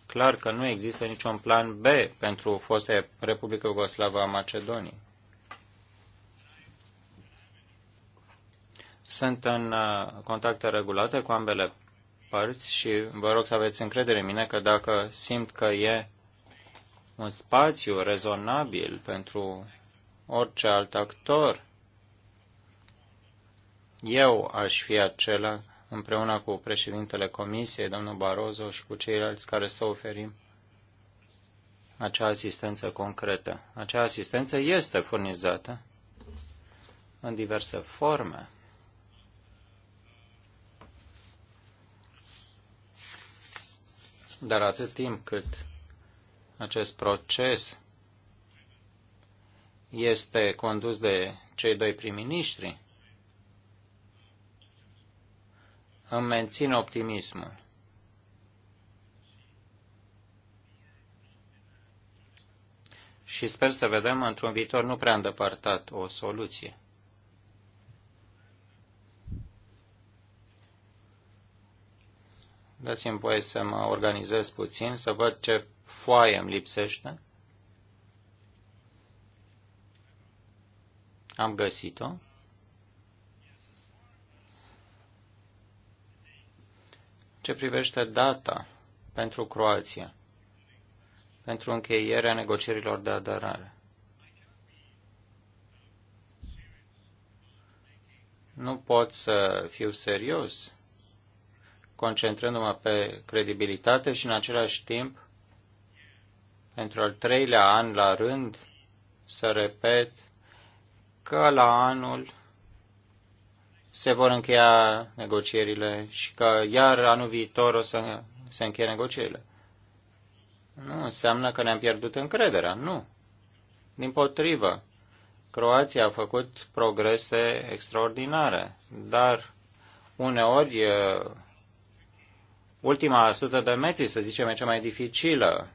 C: clar că nu există niciun plan B pentru fosta Republică Iugoslavă a Macedoniei. Sunt în uh, contacte regulate cu ambele părți și vă rog să aveți încredere în mine că dacă simt că e un spațiu rezonabil pentru orice alt actor. Eu aș fi acela, împreună cu președintele Comisiei, domnul Barozo și cu ceilalți care să oferim acea asistență concretă. Acea asistență este furnizată în diverse forme. Dar atât timp cât acest proces este condus de cei doi prim-ministri. Îmi mențin optimismul. Și sper să vedem într-un viitor nu prea îndepărtat o soluție. Dați-mi voie să mă organizez puțin, să văd ce foaie îmi lipsește. Am găsit-o. Ce privește data pentru Croația, pentru încheierea negocierilor de aderare. Nu pot să fiu serios, concentrându-mă pe credibilitate și în același timp pentru al treilea an la rând să repet că la anul se vor încheia negocierile și că iar anul viitor o să se încheie negocierile. Nu înseamnă că ne-am pierdut încrederea, nu. Din potrivă, Croația a făcut progrese extraordinare, dar uneori ultima sută de metri, să zicem, e cea mai dificilă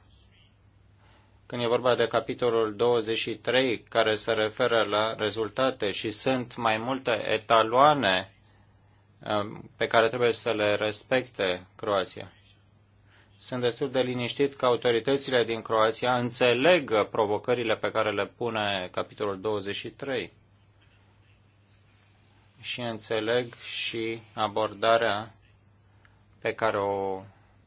C: când e vorba de capitolul 23, care se referă la rezultate și sunt mai multe etaloane um, pe care trebuie să le respecte Croația. Sunt destul de liniștit că autoritățile din Croația înțeleg provocările pe care le pune capitolul 23 și înțeleg și abordarea pe care o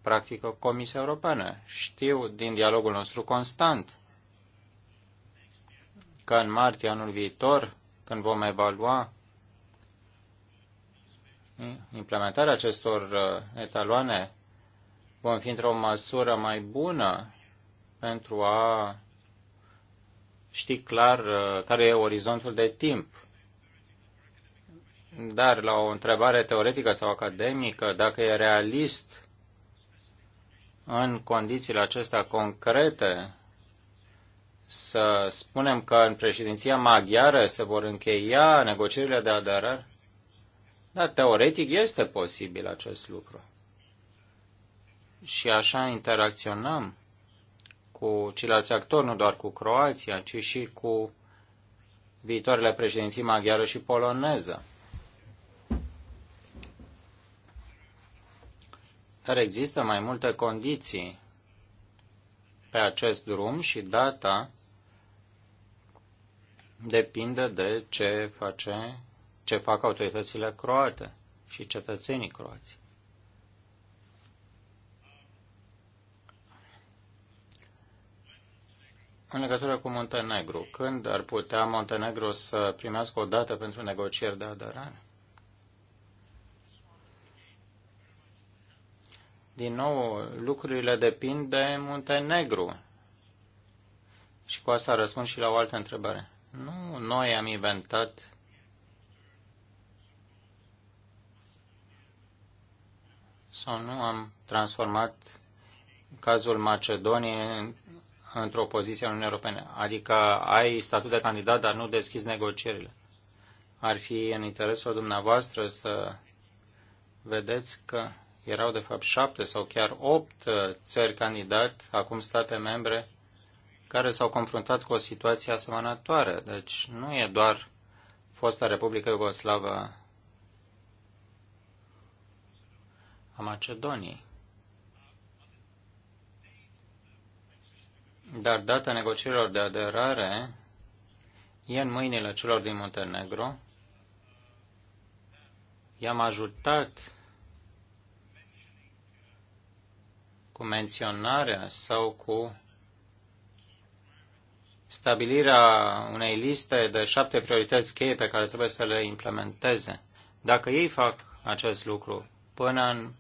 C: practică Comisia Europeană. Știu din dialogul nostru constant că în martie anul viitor, când vom evalua implementarea acestor uh, etaloane, vom fi într-o măsură mai bună pentru a ști clar uh, care e orizontul de timp. Dar la o întrebare teoretică sau academică, dacă e realist în condițiile acestea concrete să spunem că în președinția maghiară se vor încheia negocierile de aderare? Da, teoretic este posibil acest lucru. Și așa interacționăm cu ceilalți actori, nu doar cu Croația, ci și cu viitoarele președinții maghiară și poloneză. Dar există mai multe condiții pe acest drum și data depinde de ce, face, ce fac autoritățile croate și cetățenii croați. În legătură cu Montenegru, când ar putea Montenegru să primească o dată pentru negocieri de aderare? Din nou, lucrurile depind de Muntenegru. Și cu asta răspund și la o altă întrebare. Nu, noi am inventat sau nu am transformat cazul Macedoniei într-o poziție a Uniunii Europene. Adică ai statut de candidat, dar nu deschizi negocierile. Ar fi în interesul dumneavoastră să vedeți că erau, de fapt, șapte sau chiar opt uh, țări candidat, acum state membre, care s-au confruntat cu o situație asemănătoare. Deci nu e doar fosta Republică Iugoslavă a Macedoniei. Dar data negocierilor de aderare e în mâinile celor din Muntenegro. I-am ajutat cu menționarea sau cu stabilirea unei liste de șapte priorități cheie pe care trebuie să le implementeze. Dacă ei fac acest lucru până în,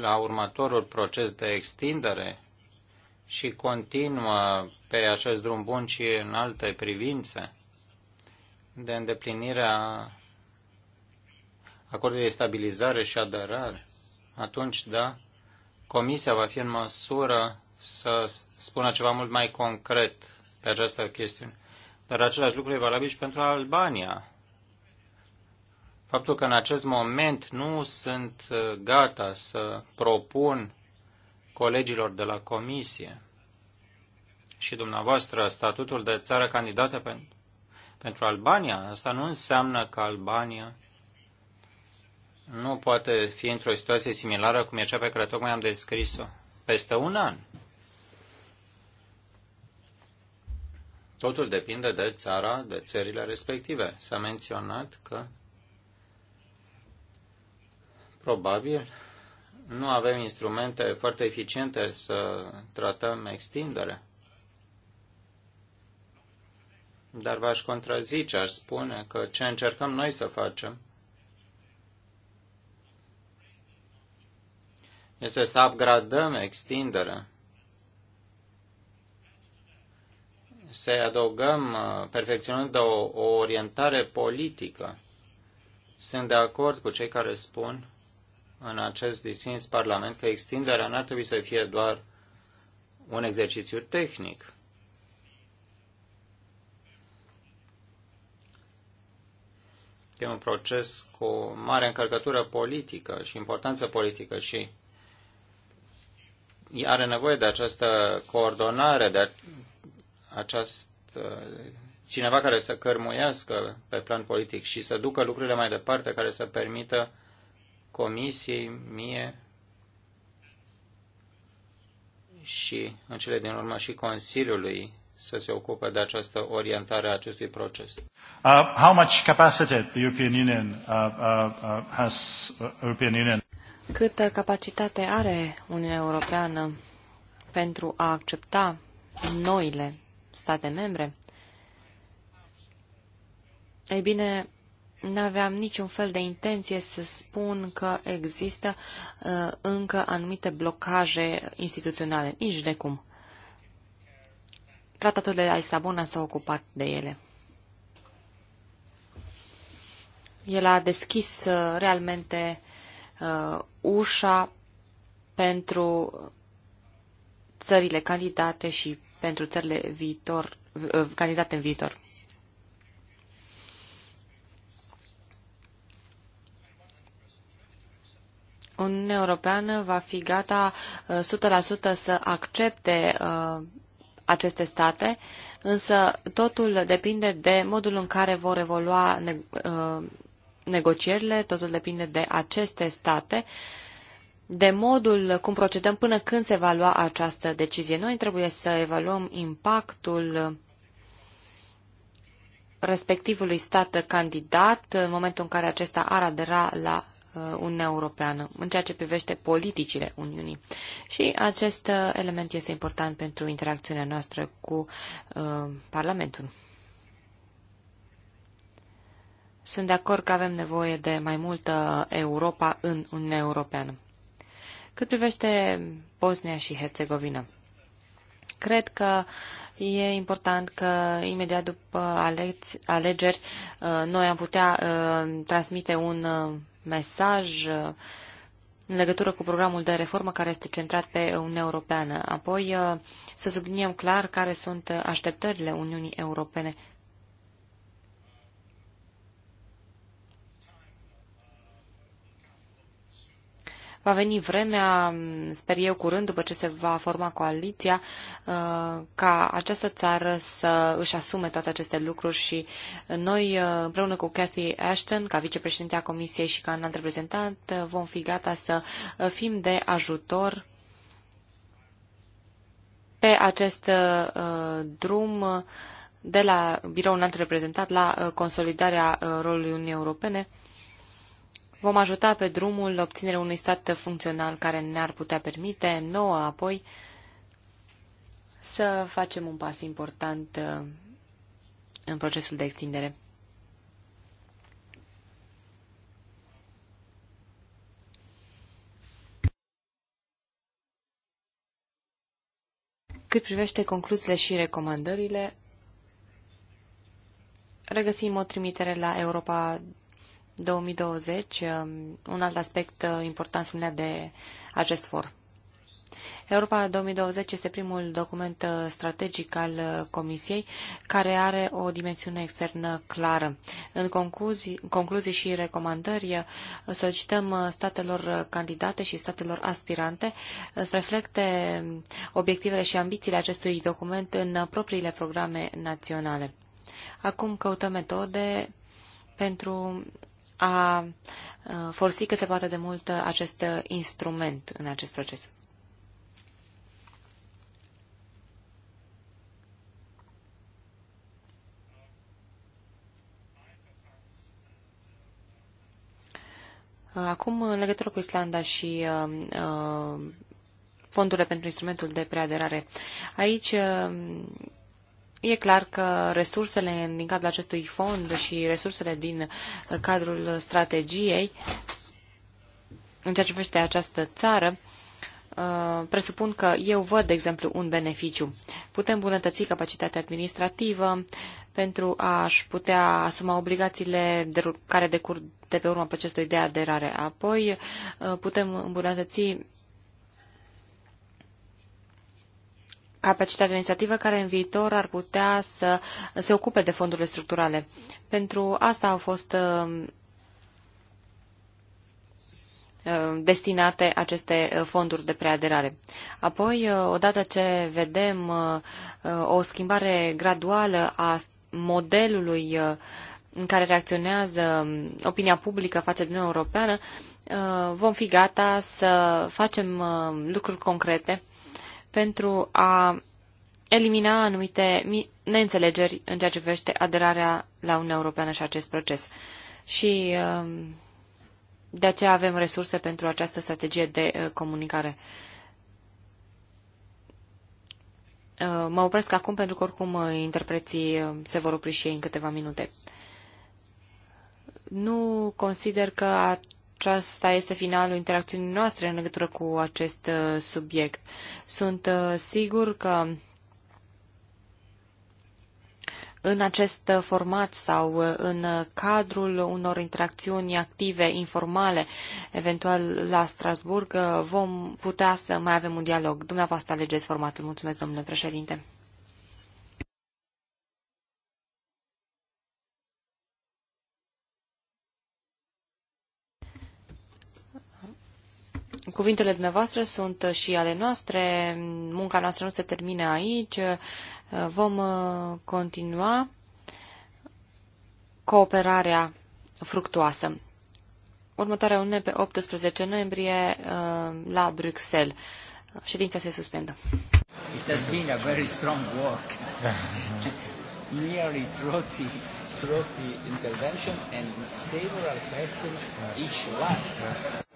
C: la următorul proces de extindere și continuă pe acest drum bun și în alte privințe de îndeplinirea acordului de stabilizare și aderare, atunci, da, Comisia va fi în măsură să spună ceva mult mai concret pe această chestiune. Dar același lucru e valabil și pentru Albania. Faptul că în acest moment nu sunt uh, gata să propun colegilor de la Comisie și dumneavoastră statutul de țară candidată pentru Albania, asta nu înseamnă că Albania nu poate fi într-o situație similară cum e cea pe care tocmai am descris-o. Peste un an. Totul depinde de țara, de țările respective. S-a menționat că probabil nu avem instrumente foarte eficiente să tratăm extindere. Dar v-aș contrazice, aș spune că ce încercăm noi să facem este să upgradăm extinderea, să adăugăm, uh, perfecționând o, o orientare politică. Sunt de acord cu cei care spun în acest distins Parlament că extinderea n-ar trebui să fie doar un exercițiu tehnic. E un proces cu mare încărcătură politică și importanță politică și are nevoie de această coordonare, de această cineva care să cărmuiască pe plan politic și să ducă lucrurile mai departe, care să permită comisiei, mie și, în cele din urmă, și Consiliului să se ocupe de această orientare a acestui proces.
F: Uh, how much capacity the European Union uh, uh, uh has uh, European Union?
I: Câtă capacitate are Uniunea Europeană pentru a accepta noile state membre? Ei bine, n-aveam niciun fel de intenție să spun că există uh, încă anumite blocaje instituționale, nici de cum. Tratatul de Lisabona s-a ocupat de ele. El a deschis uh, realmente Uh, ușa pentru țările candidate și pentru țările viitor, uh, candidate în viitor. Uniunea Europeană va fi gata 100% uh, să accepte aceste state, însă totul depinde de modul în care vor evolua negocierile, totul depinde de aceste state, de modul cum procedăm până când se va lua această decizie. Noi trebuie să evaluăm impactul respectivului stat candidat în momentul în care acesta ar adera la uh, Uniunea Europeană, în ceea ce privește politicile Uniunii. Și acest uh, element este important pentru interacțiunea noastră cu uh, Parlamentul. Sunt de acord că avem nevoie de mai multă Europa în Uniunea Europeană. Cât privește Bosnia și Herțegovina, cred că e important că imediat după alegeri uh, noi am putea uh, transmite un uh, mesaj în legătură cu programul de reformă care este centrat pe Uniunea Europeană. Apoi să subliniem clar care sunt așteptările Uniunii Europene Va veni vremea, sper eu curând, după ce se va forma coaliția, uh, ca această țară să își asume toate aceste lucruri și noi, uh, împreună cu Cathy Ashton, ca vicepreședinte a Comisiei și ca înalt reprezentant, uh, vom fi gata să fim de ajutor pe acest drum de la biroul înalt reprezentat la consolidarea rolului Uniunii Europene vom ajuta pe drumul obținerea unui stat funcțional care ne-ar putea permite nouă apoi să facem un pas important uh, în procesul de extindere. Cât privește concluziile și recomandările, regăsim o trimitere la Europa 2020, um, un alt aspect uh, important spunea de acest for. Europa 2020 este primul document uh, strategic al uh, Comisiei care are o dimensiune externă clară. În concluzii, concluzii și recomandări solicităm statelor candidate și statelor aspirante să reflecte um, obiectivele și ambițiile acestui document în propriile programe naționale. Acum căutăm metode pentru a forsi că se poate de mult acest instrument în acest proces. Acum, în legătură cu Islanda și uh, fondurile pentru instrumentul de preaderare, aici uh, E clar că resursele din cadrul acestui fond și resursele din uh, cadrul strategiei în ceea ce privește această țară, uh, presupun că eu văd, de exemplu, un beneficiu. Putem îmbunătăți capacitatea administrativă pentru a-și putea asuma obligațiile care decurg de pe urma procesului de aderare. Apoi uh, putem îmbunătăți capacitate administrativă care în viitor ar putea să se ocupe de fondurile structurale. Pentru asta au fost uh, uh, destinate aceste uh, fonduri de preaderare. Apoi, odată ce vedem o schimbare graduală a modelului în care reacționează um, opinia publică față de Uniunea Europeană, vom fi gata să facem lucruri concrete pentru a elimina anumite neînțelegeri în ceea ce privește aderarea la Uniunea Europeană și acest proces. Și um, de aceea avem resurse pentru această strategie de uh, comunicare. Uh, mă opresc acum pentru că oricum uh, interpreții se vor opri și ei în câteva minute. Nu consider că aceasta este finalul interacțiunii noastre în legătură cu acest uh, subiect. Sunt uh, sigur că în acest format sau uh, în cadrul unor interacțiuni active, informale, eventual la Strasburg, vom putea să mai avem un dialog. Dumneavoastră alegeți formatul. Mulțumesc, domnule președinte. Cuvintele dumneavoastră sunt și ale noastre, munca noastră nu se termine aici, vom uh, continua cooperarea fructuoasă. Următoarea uniune pe 18 noiembrie uh, la Bruxelles. Ședința se suspendă.
A: It has
F: been a very strong work. Nearly 30, 30 intervention and several questions each one. Yes.